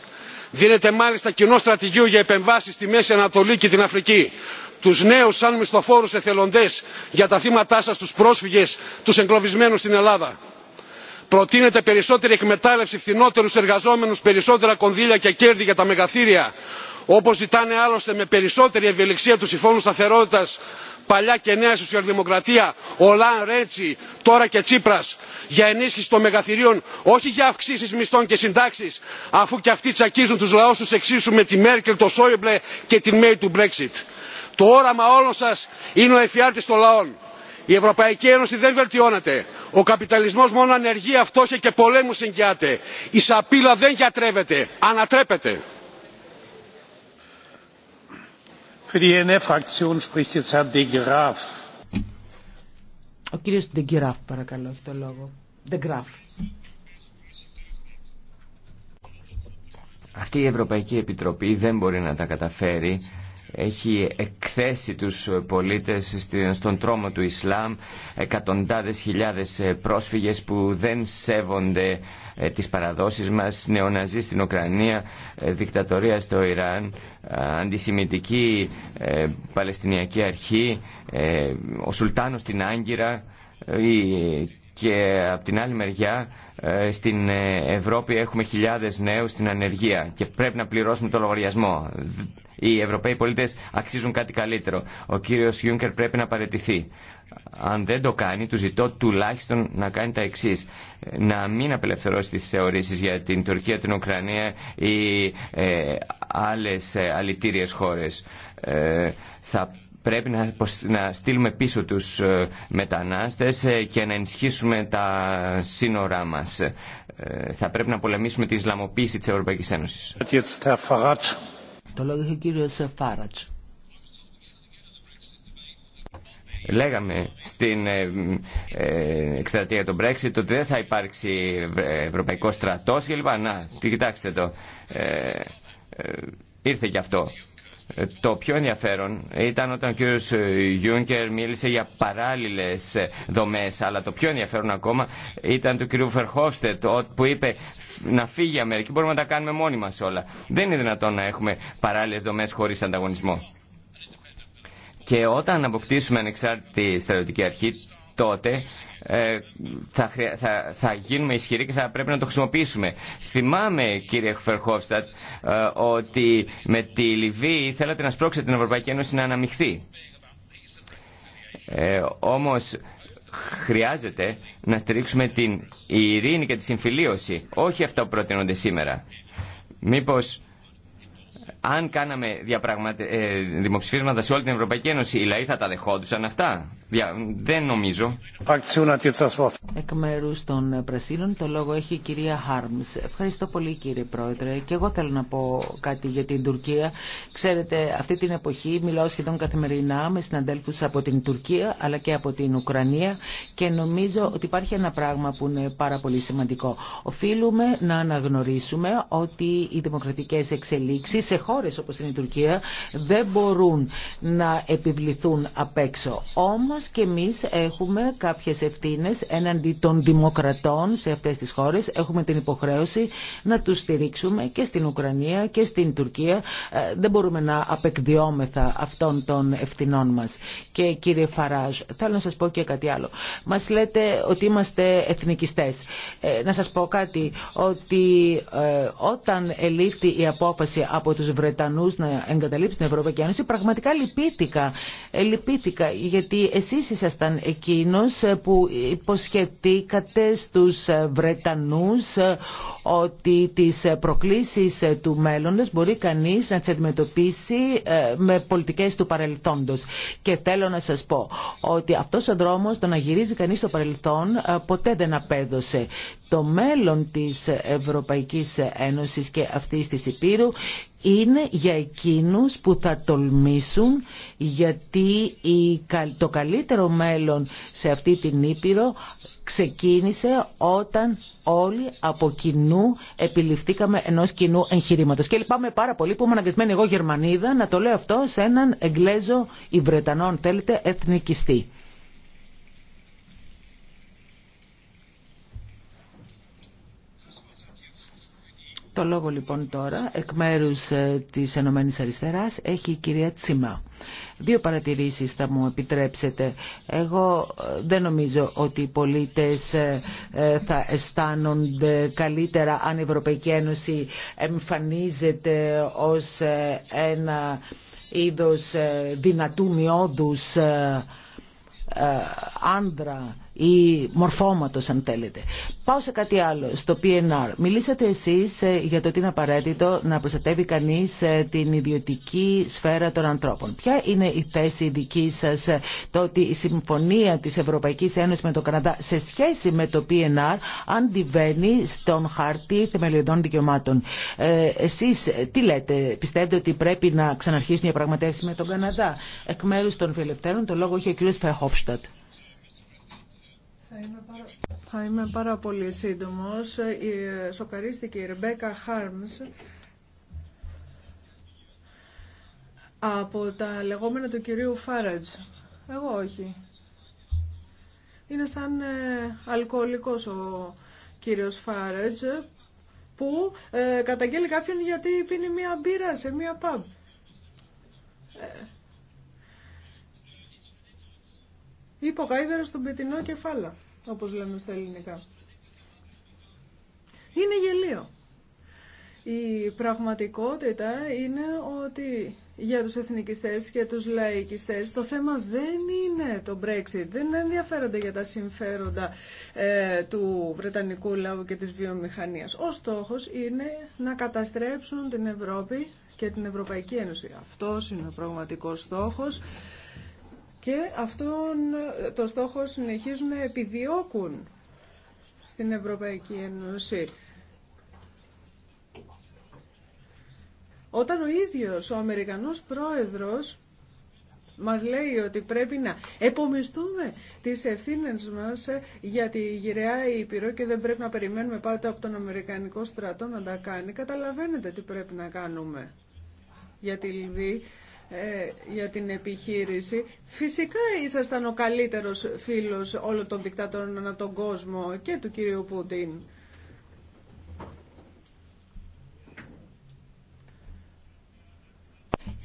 Δίνεται μάλιστα κοινό στρατηγείο για επεμβάσεις στη Μέση Ανατολή και την Αφρική. Τους νέους σαν μισθοφόρους εθελοντές για τα θύματά σας τους πρόσφυγες, τους εγκλωβισμένους στην Ελλάδα. Προτείνεται περισσότερη εκμετάλλευση, φθηνότερου εργαζόμενου, περισσότερα κονδύλια και κέρδη για τα μεγαθύρια, όπω ζητάνε άλλωστε με περισσότερη ευελιξία του Συμφώνου Σταθερότητα παλιά και νέα σοσιαλδημοκρατία ο Λαν Ρέτσι, τώρα και τσίπρας για ενίσχυση των μεγαθυρίων όχι για αυξήσεις μισθών και συντάξεις αφού και αυτοί τσακίζουν τους λαούς τους εξίσου με τη μέρκελ το σόιμπλε και την μέη του brexit. το όραμα όλων σας είναι ο εφιάλτης των λαών. Η Ευρωπαϊκή Ένωση δεν βελτιώνεται. Ο καπιταλισμός μόνο ανεργεί, φτώχεια και πολέμους εγγυάται. Η σαπίλα δεν γιατρεύεται, ανατρέπεται. Αυτή η Ευρωπαϊκή Επιτροπή δεν μπορεί να τα καταφέρει. Έχει εκθέσει τους πολίτες στον τρόμο του Ισλάμ, εκατοντάδες χιλιάδες πρόσφυγες που δεν σέβονται ε, τις παραδόσεις μας, νεοναζί στην Ουκρανία, ε, δικτατορία στο Ιράν, ε, αντισημιτική Παλαιστινιακή αρχή, ο Σουλτάνος στην Άγκυρα και από την άλλη μεριά στην Ευρώπη έχουμε χιλιάδες νέους στην ανεργία και πρέπει να πληρώσουμε το λογαριασμό οι Ευρωπαίοι πολίτες αξίζουν κάτι καλύτερο. Ο κύριος Γιούνκερ πρέπει να παραιτηθεί. Αν δεν το κάνει, του ζητώ τουλάχιστον να κάνει τα εξή. Να μην απελευθερώσει τι θεωρήσει για την Τουρκία, την Ουκρανία ή ε, άλλε αλητήριε χώρε. Ε, θα πρέπει να, να στείλουμε πίσω τους ε, μετανάστες ε, και να ενισχύσουμε τα σύνορά μας. Θα πρέπει να πολεμήσουμε τη Ισλαμοποίηση της Ευρωπαϊκής Ένωσης. Το λόγο ο κύριο Λέγαμε στην ε, ε, εκστρατεία των Brexit ότι δεν θα υπάρξει ευρωπαϊκό στρατός κλπ. Να, κοιτάξτε το. Ε, ήρθε και αυτό. Ε, το πιο ενδιαφέρον ήταν όταν ο κύριος Γιούνκερ μίλησε για παράλληλες ε, δομές, αλλά το πιο ενδιαφέρον ακόμα ήταν του κύριου Φερχόφστετ που είπε να φύγει η Αμερική, μπορούμε να τα κάνουμε μόνοι μας όλα. Δεν είναι δυνατόν να έχουμε παράλληλες δομές χωρίς ανταγωνισμό. Και όταν αποκτήσουμε ανεξάρτητη στρατιωτική αρχή, τότε ε, θα, θα, γίνουμε ισχυροί και θα πρέπει να το χρησιμοποιήσουμε. Θυμάμαι, κύριε Φερχόφστατ, ε, ότι με τη Λιβύη θέλατε να σπρώξετε την Ευρωπαϊκή Ένωση να αναμειχθεί. Ε, όμως χρειάζεται να στηρίξουμε την ειρήνη και τη συμφιλίωση, όχι αυτά που προτείνονται σήμερα. Μήπως αν κάναμε ε, δημοψηφίσματα σε όλη την Ευρωπαϊκή Ένωση, οι λαοί θα τα δεχόντουσαν αυτά. Δεν νομίζω. Εκ μέρου των Πρασίνων, το λόγο έχει η κυρία Χάρμ. Ευχαριστώ πολύ, κύριε Πρόεδρε. Και εγώ θέλω να πω κάτι για την Τουρκία. Ξέρετε, αυτή την εποχή μιλάω σχεδόν καθημερινά με συναντέλφου από την Τουρκία αλλά και από την Ουκρανία και νομίζω ότι υπάρχει ένα πράγμα που είναι πάρα πολύ σημαντικό. Οφείλουμε να αναγνωρίσουμε ότι οι δημοκρατικέ εξελίξει χώρες όπως είναι η Τουρκία δεν μπορούν να επιβληθούν απ' έξω. Όμως και εμείς έχουμε κάποιες ευθύνες έναντι των δημοκρατών σε αυτές τις χώρες. Έχουμε την υποχρέωση να τους στηρίξουμε και στην Ουκρανία και στην Τουρκία. Ε, δεν μπορούμε να απεκδιώμεθα αυτών των ευθυνών μας. Και κύριε Φαράζ, θέλω να σας πω και κάτι άλλο. Μας λέτε ότι είμαστε εθνικιστές. Ε, να σας πω κάτι, ότι ε, όταν ελήφθη η απόφαση από τους να εγκαταλείψει την Ευρωπαϊκή Ένωση, πραγματικά λυπήθηκα. Ε, λυπήθηκα γιατί εσεί ήσασταν εκείνο ε, που υποσχετήκατε στου ε, Βρετανούς ότι τι προκλήσεις του μέλλοντο μπορεί κανεί να τι αντιμετωπίσει με πολιτικέ του παρελθόντο. Και θέλω να σα πω ότι αυτός ο δρόμο, το να γυρίζει κανεί στο παρελθόν ποτέ δεν απέδωσε το μέλλον της Ευρωπαϊκής Ένωσης και αυτής της Υπήρου είναι για εκείνους που θα τολμήσουν γιατί το καλύτερο μέλλον σε αυτή την Ήπειρο ξεκίνησε όταν όλοι από κοινού επιληφθήκαμε ενός κοινού εγχειρήματος. Και λυπάμαι πάρα πολύ που είμαι αναγκασμένη εγώ Γερμανίδα να το λέω αυτό σε έναν Εγγλέζο ή Βρετανό, αν θέλετε, εθνικιστή. Το λόγο λοιπόν τώρα εκ μέρου ε, τη έχει η κυρία Τσίμα. Δύο παρατηρήσεις θα μου επιτρέψετε. Εγώ ε, δεν νομίζω ότι οι πολίτες ε, θα αισθάνονται καλύτερα αν η Ευρωπαϊκή Ένωση εμφανίζεται ως ένα είδος δυνατού μειώδους άνδρα ή μορφώματος αν θέλετε. Πάω σε κάτι άλλο, στο PNR. Μιλήσατε εσείς ε, για το ότι είναι απαραίτητο να προστατεύει κανείς ε, την ιδιωτική σφαίρα των ανθρώπων. Ποια είναι η θέση δική σας ε, το ότι η συμφωνία της Ευρωπαϊκής Ένωσης με τον Καναδά σε σχέση με το PNR αντιβαίνει στον χάρτη θεμελιωδών δικαιωμάτων. Ε, εσείς τι λέτε, πιστεύετε ότι πρέπει να ξαναρχίσουν οι διαπραγματεύσει με τον Καναδά. Εκ μέρου των φιλελευθέρων το λόγο έχει ο κ. Φερχόφστατ. Θα είμαι πάρα, πολύ σύντομος. Σοκαρίστηκε η Ρεμπέκα Χάρμς από τα λεγόμενα του κυρίου Φάρατζ. Εγώ όχι. Είναι σαν ε, αλκοολικός ο κύριος Φάρατζ που ε, καταγγέλει κάποιον γιατί πίνει μία μπύρα σε μία pub. Ε, Είπε ο στον πετεινό κεφάλα, όπως λέμε στα ελληνικά. Είναι γελίο. Η πραγματικότητα είναι ότι για τους εθνικιστές και τους λαϊκιστές το θέμα δεν είναι το Brexit, δεν ενδιαφέρονται για τα συμφέροντα ε, του Βρετανικού λαού και της βιομηχανίας. Ο στόχος είναι να καταστρέψουν την Ευρώπη και την Ευρωπαϊκή Ένωση. Αυτός είναι ο πραγματικός στόχος. Και αυτόν ε, το στόχο συνεχίζουν να επιδιώκουν στην Ευρωπαϊκή Ένωση. Όταν ο ίδιος ο Αμερικανός πρόεδρος μας λέει ότι πρέπει να επομιστούμε τις ευθύνες μας ε, για τη γυραιά Ήπειρο και δεν πρέπει να περιμένουμε πάντα από τον Αμερικανικό στρατό να τα κάνει. Καταλαβαίνετε τι πρέπει να κάνουμε για τη Λιβύη. Ε, για την επιχείρηση. Φυσικά ήσασταν ο καλύτερος φίλος όλων των δικτάτων ανά τον κόσμο και του κύριου Πούτιν.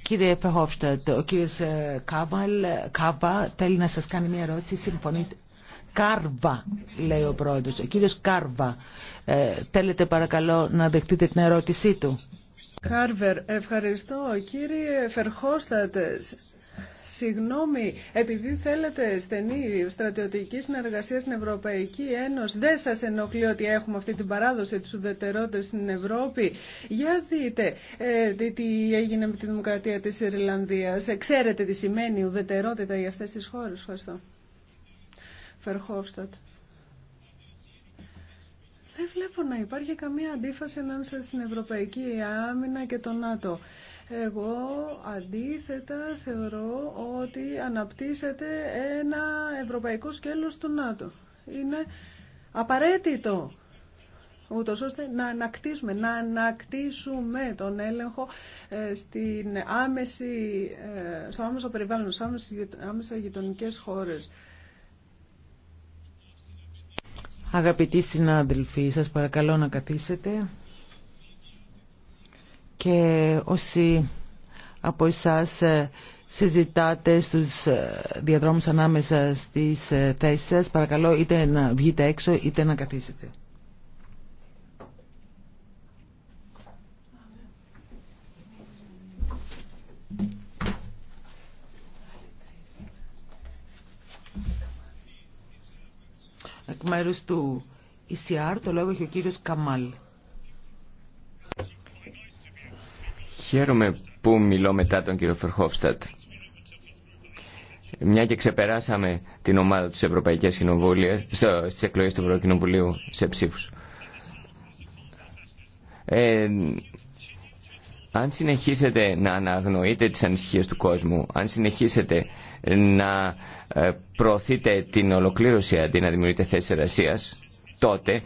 Κύριε Φεχόφστατ, ο κύριος ε, Κάβαλ, Κάβα θέλει να σας κάνει μια ερώτηση. Συμφωνείτε. Κάρβα, λέει ο πρόεδρος. Ο κύριος Κάρβα, ε, θέλετε παρακαλώ να δεχτείτε την ερώτησή του. Κάρβερ, ευχαριστώ. Κύριε Φερχόστατες, Συγγνώμη, επειδή θέλετε στενή στρατιωτική συνεργασία στην Ευρωπαϊκή Ένωση, δεν σα ενοχλεί ότι έχουμε αυτή την παράδοση τη ουδετερότητα στην Ευρώπη. Για δείτε ε, τι έγινε με τη δημοκρατία τη Ιρλανδία. Ε, ξέρετε τι σημαίνει ουδετερότητα για αυτέ τι χώρε. Ευχαριστώ. Φερχώστατε. Δεν βλέπω να υπάρχει καμία αντίφαση ανάμεσα στην Ευρωπαϊκή Άμυνα και το ΝΑΤΟ. Εγώ αντίθετα θεωρώ ότι αναπτύσσεται ένα ευρωπαϊκό σκέλος του ΝΑΤΟ. Είναι απαραίτητο ούτω ώστε να ανακτήσουμε, να ανακτήσουμε τον έλεγχο ε, στην άμεση, ε, στο άμεσο περιβάλλον, στις άμεσα γειτονικές χώρες. Αγαπητοί συνάδελφοι, σας παρακαλώ να καθίσετε και όσοι από εσάς ε, συζητάτε στους ε, διαδρόμους ανάμεσα στις ε, θέσεις σας, παρακαλώ είτε να βγείτε έξω είτε να καθίσετε. Εκ μέρου του ECR το λόγο έχει ο κύριος Καμάλ. Χαίρομαι που μιλώ μετά τον κύριο Φερχόφστατ. Μια και ξεπεράσαμε την ομάδα του Ευρωπαϊκής Κοινοβούλια στις εκλογές του Ευρωκοινοβουλίου σε ψήφους. Ε, αν συνεχίσετε να αναγνωρείτε τις ανησυχίες του κόσμου, αν συνεχίσετε να ε, προωθείτε την ολοκλήρωση αντί να δημιουργείτε θέσεις εργασία, τότε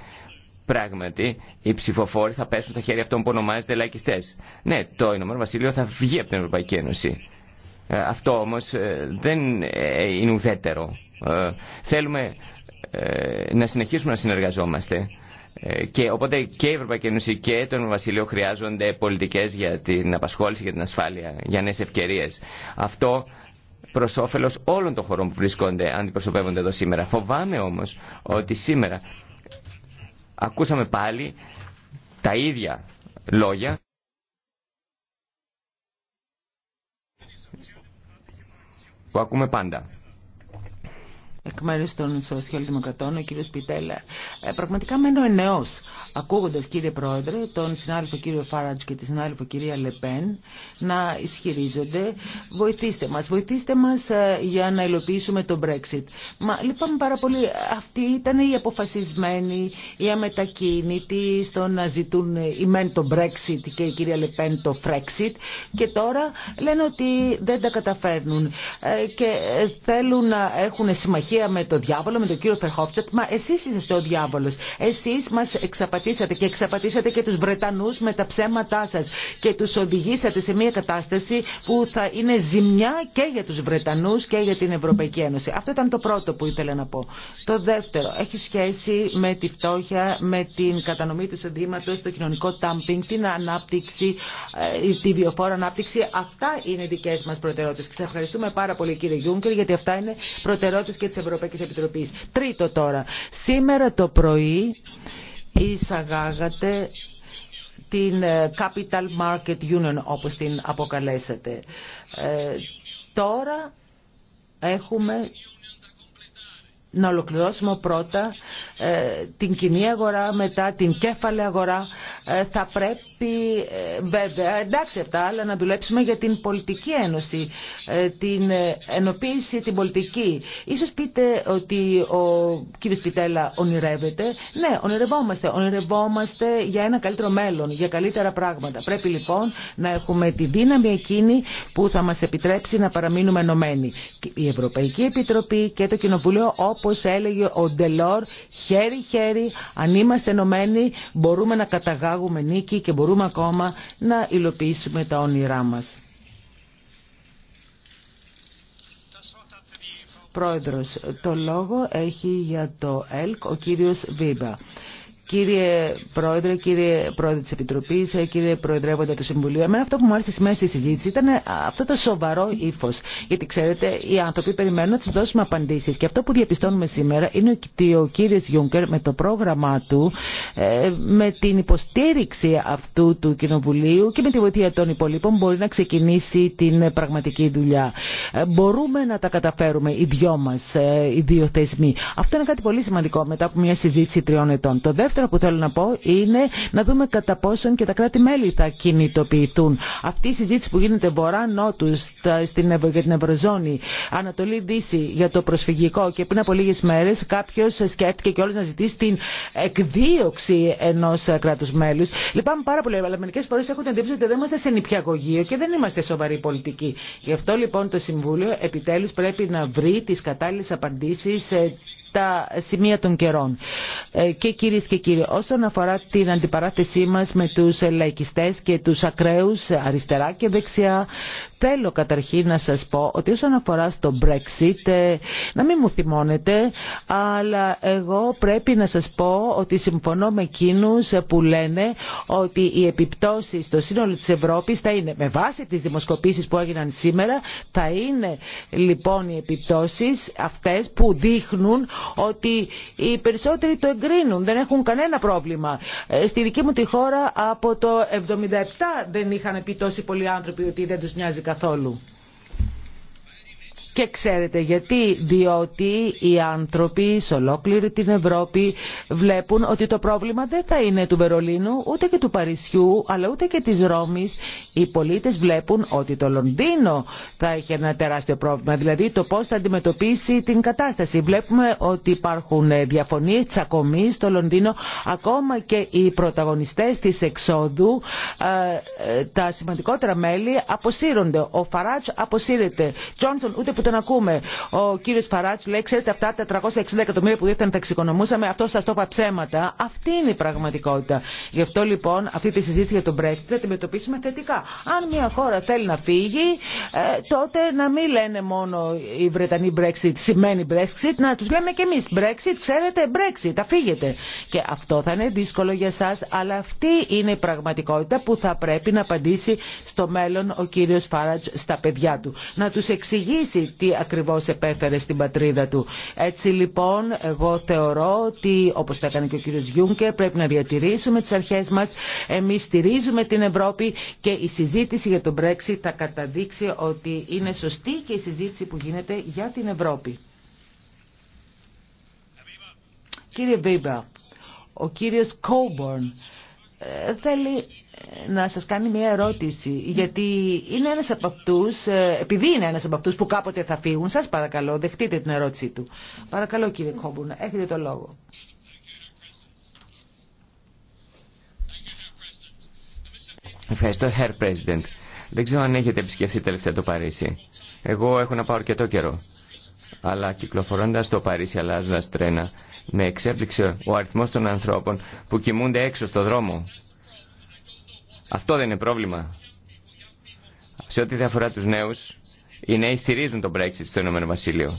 πράγματι οι ψηφοφόροι θα πέσουν στα χέρια αυτών που ονομάζεται λαϊκιστές. Ναι, το Ηνωμένο Βασίλειο θα βγει από την Ευρωπαϊκή Ένωση. Ε, αυτό όμως ε, δεν είναι ουδέτερο. Θέλουμε να συνεχίσουμε να συνεργαζόμαστε ε, και οπότε και η Ευρωπαϊκή Ένωση και τον Βασίλειο χρειάζονται πολιτικέ για την απασχόληση, για την ασφάλεια, για νέες ευκαιρίες. Αυτό προ όφελο όλων των χωρών που βρίσκονται, αντιπροσωπεύονται εδώ σήμερα. Φοβάμαι όμω ότι σήμερα ακούσαμε πάλι τα ίδια λόγια. που ακούμε πάντα εκ μέρους των Σοσιαλδημοκρατών, ο κύριο Πιτέλα. Ε, πραγματικά μένω ενεό ακούγοντας κύριε Πρόεδρε τον συνάδελφο κύριο Φάρατζ και τη συνάδελφο κυρία Λεπέν να ισχυρίζονται βοηθήστε μας, βοηθήστε μας ε, για να υλοποιήσουμε το Brexit. Μα λυπάμαι πάρα πολύ, αυτοί ήταν οι αποφασισμένοι, οι αμετακίνητοι στο να ζητούν η μεν το Brexit και η κυρία Λεπέν το Frexit και τώρα λένε ότι δεν τα καταφέρνουν ε, και ε, θέλουν να έχουν συμμαχία με τον διάβολο, με τον κύριο Φερχόφτσετ, μα εσείς είστε ο διάβολος, εσείς μας εξαπατήσατε εξαπατήσατε και εξαπατήσατε και τους Βρετανούς με τα ψέματά σας και τους οδηγήσατε σε μια κατάσταση που θα είναι ζημιά και για τους Βρετανούς και για την Ευρωπαϊκή Ένωση. Αυτό ήταν το πρώτο που ήθελα να πω. Το δεύτερο έχει σχέση με τη φτώχεια, με την κατανομή του εισοδήματος, το κοινωνικό τάμπινγκ, την ανάπτυξη, ε, τη βιοφόρα ανάπτυξη. Αυτά είναι δικέ μα προτεραιότητες. Και ευχαριστούμε πάρα πολύ κύριε Γιούγκερ γιατί αυτά είναι προτεραιότητες και τη Ευρωπαϊκή Επιτροπή. Τρίτο τώρα. Σήμερα το πρωί εισαγάγατε την ε, Capital Market Union όπως την αποκαλέσατε. Ε, τώρα έχουμε να ολοκληρώσουμε πρώτα ε, την κοινή αγορά, μετά την κέφαλη αγορά. Ε, θα πρέπει ε, βέβαια, εντάξει αυτά, αλλά να δουλέψουμε για την πολιτική ένωση, την ενοποίηση, την πολιτική. Ίσως πείτε ότι ο κ. Πιτέλα ονειρεύεται. Ναι, ονειρευόμαστε. Ονειρευόμαστε για ένα καλύτερο μέλλον, για καλύτερα πράγματα. Πρέπει λοιπόν να έχουμε τη δύναμη εκείνη που θα μας επιτρέψει να παραμείνουμε ενωμένοι. Η Ευρωπαϊκή Επιτροπή και το Κοινοβούλιο όπως έλεγε ο Ντελόρ, χέρι-χέρι, αν είμαστε ενωμένοι μπορούμε να καταγάγουμε νίκη και μπορούμε ακόμα να υλοποιήσουμε τα όνειρά μας. Πρόεδρος, το λόγο έχει για το ΕΛΚ ο κύριος Βίμπα. Κύριε Πρόεδρε, κύριε Πρόεδρε τη Επιτροπή, ε, κύριε Προεδρεύοντα του Συμβουλίου, εμένα αυτό που μου άρεσε σήμερα στη συζήτηση ήταν ε, αυτό το σοβαρό ύφο. Γιατί ξέρετε, οι άνθρωποι περιμένουν να του δώσουμε απαντήσει. Και αυτό που διαπιστώνουμε σήμερα είναι ότι ο κύριο Γιούγκερ με το πρόγραμμά του, ε, με την υποστήριξη αυτού του Κοινοβουλίου και με τη βοήθεια των υπολείπων μπορεί να ξεκινήσει την πραγματική δουλειά. Μπορούμε να τα καταφέρουμε οι δυο μα, οι δύο θεσμοί. Αυτό είναι κάτι πολύ σημαντικό μετά από μια συζήτηση τριών ετών. Το δεύτερο που θέλω να πω είναι να δούμε κατά πόσον και τα κράτη-μέλη θα κινητοποιηθούν. Αυτή η συζήτηση που γίνεται βορρά-νότου για την Ευρωζώνη, Ανατολή-Δύση για το προσφυγικό και πριν από λίγε μέρε κάποιο σκέφτηκε και όλο να ζητήσει την εκδίωξη ενό κράτου-μέλου. Λυπάμαι πάρα πολύ, αλλά μερικέ φορέ έχω την ότι δεν είμαστε σε νηπιαγωγείο και δεν είμαστε σοβαροί πολιτικοί. Γι' αυτό λοιπόν το Συμβούλιο επιτέλου πρέπει να βρει τι κατάλληλε απαντήσει τα σημεία των καιρών. Ε, και κυρίε και κύριοι, όσον αφορά την αντιπαράθεσή μα με του λαϊκιστέ και του ακραίου αριστερά και δεξιά, θέλω καταρχήν να σας πω ότι όσον αφορά στο Brexit, ε, να μην μου θυμώνετε, αλλά εγώ πρέπει να σας πω ότι συμφωνώ με εκείνου που λένε ότι οι επιπτώσεις στο σύνολο της Ευρώπης θα είναι, με βάση τις δημοσκοπήσεις που έγιναν σήμερα, θα είναι λοιπόν οι επιπτώσει αυτές που δείχνουν ότι οι περισσότεροι το εγκρίνουν, δεν έχουν κανένα πρόβλημα. Ε, στη δική μου τη χώρα από το 77 δεν είχαν πει τόσοι πολλοί άνθρωποι ότι δεν τους νοιάζει καθόλου. Και ξέρετε γιατί, διότι οι άνθρωποι σε ολόκληρη την Ευρώπη βλέπουν ότι το πρόβλημα δεν θα είναι του Βερολίνου, ούτε και του Παρισιού, αλλά ούτε και της Ρώμης. Οι πολίτες βλέπουν ότι το Λονδίνο θα έχει ένα τεράστιο πρόβλημα, δηλαδή το πώς θα αντιμετωπίσει την κατάσταση. Βλέπουμε ότι υπάρχουν διαφωνίες, τσακωμοί στο Λονδίνο, ακόμα και οι πρωταγωνιστές της εξόδου, ε, ε, τα σημαντικότερα μέλη αποσύρονται. Ο Φαράτς αποσύρεται. Τζόνσον ούτε τον ακούμε. Ο κύριο Φαράτσου λέει, ξέρετε αυτά τα 460 εκατομμύρια που δίθεν τα εξοικονομούσαμε, αυτό σα το είπα ψέματα. Αυτή είναι η πραγματικότητα. Γι' αυτό λοιπόν αυτή τη συζήτηση για τον Brexit θα την μετωπίσουμε θετικά. Αν μια χώρα θέλει να φύγει, ε, τότε να μην λένε μόνο οι Βρετανοί Brexit σημαίνει Brexit, να του λέμε και εμεί Brexit, ξέρετε Brexit, αφήγετε. Και αυτό θα είναι δύσκολο για εσά, αλλά αυτή είναι η πραγματικότητα που θα πρέπει να απαντήσει στο μέλλον ο κύριο Φάρατζ στα παιδιά του. Να του εξηγήσει τι ακριβώς επέφερε στην πατρίδα του. Έτσι λοιπόν εγώ θεωρώ ότι όπως τα έκανε και ο κύριος Γιούγκερ πρέπει να διατηρήσουμε τις αρχές μας. Εμείς στηρίζουμε την Ευρώπη και η συζήτηση για τον Brexit θα καταδείξει ότι είναι σωστή και η συζήτηση που γίνεται για την Ευρώπη. Κύριε Βίμπα ο κύριος Κόμπορν ε, θέλει να σας κάνει μια ερώτηση, γιατί είναι ένας από αυτούς, ε, επειδή είναι ένας από αυτούς που κάποτε θα φύγουν, σας παρακαλώ, δεχτείτε την ερώτησή του. Παρακαλώ κύριε Κόμπουνα, έχετε το λόγο. Ευχαριστώ, Herr President. Δεν ξέρω αν έχετε επισκεφθεί τελευταία το Παρίσι. Εγώ έχω να πάω αρκετό καιρό. Αλλά κυκλοφορώντα το Παρίσι, αλλάζοντα τρένα, με εξέπληξε ο αριθμό των ανθρώπων που κοιμούνται έξω στο δρόμο αυτό δεν είναι πρόβλημα. Σε ό,τι αφορά τους νέους, οι νέοι στηρίζουν τον Brexit στο Ηνωμένο Βασίλειο.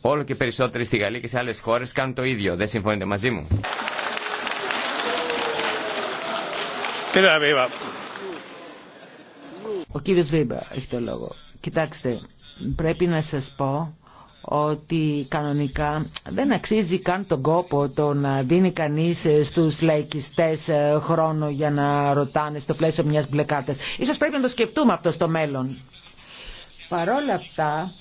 Όλο και περισσότεροι στη Γαλλία και σε άλλες χώρες κάνουν το ίδιο. Δεν συμφωνείτε μαζί μου. Ο κύριος Βίμπα έχει το λόγο. Κοιτάξτε, πρέπει να σας πω ότι κανονικά δεν αξίζει καν τον κόπο το να δίνει κανείς ε, στους λαϊκιστές ε, χρόνο για να ρωτάνε στο πλαίσιο μιας μπλε Ίσως πρέπει να το σκεφτούμε αυτό στο μέλλον. Παρόλα αυτά,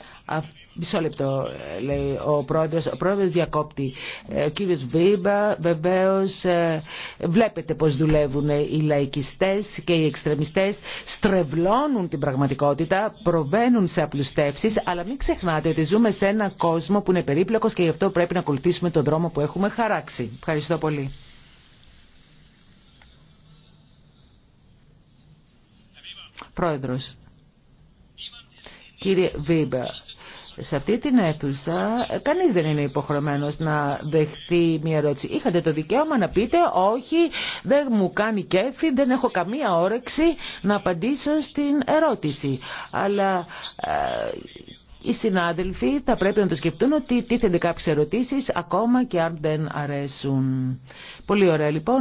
Μισό λεπτό, λέει ο πρόεδρος. Ο πρόεδρος διακόπτει. Ε, ο κύριος Βίμπα, βεβαίως, ε, βλέπετε πώς δουλεύουν οι λαϊκιστές και οι εξτρεμιστές. Στρεβλώνουν την πραγματικότητα, προβαίνουν σε απλουστεύσεις, αλλά μην ξεχνάτε ότι ζούμε σε ένα κόσμο που είναι περίπλοκος και γι' αυτό πρέπει να ακολουθήσουμε τον δρόμο που έχουμε χαράξει. Ευχαριστώ πολύ. Πρόεδρος. Κύριε Βίμπα, σε αυτή την αίθουσα ε, κανείς δεν είναι υποχρεωμένος να δεχτεί μια ερώτηση. Είχατε το δικαίωμα να πείτε όχι, δεν μου κάνει κέφι, δεν έχω καμία όρεξη να απαντήσω στην ερώτηση. Αλλά ε, οι συνάδελφοι θα πρέπει να το σκεφτούν ότι τίθενται κάποιες ερωτήσεις ακόμα και αν δεν αρέσουν. Πολύ ωραία λοιπόν.